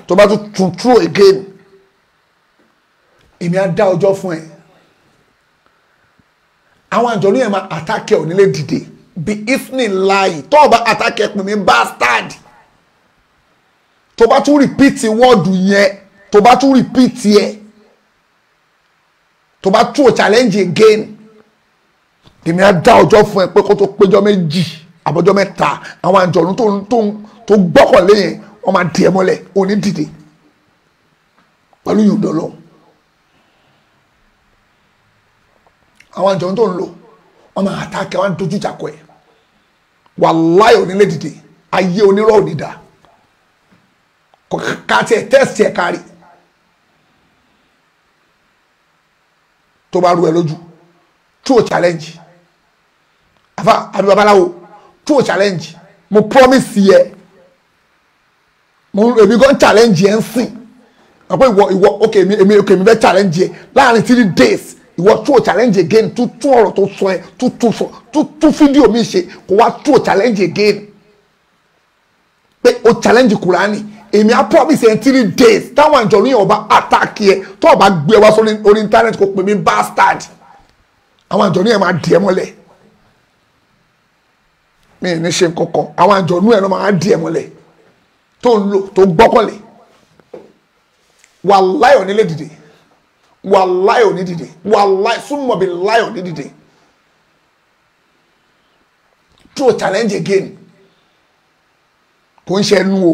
tó bá tún tú o again èmi á dá ọjọ́ fún ẹ àwọn àjọ̀lú yẹn máa àtàkẹ́ evening lie tó o bá àtàkẹ́ pè mí bastard tó bá tún repeat word yẹn tó bá tún repeat ẹ̀ tó bá tún ò challenge again tèmi á dá ọjọ́ fún ẹ pé kó tó péjọ méjì àbọ̀jọ́ mẹ́ta àwọn àjọ̀rún tó tó tó gbọ́kànlé yẹn wọ́n máa di ẹ mọ́lẹ̀ òní dìde pẹ̀lú yòdò lọ́wọ́ àwọn àjọ̀rún tó ń lò wọ́n máa àtàkẹ́ wọ́n á dojú ìjà kọ ẹ̀ wàláì onílé dìde ayé onírọ̀ òní dà kò ká tẹ́sì ẹ̀ kárí tó bá rú ẹ lójú true challenge afa àbí babaláwo true challenge mo promise yẹ mo èmi gan challenge yẹn ń sìn àpò ìwọ ìwọ ok èmi èmi ok èmi bẹ challenge yẹ láàrin three days ìwọ true challenge again tún tún ọ̀rọ̀ tó sọ ẹ tún tún sọ tún tún fídíò mi ṣe kó wá true challenge again pé o challenge Kùránì èmi á promise ẹ̀ three days táwọn àjọ̀lú yẹn ọba attack yẹ tó ọba gbé wá sórí orí internet kò pè mí bastard àwọn àjọ̀lú yẹn máa dìẹ́ mọ́lẹ̀ mi ì ní ṣe kankan àwọn àjọ̀lú yẹn máa dìẹ́ mọ́lẹ̀ tó ń lò tó gbọ́kànlé wàláì ò ní lè dìde wàláì ò ní dìde wàláì súnmọ́ bí láì ò ní dìde true challenge again kò ń ṣe ẹnu o.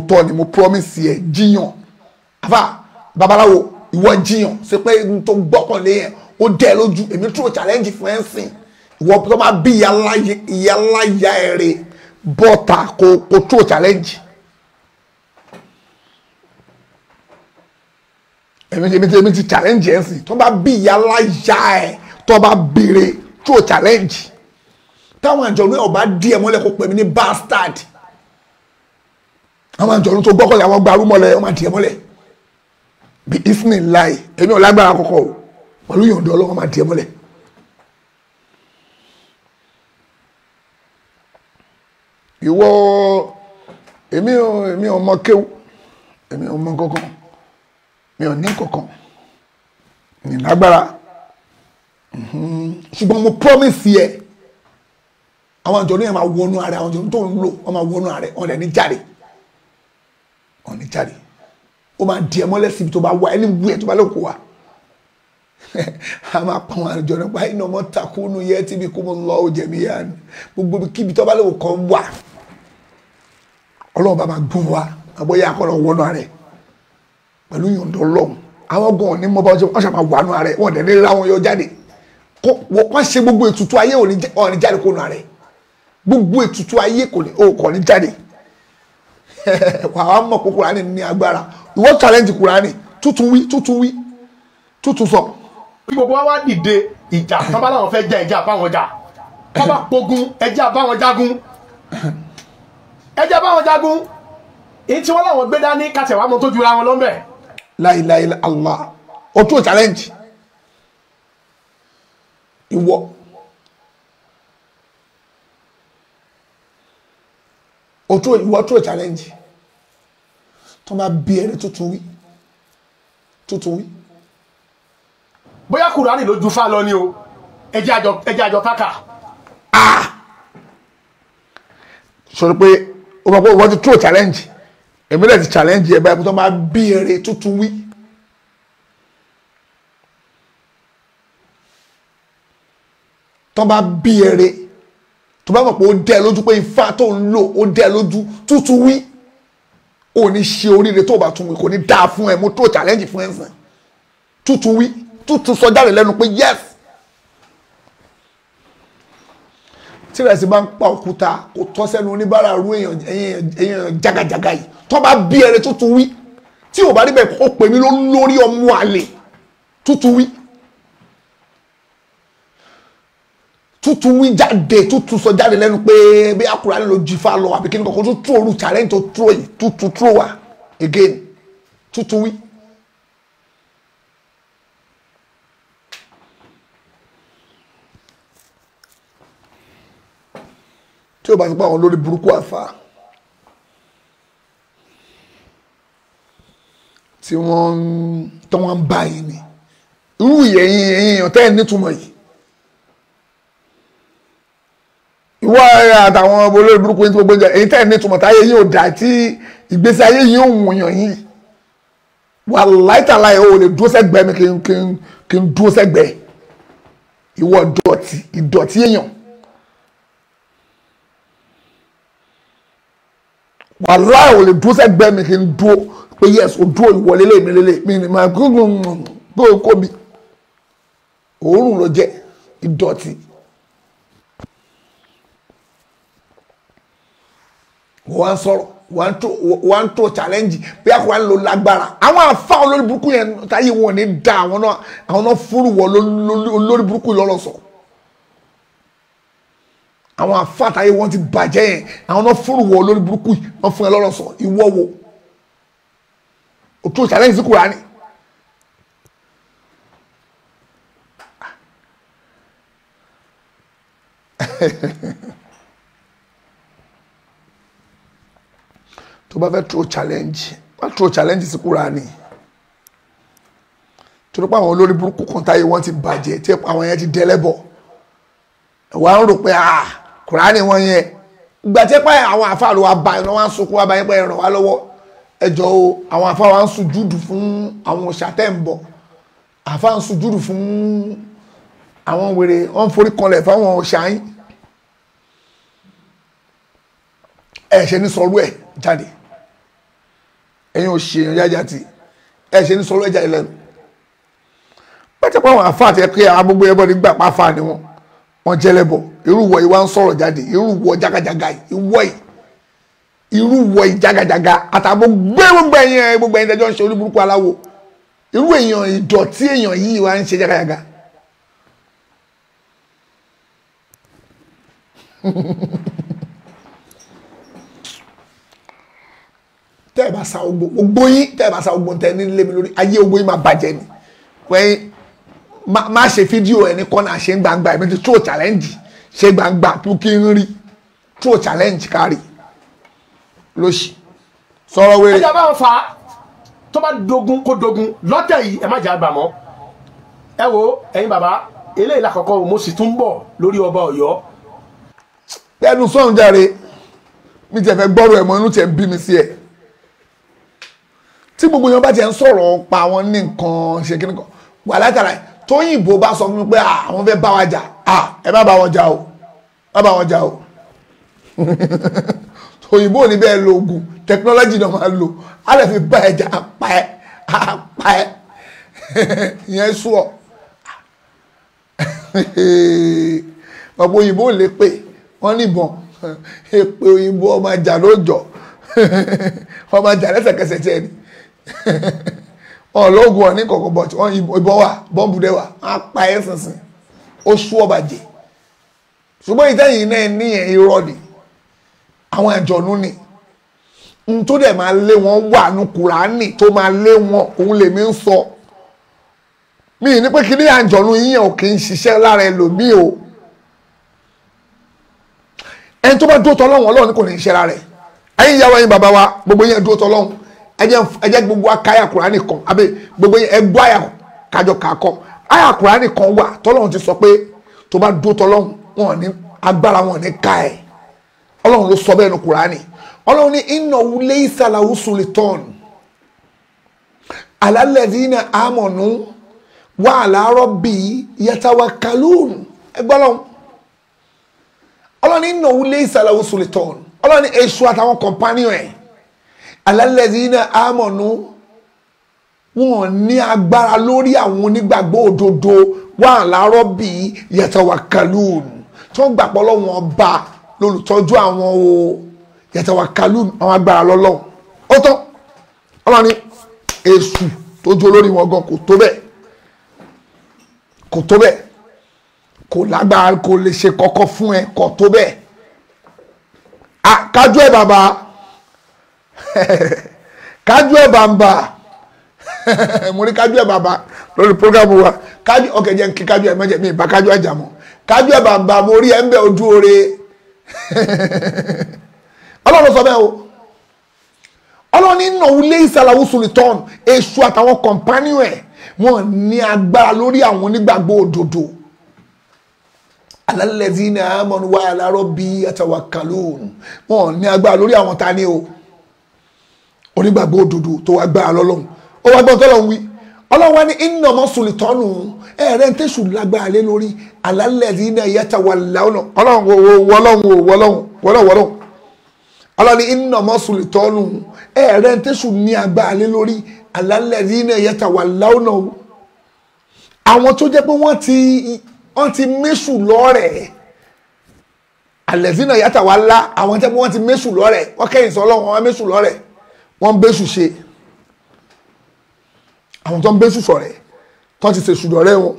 tòótọ́ ni mo promise yẹ jiyàn àfà babaláwo ìwọ jiyàn ṣe pé n tó gbọ́kànlé yẹn ó dẹ́ lójú èmi tó challenge fún ẹ sìn ìwọ tó máa bí ìyáláyà ẹ̀rẹ̀ bọ́ta kò kò tó challenge. èmi ti èmi ti èmi ti challenge ẹ̀ sìn tó bá bí ìyáláyà ẹ̀ tó bá béèrè tó challenge táwọn àjọ̀nú ẹ̀ ọba díẹ̀ mọ́lẹ̀ kó pè mí ní bastard wọ́n máa ń tọrún tó gbọ́kọ̀lẹ̀ àwọn gbarú mọ́lẹ̀ wọ́n máa tiẹ̀ mọ́lẹ̀ bí ismi láì èmi ò lágbára kọ̀kọ̀ o pẹ̀lú yòǹda ọlọ́wọ́ máa tiẹ̀ mọ́lẹ̀. ìwọ èmi ò èmi ò mọ kéwù èmi ò mọ kankan mi ò ní kankan ní lágbára mhm. ṣùgbọ́n mo promise yẹ àwọn àjọ ní ẹ̀ máa wọnú ara àwọn àjọ tó ń lò wọ́n máa wọnú ara ẹ̀ wọ́n lẹ̀ ní jáde ọ̀ní jáde ó máa di ẹ mọ́lẹ̀ síbi tó bá wà ẹni wú ẹ tó bá lóko wà a máa pa àwọn àjọ nípa iná mọ́ takùnú yẹ tí ibi kú mu lọ ó jẹ̀mí yá ni gbogbo kíbi tó bá lóko kan wà ọlọ́run bá máa gbọ́n wa àbọ̀yá akọ́lọ̀ wọnú rẹ̀ pẹ̀lú yòǹdọ̀ ọlọ́run àwọn gan ò ní mọ́ bá wọn ṣe máa wànú rẹ̀ wọn ò dẹ̀ ní ra yọ jáde wọ́n ṣe gbogbo ètùtù ayé ò ní jáde kó nù rẹ̀ gbogbo ètùtù ayé kò ní jáde wàá mọ̀ pé kùránì ní agbára ìwọ challenge kùránì tuntun wí tuntun wí tuntun sọ. bí gbogbo wa wá dìde ìjà tọ́ba làwọn fẹ́ jẹ ìjà báwọn jà tọ́ba pogun ẹjẹ́ àbáwọn jagun ẹjẹ́ àbáwọn jagun èyí tí wọ́n làwọn gbé dání kàtẹ́wàá mọ́ tó jura wọn lọ́mọ́ ẹ̀. láìláìlá Allah o tún challenge ìwọ o tó ìwọ tó challenge tó bá bí ẹni tuntun wí tuntun wí. bóyá kùránì ló ju fá lọ ni o ẹjẹ́ àjọ ẹjẹ́ àjọ káka. Ah! sọ̀rọ̀ pé o máa kó ìwọ ti tó challenge èmi lè challenge ẹ̀ báyìí tó máa bí ẹni tuntun wí. tó bá bí ẹni tó bá mọ̀ pé ó dẹ́ lójú pé ifá tó ń lò ó dẹ́ lójú tútù wí ò ní ṣe oríire tó bá tún wí kò ní dáa fún ẹ mo tó challenge fún ẹ sàn tútù wí tútù sọ jáde lẹ́nu pé yes tírẹ̀sì bá ń pa òkúta kò tọ́ sẹ́nu oníbàárà rú èèyàn jagajaga yìí tó bá bí ẹrẹ tútù wí tí ò bá rí bẹ́ẹ̀ kó pè mí lórí ọmọ àlè tútù wí. Tutu wí jáde tútù sọ jáde lẹ́nu pé bí akura ló jí fa lọ àbí kí ni kankan tútù challenge to throw yìí Tutu throw wa again Tutu wí. tí o bá ti pa àwọn lórí burúkú àfa tí wọ́n ń tán wọ́n ń bá yìí ni irú ìyẹ̀yìn ẹ̀yìn èèyàn tẹ́ ẹ̀ nítumọ̀ ìwọ àtàwọn olórí burúkú yín tí gbogbo ẹ̀ èyí tẹ̀ ní tùmọ̀ táyé yìí ò dá tí ìgbésí ayé yìí ò wùyàn yìí wà láìtàlá ẹ̀ ò lè dúró sẹ́gbẹ̀ẹ́ mi kí n kí n kí n dúró sẹ́gbẹ̀ẹ́ ìwọ ìdọ̀tí ìdọ̀tí èèyàn wà láì ò lè dúró sẹ́gbẹ̀ẹ́ mi kí n dúró pé yes o dúró ìwọlé lè mi lélẹ̀ mi ni màá gbógun gbógun kó mi òórùn ló jẹ́ ìdọ̀tí. wọ́n á sọ̀rọ̀ wọ́n á tó wọ́n á tó challenge bí a kò wá lò lágbára àwọn àfa olórí burúkú yẹn táyé wọn ní da àwọn náà àwọn náà fúru wọ olórí burúkú lọ́rọ̀ sọ àwọn àfa táyé wọn ti bàjẹ́ yẹn àwọn náà fúru wọ olórí burúkú wọn fún ẹ lọ́rọ̀ sọ ìwọ wo òtún challenge sí Kùránì. bá fẹ́ throw challenge wọ́n true challenge sí to torí pé àwọn olórí burúkú kan táyé wọ́n ti bàjẹ́ tí àwọn yẹn ti dẹ́lẹ́bọ̀ wà ń rò pé ah Kúránì wọ́n yẹn ìgbà tí pé àwọn àfa àlọ́ wa bá iná wa ń sunkún wa bá yẹn pé ẹ ràn wá lọ́wọ́ ẹjọ́ o àwọn àfa wa ń sùjúdù fún àwọn ṣàtẹ̀ǹbọ̀ àfa ń sùjúdù fún àwọn wèrè wọ́n forí kanlẹ̀ fáwọn ṣáyìn ẹ̀ṣẹ̀ ní sọ̀rọ̀ ẹ̀ jáde ẹ̀yin ò ṣe èèyàn jájá ti ẹ̀ ṣe ní sọ́rọ́ ẹ̀já ìlẹ́nu pẹ́tẹ́ pé àwọn àfa àti ẹ̀kẹ́ agbógbó ẹbọ nígbà pàfà ni wọ́n wọ́n jẹ́lẹ́bọ̀ irú wọ̀ yìí wá ń sọ̀rọ̀ jáde irú wọ̀ jágàjágà ìwọ̀ yìí irú wọ̀ yìí jágàjágà àtàbọ̀ gbé gbogbo ẹ̀yìn gbogbo ẹ̀yìn tẹ́jọ́ ń ṣe oníburúkú aláwo irú èèyàn ìdọ̀tí èèyàn yìí wá ń ṣe jágàjágà. tẹ́ ẹ bá sa ogbó ogbó yín tẹ́ ẹ bá sa ogbó tẹ́ ní lé mi lórí ayé ogbó yín máa bàjẹ́ ni wẹ́n má ṣe fídíò ẹ̀ ní kọ́nà ṣe ń gbangba ẹ̀mí ti true challenge ṣe gbangba kí n rí true challenge kárì lóṣì sọ̀rọ̀ wẹ́rẹ́. ẹja bá ń fa tó bá dogun kó dogun lọ́tẹ̀ yìí ẹ má jà àgbà mọ́ ẹ wo ẹ̀yin bàbá eléyìí lákọ̀ọ́kọ́ mo sì tún bọ̀ lórí ọba ọ̀yọ́. tẹnu sọ̀hún jàre mi tẹ̀ fẹ́ gbọ́rọ̀ ẹ̀ mọ́ inú tẹ̀ bí mi sí ẹ̀ tí gbogbo yẹn bá tiẹ̀ ń sọ̀rọ̀ pa wọn ní nǹkan ṣe kí nìkan wà látara tóyìnbó bá sọ fún mi pé àwọn fẹ́ bá wa jà ẹ má bá wọn jà o má bá wọn jà o òyìnbó ní bẹ́ẹ̀ lo oògùn tẹkinọ́lọ́jì náà máa lo á lè fi bá ẹja pa ẹ pa ẹ ìyẹn sú ọ ọ̀pọ̀ òyìnbó lè pè wọ́n níbọn èpè òyìnbó ọmọ ajá lóòjọ́ ọmọ ajá lẹ́sẹ̀kẹsẹ̀ tiẹ̀ ni. ọlọ́gùn ọ̀ní kọ̀kọ̀ bọ̀ tí wọ́n ìbọn wà bọ́ǹbù dẹ̀ wà wọ́n á pa ẹ́ sìnsìn ó sú ọba jẹ ṣùgbọ́n ìtẹ́yìn náà ní ẹ̀ irọ́ àwọn àjọ̀nú ni n tó dẹ̀ máa lé wọn wà ní kùránì tó máa lé wọn òun lèmi ń sọ mi ní pé kí ní àjọ̀nú yíyan ò kì í ṣiṣẹ́ lára ẹlòmíì o ẹni tó bá dúró tọ́lọ́hún ọlọ́run kò ní í ṣe lára ẹ ẹ̀yin ìyá wa ẹ̀yin bàbá wa gbogbo yẹn dúró tọ́lọ́hún ẹ jẹ́ gbogbo aka àyà Kùránì kan abe gbogbo ẹ gbọ́ àyà kájọ kàkọ́ àyà Kùránì kan wà tọ́lọ́run ti sọ pé tó bá dó tọ́lọ́run wọn ní agbára wọn ní ká ẹ̀ ọlọ́run ló sọ bẹ́ẹ̀ ní Kùránì ọlọ́run ní iná wulẹ̀ ìsàlàwù sultan alálẹ̀dínà àmọ̀nù wà láàárọ̀ bíi yàtàwà kàlùn ẹgbẹ́ ọlọ́run ọlọ́run ní iná wulẹ̀ sultan ọlọ́run ní èṣù àtàwọn kọ̀mpánìọ̀ ẹ̀ alálẹ́sìnà àmọ̀nù wọn ní agbára lórí àwọn onígbàgbọ́ òdodo wà láàárọ̀ bíi yẹtọ̀wàkàlùn tó ń gbàpọ̀ lọ́wọ́ ọba lólùtọ́jú àwọn o yẹtọ̀wàkàlùn àwọn agbára lọ́lọ́run ó tán ọlọ́ni èṣù tó ju olórí wọn gan kò tó bẹ́ẹ̀ kò tó bẹ́ẹ̀ kò lágbára kò lè ṣe kọ́kọ́ fún ẹ kò tó bẹ́ẹ̀ kájú ẹ bàbá. kájú bamba bàbà mo ní kájú ẹ̀ wa mi kaju kájú ẹ̀ bamba kájú ẹ̀ bàbà mo rí sọ bẹ́ẹ̀ o ọlọ́run ní nà wúlé ìsàlàwù e, èṣù àtàwọn kọ̀mpánìọ̀ lori ododo, tani o. onígbàgbọ́ òdodo tó wá gbára lọ́lọ́run ó wá gbọ́ tọ́lọ́run wí ọlọ́run wá ní iná ọmọ sùlìtọ́nù ẹ̀rẹ́ ń tẹ̀sù lágbára lé lórí alálẹ̀ tí iná yẹta wà láwọn ọlọ́run wọlọ́run wọlọ́run wọlọ́run ọlọ́run ní iná ọmọ sùlìtọ́nù ẹ̀rẹ́ ń tẹ̀sù ní agbára lé lórí alálẹ̀ tí iná yẹta wà láwọn àwọn tó jẹ́ pé wọ́n ti wọ́n ti méṣù lọ́rẹ̀ẹ́ alẹ̀ tí iná yẹta wà lá àwọn tó pé wọ́n ti méṣù lọ́rẹ̀ẹ́ wọ́n kẹ́yìn sọ ọlọ́run wọn méṣù lọ́rẹ̀ẹ́ wọ́n ń bẹ́sù ṣe àwọn tó ń bẹ́sù sọ̀rẹ́ tó ti ṣe ṣùdọ̀rẹ́ wọn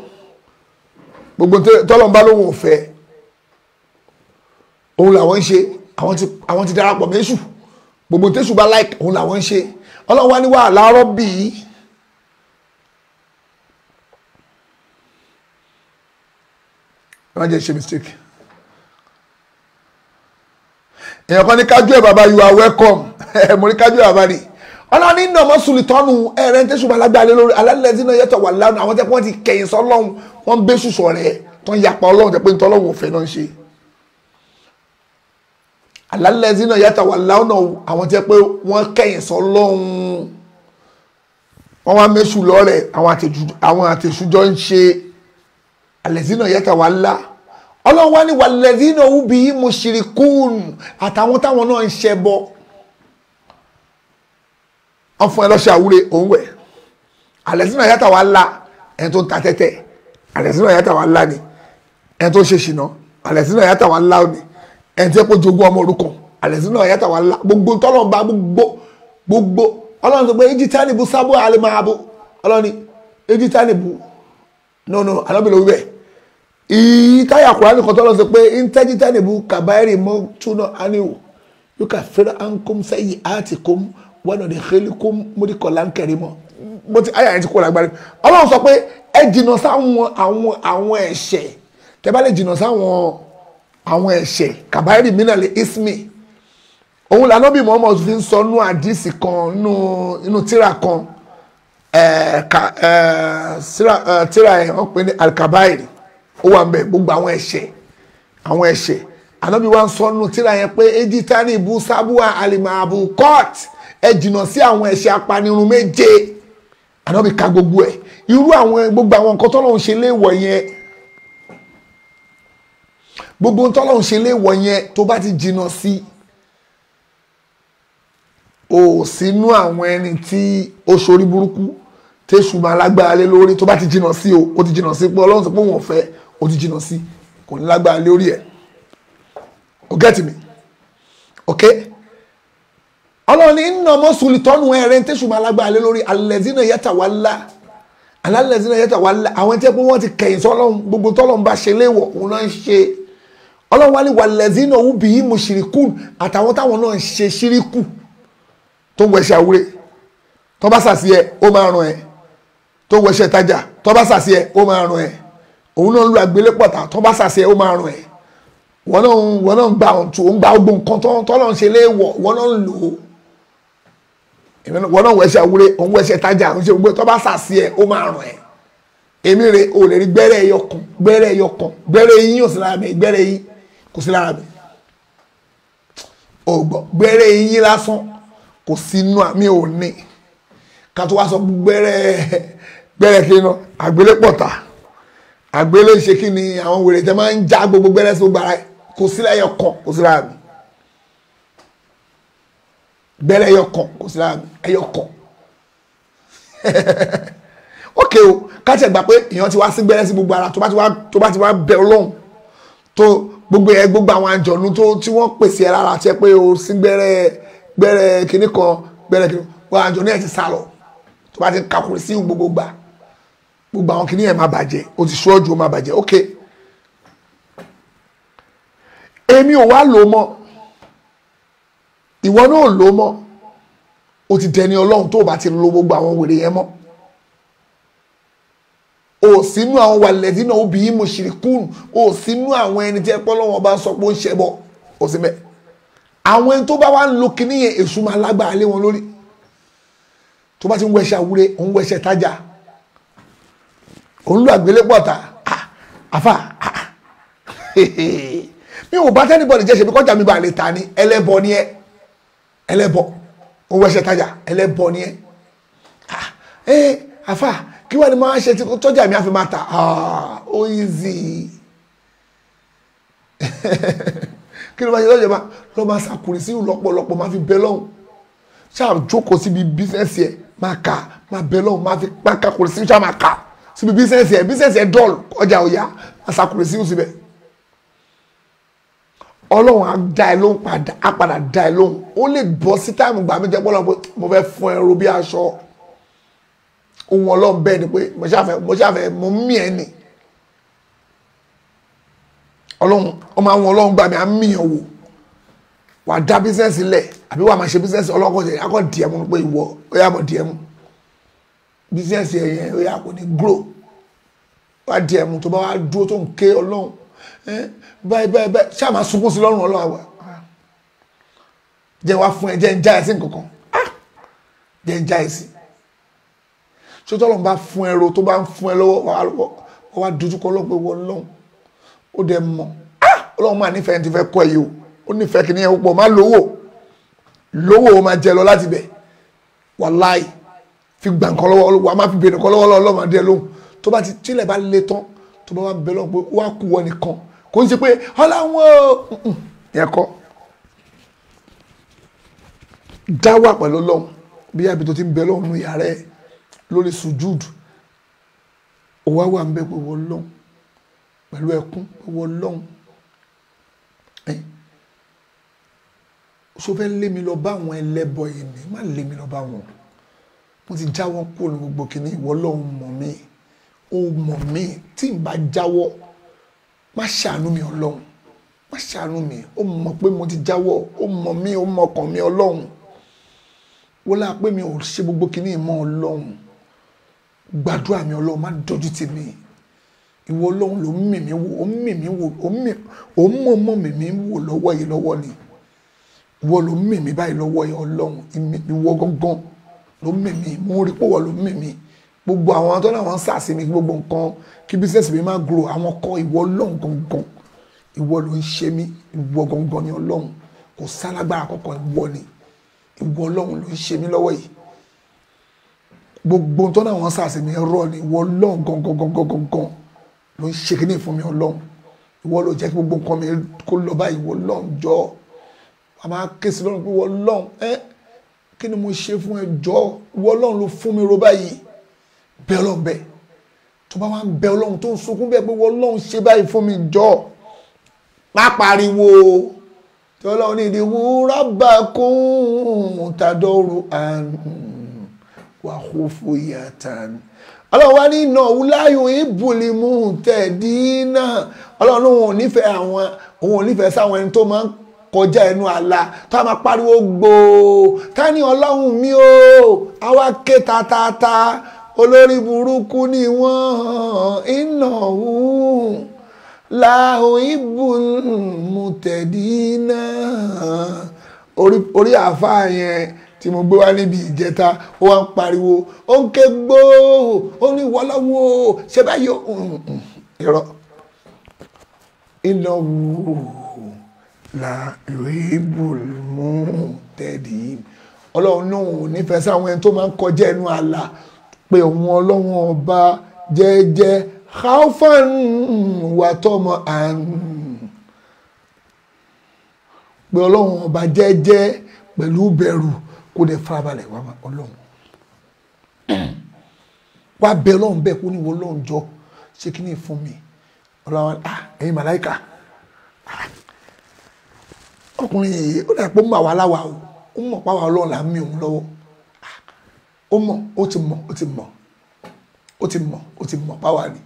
gbogbo tọ́lọ̀ ń bá lóhun ọ̀fẹ́ òun làwọn ń ṣe àwọn ti darapọ̀ mẹ́sù gbogbo tẹ́sù bá láìkì òun làwọn ń ṣe ọlọ́run wá ní wà láàárọ̀ bíi wọ́n jẹ́ ṣe mistake èèyàn kan ní kájú ẹ̀ bàbá you are welcome ẹ̀ mo ní kájú ẹ̀ bàbá rè ọlọ́run nínú ọmọ sùlìtọ́nù ẹ̀rẹ́ ń tẹ́sùn balágbá lé lórí alálẹ́sí náà yẹtọ̀ wà lánàá àwọn tẹ́pọ́n ti kẹ̀yìn sọ́lọ́hún wọ́n ń bẹ́ sùsọ̀ rẹ̀ tó ń yapa ọlọ́run tẹ́pẹ́ ń tọ́lọ́run òfin náà ń ṣe. alálẹ́sí náà yẹtọ̀ wà lánàá àwọn tẹ́pẹ́ wọ́n kẹ̀yìn sọ́lọ́hún wọ́n wá ọlọ́run wá ní wàlẹ́dínà ubi mu ṣìrìkún àtàwọn táwọn náà ń ṣe bọ wọn fún ẹ lọ́ṣẹ́ àwúre òun wẹ̀ àlẹ́sìnà yàtà wà la ẹni tó ń ta tẹ́tẹ́ àlẹ́sìnà yàtà wà la ni ẹni tó ń ṣe ṣìnà àlẹ́sìnà yàtà wà la ni ẹni tó ń pọ̀ jogún ọmọ òrukàn àlẹ́sìnà yàtà wà la gbogbo tọ́lọ́run bá gbogbo gbogbo ọlọ́run tó gbé ejitanibu sábò alẹ́ máa bò ọlọ́run ejitanibu no no alábìlẹ̀ wíwẹ̀ ìtayà kùránì kan tọ́lọ́ sọ pé intẹ́jítẹ́nìbù kàbáyìrì mọ́ túnà áníwò yókà fẹ́rẹ́ ankom sẹ́yìn àti kom wọnà ní xeli kom módìkọ̀ lánkẹ́rì mọ́ bó ti àyà yẹn ti kó lágbára ọlọ́run sọ pé ẹ jìnnà sáwọn àwọn àwọn ẹ̀ṣẹ̀ tẹ́ bá lè jìnnà sáwọn àwọn ẹ̀ṣẹ̀ kàbáyìrì mìíràn lè ismi òun lànà bí mọ́mọ́ fi ń sọ nú àdìsí kan nínú tíra kan tíra ẹ̀ wọ́n pè ní alkabairi ó wà ńbẹ̀ gbogbo àwọn ẹ̀ṣẹ̀ àwọn ẹ̀ṣẹ̀ ànábi wa ń sọnù tíra yẹn pé ejitari ibu sabuwa alimabu court ẹ jìnnà sí àwọn ẹ̀ṣẹ̀ apanirun méje ànábi ka gbogbo ẹ̀ irú àwọn gbogbo àwọn nǹkan tọ́lọ́run ṣe léèwọ̀ yẹn gbogbo ohun tọ́lọ́run ṣe léèwọ̀ yẹn tó bá ti jìnnà sí ò sínú àwọn ẹni tí ó ṣorí burúkú tẹ́sùmọ́ alágbára lé lórí tó bá ti jìnnà sí o ó ti jìnnà sí pé ọlọ́run sọ pé òun ò fẹ́ ó ti jìnnà sí kò ní lágbára lórí ẹ̀ o get me ok ọlọ́run ní nínú ọmọ sùlù tọ́nu ẹ̀rẹ́ ní tẹ́sùmọ́ alágbára lé lórí alẹ́zínà yẹ́ta wà lá alẹ́zínà yẹ́ta wà lá àwọn tí wọ́n ti kẹ̀yìn sí ọlọ́run gbogbo tọ́lọ́run bá ṣe léwọ̀ òun náà ń ṣe ọlọ́run wálé wà lẹ́zínà òun bìí mo ṣìrìkù àtàwọn táwọn náà ń ṣe ṣíríkù tó wẹ̀ṣẹ̀ àwúre tó bá sàṣì ó máa ràn ẹ tó wẹ̀ṣẹ̀ tajà tó bá sàṣì ó máa ràn ẹ òun náà ń lo àgbélépọ̀tà tó bá sàṣẹ ó máa ràn ẹ́ wọ́n náà wọ́n náà ń gba ọ̀tún ó ń gba ogbó nǹkan tó tó lọ́n ṣe léèwọ̀ wọ́n náà ń lò ó wọ́n náà wẹ́sẹ̀ awúrẹ́ òun wẹ́sẹ̀ tájà òun ṣe gbogbo tó bá sàṣẹ ó máa ràn ẹ́ èmi rè o lè rí gbẹ́rẹ́ ẹyọkan gbẹ́rẹ́ ẹyọkan gbẹ́rẹ́ yín ò sí lára mi gbẹ́rẹ́ yín kò sí lára mi ò gbọ́ gbẹ́rẹ́ yín lásán kò sí inú àmì òní ká tó wá sọ gbẹ́rẹ́ gbẹ́rẹ́ kí n lọ àgbélépọ̀tà àgbélé ṣe kí ni àwọn wèrè tẹ máa ń já gbogbo gbẹ́rẹ́ sí gbogbo ara kò sílẹ̀ yọ kan kò sílẹ̀ àmì gbẹ́rẹ́ yọ kan kò sílẹ̀ àmì ẹyọ kan ókè o káṣẹ̀ gbà pé èèyàn ti wá sí gbẹ́rẹ́ sí gbogbo ara tó bá ti wá tó bá ti wá bẹ ọlọ́run tó gbogbo ẹ gbogbo àwọn àjọ̀nú tó tí wọ́n pèsè ẹ lára tiẹ̀ pé o sí gbẹ́rẹ́ gbẹ́rẹ́ kinní kan gbẹ́rẹ́ kinní kan wọ́n àjọ̀nú ẹ̀ ti sá lọ tó bá ti kakùrù sí gbogbo gbà gbogbo àwọn kìnìyẹ máa bàjẹ́ o ti ṣọ́ọ̀jù ó máa bàjẹ́ ok èmi ò wá lò mọ́ ìwọ náà lò mọ́ o ti dẹni ọlọ́run tó o bá ti lo gbogbo àwọn wèrè yẹn mọ́ o sínú àwọn wàlẹ́tí náà ó bí í mo ṣìrì kúrù o sínú àwọn ẹni tí ẹ pọ́ lọ́wọ́ bá ń sọ pé ó ń ṣẹ bọ́ o sì mẹ́ àwọn ẹni tó bá wá ń lo kìnìyẹn èṣù máa lágbára lé wọn lórí tó bá ti ń wẹṣẹ àwúre ń wẹṣẹ tájà òun ló àgbélépọ̀ ta afa, ah, ah, ah. mi ò bá tẹ́nibọ̀dì jẹ́ ṣe bí kọjá mi bá lè ta ni ẹlẹ́bọ ni ẹ ẹlẹ́bọ òun wẹ́ṣẹ̀ tajà ẹlẹ́bọ ni ẹ ẹ àfà kí wàá ni máa ṣe tọ́jà mi àfi máa ta ó easy kí ló máa ṣe lọ́jọ́ máa lọ́ máa ṣàkùnrin sí lọ́pọ̀lọpọ̀ máa fi bẹ́ lọ́hùn ṣáà jókòó síbi bísíǹsì ẹ̀ máa kà máa bẹ́ lọ́hùn máa fi pákàkùnrin sí ṣáà síbi business ẹ̀ business ẹ̀ dọ́ọ̀lù ọjà ọ̀yá àṣàkùnrin sí òsibẹ̀ ọlọ́run á dá ẹ lóhùn padà á padà dá ẹ lóhùn ó lè bọ́ sí táìmù gbà mí jẹ́ pọ́lọ́ pé mo fẹ́ fún ẹ ro bí aṣọ ohun ọlọ́run bẹ́ẹ̀ ni pé mo ṣàfẹ́ mo ṣàfẹ́ mo mí ẹ nì ọlọ́run ọmọ àwọn ọlọ́run gbà mí á mí ẹ wò wàá dá bísẹ̀nsì lẹ̀ àbí wàá máa ṣe bísẹ̀nsì ọlọ́kọ̀ọ́sẹ̀ akọ̀ dìẹ̀mú pé ìwọ ó yà mọ̀ dìẹ̀mú bísíǹsì ẹ̀yẹ o yà kò ní grow wá di ẹ̀mú tó bá wá dúró tó ń ké ọlọ́run báyìí báyìí báyìí ṣáà máa sunkún sí lọ́rùn ọlọ́run àwà jẹ́ wá fún ẹ jẹ́ ń já ẹ sí nǹkankan ah! jẹ́ ń já ẹ sí ṣé tọ́lọ́run bá fún ẹ ro tó bá ń fún ẹ lọ́wọ́ wọ́n wá dojú kọ ọlọ́pẹ́ wọ ọlọ́run ó dẹ̀ mọ̀ ah! ọlọ́run máa nífẹ̀ẹ́ ti fẹ́ kọ́ ẹ yìí o ó nífẹ̀ẹ́ kìnìyàn púpọ̀ má lówó lówó o máa jẹ lọ láti bẹ̀ wàláì fi gbà nǹkan lọ́wọ́ olúwa má fi bèrè nǹkan lọ́wọ́ ọlọ́mọdé lóhùn tó bá ti tílẹ̀ bá lé tán tó bá wà bẹ lọ́wọ́ pé wà kú wọn nìkan kò ń ṣe pé ọlá wọn o yẹn kọ́ dá wà pẹ̀lú ọlọ́run bí àbí tó ti ń bẹ lọ́run nù yàrá ẹ̀ lórí sujud òwá wà ń bẹ pé wọ́n lọ́hùn pẹ̀lú ẹkún pé wọ́n lọ́hùn so fẹ́ lé mi lọ bá àwọn ẹlẹ́bọ yìí ni má lé mi lọ bá wọn mo ti jáwọ́ kúrò ní gbogbo kìíní ìwọ lọ́hùn mọ̀ mí ó mọ̀ mí tí n bá jáwọ́ má ṣàánú mi ọlọ́hun má ṣàánú mi ó mọ̀ pé mo ti jáwọ́ ó mọ̀ mí o mọ̀ ọkàn mi ọlọ́hun wọ́n láà pé mi ò ṣe gbogbo kìíní ìmọ̀ ọlọ́hun gbàdúrà mi ọlọ́hun má dojú tì mí ìwọ ọlọ́hun ló ń mì mí wò ó ń mì mí wò ó ń mì ó ń mọ̀ mọ̀ mì mí wò lọ́wọ́ yìí lọ́wọ́ ni ìwọ ló ń mì mí báyìí lọ́wọ́ yìí ọlọ́hun ìwọ gangan ló mímí mo ń rí pòwọ́ ló mímí gbogbo àwọn tó náà wọ́n ń sàṣemí gbogbo nǹkan kí bísíǹsì mi máa grow àwọn kọ́ ìwọ ọlọ́run gangan ìwọ ló ń ṣe mí ìwọ gangan ni ọlọ́run kò sálágbára kankan ìwọ ni ìwọ ọlọ́run ló ń ṣe mí lọ́wọ́ yìí gbogbo tó náà wọ́n mi ẹ̀rọ ni ìwọ ọlọ́run gangan gangan gangan ló ń ṣe kíní fún mi ọlọ́run ìwọ ló jẹ́ kí gbogbo nǹkan mi kó lọ bá ìwọ ọlọ́run jọ a máa ké kí ni mo ṣe fún ẹjọ́ wọ ọlọ́run ló fún mi ro báyìí bẹ́ẹ̀ lọ́n bẹ́ẹ̀ tó bá wà ń bẹ ọlọ́run tó ń sunkún bẹ́ẹ̀ pé wọ ọlọ́run ṣe báyìí fún mi jọ má pariwo tí ọlọ́run ní ìdíwọ́ rábà kún tàdọ́rù wà kó fòyà tán ọlọ́run wá ní iná wúláyò ìbùlì mú tẹ̀dí náà ọlọ́run òun ò nífẹ̀ẹ́ sáwọn ẹni tó máa ń kọjá ẹnu àlà tá a máa pariwo gbòò ká ní ọlọ́run mi o àwa ké tatata olórí burúkú ni wọ́n iná òun láhùn ìbùmùtẹ̀dínà orí àáfàá yẹn tí mo gbé wá níbi ìjẹta ó wá ń pariwo ó ń ké gbòò ó ní wọ́lọ́wọ́ ṣe báyìí ó ń mm, mm, mm. irọ́ iná la ribul muhtadin ọlọ́run náà ò nífẹ̀ẹ́ sáwọn ẹni tó máa ń kọjá ẹnu àlà pé òun ọlọ́run ọba jẹ́jẹ́ haufan wà tọmọ àrùn pé ọlọ́run ọba jẹ́jẹ́ pẹ̀lú bẹ̀rù kó dẹ̀ farabalẹ̀ wá ọlọ́run wá bẹ ọlọ́run bẹ́ẹ̀ kó ní wọ́n ọlọ́run jọ ṣé kí ni fún mi ọlọ́run ah ẹ̀yin màláìka ọkùnrin yìí ó dà pé ó mọ̀ wá láwa o ó mọ̀ páwa ọlọ́run là ń mi òun lọ́wọ́ ó mọ̀ ó ti mọ̀ ó ti mọ̀ ó ti mọ̀ ó ti mọ̀ páwa ni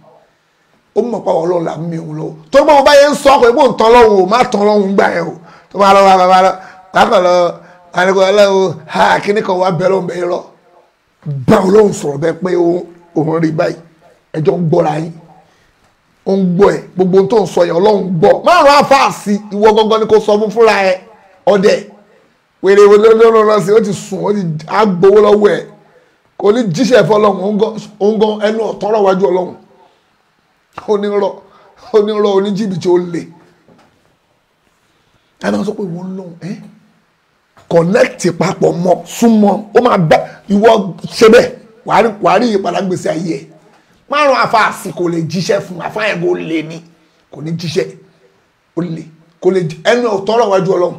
ó mọ̀ páwa ọlọ́run là ń mi òun lọ́wọ́ tó gbọ́ bá yẹn ń sọ ọkùnrin pé òun tán lọ́hùn o má tán lọ́hùn gbà yẹn o tó bá lọ́wọ́ bàbá lọ kákan lọ àníkọ́ ọlọ́run ha kíní kan wá bẹ́ẹ̀ lọ́hùn bẹ́ẹ̀ lọ bá ọlọ́run sọ̀rọ̀ bẹ́ẹ̀ pé òun rí báyìí ẹjọ́ gbọ́ra yín ó ń gbọ́ ẹ gbogbo tó ń sọ yẹn ọlọ́run gbọ́ márùn àfáàsì ìwọ gangan ni kò sọ fún fúnra ẹ ọdẹ wèrè wo lọ́dọ̀ lọ sí ó ti sùn ó ti agbowó lọ́wọ́ ẹ kò ní jíṣẹ́ fún ọlọ́run ó ń gan ẹnu ọ̀tọ́rọ̀ wájú ọlọ́run onírọ̀ onírọ̀ oníjìbìtì ó lè ẹ máa sọ pé ìwọ ń lọ́hùn ẹ́ connect papọ̀ mọ́ súnmọ́ ó máa bá ìwọ ṣe bẹ́ẹ̀ wàá rí ìyípadà gbèsè ayé ẹ̀ márùn afa kò lè jíṣẹ́ fún àfàyàn kò lè ní kò ní jíṣẹ́ ó lè kò lè ẹnu ẹ̀ tọrọ wájú ọlọ́run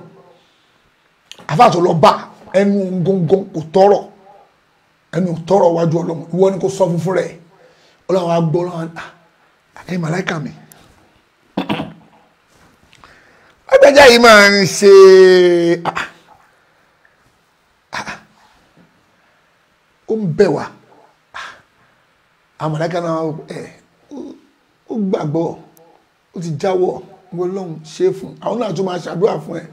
àfàtò lọ bá ẹnu góńgóń kò tọrọ ẹnu tọrọ wájú ọlọ́run ìwọ ni kò sọ fún fúnra ẹ̀ ọlọ́run á gbọ́ ọlọ́run ah, ẹ̀ màláìkà mi lágbájá yìí máa ń ṣe ah, ah, ó ń bẹ̀ wá àmọ̀dáká náà ẹ̀ ó gbàgbọ́ ó ti jáwọ́ gbogbo lọ́hùn ṣe fún àwọn náà tó máa ṣàdúrà fún ẹ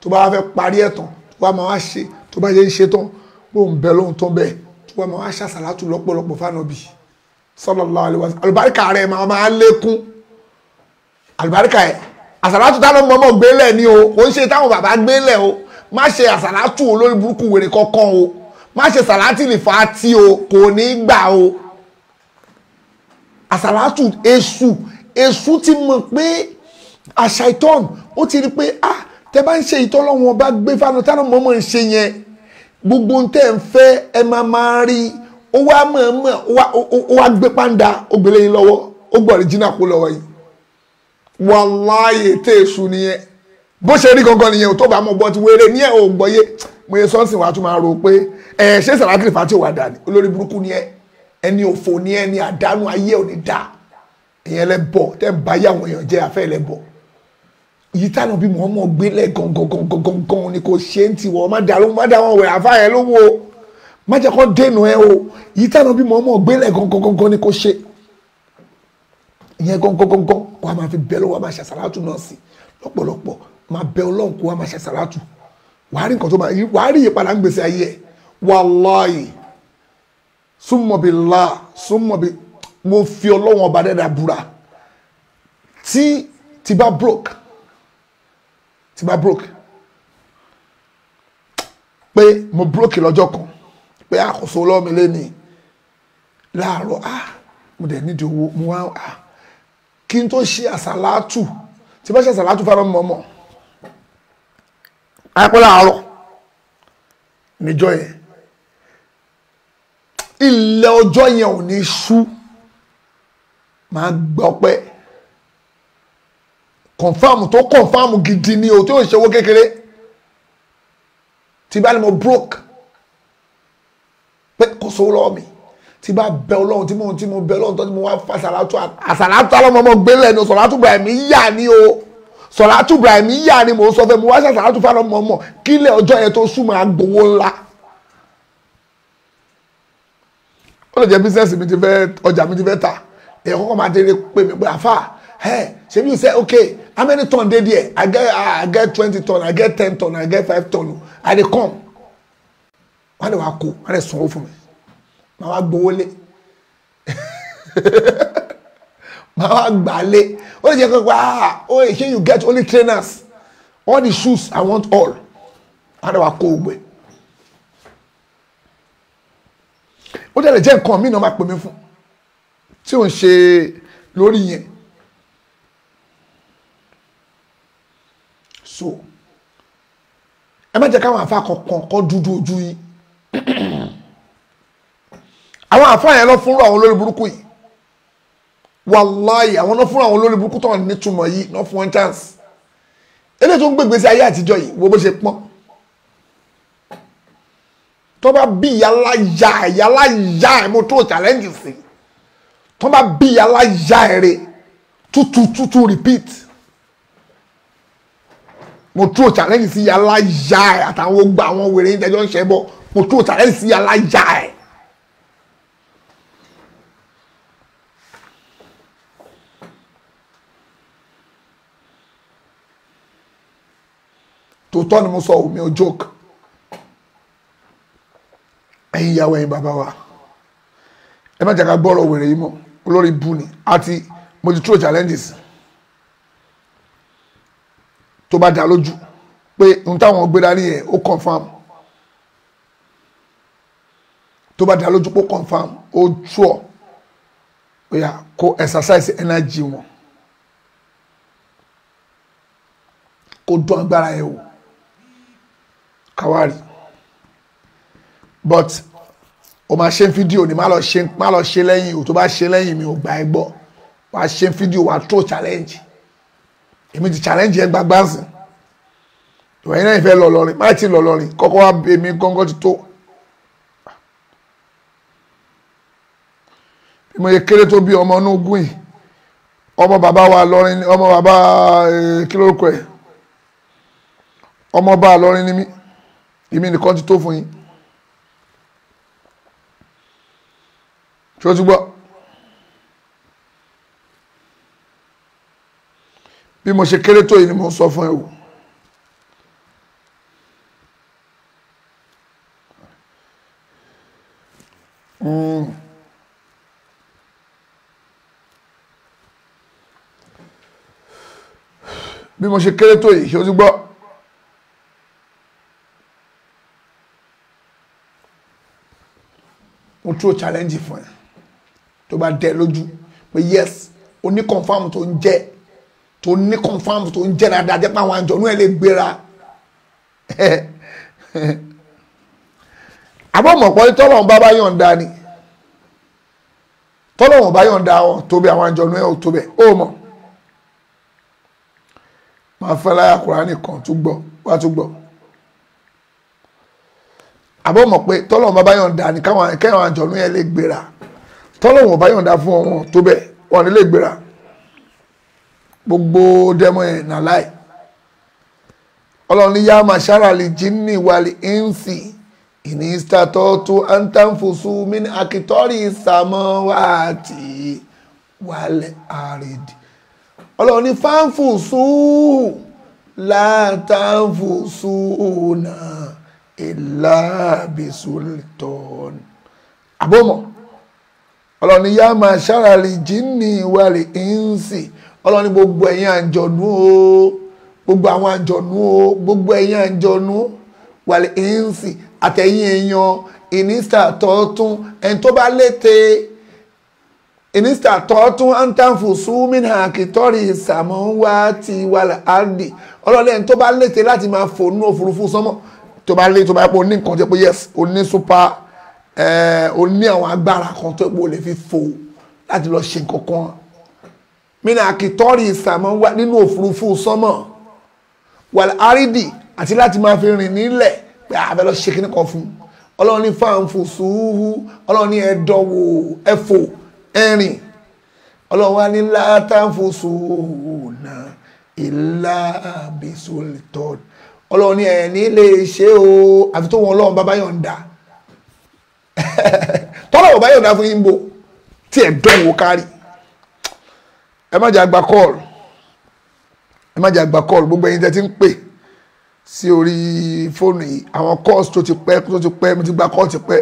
tó bá fẹ́ parí ẹ̀ tán tó bá máa wá ṣe tó bá ṣe ń ṣe tán bó ń bẹ lóhùn tán bẹ́ẹ̀ tó bá máa wá ṣàṣàlátù lọ́pọ̀lọpọ̀ fánàbì sallallahu alaihi wasallam àlùbáríkà rẹ̀ máa máa lékún àlùbáríkà ẹ̀ àṣàlátù táwọn ọmọ gbélẹ̀ ni o kò ń ṣe táwọn bàbá gbélẹ̀ o má ṣe àṣàlátù olórí burúkú wèrè kankan o má ṣe sàlátì lè fa tí o kò ní gbà o àsàlátù èṣù èṣù ti mọ̀ pé àṣà ìtọ́n ó ti rí pé ah tẹ bá ń ṣe ìtọ́lọ́wọ́n bá gbé fáná táwọn mọ́mọ́ ń ṣe yẹn gbogbo ń tẹ́ ń fẹ́ ẹ máa máa rí ó wá mọ̀ọ́mọ̀ ó wá gbé pàǹdà ó gbélé yín lọ́wọ́ ó gbọ́ ọ̀ríjìnà kó lọ́wọ́ yìí wàláyé tẹ́ èṣù nìyẹn bó ṣe rí gangan nìyẹn tó bá mọ̀ bọ́ ti wéré ní ẹ̀ ò gbọ́yé mo yẹ sọ́ọ̀sì wàá tún máa rò pé ẹ̀ ṣé sàlákìrì fàá tí ò wá olórí burúkú ni ẹni òfò ni ẹni àdánù ayé ò ní dá ìyẹn lẹ bọ tẹ ń bá yàwọn èèyàn jẹ àfẹ lẹ bọ yìí tànà bí wọn mọ gbélé gangan ni kò ṣe ń tiwọ má dà lóhùn má dà wọn wẹ àfáàyẹ lówó o má jẹ kó dènà ẹ o yìí tànà bí wọn mọ gbélé gangan ni kò ṣe ìyẹn gangan kó a máa fi bẹ lọ́wọ́ a máa ṣàṣàlátù náà sí lọ́pọ̀lọpọ̀ máa bẹ Ọlọ́run kó a máa ṣàṣàlátù wàá rí nǹkan tó máa wàá rí ìyípadà ń gbèsè ayé ẹ wàláyìí súnmọ̀bìlá súnmọ̀bì mo fi ọlọ́wọ́n ọba dẹ́dà búra tí tí bá broke tí bá broke pé mo broke lọ́jọ́ kan pé àkóso ah, ọlọ́wọ́ mi lé ní láàárọ̀ ah mo dẹ̀ nídìí owó mo wá ah kí n tó ṣe àsàlátù tí bá ṣe àsàlátù fáwọn ọmọ ọmọ àpẹẹrẹ àárọ̀ níjọ́ yẹn ilẹ̀ ọjọ́ yẹn ò ní ṣú máa gbọ́ pé kọ̀nfàmù tó kọ̀nfàmù gidi ni o tí ò ṣòwò kékeré tí bá ní mo broke pé kò sówó lọ́wọ́ mi tí bá bẹ ọlọ́run tí mo tí mo bẹ ọlọ́run tó tí mo wá fa sàlátù àsàlátù alọ́mọmọ gbélé ẹni sọ̀látù Ibrahim yà ni o sọ̀látù Ibrahim yà ni mo sọ fẹ́ mo wá sàlátù fàlọ́mọmọ kílẹ̀ ọjọ́ yẹn tó sú máa gbowó ńlá. ó lè jẹ́ bísíǹsì mi ti fẹ́ ọjà mi ti fẹ́ ta èèyàn kọ́kọ́ máa délé pé mi pé àfà ẹ̀ ṣe bí you say okay how many ton dey there i get i get twenty ton i get ten ton i get five ton i dey come wọ́n lè wá kó wọ́n lè sanwó fún mi màá wá gbowó lé màá wá gbà lé ó lè jẹ́ pé ah oh here you get only trainers all the shoes i want all wọ́n lè wá kó gbé. ó dẹ̀ lè jẹ́ nǹkan míì náà máa pè mí fún tí ò ń ṣe lórí yẹn so ẹ má jẹ́ káwọn àfa kankan kọ́ dúdú ojú yín àwọn àfa yẹn lọ fúnra àwọn olórí burúkú yìí wàláyé àwọn náà fúnra àwọn olórí burúkú tó wà nítumọ̀ yìí náà fún wọn chance eléyìí tó ń gbégbèsè ayé àtijọ́ yìí wo bó ṣe pọ́n tó bá bí ìyálá ya ẹ̀ yálá ya ẹ̀ mo tó challenge sí tó bá bí ìyálá ya ẹ̀ rè tútù tútù repeat mo tó challenge sí ìyálá ya ẹ̀ àtàwọn ogbà àwọn wèrè yín tẹ́jọ́ ń ṣẹ́ bọ́ mo tó challenge sí ìyálá ya ẹ̀. tòótọ́ ni mo sọ omi ò joke ẹ̀yin ìyàwó ẹ̀yin bàbá wa ẹ má jàkà gbọ́rọ̀ wèrè yìí mọ́ olórí bu ni àti mo ti throw challenges tó bá dá lójú pé ohun táwọn gbé dání yẹn ó confam tó bá dá lójú pé ó confam ó tú ọ ó kó exercise energy wọn kó dún agbára yẹn wò káwárì but o máa ṣe fídíò ni má lọ ṣe má lọ ṣe lẹ́yìn o tó bá ṣe lẹ́yìn mi ò gbà ẹ gbọ́ wàá ṣe fídíò wàá tó challenge èmi ti challenge ẹ gbàgbà sìn ìwà yẹn náà ìfẹ́ lọ lọrin má ti lọ lọrin kọ́kọ́ wá èmi gángan ti tó. bí mo yẹ kéré tó bí ọmọ onúgún yìí ọmọ bàbá wa lọrin ọmọ bàbá kí ẹ ọmọ bá a lọrin ni mí èmi nìkan ti tó fún yín. ṣé o ti gbọ́ bí mo ṣe kéré tó yìí ni mo sọ fún ẹ wò hmm. bí mo ṣe kéré tó yìí ṣé gbọ́. mo tú challenge fún ẹ tó bá dẹ lójú pé yes oní confam tó ń jẹ tó ní confam tó ń jẹ dáadáa jẹ́ pé àwọn àjọ̀nú ẹ̀ lè gbéra àbọ̀mọ̀pọ̀ tọ́lọ́run bá bá yọ̀ǹda ni tọ́lọ́run bá yọ̀ǹda ọ tóbi àwọn àjọ̀nú ẹ̀ ò tóbi ó mọ̀ máa fẹ́ láyà kùránì kan tún gbọ́ wá tún gbọ́ àbọ̀mọ̀ pé tọ́lọ́run bá bá yọ̀ǹda ni káwọn àjọ̀nú ẹ̀ lè gbéra tọ́lọ́wọ̀n bá yọ̀ǹda fún ọmọ tó bẹ̀ wọn nílé ìgbéra gbogbo dẹ́mọ̀ ẹ̀ nà láì ọlọ́run ní yá máa ṣáràlì jíní wàlì ínsì ìní ìsítàtọ̀ tó antanfosu mini akitọ́rì ìsàmọ́wàtì wàlẹ̀ àrèdì ọlọ́run ní fáńfùsù látàǹfùsù náà ìlàbìsùlẹ̀tọ̀ àbọ̀mọ̀ ọlọ́ni yá máa ṣáràlì jíní ìwàlì ìǹsì ọlọ́ni gbogbo ẹ̀yin àjọ̀nú o gbogbo àwọn àjọ̀nú o gbogbo ẹ̀yin àjọ̀nú wàlì ìǹsì àtẹ̀yìn èèyàn ìnísítà tọ́tún ẹni tó bá léte ìnísítà tọ́tún antanfu súnmínà kìtọ́rì ìsàmọ́ wá ti wàlà áàdì ọlọ́ni ẹni tó bá léte láti máa fònú òfurufú sánmọ̀ tó bá lé tó bá yẹ ní nǹkan tó yẹ kó ní super ẹ o ní àwọn agbára kan tó epo lè fi fò láti lọ ṣe nǹkan kan mínà àkìtọ́rì ìsàmọ́ wà nínú òfurufú sánmọ̀ wà árídì àti láti máa fi rìn nílẹ̀ pé àbẹ̀ lọ ṣe kíní kan fún ọlọ́run ní fáǹfù sùúhù ọlọ́run ní ẹ̀dọ́wò ẹ̀fò ẹ̀rìn ọlọ́run wá ní látàǹfù sùúhù náà ìlà àbísọ̀lẹ̀tọ̀ ọlọ́run ní ẹ̀ lè ṣe o àfi tó wọn ọlọ́run bàbá yọ̀ǹda tọ́lọ̀ ò bá yọ̀ǹda fún yín tí ẹ̀ dán kárí ẹ má jẹ́ àgbà kọ́ọ̀lù ẹ má jẹ́ àgbà kọ́ọ̀lù gbogbo ẹ̀yin tẹ́ ti ń pè sí orí fóònù yìí àwọn kọ́ọ̀sì tó ti pẹ́ tó ti pẹ́ mo ti gba kọ́ọ̀sì pẹ́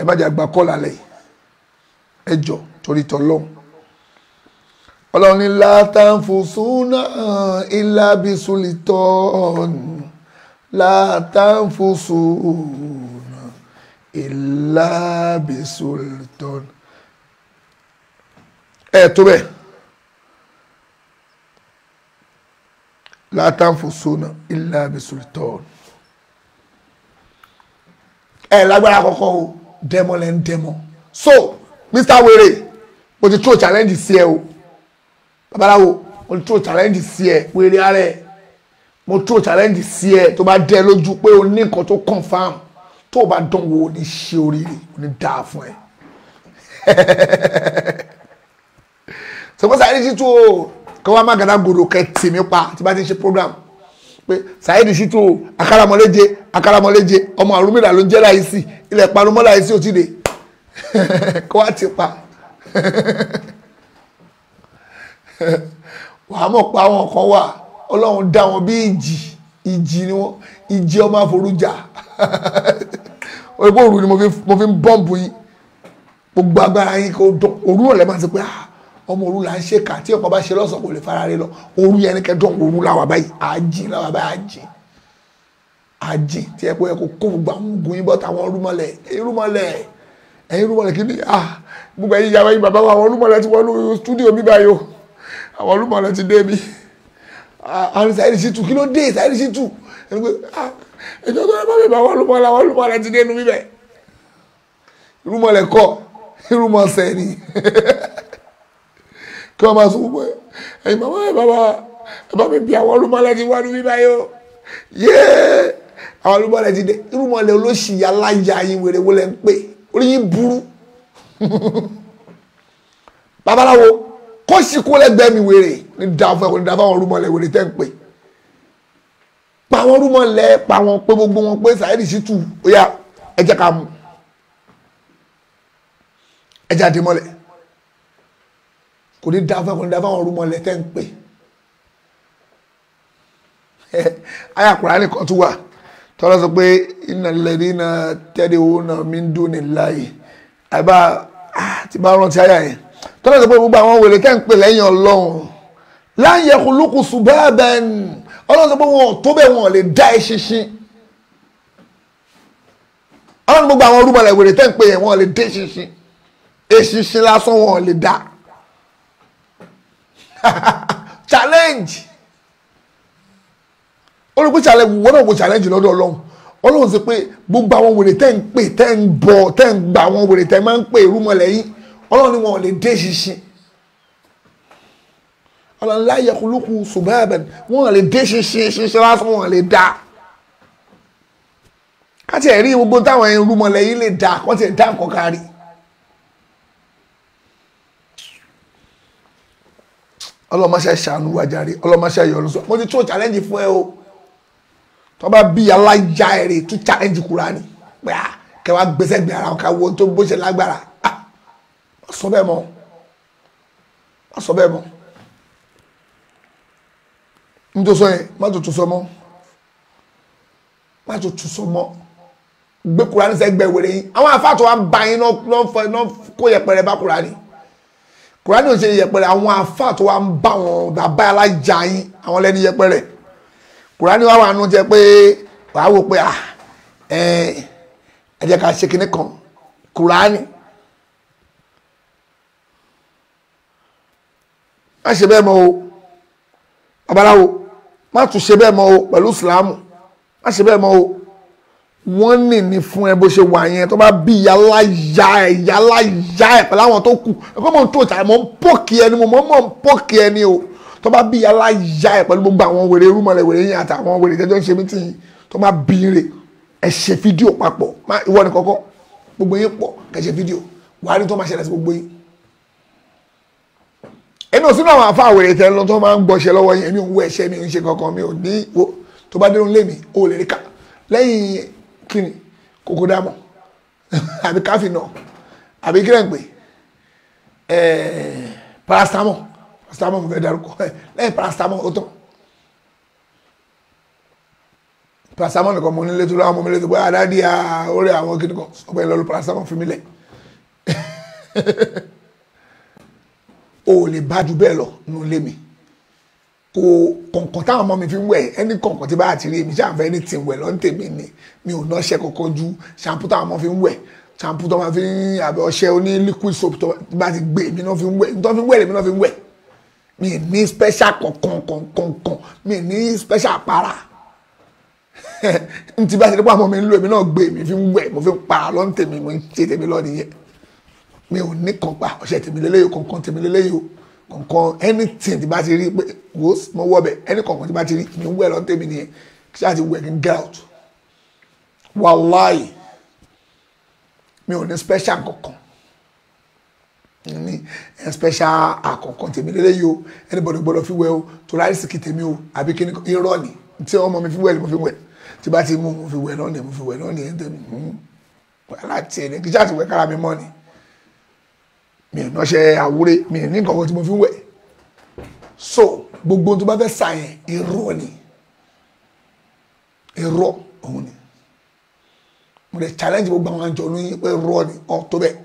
ẹ má jẹ́ àgbà kọ́ọ̀lù alẹ́ yìí ẹ jọ torí tọ́lọ́ ọlọ́run látàǹfùsúnà ìlàbísùlítọ́ọ̀nù látàǹfùsùn illa sultan ẹ tó bẹ́ẹ̀ la tanfusuna sultan ẹ lágbára kọ́kọ́ o dẹ́mọ́ lẹ́ ń dẹ́mọ́ so mr were mo ti throw challenge sí ẹ o babaláwo mo ti throw challenge sí ẹ were ara ẹ mo throw challenge sí ẹ tó bá dẹ lójú pé o ní nǹkan tó confam tó o bá dánwò ní ṣe oríire ní dáa fún ẹ sọpọ́ Saheed Shittu o kí wọ́n má gàdá gòdò kẹ tì mí pa tí bá ti ṣe program pé Saheed Shittu o akaramọléje akaramọléje ọmọ àrùnmílà ló ń jẹ́ láìsí ilẹ̀ parumọ́ láìsí òtíde kó wá ti pa wàá mọ̀ pé àwọn kan wà ọlọ́run dá wọn bí ìjì ìjì ni wọ́n ìjẹ ọmọ àforújà òyìnbó òru ni mo fi ń bọ́ǹbù yín gbogbo agbára yín kò dùn òru ọ̀lẹ́ máa ti pé ah, ọmọ òru là ń ṣe kà tí ọkọ̀ bá ṣe lọ́sàn kò lè fara rẹ lọ òru yẹn ni kẹdùn òru làwà báyìí àjì làwà báyìí àjì àjì tí ẹ pé ẹ kò kó gbogbo àwọn ogun yín bọ́ táwọn rúmọlẹ̀ rúmọlẹ̀ ẹ̀yin rúmọlẹ̀ kí ni ah gbogbo ẹ̀yin yàrá yín bàbá wa àwọn rúmọlẹ̀ ti wọnú stúdíò mi báyìí o àwọn rúmọlẹ̀ ti dé mi àrùn sáyẹ́dì sí tù kí ló dé sáyẹ́dì sí tù ẹni pé ah ìjọ tó lọ́pàá bèbà wọ́n lùmọ́lá wọ́n lùmọ́lá ti dénú bíbẹ̀ irúmọlẹ̀ kọ́ irúmọsẹ̀ ni kí wọ́n máa sọ gbogbo ẹ̀ ẹ̀yin bàbá ẹ̀ bàbá ẹ̀ bá mi bí àwọn lùmọ́lá ti wá ní bíbá yóò yé àwọn lùmọ́lá ti dé irúmọlẹ̀ olóṣìyà láyà yín wèrè wọlé ń pè orí yín burú babaláwo kó lẹ́gbẹ̀ẹ́ mi wèrè ní dáfọ́ ẹ̀kọ́ ní dáfọ́ àwọn irúmọlẹ̀ wèrè tẹ́ ń pè pa wọn rúmọ lẹ pa wọn pé gbogbo wọn pé Saheed Shittu ó yá ẹ jẹ́ ká mú ẹ jẹ́ àdé mọ́lẹ̀ kò ní dáfẹ́ kò ní dáfẹ́ àwọn rúmọ lẹ tẹ́ ń pè àyá Kùránì kan tún wà tọ́lá sọ pé innal ladhina tad'una min dunillahi àbá ah, ti bá rántí àyá yẹn tọ́lá sọ pé gbogbo àwọn wèrè tẹ́ ń pè lẹ́yìn Ọlọ́run la yakhluqu subaban ọlọ́run sọ pé wọn ò tó bẹ́ẹ̀ wọn ò lè dá eṣinṣin ọlọ́run gbogbo àwọn orúmọlẹ̀ wèrè tẹ́ ń pè yẹn wọn ò lè dá eṣinṣin eṣinṣin lásán wọn ò lè dá challenge olùkú challenge wọn náà wo challenge lọ́dọ̀ ọlọ́run ọlọ́run sọ pé gbogbo àwọn wèrè tẹ́ ń pè tẹ́ ń bọ̀ tẹ́ ń gbà àwọn wèrè tẹ́ máa ń pè irúmọlẹ̀ yìí ọlọ́run ni wọn ò lè dá eṣinṣin falan láyẹ̀ kúlùkù ṣùgbọ́n ẹ̀bẹ̀ wọ́n lè dé ṣinṣinṣin lásán wọ́n lè dá káti ẹ̀rí gbogbo táwọn ẹ̀yìn rúmọlẹ̀ yìí lè dá wọ́n ti dá nǹkan kárí. ọlọ́mọṣẹ́ ṣàánú wájàre ọlọ́mọṣẹ́ yọ̀ọ́nù sọ mo ti tún challenge fún ẹ o tó bá bí alájà èrè tún challenge Kùránì pé a ah, kẹwàá gbèsè gbé ara ọ̀ka wo tó bó ṣe lágbára a ah, sọ bẹ́ẹ̀ mọ́ a sọ bẹ́ẹ̀ mọ́ n tó sọ yẹn má tó tún sọ mọ́ má tó tún sọ mọ́ gbé kura ní sẹ́gbẹ́ wèrè yín àwọn àfáàtọ̀ wa ba yín náà kó yẹpẹrẹ bá kura ni kura ní òṣèlú yẹpẹrẹ àwọn àfáàtọ̀ wa ń bá wọn bàbá alájà yín àwọn lẹ́ni yẹpẹrẹ kura ní wàá wà nù jẹ pé wàá wò pé ah ẹ ẹ jẹ́ ká ṣe kinní kan kura ni. má ṣe bẹ́ẹ̀ mọ́ o babaláwo má tún ṣe bẹ́ẹ̀ mọ́ o pẹ̀lú ìsìláàmù má ṣe bẹ́ẹ̀ mọ́ o wọ́n nì ní fún ẹ bó ṣe wà yẹn tó bá bí yálà ya ẹ yálà ya ẹ pẹ̀lú àwọn tó kù ẹgbẹ́ mọ̀ ń tó ìtàn mọ̀ ń pòkì ẹni mo mọ̀ mọ̀ ń pòkì ẹni o tó bá bí yálà ya ẹ pẹ̀lú gbogbo àwọn wèrè rúmọlẹ̀ wèrè yẹn àtàwọn wèrè jẹjọ́ ń ṣe mí tì yín tó bá bí rè ẹ ṣe fídíò papọ̀ ìwọ ni kọ́kọ́ gbogbo yín pọ̀ kẹ́ ṣe fídíò wàá rí tó máa ṣẹlẹ̀ sí gbogbo yín èmi ò sínú àwọn àfa àwèrè tẹ lọ tó máa ń gbọṣẹ lọ́wọ́ yẹn mi ò ń wọ ẹṣẹ mi ò ń ṣe kankan mi ò ní wo tó bá dénú lé mi ò lè rí ká lẹ́yìn kíni kókó dámọ̀ àbí káfí náà àbí kílẹ̀ ń pè paracetamol paracetamol mo fẹ́ darúkọ lẹ́yìn paracetamol ó tán paracetamol nìkan mo nílé tó láwọn ọmọ mi lé tó bóyá adáàdì orí àwọn kíni kan ọgbẹ́ ìlọlù paracetamol fi mi lẹ̀. o ò lè bá ju bẹ́ẹ̀ lọ nínú ilé mi kò kọ̀ǹkọ̀ táwọn ọmọ mi fi wẹ̀ ẹni kọ̀ǹkọ̀ tí bá ti rí èmi ṣàǹfẹ́ ní ti wẹ̀ lọ́n tèmi ni mi ò náṣẹ́ kọ̀ọ̀kan ju ṣàǹpù táwọn ọmọ fi ń wẹ̀ ṣàǹpù tó máa fi ń àbẹ̀ ọṣẹ oní liquid soap tó bá ti gbé èmi náà fi ń wẹ̀ tó fi ń wẹ̀ lèmi náà fi ń wẹ̀ mi ní special kọ̀ọ̀kan kọ̀ọ̀kan mi ní special para n ti bá ti rí pé àwọn ọmọ mi ń lo mi náà gbé èmi fi ń wẹ̀ mo fi ń para lọ́n tèmi mo ń ṣe tèmi lọ́ nìyẹn mi ò ní kan pa ọ̀sẹ̀ tèmi lélẹ́yìí kankan tèmi lélẹ́yìí o kankan anything tí bá ti rí pé wo mo wọ bẹ ẹni kankan tí bá ti rí mi ń wẹ̀ lọ́n tèmi nìyẹn kí sáà ti wẹ̀ kí n get out wàláì mi ò ní special kankan ní special àkọ́kọ́ tèmi lélẹ́yìí o anybody gbọ́dọ̀ fi wẹ̀ o tó láì sìkì tèmi o àbí kí ni irọ́ ni tí ọmọ mi fi wẹ̀ ni mo fi wẹ̀ tí bá ti mú mo fi wẹ̀ lọ́nà mo fi wẹ̀ lọ́nà ẹ̀ ń tẹ̀mí hmm. wàhálà tiẹ̀ ní kí sáà ti wẹ̀ kára mi mọ́ ni mi ò nọṣẹ àwúrè mi ò ní nǹkan tí mo fi ń so gbogbo ohun tó bá fẹ́ sà yẹn irọ́ ni irọ́ òun ni mo lè challenge gbogbo àwọn àjọ ní pé irọ́ ni ọ̀ tó bẹ́ẹ̀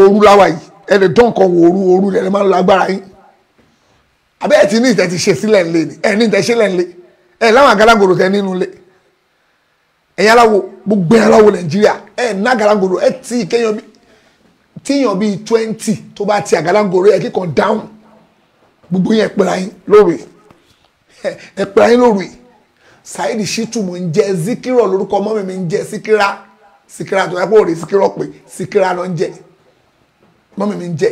òru láwa yìí ẹni tó nǹkan wò òru òru lẹ́nu máa ń lo agbára yín àbẹ́ ẹ̀ ti ní ìtẹ́ ti ṣe sílẹ̀ ńlẹ̀ ni ẹ̀ ní ìtẹ́ sílẹ̀ ńlẹ̀ ẹ̀ láwọn àgàlagòrò tẹ nínú ńlẹ̀ ẹ̀yin aláwo gbogbo ẹ̀ aláwo Nàìjíríà ẹ̀ ní àgàlagòrò ẹ̀ tí ìkẹyàn bíi tíyàn bíi twenty tó bá ti àgàlagòrò ẹ kíkan dáhùn gbogbo yẹn pẹ̀lú ayín lóore ẹ pẹ̀lú ayín lóore Saheed Shittu mo ń jẹ Síkírọ̀ lórúkọ ọmọ mi mi ń jẹ sikira Síkírà tó yẹ kó rè Síkírọ̀ pé Síkírà ló ń jẹ ọmọ mi mi ń jẹ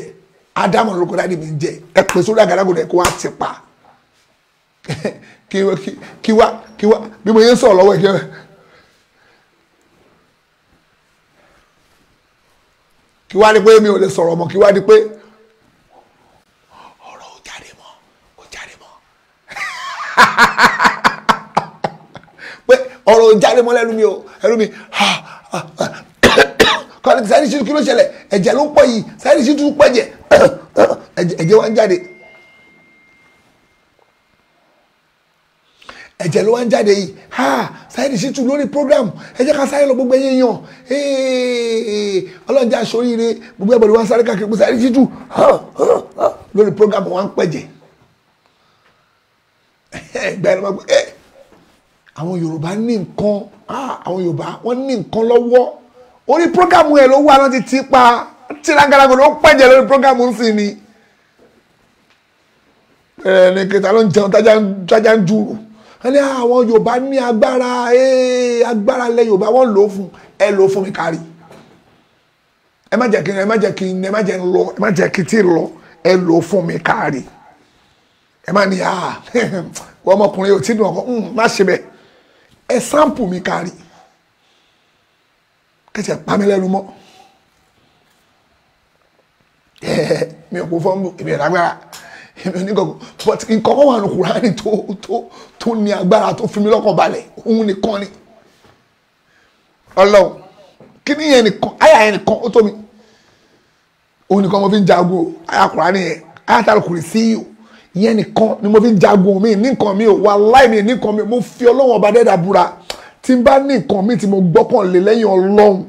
Ádámù lórúkọ dáàdì mi ń jẹ ẹ sórí àgàlagòrò ẹ kó wá ti pa kí wá kí wá bí mo yẹ sọ̀rọ̀ lọ́wọ́ ẹ kí wá. kí wá ní pé mi ò lè sọ̀rọ̀ mọ́ kí wá ní pé ọ̀rọ̀ ò jáde mọ́ kò jáde mọ́ pé ọ̀rọ̀ ò jáde mọ́ lẹ́nu mi ò ẹnu mi kọ́ni sáyẹ́nì ṣe kí ló ṣẹlẹ̀ ẹ̀jẹ̀ ló ń pọ̀ yìí sáyẹ́nì ṣe tún pẹ̀jẹ̀ ẹ̀jẹ̀ wá ń jáde. ẹ̀jẹ̀ ló wá ń jáde yìí ha Saheed Shittu lórí program ẹ jẹ́ ká sáré lọ gbogbo ẹ̀yẹ yàn ọlọ́njà aṣoríire gbogbo ẹ̀bọ̀dé wá ń sáré káàkiri pé Saheed Shittu lórí program wọn ń pẹ̀jẹ̀ ẹgbẹ́ ẹ̀rọ máa pẹ́ àwọn Yorùbá ní nǹkan àwọn Yorùbá wọ́n ní nǹkan lọ́wọ́ orí program yẹn ló wà lọ́n ti ti pa tìrangarago ló pẹ̀jẹ̀ lórí program ń sìn ni ẹni kẹta ló ń jẹun tájà ń dúró wọ́n ní ah, àwọn yorùbá ní agbára eh, agbára lẹ yorùbá wọ́n lò ó fún ẹ lò ó fún mi kárí ẹ má jẹ́ kí ẹ má jẹ́ kí ẹ má jẹ́ lọ ẹ má jẹ́ kí tí lọ ẹ lò ó fún mi kárí ẹ má ní ah ọmọkùnrin ò tí dùn ọkọ hmm, má ṣe bẹ́ẹ̀ ẹ sáǹpù mi kárí kẹsì ẹ pa mí lẹ́nu mọ́ mi ò kó fọ́nbù èmi ò èmi onígbàgbọ́ but nǹkan kan wà ní kùránì tó tó tó ní agbára tó fi mi lọ́kàn balẹ̀ òun nìkan ni ọlọ́run kí ni yẹn nìkan àyà yẹn nìkan ó tó mi òun nìkan mo fi ń jago àyà kurani, yẹn àyà tá a kùrì sí yìí yẹn nìkan ni mo fi ń jago mi nìkan mi ò wàláì mi nìkan mi mo fi ọlọ́run ọba dẹ́dà búra tí n bá ní nǹkan mi tí mo gbọ́kàn lé lẹ́yìn ọlọ́run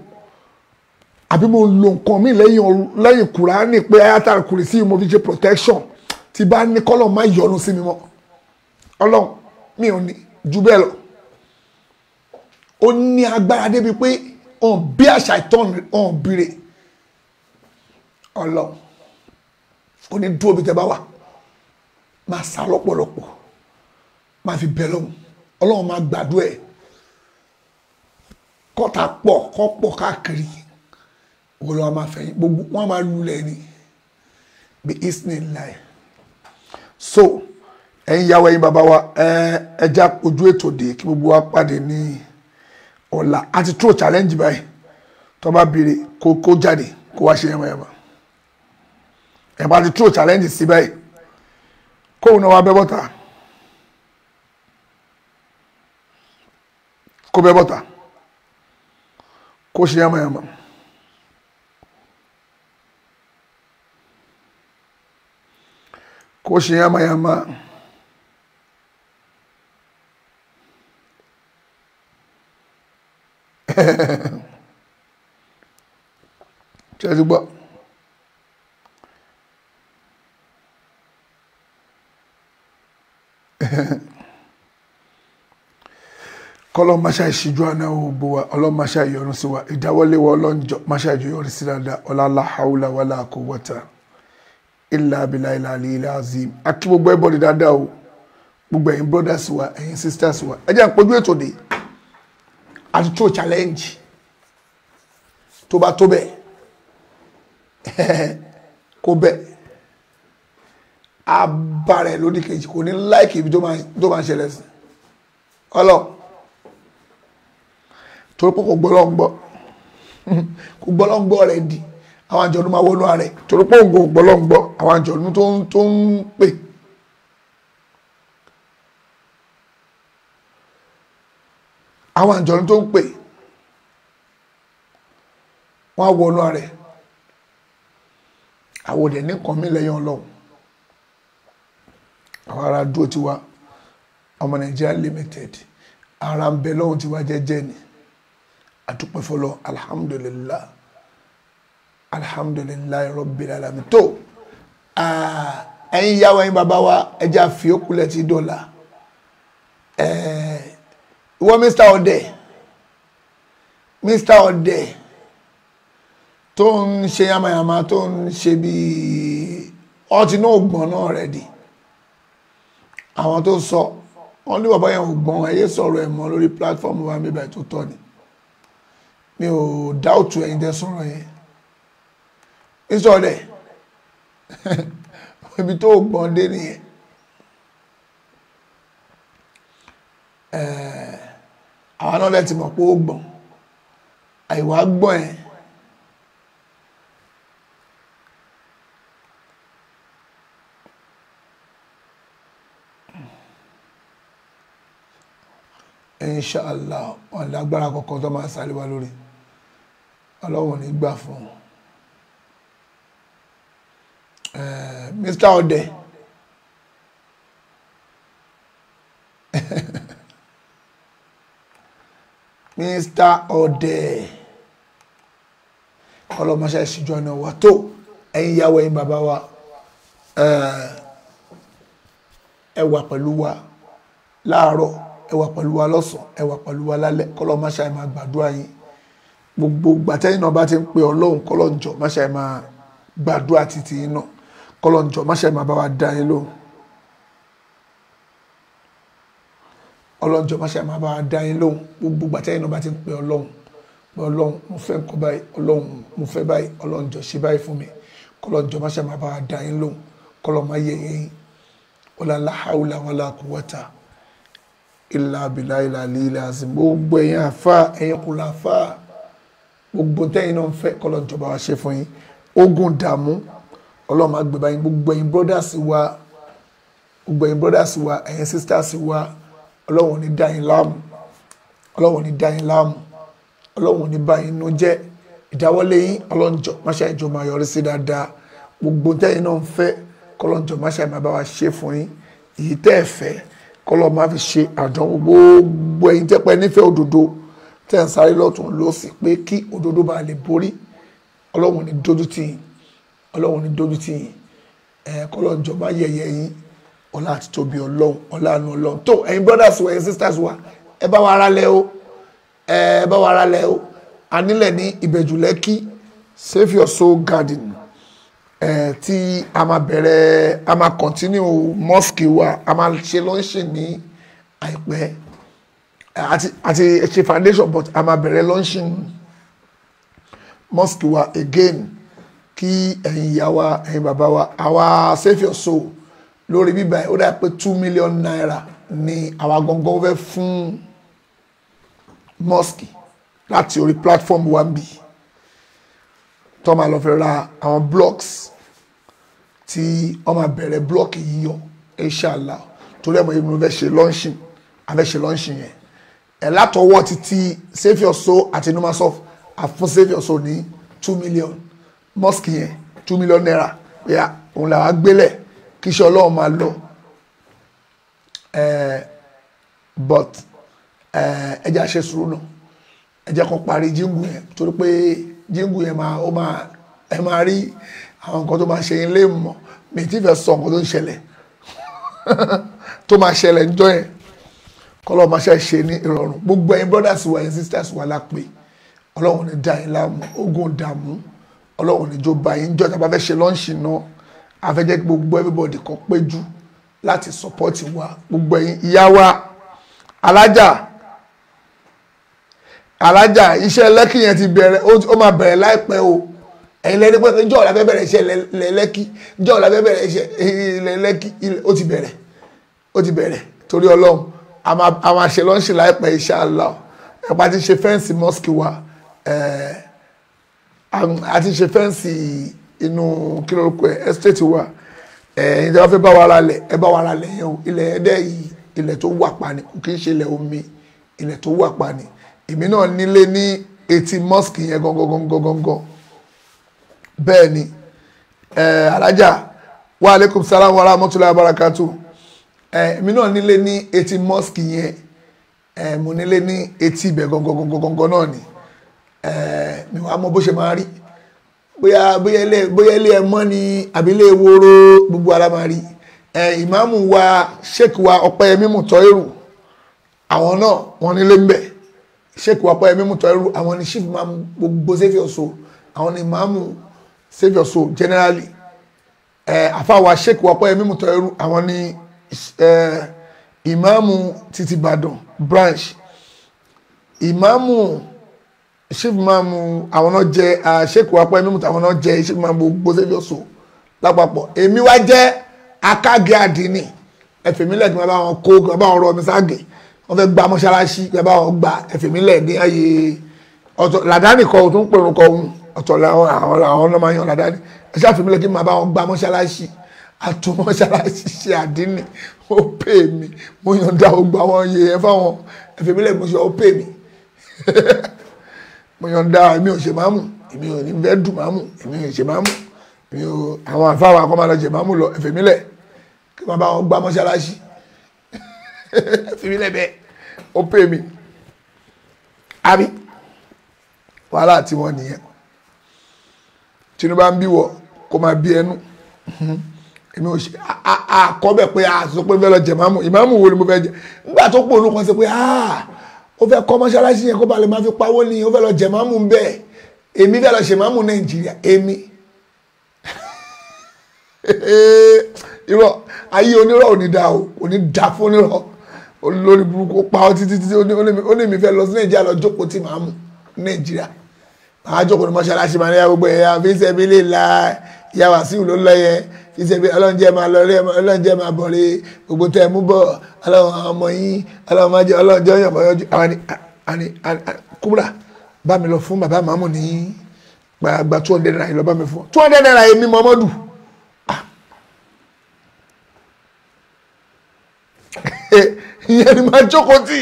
àbí mo lo nǹkan mi lẹ́yìn kùránì pé àyà tá a kùrì sí yìí mo fi ṣe protection tí bá ní kọ́lọ̀ má yọnu sí mi mọ́ ọlọ́run mi ò ní ju bẹ́ẹ̀ lọ ó ní agbára débi pé ọ̀n bí àṣà ìtọ́n ọ̀n bire ọlọ́run kò ní dúró bí tẹ bá wà máa sá lọ́pọ̀lọpọ̀ máa fi bẹ̀ lọ́hùn ọlọ́run máa gbàdúrà ẹ̀ kọ́ta pọ̀ kọ́ pọ̀ káàkiri wọ́n máa fẹ̀yìn gbogbo wọ́n máa lulẹ̀ ni bí isn't life so ẹ̀yin yàwó ẹ̀yin bàbá wa ẹ já ojú ètò dé kí gbogbo wa pàdé ní ọ̀la àti true challenge báyìí tó bá béèrè kó kó jáde kó wá ṣe ẹ̀wọ̀n ẹ̀wọ̀n ẹ̀bá ti true challenge sí báyìí kóun náà wá bẹ́ bọ́ta kó bẹ́ bọ́ta kó ṣe ẹ̀wọ̀n ẹ̀wọ̀n. kó ṣe yamayama ṣe ti gbọ́. kọlọ́n máṣá ìṣíjú àná òbò wa ọlọ́n máṣá ìyọrùn sí wa ìdáwọ́lé wa ọlọ́njọ́ masha ìjọ yọrùn sí dáadáa ọlá aláhàúlà wàlá ilà abilà ilà àlè ilà azim akí gbogbo ẹbọ ni dáadáa o gbogbo ẹ̀yin brothers wa ẹ̀yin sisters wa ẹ jẹ́ àpọ̀jù ètò dé àti tó challenge tó bá tó bẹ̀ kó bẹ̀ abarẹ̀ lódì kejì kò ní láìkì ibi tó máa ń ṣẹlẹ̀ sí ọlọ torí pé kò gbọ́ lọ́ngbọ́ kò gbọ́ lọ́ngbọ́ rẹ̀ di àwọn àjọ̀nú máa wọnú ààrẹ torí pé òǹgò gbọ́lọ́ngbọ́ àwọn àjọ̀nú tó ń tó ń pè. àwọn àjọ̀nú tó ń pè wọ́n wọnú ààrẹ àwọn nìkan mí lẹ́yìn ọlọ́run àwọn ará dúró tiwa ọmọ Nàìjíríà limited ara ń bẹ lọ́hùn tiwa jẹ́jẹ́ ni àdúpẹ́ alhamdulillah alhamdulilayi rabbil alamin tó ẹ̀yin yàwó ẹ̀yin bàbá wa ẹja fi ókulẹ̀ ti dọ́là ìwọ mr ọdẹ mr ọdẹ tó ń ṣe yamayama tó ń ṣe bí ọtí náà ògbọ́n náà rẹ̀ dì àwọn tó sọ wọn ní bàbá yẹn ògbọ́n ẹ̀yẹ sọ̀rọ̀ ẹ̀ lórí platform wa bíbẹ̀ tó tọ́ ni mi ò dáòtú ẹ̀yin tẹ́ sọ̀rọ̀ yẹn ìsọ̀ rẹ̀ ibi tó gbọ́n dé nìyẹn eh, àwọn náà lẹ́ti mọ̀ pé ó gbọ́n àìwá gbọ́n ẹ̀ Inshallah, ọ̀nà agbára kọ̀ọ̀kan tó máa sáré wá lórí ọlọ́wọ̀n ní gbà fún un Mr. Ode. Mr. Ode. Ọlọ́mọṣẹ́ ìṣíjú ọ̀nà wà tó ẹ̀yin ìyàwó ẹ̀yin bàbá wa ẹ wà pẹ̀lú wa láàárọ̀ ẹ wà pẹ̀lú wa lọ́sàn ẹ wà pẹ̀lú wa lálẹ́ kọ́lọ́mọṣẹ́ máa gbàdúrà yín gbogbo gbàtẹ́yìn náà bá ti ń pe ọlọ́run kọ́lọ́njọ́ máṣẹ́ máa gbàdúrà títí náà kọlọ́njọ́ máṣe máa bá wa dá yín lóhùn ọlọ́njọ́ máṣe máa bá wa dá yín lóhùn gbogbo gbàtẹ́yìn náà bá ti ń pè ọlọ́hun pé ọlọ́hun mo fẹ́ nǹkan báyìí ọlọ́hun mo fẹ́ báyìí ọlọ́njọ́ ṣe báyìí fún mi kọlọ́njọ́ máṣe máa bá wa dá yín lóhùn kọlọ́ máa yẹ yín wala láhàúlà wala quwwata ìlà àbìlà ìlà lílà àti gbogbo ẹ̀yin àfà ẹ̀yin kùlà àfà gbogbo tẹ́yìn náà ń fẹ́ kọlọ́njọ́ wa ṣe fún yín ogun dààmú ọlọ́run máa gbé báyìí gbogbo ẹ̀yin brothers wa gbogbo ẹ̀yin brothers wa ẹ̀yin sisters wa ọlọ́run ò ní dá yín láàmú ọlọ́run ò ní dá yín láàmú ọlọ́run ò ní bá yín nú jẹ́ ìdáwọ́lé yín ọlọ́njọ́ máṣá ìjọ máa yọrí sí dáadáa gbogbo tẹ́yìn náà ń fẹ́ kọ́lọ́njọ́ máṣá ìmọ̀ bá ṣe fún yín èyí tẹ́ ẹ̀ fẹ́ kọ́lọ́ máa fi ṣe àdánwò gbogbo ẹ̀yin tẹ́pẹ́ nífẹ̀ẹ́ òdodo tẹ́ ń sáré lọ́tún lọ́sì pé kí òdodo bá lè borí ọlọ́run ní dójú tì yín ọlọ́run ní dójú tì yín kọ́lọ̀ ìjọba yẹ̀yẹ̀ yín ọlá àti tóbi ọlọ́run ọlá àánú ọlọ́run tó ẹ̀yin brothers wa ẹ̀yin sisters wa ẹ bá wa ara lẹ o ẹ bá wa ara lẹ o anílẹ̀ ní ìbẹ̀jù lẹ́kí save your soul garden ẹ tí a máa bẹ̀rẹ̀ a máa continue mosque wa a máa ṣe launching ní àìpẹ́ àti ṣe foundation but a máa bẹ̀rẹ̀ launching mosque wa again kí ẹ̀yin ìyá wa ẹ̀yin bàbá wa àwa save your soul lórí bíbá ó dà pé two million naira ni àwa gangan fẹ́ fún mosque láti orí platform one B. bì tó máa lọ fẹ́ ra àwọn blocks tí wọ́n máa bẹ̀rẹ̀ block yíyọ inshallah torí ẹ̀mọ̀ ìmúlò fẹ́ ṣe lọ́ńṣìn afẹ́ ṣe lọ́ńṣìn yẹn ẹ̀ látọwọ́ ti save your soul àti numasoft àfún save your soul ní two million mosque yẹn two million naira yà òun làwọn gbélẹ̀ kí iṣẹ́ ọlọ́run máa lọ but ẹjẹ́ àṣẹ sùúrù náà ẹjẹ́ kan parí jíngù yẹn torí pé jíngù yẹn máa ó máa ẹ máa rí àwọn nǹkan tó máa ṣe yín lé mọ̀ mi ti fẹ́ sọ nǹkan tó ń ṣẹlẹ̀ tó máa ṣẹlẹ̀ ń jọ yẹn kọlọ́ọ̀ máa ṣe ṣe ní ìrọ̀rùn gbogbo ẹ̀yin brothers wa ẹ̀yin sisters wa lápè ọlọ́run ní dá yín láàmú ogun dààmú ọlọ́run níjó báyìí níjọ́ tá a bá fẹ́ ṣe lọ́ǹṣì náà a fẹ́ jẹ́ gbogbo everybody kan péjú láti support wa gbogbo ẹ̀yin ìyá wa alájà alájà iṣẹ́ lẹ́kì yẹn ti bẹ̀rẹ̀ ó máa bẹ̀rẹ̀ láìpẹ́ o ẹ̀yin lẹ́ni pé níjọ́ ọ̀la fẹ́ bẹ̀rẹ̀ iṣẹ́ lẹ́lẹ́kì níjọ́ ọ̀la fẹ́ bẹ̀rẹ̀ iṣẹ́ eh, lẹ́lẹ́kì ó ti bẹ̀rẹ̀ ó ti bẹ̀rẹ̀ torí ọlọ́run a máa ṣe lọ́ǹṣì láìpẹ́ inshallah ẹ̀pá ti ṣe fẹ́ǹsì mọ́sìkì wa ẹ̀ẹ́. Eh, a ti ṣe fẹ́ǹsì inú kílórúkọ ẹ̀ ẹ́stéètì wa ẹ̀yin tí wọ́n fẹ́ bá wa ra lẹ̀ ẹ bá wa ra lẹ̀ yẹn o ilẹ̀ ẹ̀dẹ́ yìí ilẹ̀ tó wà pa ni kò kí ń ṣe ilẹ̀ omi ilẹ̀ tó wà pa ni èmi náà nílé ní etí mosque yẹn gangan bẹ́ẹ̀ ni alájà wa aleykum salaam wa rahmatulahi wa barakatu èmi náà nílé ní etí mosque yẹn mo nílé ní etí ibẹ̀ gangan náà ni. Eh, mi wàá mọ bó ṣe máa rí bóyá bóyá ilé bóyá ilé ẹ mọ́ ni àbí ilé ewúro gbogbo ara máa rí eh, ìmáàmù wa sheikh wa ọpẹ́yẹmí mùtọ́ èrò àwọn náà wọ́n nílé ń bẹ̀ sheikh wa ọpẹ́yẹmí mùtọ́ èrò àwọn ni chief imam gbogbo saviour so àwọn ni ìmáàmù saviour so generally eh, wa sheikh wa ọpẹ́yẹmí mùtọ́ èrò àwọn ni ìmáàmù títí Ìbàdàn branch ìmáàmù ṣíbùmáàmù àwọn náà jẹ ṣéèkù apá mímú táwọn náà jẹ ṣíbùmáàmù gbogbo sẹ́jọ́ so lápapọ̀ èmi wá jẹ́ akáge àdínì ẹ̀fẹ̀mílẹ̀ kí wọ́n bá wọn kó kí wọ́n bá wọn rọ omi ságè wọ́n fẹ́ gba mọ́ṣáláṣí kí wọ́n bá wọn gba ẹ̀fẹ̀mílẹ̀ ní ayé ọ̀tọ̀ làdáni kọ òtún pèrún kọ ohun ọ̀tọ̀ làwọn àwọn náà máa yan làdáni ẹ̀ṣẹ́ àfẹ̀mílẹ̀ kí wọ́n bá wọn gba mọ́ṣáláṣí àtún mọ́ṣáláṣí ṣe àdínì ó pè mí mo yàn dá ogbà wọn yẹ ẹ fáwọn ẹ̀fẹ̀mílẹ̀ mo ó pè mí mo yọ̀ǹda èmi ò ṣe máàmù èmi ò ní bẹ́ẹ̀ dù máàmù èmi ò ṣe máàmù èmi ò àwọn àfáwà kọ́ máa lọ ṣe máàmù lọ ẹ̀fẹ̀ mílẹ̀ kí wọ́n bá wọn gbá mọ́ṣáláṣí ẹ̀fẹ̀ mílẹ̀ bẹ́ẹ̀ ó pè mí àbí wàhálà tí wọ́n nìyẹn Tinubu ń bí wọ kó máa bí ẹnu èmi ò ṣe àkọ́bẹ̀ pé a sọ pé fẹ́ lọ jẹ máàmù ìmáàmù wo ni mo fẹ́ jẹ nígbà tó pọ̀ olùkọ́ sọ pé aaa ó fẹ́ kọ́ mọ́ṣáláṣí yẹn kó ba lè máa fi pawó ni ó fẹ́ lọ jẹ̀ máàmù bẹ́ẹ̀ èmi fẹ́ lọ ṣe máàmù nàìjíríà èmi irọ́ ayé onírọ́ ò ní da o ò ní da fún onírọ́ olórí burúkú pa ọ títí títí ó ní mi fẹ́ lọ sí nàìjíríà lọ jókòó tí màá mú nàìjíríà màá jókòó ní mọ́ṣáláṣí màá ní gbogbo ẹ̀yà fi ń sẹ́mi lè la ìyá wàsíù ló lọ́yẹ tí ṣe pé ọlọ́run jẹ́ máa lọ́rẹ́ ọlọ́run jẹ́ máa bọ̀rẹ́ gbogbo tẹ́ ẹ mú bọ̀ ọlọ́run ọmọ yín ọlọ́run máa jẹ́ ọlọ́run jẹ́ ọyàn bọ̀yọ́jú àwọn àni kúbúrà bá mi lọ fún bàbá màmú ní gbàgbà two hundred naira lọ bá mi fún two hundred naira èmi mọ́mọ́dù. Ah. ìyẹn ni máa jókòó tì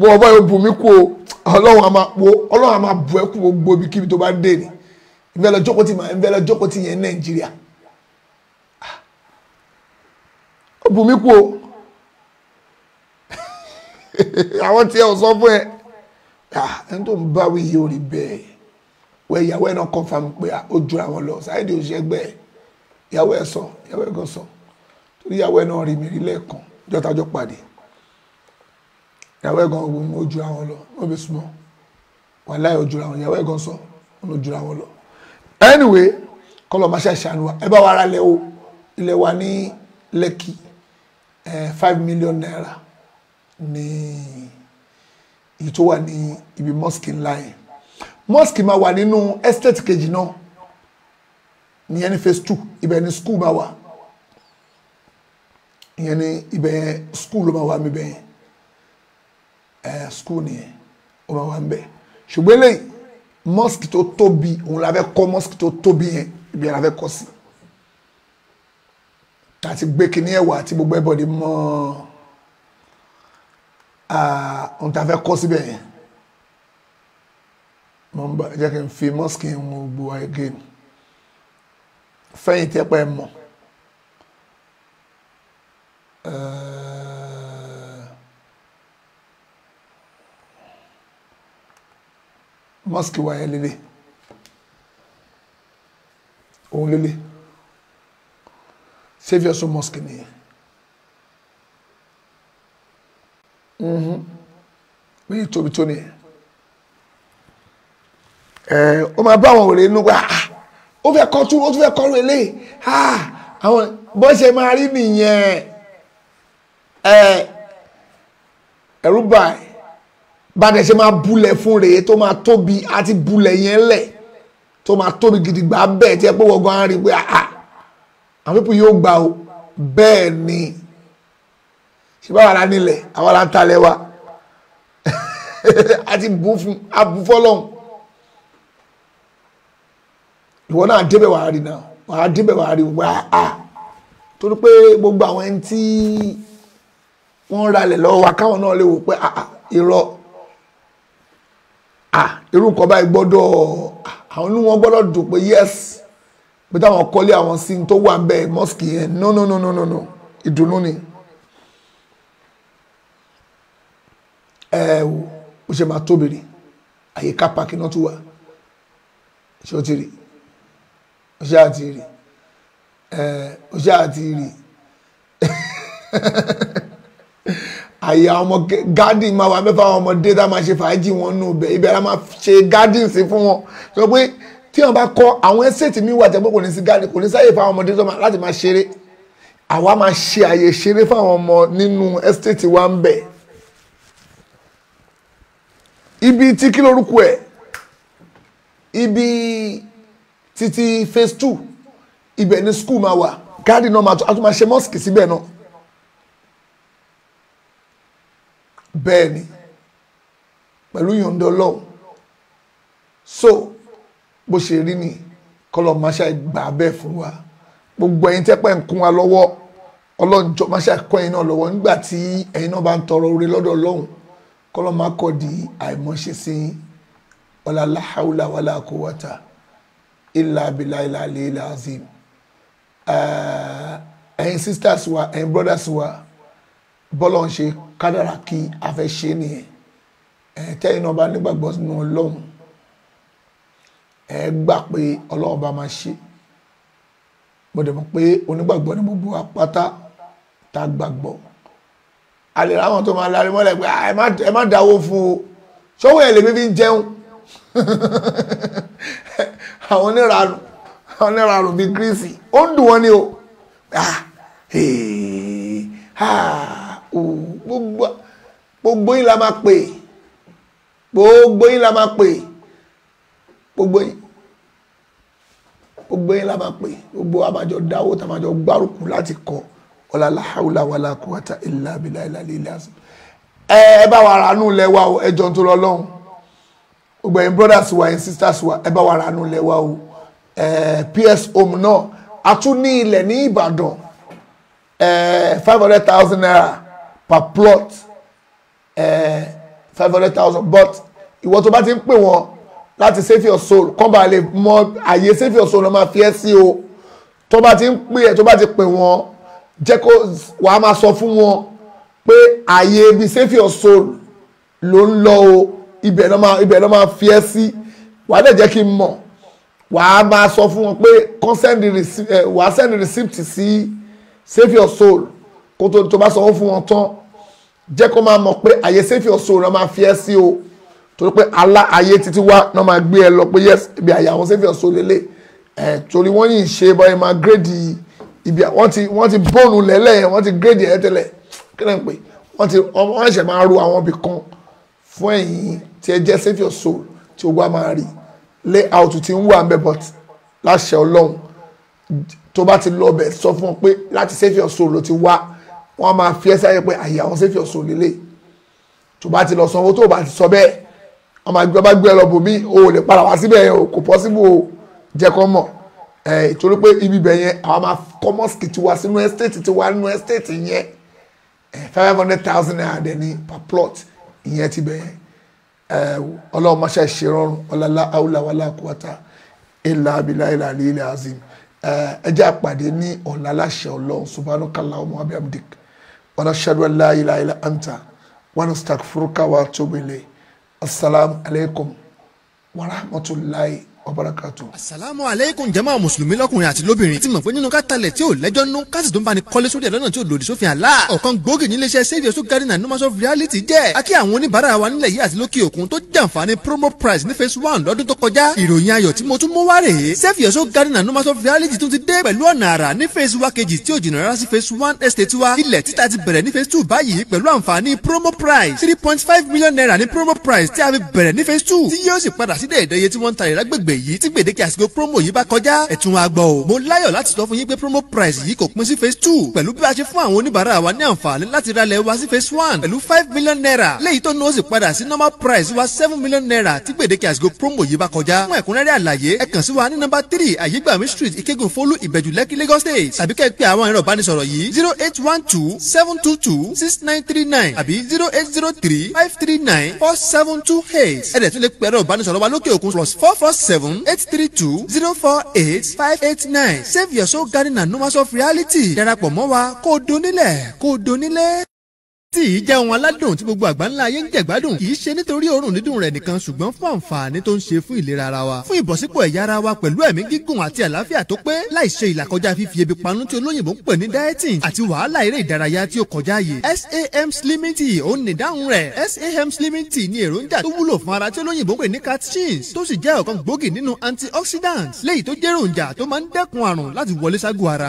wọ́n ọba yóò bù kú o ọlọ́run àmà bù ẹ́ kú gbogbo ibikíbi tó bá dé ni ìfẹ́ lọ jókòó ti mà ìfẹ́ lọ jókòó ti yẹn nàìjíríà ah, ó bù mí kú o àwọn tí ẹ ò sọ fún ẹ ah, ẹni tó ń báwí yìí ò rí bẹ́ẹ̀ wọ ìyàwó ẹ náà confirm pé ah, ó ju àwọn lọ Saheed ò ṣẹgbẹ́ ẹ ìyàwó ẹ sọ ìyàwó ẹ gan sọ torí ìyàwó ẹ náà rí mi rí lẹ́ẹ̀kan jọ́tàjọ́ pàdé ìyàwó ẹ gan wo ojú àwọn lọ wọ́n fi súnmọ́ wàláì ojú àwọn ìyàwó ẹ gan sọ wọ́n ojú àwọn lọ anyway kọlọ ma ṣe ṣàánú wa ẹ bá wa ara lẹ o ilẹ̀ wa ní Lẹ́kì five million naira ní èyí tó wà ní ibi mosque ńlá yẹn mosque máa wà nínú estate kejì náà ìyẹn ní phase two ibẹ̀ ní school máa wà ìyẹn ní ibẹ̀ school máa wà mí bẹ́ẹ̀ school nìyẹn ó máa wà ń bẹ̀ ṣùgbọ́n eléyìí mosque tó tóbi òun la fẹ́ kọ́ mosque tó tóbi yẹn ibi la bien kọ́ aussi t'as gbé kíní ẹ̀wà àti t'as ẹ̀bọ̀dì mọ́ ohun tá a fẹ́ kọ́ síbẹ̀ yẹn mo ń bá jẹ́ kí n fi mosque yẹn mo gbó again fẹ́yìntì ẹ̀pẹ́ mọ̀. Uh, mosque wa yẹn lélẹ̀ òun lélẹ̀ saviour so mosque nìyẹn mm-hmm. bí ìtòbi tobi nìyẹn ẹ o ma bá àwọn òrè inú wa ó fẹ́ kọ́ tún ó tún fẹ́ kọ́ ọ́rùn eléyìí àwọn bó ṣe máa rí nìyẹn ẹ báyìí bàdẹ̀ ṣe máa bulẹ̀ fún rèé tó máa tóbi àti bulẹ̀ yẹn lẹ̀ tó máa tóbi gidigba bẹ́ẹ̀ tí ẹ pé wọ́gán á rí i pé àhà ah, ah, àwọn pípọ̀ yóò gbà ó bẹ́ẹ̀ ni ṣùgbọ́n àwa nílẹ̀ àwa là ń talẹ̀ wa àti bù fún abùfọ́lọ́hún ìwọ náà débẹ̀ wàá rí náà wàá débẹ̀ wàá rí wàá à ah, torí pé gbogbo àwọn ẹni tí wọ́n ń ralẹ̀ lọ́wọ́ wa káwọn náà lè wò pé àhà irọ́ ah irú nǹkan báyìí gbọ́dọ̀ àwọn inú wọn gbọ́dọ̀ dùn pé yes pé táwọn kọ́lé àwọn sí tó wà ń bẹ mọ́sìkì yẹn no no no no no no ìdùnnú ni. ẹ o ó ṣe máa tóbi rí àyíká pàkí náà tún wà ṣé o ti rí o ṣe àti rí ẹ o ṣe àti rí àyà ọmọ garden máa wà mẹ́fà àwọn ọmọdé tá a máa ṣe fàájì wọn nù bẹ̀ ibẹ̀ la máa ṣe garden sí fún wọn sọ pé tí wọn bá kọ àwọn ẹ́sẹ̀tì mi wà tẹ́gbọ́n kò ní sí garden kò ní sáyè fáwọn ọmọdé láti máa ṣeré àwa máa ṣe àyè ṣeré fáwọn ọmọ nínú ẹ́sẹ̀tì wa ń bẹ̀ ibi tí kí lorúkọ ẹ̀ ibi títí phase two ibẹ̀ ni school máa wà garden náà a tún máa ṣe mosque síbẹ̀ náà. bẹ́ẹ̀ ni pẹ̀lú yọ̀ǹda ọlọ́run so bó ṣe rí ni kọlọ̀ máṣá gbà bẹ́ẹ̀ fún wa gbogbo ẹ̀yin tẹ́pẹ́ ń kún wa lọ́wọ́ ọlọ́njọ́ máṣá kọ́ ẹ̀yin náà lọ́wọ́ nígbà tí ẹ̀yin náà bá ń tọrọ oore lọ́dọ̀ ọlọ́run kọlọ̀ máa kọ́ di àìmọ́ṣe sí wala la hawla wala quwwata illa billahi ilà ilà azim ẹ̀yin sisters wa ẹ̀yin brothers wa bọ́lọ̀ ń ṣe kádàrá kí a fẹ́ ṣe nìyẹn tẹ́yìn náà bá nígbàgbọ́ sínú ọlọ́run ẹ gbà pé ọlọ́run bá máa ṣe mo dẹ̀ mọ̀ pé onígbàgbọ́ ní gbogbo apáta tá a gbàgbọ́ a lè ráwọn tó máa lárí mọ́lẹ̀ pé ẹ má dáwó fún o ṣọ́wọ́ ẹ̀ lèmi fi ń jẹun àwọn onírànù àwọn onírànù bíi gírísì ó ń dùn wọ́n ní o ah ee ah gbogbo yín la máa pè gbogbo yín la máa pè gbogbo yín gbogbo yín la máa pè gbogbo àmàjọ dáwó tàmàjọ gbárùkù láti kọ ọlá láhàúlà wà láàkúwátà ìlà àbílà ìlà ilé àṣì ẹ bá wa ránú lẹ́wà o ẹjọ́ tó lọ lọ́hùn gbogbo ẹ̀yin brothers wa ẹ̀yin sisters wa ẹ bá wa ránú lẹ́wà o ps home náà a tún ní ilẹ̀ ní Ìbàdàn five hundred thousand naira per plot eh, five hundred thousand but ìwọ tó bá ti ń pè wọ́n láti save your soul kọ́ bá lè mọ àyè save your soul ló máa fi ẹ́ sí o tó bá ti ń pè ẹ́ tó bá ti pè wọ́n jẹ́ kó wàá máa sọ fún wọn pé àyè ibi save your soul ló ń lọ o ibẹ̀ ló máa ibẹ̀ ló máa fi ẹ́ sí wàá dẹ̀ jẹ́ kí n mọ̀ wàá máa sọ fún wọn pé consent wàá send eh, receipt sí save your soul kó tó tó bá sanwó fún wọn tán jẹ́ kó máa mọ̀ pé àyè sẹ́fì ọ̀ṣọ́ rẹ̀ máa fi ẹ́ sí o torí pé alá ayé títí wá náà máa gbé ẹ lọ pé yes ibi àyè àwọn sẹ́fì ọ̀ṣọ́ lélẹ̀ ẹ̀ torí wọ́n yìí ṣe báyìí máa gírèdì ibi wọ́n ti wọ́n ti bóònù lẹ́lẹ̀ wọ́n ti gírèdì ẹ̀ tẹ́lẹ̀ kí lẹ́n pé wọ́n ti wọ́n ṣẹ̀ máa ru àwọn ibì kan fún ẹ̀yìn tí ẹ jẹ́ sẹ́fì ọ̀ṣọ́ tí ogun á máa rí layout ti ń wà mbẹ́ but láṣẹ ọlọ́run tó bá ti lọ bẹ̀ sọ fún ọ pé láti sẹ́fì ọ̀ṣọ́ ló ti wá wọ́n máa fi ẹsẹ̀ ayẹ pé àyè àwọn sẹ́fì ọ̀sùn nílé tó bá ti lọ sanwó tó bá ti sọ bẹ́ẹ̀ wọ́n máa gbé ọba gbé ẹ lọ bòmí o ò lè padà wá síbẹ̀ yẹn o kò pọ́síbù jẹ́ kọ́ mọ̀ ẹ̀ torí pé ibi ibẹ̀ yẹn àwọn máa kọ́ mọ́sìkì tiwa sínú ẹ́stéètì tiwa nínú ẹ́stéètì yẹn five hundred thousand naira dẹ̀ ní per plot ìyẹn ti bẹ̀ yẹn ọlọ́run máa ṣe ìṣerọ́rùn ọ̀làlá àwùlàwàlà àkúwàtà ìlà abilà ìlà àlè ilẹ̀ azim ẹ jẹ́ àpàdé ní ọ̀làláṣẹ ọlọ́run subhanakallahumma wa bihamdik. ونشهد أن لا إله إلا أنت ونستغفرك وأتوب إليك السلام عليكم ورحمة الله wabarakatu. asalaamu aleykum jama mùsùlùmí lọkùnrin àti lóbìnrin tí mọ̀ pé nínú kátàlẹ̀ tí ò lẹ́jọ́ nú káàsì tó ń bani kọ́lé sórí ẹ̀ lọ́nà tí ò lòdì sófin àlá. ọ̀kan gbòógì ní iléeṣẹ́ save your soul garden and numbers of reality jẹ́ akí àwọn oníbàárà wa nílẹ̀ yìí àti lókè òkun tó jàǹfààní promo price ní phase one lọ́dún tó kọjá. ìròyìn ayọ̀ tí mo tún mú wá rèé save your soul garden and numbers of reality tún ti dé pẹ̀lú ọ̀nà àrà ní phase wa kejì tí ò jìnnà rárá sí phase one estate wa ilẹ̀ títà ti bẹ̀rẹ̀ ní phase two báyìí pẹ̀lú àǹfààní promo price three point five million naira ní promo price tí a fi bẹ̀rẹ̀ ní phase two tí yóò sì padà sí dẹ̀ẹ̀dẹ̀ iye tí wọ́n ń ta ìrágbègbè àgbègbè yìí tí gbèdéke àsìkò promo yìí bá kọjá ẹ tún gbọ́ o. mo láyọ̀ láti sọ fún yín pé promo price yìí kò pín sí phase two pẹ̀lú bí a ṣe fún àwọn oníbàárà wa ní àǹfààní láti ralẹ̀ wa sí phase one pẹ̀lú five million naira léyìí tó náà sì padà sí normal price wa seven million naira tí gbèdéke àsìkò promo yìí bá kọjá. fún ẹ̀kúnrẹ́rẹ́ àlàyé ẹ kàn sí wa ní number three àyígbàmí street ìkégun fólú ìbẹ̀jú lẹ́kí lagos state tàbí kẹ́ ẹ pé àwọn zero eight one two seven two two six nine three nine àbí zero eight zero three five three nine four seven two eight ẹ̀rẹ̀ tún lè pẹ̀rọ ìbánisọ̀rọ̀ wa lókè òkun plus four four seven seven eight three two zero four eight five eight nine save your soul garden and nomaso reality darapọ̀ mọ́ wa kó o donílẹ̀ kó o donílẹ̀ tí ì já wọn aládùn tí gbogbo àgbáńlá ayé ń jẹ̀gbádùn kì í ṣe nítorí òórùn dídùn rẹ̀ nìkan ṣùgbọ́n fún àǹfààní tó ń ṣe fún ìlera ara wa fún ìbọ̀sípò ẹ̀yà ara wa pẹ̀lú ẹ̀mí gígùn àti àlàáfíà tó pé láì ṣe ìlàkọjá fífi ebi panu tí olóyìnbó ń pè ní dieting àti wàhálà eré ìdárayá tí ó kọjá yìí SAM slimming tea ó ní ìdáhùn rẹ̀ SAM slimming tea ni èròjà tó wúlò fún ara tí olóyìnbó pè ní catechins tó sì jẹ́ ọ̀kan gbòógì nínú antioxidants léyìí tó jẹ́ èròjà tó máa ń dẹ́kun àrùn láti wọlé ságọ́ ara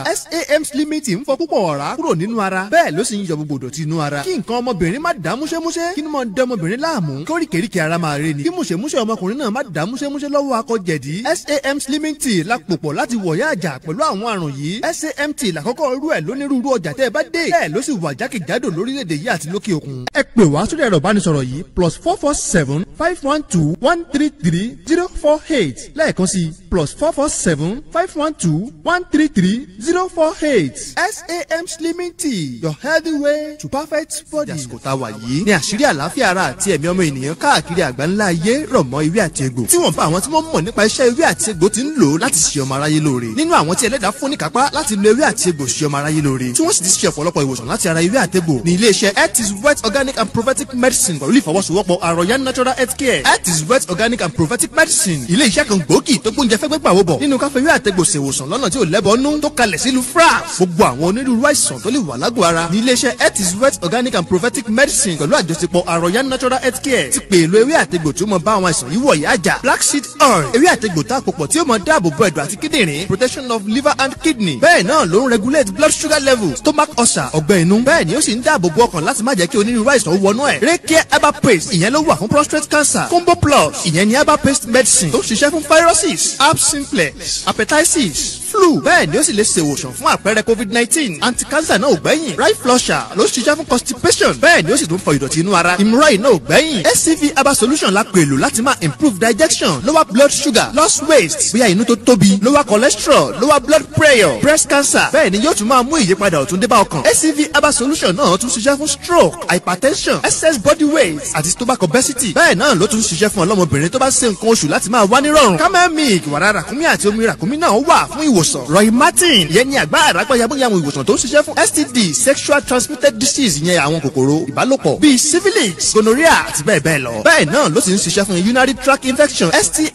slimming tea ń fọ púpọ̀ ọ̀rá kúrò nínú ara bẹ́ẹ̀ ló sì ń yọ kí nǹkan ọmọbìnrin má dá múṣémúṣé kí ni mo dẹ ọmọbìnrin láàmú kóríkèríkè ara máa rẹ ni kí múṣémúṣé ọmọkùnrin náà má dá múṣémúṣé lọ́wọ́ akọjẹ̀dí SAM slimming tea la pòpọ̀ láti wọ̀yá àjà pẹ̀lú àwọn àrùn yìí SAM tea làkọ́kọ́ rú ẹ̀ lónírúurú ọjà tẹ́ ẹ bá dé ẹ ló sì wà jákèjádò lórílẹ̀‐èdè yìí àti lókè òkun. ẹ pè wá sórí ẹ̀rọ ìbánisọ̀rọ̀ yìí plus four four seven five one two one three three zero four eight lẹ́ẹ̀kan sí plus four four seven five one two one three three zero four eight SAM slimming tea your healthy way to perfect sídi àsìkò tá a wà yìí ni àṣírí àlàáfíà ara àti ẹ̀mí ọmọ ènìyàn káàkiri àgbáńlá ayé rọ̀ mọ́ ewé àti egbò tí wọ́n bá àwọn tí wọ́n mọ̀ nípa iṣẹ́ ewé àti egbò ti ń lò láti ṣe ọmọ aráyé lóore nínú àwọn tí ẹlẹ́dàá fún ní kápá láti lo ewé àti egbò ṣe ọmọ aráyé lóore tí wọ́n sì ti ṣe ọ̀pọ̀lọpọ̀ ìwòsàn láti ara ewé àti egbò ní iléeṣẹ́ health is wet organic and prophetic medicine pẹ̀lú ìfọwọ́sowọ́pọ̀ àròyá natural health care health is wet organic and prophetic medicine iléeṣẹ́ kan gbòógì tó gbóúnjẹ fẹ́ gbẹ́gbà wọ́bọ̀ nínú káfẹ́ ewé àti egbò ṣèwòsàn lọ́nà tí ò lẹ́bọ̀ọ́nú tó kalẹ̀ sílùú France gbogbo àwọn onírúurú àìsàn tó lè wà lágọ̀ọ́ ara ní iléeṣẹ́ health is wet organic organic and prophetic medicine pẹ̀lú àjọṣepọ̀ àròyá natural health care ti lo ewé àtegbò tí ó mọ bá àwọn àìsàn yìí wọ̀nyí àjà black seed oil ewé àtegbò tá a kò pọ̀ tí ó mọ dáàbò bo ẹ̀dọ̀ àti kíndìnrín protection of liver and kidney bẹ́ẹ̀ náà ló ń regulate blood sugar level stomach ulcer ọgbẹ́ inú bẹ́ẹ̀ ni ó sì ń dáàbò bo ọkàn láti má jẹ́ kí onírúurú àìsàn wọnú ẹ̀ rake herbal paste ìyẹn ló wà fún prostate cancer combo plus ìyẹn ni herbal paste medicine tó ń ṣiṣẹ́ fún fibrosis herb simplex hepatitis flu bẹ́ẹ̀ ni ó sì lè ṣe ìwòsàn fún àpẹẹrẹ covid nineteen anti-cancer náà ò gbẹ́yìn right flusher ló ṣiṣẹ́ fún constipation bẹ́ẹ̀ ni ó sì tún fọ ìdọ̀tí inú ara hemorrhoid náà ò gbẹ́yìn scv herbal solution la pèlò láti máa improve digestion lower blood sugar lost waste bóyá inú tó tóbi lower cholesterol lower blood pressure breast cancer bẹ́ẹ̀ ni yóò tún máa mú ìyípadà ọ̀tun dé bá ọkàn scv herbal solution náà tún ṣiṣẹ́ fún stroke hypertension excess body weight àti stomach obesity bẹ́ẹ̀ náà ló tún ṣiṣẹ́ fún ọlọ́mọbìnrin tó bá ṣe nǹkan oṣù láti máa wá nírọ̀rùn camel milk wàrà ràkúnmí àti omi ràkúnmí náà wà fún ìw ìwòsàn roy martin yẹn ni àgbà àràpàyà bóyá àwọn ìwòsàn tó ń ṣiṣẹ́ fún std sexual transmitted disease yẹn àwọn kòkòrò ìbálòpọ̀ bíi syphilis gonorrhea àti bẹ́ẹ̀ bẹ́ẹ̀ lọ bẹ́ẹ̀ náà ló sì ń ṣiṣẹ́ fún urinary tract infection sti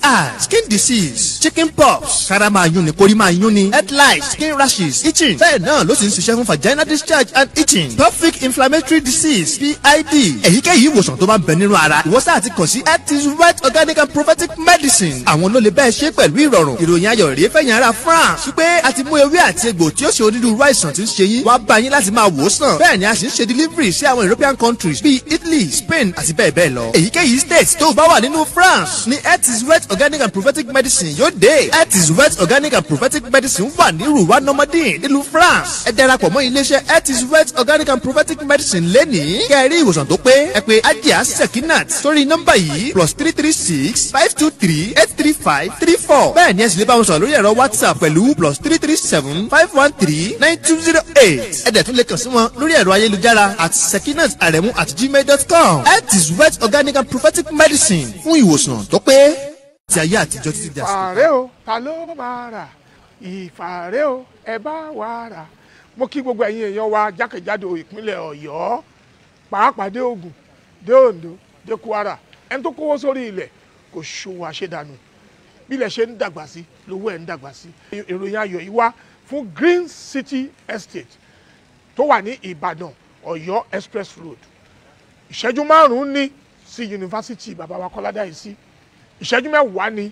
skin disease chicken pox kára máa yún ni korí head lice skin rashes itching bẹ́ẹ̀ náà ló sì ń ṣiṣẹ́ fún vaginal discharge and itching topic inflammatory disease pid èyíkéyìí ìwòsàn tó bá ń bẹ nínú ara ìwọ́sà àti kàn sí health is right organic and prophetic medicine àwọn ló lè bẹ́ẹ̀ ṣe pẹ̀lú ìrọ̀rùn ìròyìn ayọ̀ rèé fẹ̀yìn ara france náà ṣùgbẹ́ a ti mú ewé àti egbò tí ó ṣe onírúurú àìsàn tí ń ṣe yín wá bá yín láti máa wò ó sàn bẹ́ẹ̀ ni a sì ń ṣe delivery sí àwọn European countries bíi Italy Spain àti bẹ́ẹ̀ bẹ́ẹ̀ lọ èyíkéyìí state tó bá wà nínú France ni is vet organic and prophetic medicine yóò dé etis vet organic and prophetic medicine wà ní rúwà normandy nílùú France ẹ darapọ̀ mọ́ iléeṣẹ́ is vet organic and prophetic medicine lẹ́nìí kẹ́ẹ̀rí ìwòsàn tó pé ẹ pé ajia sekinat sórí nọ́mbà yìí plus three three six five two three eight three five three four bẹ́ẹ̀ ni ẹ sì lè bá wọn sọ̀rọ̀ lórí ẹ̀rọ WhatsApp pẹ̀lú pẹ̀lú plus three three seven five one three nine two zero eight ẹ̀dẹ̀ tún lè kàn sí wọn lórí ẹ̀rọ ayélujára at sekinat aremu at gmail dot com health is wealth organic and prophetic medicine fún ìwòsàn tó pé ti ayé àtijọ́ títí di àsìkò. fàárẹ̀ o ta ló máa rà ìfàárẹ̀ o ẹ bá wa rà mo kí gbogbo ẹ̀yin èèyàn wa jákèjádò ìpínlẹ̀ ọ̀yọ́ pàápàá dé Ògùn dé Oǹdó dé Kwara ẹni tó kówó sórí ilẹ̀ kò ṣòwò àṣedànù bílẹ̀ ṣe ń dàgbà sí lówó ẹ̀ ń dàgbà sí. ìròyìn ayọ̀ yìí wá fún Green City Estate tó wà ní Ìbàdàn Ọ̀yọ́ Express Road ìṣẹ́jú márùn-ún ní sí yunifásitì bàbá wa Kọ́ládàyìí sí ìṣẹ́jú mẹ́wàá ní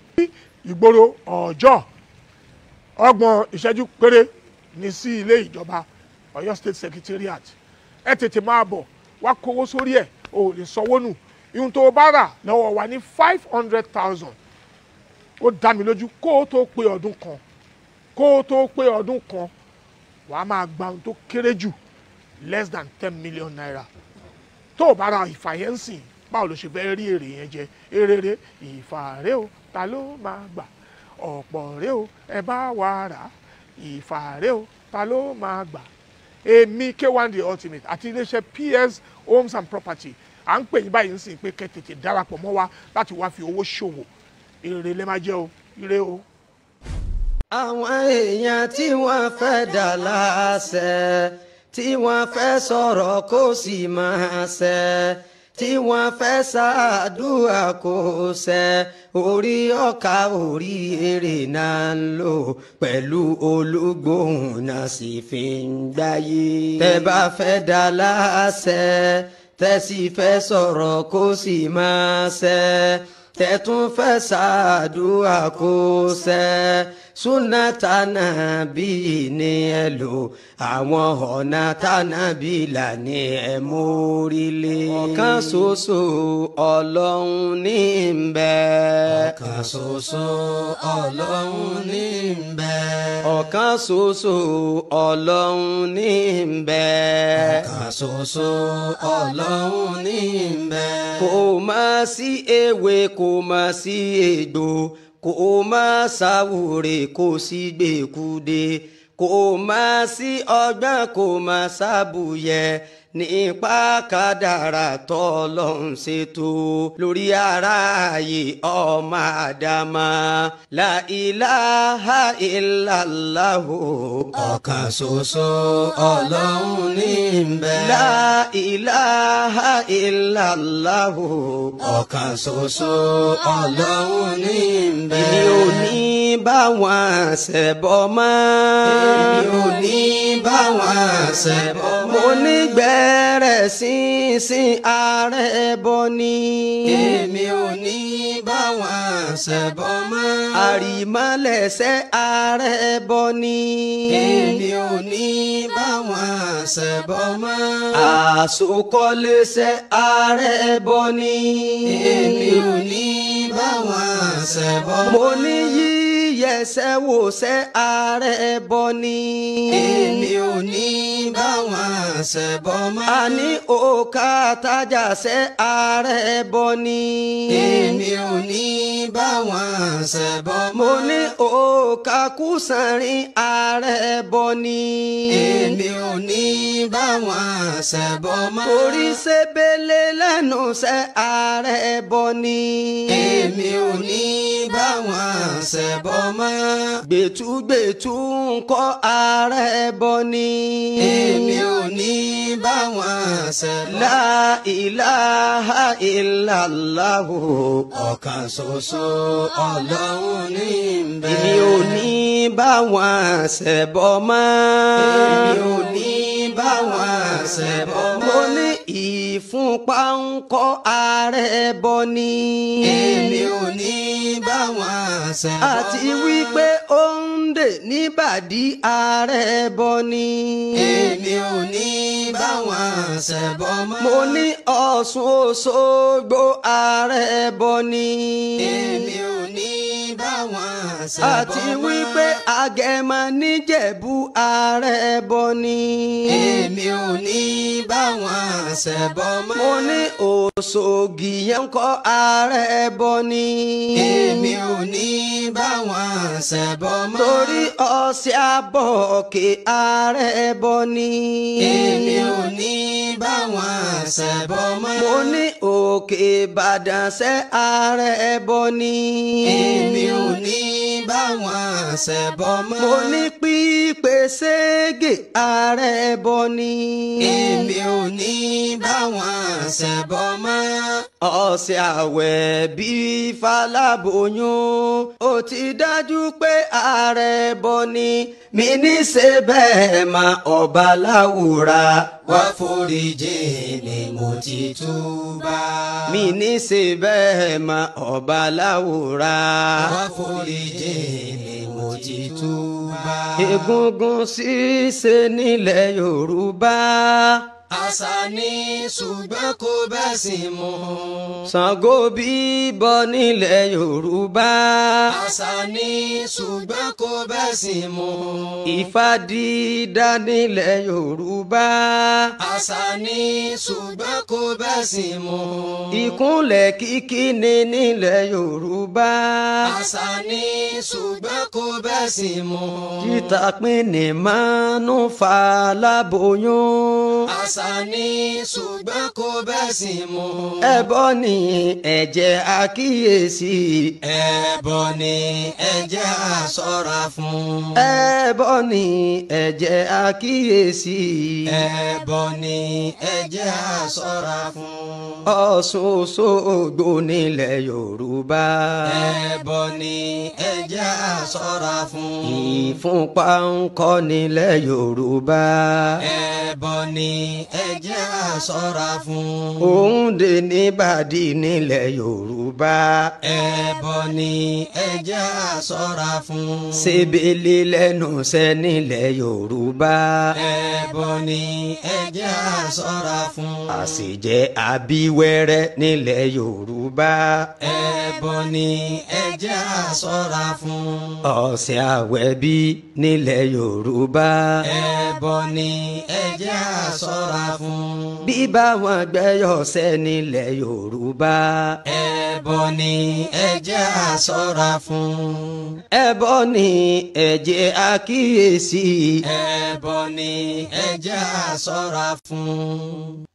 ìgboro ọjọ́ ọgbọ̀n ìṣẹ́jú péré ní sí ilé ìjọba Ọ̀yọ́ State Secretariat ẹ tètè máa bọ̀ wá kówó sórí ẹ̀ o lè sanwó nù ihun tó o bá rà lọ́wọ́ wa ní five hundred thousand ó dá mi lójú kó o tó pé ọdún kan kó o tó pé ọdún kan wàá máa gba ohun tó kéré jù less than ten million naira tó o bá ra ìfàyẹ́nsìn báwo ló ṣe fẹ́ rí èrè yẹn jẹ eréré ìfàrẹ́ o ta ló máa gbà ọ̀pọ̀ rẹ o ẹ bá wa rà ìfàrẹ́ o ta ló máa gbà èmi K1 the ultimate àti iléeṣẹ́ PS homes and property à ń pè yín báyìí ń sìn pé kẹ́ tètè darapọ̀ mọ́ wa láti wá fi owó ṣòwò èrè lè máa jẹ o ire o. àwọn èèyàn tí wọ́n fẹ́ dà láṣẹ tí wọ́n fẹ́ sọ̀rọ̀ kó sì máa ṣẹ tí wọ́n fẹ́ ṣàdúrà kó ṣẹ orí ọkà orí èrè náà ń lò pẹ̀lú olúgbòhùn náà sì fi ń gbáyé. tẹ́ bá fẹ́ dà láṣẹ tẹ́ sì fẹ́ sọ̀rọ̀ kó sì máa ṣẹ tẹ̀tún fẹ́ ṣàdúrà kó ṣẹ súnà tànà bí ni ẹ lò àwọn ọ̀nà tànà bí là ní ẹ mórílé. ọ̀kan ṣoṣo ọlọ́run ní ń ọ̀kan ṣoṣo ọlọ́run ní ń ọ̀kan ṣoṣo ọlọ́run ní ń ọ̀kan ṣoṣo ọlọ́run ní ń kò má sí ewé kò má sí egbò kò má ṣàwòrè kò sì gbèkúde kò má sí ọgbọ́n kò má ṣàbùyẹ nípa kádàrà tọ́lọ́hún ṣètò lórí aráàyè ọmọ àdámà la ilaha illallahu ọ̀kan ṣoṣo ọlọ́hún ní bẹ̀. la ilaha illallahu ọ̀kan ṣoṣo ọlọ́hún ní bẹ̀. èmi ò ní bá wọn ṣẹbọ mọ́. èmi ò ní bá wọn ṣẹbọ mọ́. mo nígbẹ́ bẹ̀rẹ̀ sí sin ààrẹ bọ ni. èmi ò ní bá wọn ṣẹbọ mọ́. àrìmọ́lẹ̀ṣẹ̀ ààrẹ bọ ni. èmi ò ní bá wọn ṣẹbọ mọ́. àsokọ́lẹ̀ṣẹ̀ ààrẹ bọ ni. èmi ò ní bá wọn ṣẹbọ mọ́. mo ní yí yẹsẹ̀ wò sẹ́ ààrẹ bọ ni. èmi ò ní báwọn àṣẹbọ mọ́. a ní òkà tájà sẹ́ ààrẹ bọ ni. èmi ò ní báwọn àṣẹbọ mọ́. mo ní òkà kùsànrin ààrẹ bọ ni. èmi ò ní báwọn àṣẹbọ mọ́. orí ṣebele lẹ́nu sẹ́ ààrẹ bọ ni. èmi ò ní báwọn àṣẹbọ mọ́ ọmọ. gbẹ̀tùgbẹ̀tù ń kọ́ ara ẹ bọ ni. èmi ò ní bá wọn ṣe lọ. la ilaha illallah ọ̀kan ṣoṣo ọlọ́run ní bẹ́ẹ̀. èmi ò ní bá wọn ṣe bọ mọ́. èmi ò ní bá wọn ṣe bọ mọ́. mo ní ìfúnpá ń kọ́ ààrẹ bọ ni. èmi ò ní bá wọn ṣe bọ mọ́ wípé ó ń dè níbàdí ààrẹ bọ ni. èmi ò ní báwọn ṣẹ̀bọ mọ́. mo ní Ọ̀ṣun Òṣogbo ààrẹ bọ ni. èmi ò ní báwọn ṣẹ̀bọ mọ́. àti wípé Agẹmọ níjẹ̀bú ààrẹ bọ ni. èmi ò ní báwọn ṣẹ̀bọ mọ́. mo ní Òṣogìyẹn ń kọ́ ààrẹ bọ ni. èmi ò ní báwọn ṣẹbọ mọ́. torí ọ̀sẹ̀ àbọ̀ òkè ààrẹ bọ ni. èmi ò ní bá wọn ṣẹbọ mọ́. mo ní òkè Ìbàdàn ṣe ààrẹ bọ ni. èmi ò ní bá wọn ṣẹbọ mọ́. mo ní pípé ségè ààrẹ bọ ni. èmi ò ní bá wọn ṣẹbọ mọ́. ọ̀sẹ̀ àwẹ̀ bíi faláboyún ó ti dá dájú pé ààrẹ bọ ni mi ní ṣe bẹ́ẹ̀ mà ọba láwùrà wá foríjì ni mo ti túbà. mi ní ṣe bẹ́ẹ̀ mà ọba láwùrà wá foríjì ni mo ti túbà. egungun ṣíṣe nílẹ̀ Yorùbá àṣà ni ṣùgbọ́n kò bẹ́sìn mu. Ṣàngó bíbọ nílẹ̀ Yorùbá. àṣà ni ṣùgbọ́n kò bẹ́sìn mu. Ifá dídá nílẹ̀ Yorùbá. àṣà ni ṣùgbọ́n kò bẹ́sìn mu. ìkúnlẹ̀ kíkí ni nílẹ̀ Yorùbá. àṣà ṣùgbọ́n kò bẹ́sìn mu. títà pín ní mánú fà láboyún. àṣà sani ṣùgbọ́n kò bẹ́sìn mu. ẹbọ ni ẹ jẹ́ àkíyèsí. ẹbọ ni ẹ jẹ́ àṣọ́ra fún. ẹbọ ni ẹ jẹ́ àkíyèsí. ẹbọ ni ẹ jẹ́ àṣọ́ra fún. Ọ̀ṣun Òṣogbo nílẹ̀ Yorùbá. ẹbọ ni ẹ jẹ́ fún. ìfúnpá ń kọ́ nílẹ̀ Yorùbá. ẹbọ ni ẹ̀jẹ̀ àṣọra fún. òun dè ní bàdí nílẹ̀ yorùbá. ẹbọ ni ẹ̀jẹ̀ àṣọra fún. sebele lẹ́nu sẹ́ nílẹ̀ yorùbá. ẹbọ ni ẹ̀jẹ̀ àṣọra fún. àṣejẹ abíwẹ́rẹ́ nílẹ̀ yorùbá. ẹbọ ni ẹ̀jẹ̀ àṣọra fún. ọ̀sẹ̀ àwẹ̀bí nílẹ̀ yorùbá. ẹbọ ni ẹ̀jẹ̀ àṣọra fún wá fún. bí báwọn gbẹ́yọ̀ sẹ́ni ilẹ̀ yorùbá. ẹbọ ni ẹ a ṣọ́ra fún. ẹbọ ni ẹ a kíyèsí. ẹbọ ni ẹ a ṣọ́ra fún.